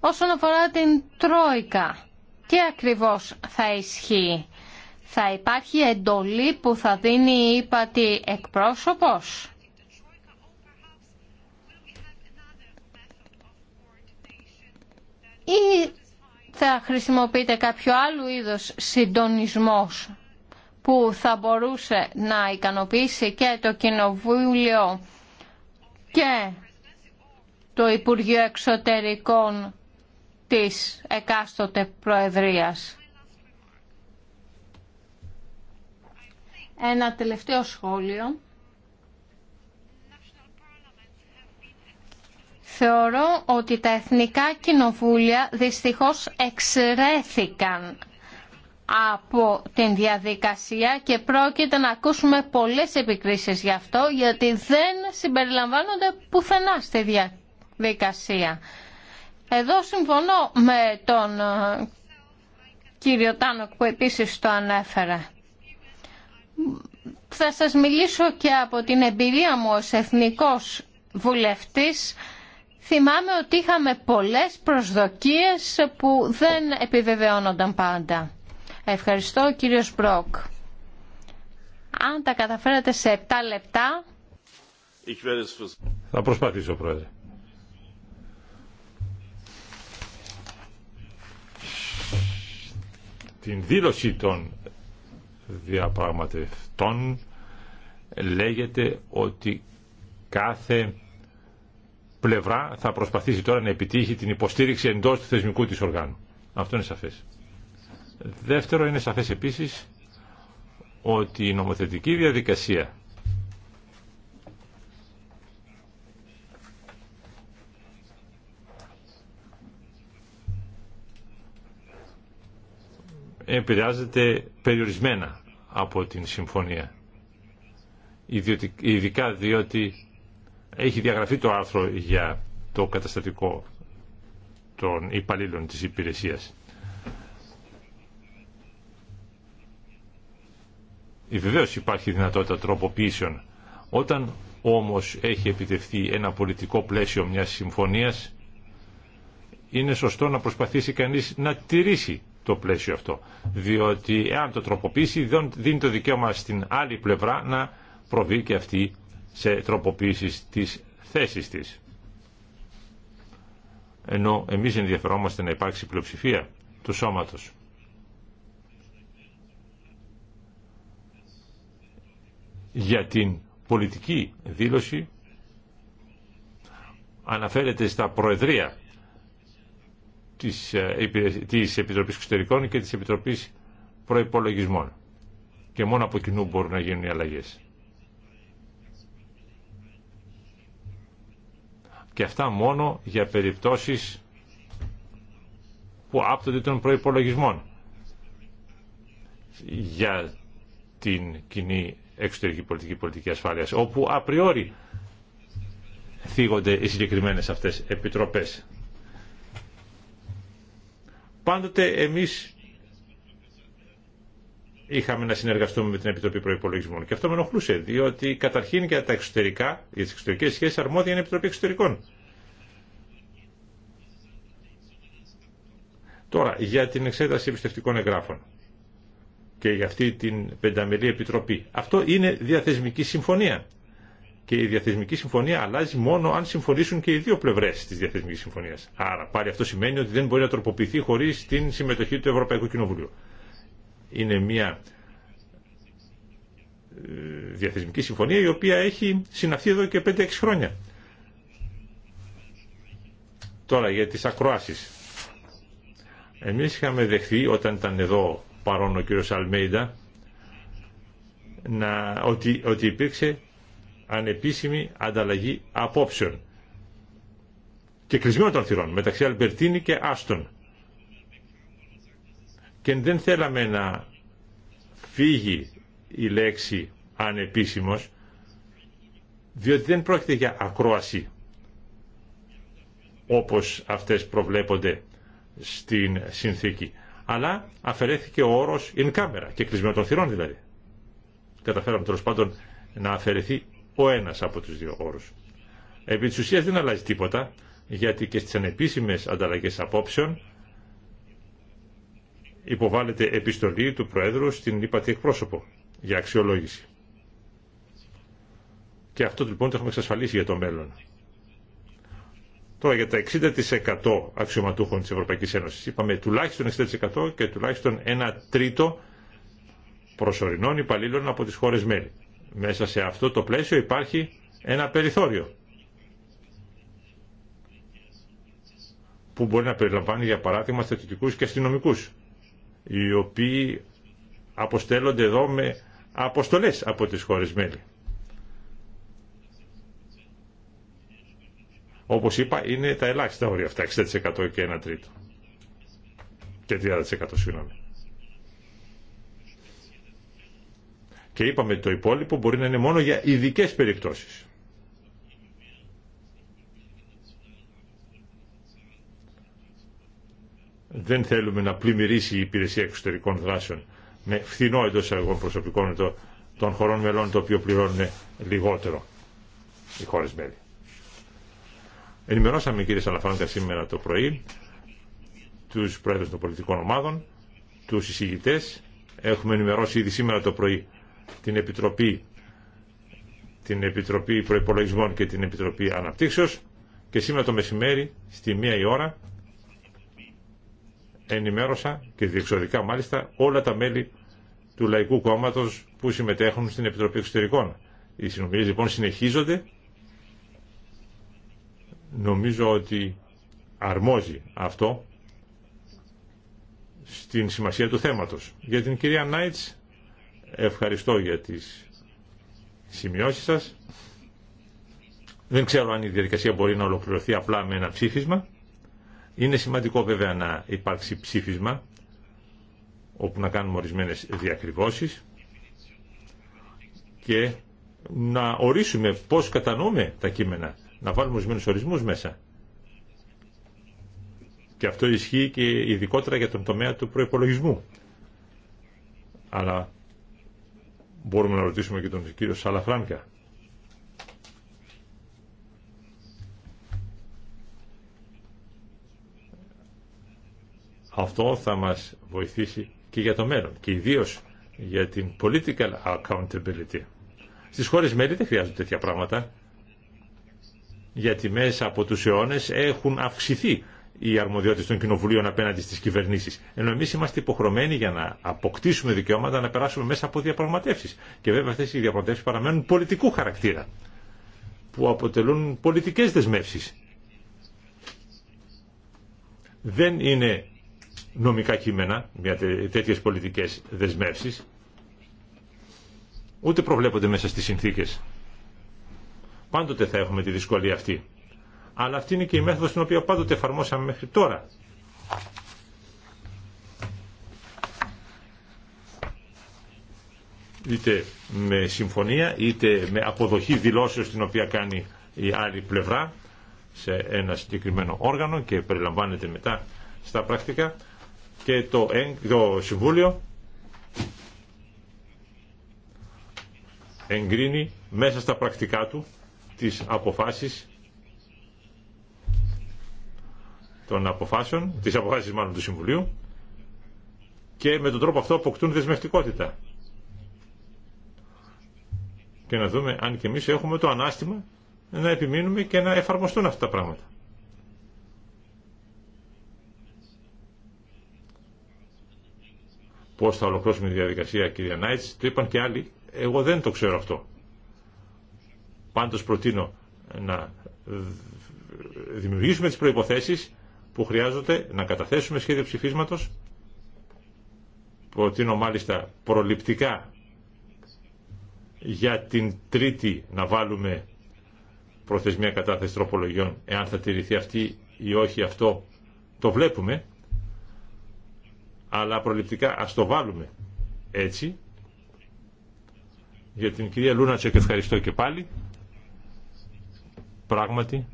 όσον αφορά την Τρόικα. τι ακριβώς θα ισχύει. Θα υπάρχει εντολή που θα δίνει η ύπατη εκπρόσωπος. Ή θα χρησιμοποιείτε κάποιο άλλο είδος συντονισμός που θα μπορούσε να ικανοποιήσει και το Κοινοβούλιο και το Υπουργείο Εξωτερικών της εκάστοτε Προεδρίας. Ένα τελευταίο σχόλιο. Θεωρώ ότι τα εθνικά κοινοβούλια δυστυχώς εξαιρέθηκαν από την διαδικασία και πρόκειται να ακούσουμε πολλές επικρίσεις γι' αυτό γιατί δεν συμπεριλαμβάνονται πουθενά στη διαδικασία. Εδώ συμφωνώ με τον ε, κύριο Τάνοκ που επίσης το ανέφερε. Θα σας μιλήσω και από την εμπειρία μου ως εθνικός βουλευτής. Θυμάμαι ότι είχαμε πολλές προσδοκίες που δεν επιβεβαιώνονταν πάντα. Ευχαριστώ κύριος Μπρόκ. Αν τα καταφέρατε σε 7 λεπτά... Θα προσπαθήσω πρόεδρε. την δήλωση των διαπραγματευτών λέγεται ότι κάθε πλευρά θα προσπαθήσει τώρα να επιτύχει την υποστήριξη εντός του θεσμικού της οργάνου. Αυτό είναι σαφές. Δεύτερο είναι σαφές επίσης ότι η νομοθετική διαδικασία επηρεάζεται περιορισμένα από την συμφωνία. Ειδικά διότι έχει διαγραφεί το άρθρο για το καταστατικό των υπαλλήλων της υπηρεσίας. Ε, βεβαίως υπάρχει δυνατότητα τροποποιήσεων. Όταν όμως έχει επιτευχθεί ένα πολιτικό πλαίσιο μιας συμφωνίας, είναι σωστό να προσπαθήσει κανείς να τηρήσει το πλαίσιο αυτό. Διότι εάν το τροποποιήσει δίνει το δικαίωμα στην άλλη πλευρά να προβεί και αυτή σε τροποποίηση της θέσης της. Ενώ εμείς ενδιαφερόμαστε να υπάρξει πλειοψηφία του σώματος. Για την πολιτική δήλωση αναφέρεται στα προεδρία της, ε, της Επιτροπής Εξωτερικών και της Επιτροπής Προϋπολογισμών. Και μόνο από κοινού μπορούν να γίνουν οι αλλαγές. Και αυτά μόνο για περιπτώσεις που άπτονται των προϋπολογισμών. Για την κοινή εξωτερική πολιτική πολιτική ασφάλειας, όπου απριόρι θίγονται οι συγκεκριμένες αυτές επιτροπές. Πάντοτε εμείς είχαμε να συνεργαστούμε με την Επιτροπή Προπολογισμών. Και αυτό με ενοχλούσε, διότι καταρχήν για τα εξωτερικά, για τι εξωτερικέ σχέσει, αρμόδια είναι η Επιτροπή Εξωτερικών. Τώρα, για την εξέταση εμπιστευτικών εγγράφων και για αυτή την πενταμελή επιτροπή. Αυτό είναι διαθεσμική συμφωνία και η διαθεσμική συμφωνία αλλάζει μόνο αν συμφωνήσουν και οι δύο πλευρέ τη διαθεσμική συμφωνία. Άρα πάλι αυτό σημαίνει ότι δεν μπορεί να τροποποιηθεί χωρί την συμμετοχή του Ευρωπαϊκού Κοινοβουλίου. Είναι μια ε, διαθεσμική συμφωνία η οποία έχει συναυθεί εδώ και 5-6 χρόνια. Τώρα για τις ακροάσεις. Εμείς είχαμε δεχθεί όταν ήταν εδώ παρόν ο κύριος Αλμέιντα να, ότι, ότι υπήρξε ανεπίσημη ανταλλαγή απόψεων και κλεισμένο των θυρών μεταξύ Αλμπερτίνη και Άστον. Και δεν θέλαμε να φύγει η λέξη ανεπίσημος διότι δεν πρόκειται για ακρόαση όπως αυτές προβλέπονται στην συνθήκη. Αλλά αφαιρέθηκε ο όρος in camera και κλεισμένο των θυρών δηλαδή. Καταφέραμε τέλο πάντων να αφαιρεθεί ο ένας από τους δύο όρους. Επί της ουσίας δεν αλλάζει τίποτα, γιατί και στις ανεπίσημες ανταλλαγές απόψεων υποβάλλεται επιστολή του Προέδρου στην ύπατη εκπρόσωπο για αξιολόγηση. Και αυτό λοιπόν το έχουμε εξασφαλίσει για το μέλλον. Τώρα για τα 60% αξιωματούχων της Ευρωπαϊκής Ένωσης είπαμε τουλάχιστον 60% και τουλάχιστον ένα τρίτο προσωρινών υπαλλήλων από τις χώρες μέλη. Μέσα σε αυτό το πλαίσιο υπάρχει ένα περιθώριο που μπορεί να περιλαμβάνει για παράδειγμα στρατιωτικούς και αστυνομικού, οι οποίοι αποστέλλονται εδώ με αποστολές από τις χώρες μέλη. Όπως είπα, είναι τα ελάχιστα όρια αυτά, 60% και 1 τρίτο. Και 30% συγγνώμη. Και είπαμε το υπόλοιπο μπορεί να είναι μόνο για ειδικέ περιπτώσεις. Δεν θέλουμε να πλημμυρίσει η υπηρεσία εξωτερικών δράσεων με φθηνό εντό αγωγών προσωπικών των χωρών μελών το οποίο πληρώνουν λιγότερο οι χώρες μέλη. Ενημερώσαμε κύριε Σαλαφράγκα σήμερα το πρωί τους πρόεδρους των πολιτικών ομάδων, τους εισηγητές. Έχουμε ενημερώσει ήδη σήμερα το πρωί την Επιτροπή, την Επιτροπή Προϋπολογισμών και την Επιτροπή Αναπτύξεως και σήμερα το μεσημέρι στη μία η ώρα ενημέρωσα και διεξοδικά μάλιστα όλα τα μέλη του Λαϊκού Κόμματος που συμμετέχουν στην Επιτροπή Εξωτερικών. Οι συνομιλίες λοιπόν συνεχίζονται. Νομίζω ότι αρμόζει αυτό στην σημασία του θέματος. Για την κυρία Νάιτς Ευχαριστώ για τις σημειώσεις σας. Δεν ξέρω αν η διαδικασία μπορεί να ολοκληρωθεί απλά με ένα ψήφισμα. Είναι σημαντικό βέβαια να υπάρξει ψήφισμα όπου να κάνουμε ορισμένες διακριβώσεις και να ορίσουμε πώς κατανοούμε τα κείμενα, να βάλουμε ορισμένους ορισμούς μέσα. Και αυτό ισχύει και ειδικότερα για τον τομέα του προϋπολογισμού. Αλλά Μπορούμε να ρωτήσουμε και τον κύριο Σαλαφράνκα. Αυτό θα μας βοηθήσει και για το μέλλον και ιδίω για την political accountability. Στις χώρες μέλη δεν χρειάζονται τέτοια πράγματα γιατί μέσα από τους αιώνες έχουν αυξηθεί οι αρμοδιότητε των κοινοβουλίων απέναντι στι κυβερνήσει. Ενώ εμεί είμαστε υποχρεωμένοι για να αποκτήσουμε δικαιώματα να περάσουμε μέσα από διαπραγματεύσει. Και βέβαια αυτέ οι διαπραγματεύσει παραμένουν πολιτικού χαρακτήρα, που αποτελούν πολιτικέ δεσμεύσει. Δεν είναι νομικά κείμενα για τέτοιε πολιτικέ δεσμεύσει, ούτε προβλέπονται μέσα στι συνθήκε. Πάντοτε θα έχουμε τη δυσκολία αυτή αλλά αυτή είναι και η μέθοδος την οποία πάντοτε εφαρμόσαμε μέχρι τώρα. Είτε με συμφωνία, είτε με αποδοχή δηλώσεως την οποία κάνει η άλλη πλευρά σε ένα συγκεκριμένο όργανο και περιλαμβάνεται μετά στα πρακτικά και το, το Συμβούλιο εγκρίνει μέσα στα πρακτικά του τις αποφάσεις των αποφάσεων, τις αποφάσεις μάλλον του Συμβουλίου και με τον τρόπο αυτό αποκτούν δεσμευτικότητα. Και να δούμε αν και εμείς έχουμε το ανάστημα να επιμείνουμε και να εφαρμοστούν αυτά τα πράγματα. Πώς θα ολοκλώσουμε τη διαδικασία κυρία Νάιτς, το είπαν και άλλοι, εγώ δεν το ξέρω αυτό. Πάντως προτείνω να δημιουργήσουμε τις προϋποθέσεις που χρειάζονται να καταθέσουμε σχέδιο ψηφίσματος. Προτείνω μάλιστα προληπτικά για την Τρίτη να βάλουμε προθεσμία κατάθεση τροπολογιών, εάν θα τηρηθεί αυτή ή όχι αυτό, το βλέπουμε, αλλά προληπτικά ας το βάλουμε έτσι. Για την κυρία και ευχαριστώ και πάλι. Πράγματι,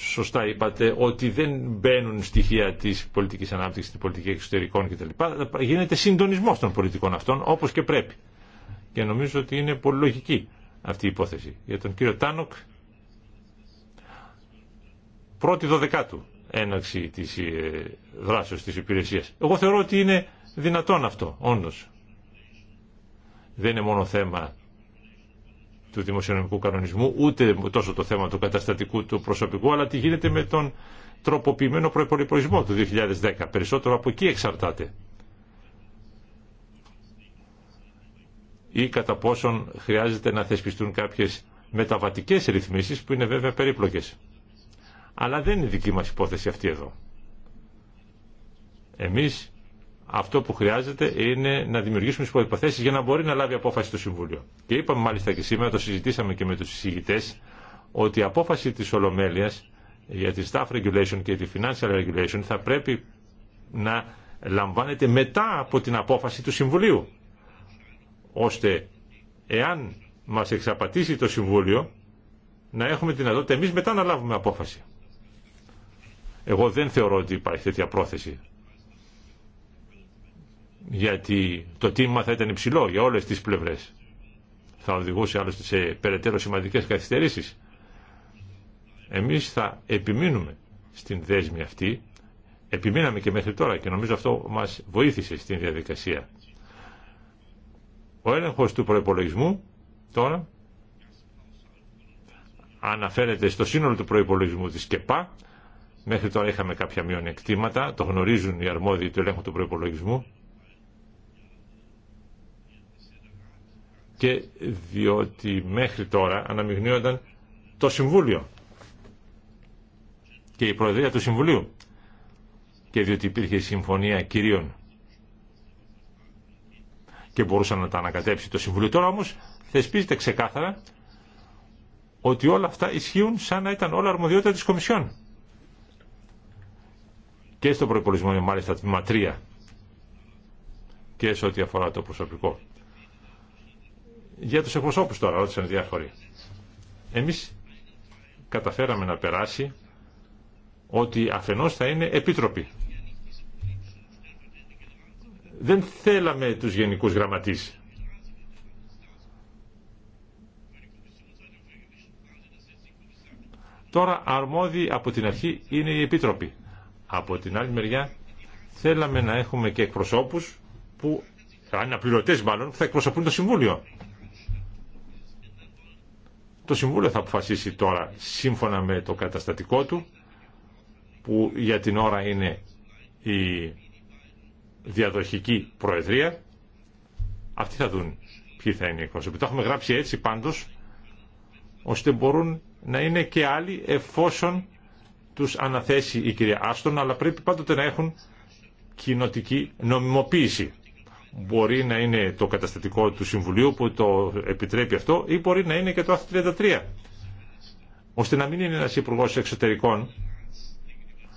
σωστά είπατε ότι δεν μπαίνουν στοιχεία τη πολιτική ανάπτυξη, τη πολιτική εξωτερικών κτλ. Γίνεται συντονισμό των πολιτικών αυτών όπω και πρέπει. Και νομίζω ότι είναι πολύ λογική αυτή η υπόθεση. Για τον κύριο Τάνοκ, πρώτη δωδεκάτου έναρξη της ε, δράσεω τη υπηρεσία. Εγώ θεωρώ ότι είναι δυνατόν αυτό, όντω. Δεν είναι μόνο θέμα του δημοσιονομικού κανονισμού, ούτε τόσο το θέμα του καταστατικού του προσωπικού, αλλά τι γίνεται με τον τροποποιημένο προπολογισμό του 2010. Περισσότερο από εκεί εξαρτάται. Ή κατά πόσον χρειάζεται να θεσπιστούν κάποιες μεταβατικές ρυθμίσεις που είναι βέβαια περίπλοκες. Αλλά δεν είναι δική μας υπόθεση αυτή εδώ. Εμείς αυτό που χρειάζεται είναι να δημιουργήσουμε τι προποθέσει για να μπορεί να λάβει απόφαση το Συμβούλιο. Και είπαμε μάλιστα και σήμερα, το συζητήσαμε και με του συζητητέ, ότι η απόφαση τη Ολομέλεια για τη staff regulation και τη financial regulation θα πρέπει να λαμβάνεται μετά από την απόφαση του Συμβουλίου. Ώστε εάν μας εξαπατήσει το Συμβούλιο να έχουμε δυνατότητα εμεί μετά να λάβουμε απόφαση. Εγώ δεν θεωρώ ότι υπάρχει τέτοια πρόθεση γιατί το τίμημα θα ήταν υψηλό για όλες τις πλευρές. Θα οδηγούσε άλλωστε σε περαιτέρω σημαντικές καθυστερήσεις. Εμείς θα επιμείνουμε στην δέσμη αυτή. Επιμείναμε και μέχρι τώρα και νομίζω αυτό μας βοήθησε στην διαδικασία. Ο έλεγχος του προϋπολογισμού τώρα αναφέρεται στο σύνολο του προϋπολογισμού της ΚΕΠΑ. Μέχρι τώρα είχαμε κάποια μειονεκτήματα, το γνωρίζουν οι αρμόδιοι του ελέγχου του προϋπολογισμού και διότι μέχρι τώρα αναμειγνύονταν το Συμβούλιο και η Προεδρία του Συμβουλίου και διότι υπήρχε συμφωνία κυρίων και μπορούσαν να τα ανακατέψει το Συμβουλίο. Τώρα όμως θεσπίζεται ξεκάθαρα ότι όλα αυτά ισχύουν σαν να ήταν όλα αρμοδιότητα της Κομισιόν. Και στο προπολογισμό είναι μάλιστα τμήμα 3 και σε ό,τι αφορά το προσωπικό. Για τους εκπροσώπους τώρα, ρώτησαν διάφοροι. Εμείς καταφέραμε να περάσει ότι αφενός θα είναι επίτροποι. Δεν θέλαμε τους γενικούς γραμματείς. Τώρα αρμόδιοι από την αρχή είναι οι επίτροποι. Από την άλλη μεριά θέλαμε να έχουμε και εκπροσώπους που θα είναι απληρωτές μάλλον που θα εκπροσωπούν το Συμβούλιο. Το Συμβούλιο θα αποφασίσει τώρα σύμφωνα με το καταστατικό του που για την ώρα είναι η διαδοχική προεδρία. Αυτοί θα δουν ποιοι θα είναι οι εκπρόσωποι. Το έχουμε γράψει έτσι πάντως ώστε μπορούν να είναι και άλλοι εφόσον τους αναθέσει η κυρία Άστον αλλά πρέπει πάντοτε να έχουν κοινοτική νομιμοποίηση μπορεί να είναι το καταστατικό του Συμβουλίου που το επιτρέπει αυτό ή μπορεί να είναι και το άρθρο 33 ώστε να μην είναι ένας υπουργό εξωτερικών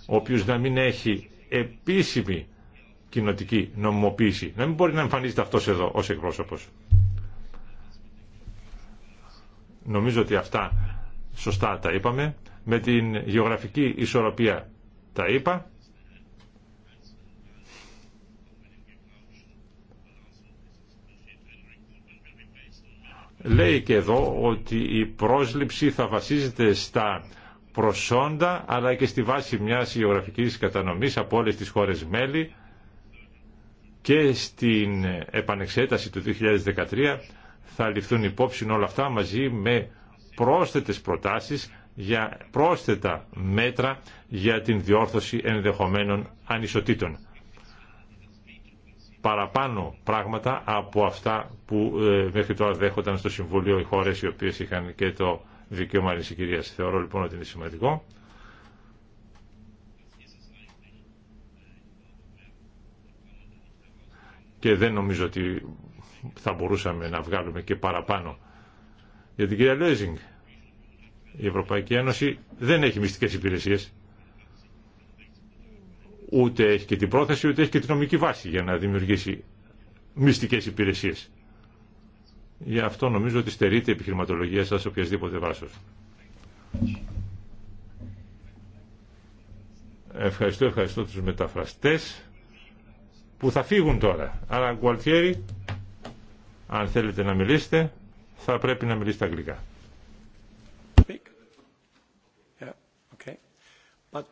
ο οποίος να μην έχει επίσημη κοινοτική νομιμοποίηση να μην μπορεί να εμφανίζεται αυτός εδώ ως εκπρόσωπος νομίζω ότι αυτά σωστά τα είπαμε με την γεωγραφική ισορροπία τα είπα Λέει και εδώ ότι η πρόσληψη θα βασίζεται στα προσόντα αλλά και στη βάση μιας γεωγραφικής κατανομής από όλες τις χώρες μέλη και στην επανεξέταση του 2013 θα ληφθούν υπόψη όλα αυτά μαζί με πρόσθετες προτάσεις για πρόσθετα μέτρα για την διόρθωση ενδεχομένων ανισοτήτων παραπάνω πράγματα από αυτά που ε, μέχρι τώρα δέχονταν στο Συμβουλίο οι χώρες οι οποίες είχαν και το δικαίωμα κυρίας. Θεωρώ λοιπόν ότι είναι σημαντικό. Και δεν νομίζω ότι θα μπορούσαμε να βγάλουμε και παραπάνω. Για την κυρία Λέζινγκ, η Ευρωπαϊκή Ένωση δεν έχει μυστικές υπηρεσίες ούτε έχει και την πρόθεση, ούτε έχει και την νομική βάση για να δημιουργήσει μυστικές υπηρεσίες. Γι' αυτό νομίζω ότι στερείται η επιχειρηματολογία σας οποιασδήποτε βάσος. Ευχαριστώ, ευχαριστώ τους μεταφραστές που θα φύγουν τώρα. Άρα, Γκουαλτιέρη, αν θέλετε να μιλήσετε, θα πρέπει να μιλήσετε αγγλικά. Yeah, okay. But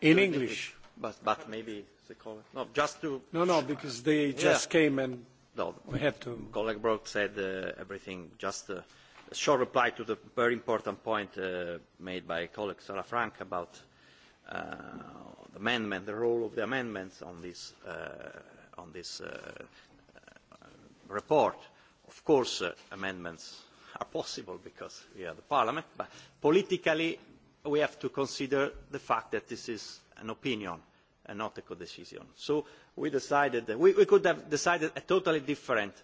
In English. But but maybe the No, just to. No, no, because they just came and we have to. Colleague Brock said everything. Just a short reply to the very important point made by colleague Sarah Frank about the amendment, the role of the amendments on this on this report. Of course, amendments are possible because we are the Parliament, but politically we have to consider the fact that this is an opinion and not a co-decision. So we decided we could have decided a totally different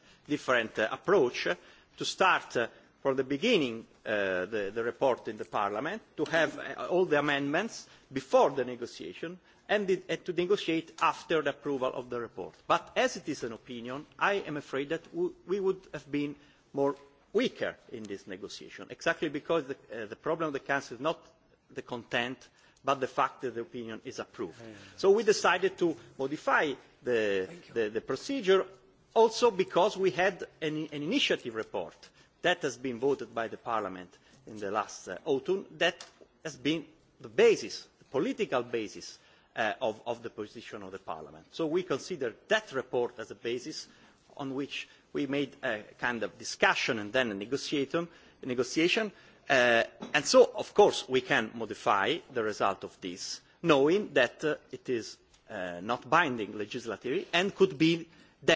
approach to start from the beginning the report in the Parliament, to have all the amendments before the negotiation and to negotiate after the approval of the report. But as it is an opinion, I am afraid that we would have been more weaker in this negotiation, exactly because the problem of the Council is not the content but the fact that the opinion is approved. So we decided to modify the the procedure also because we had an initiative report that has been voted by the Parliament in the last autumn that has been the basis, the political basis of the position of the Parliament. So we consider that report as a basis on which we made a kind of discussion and then a negotiation And so, of course, we can modify the result of this, knowing that it is not binding legislatively and could be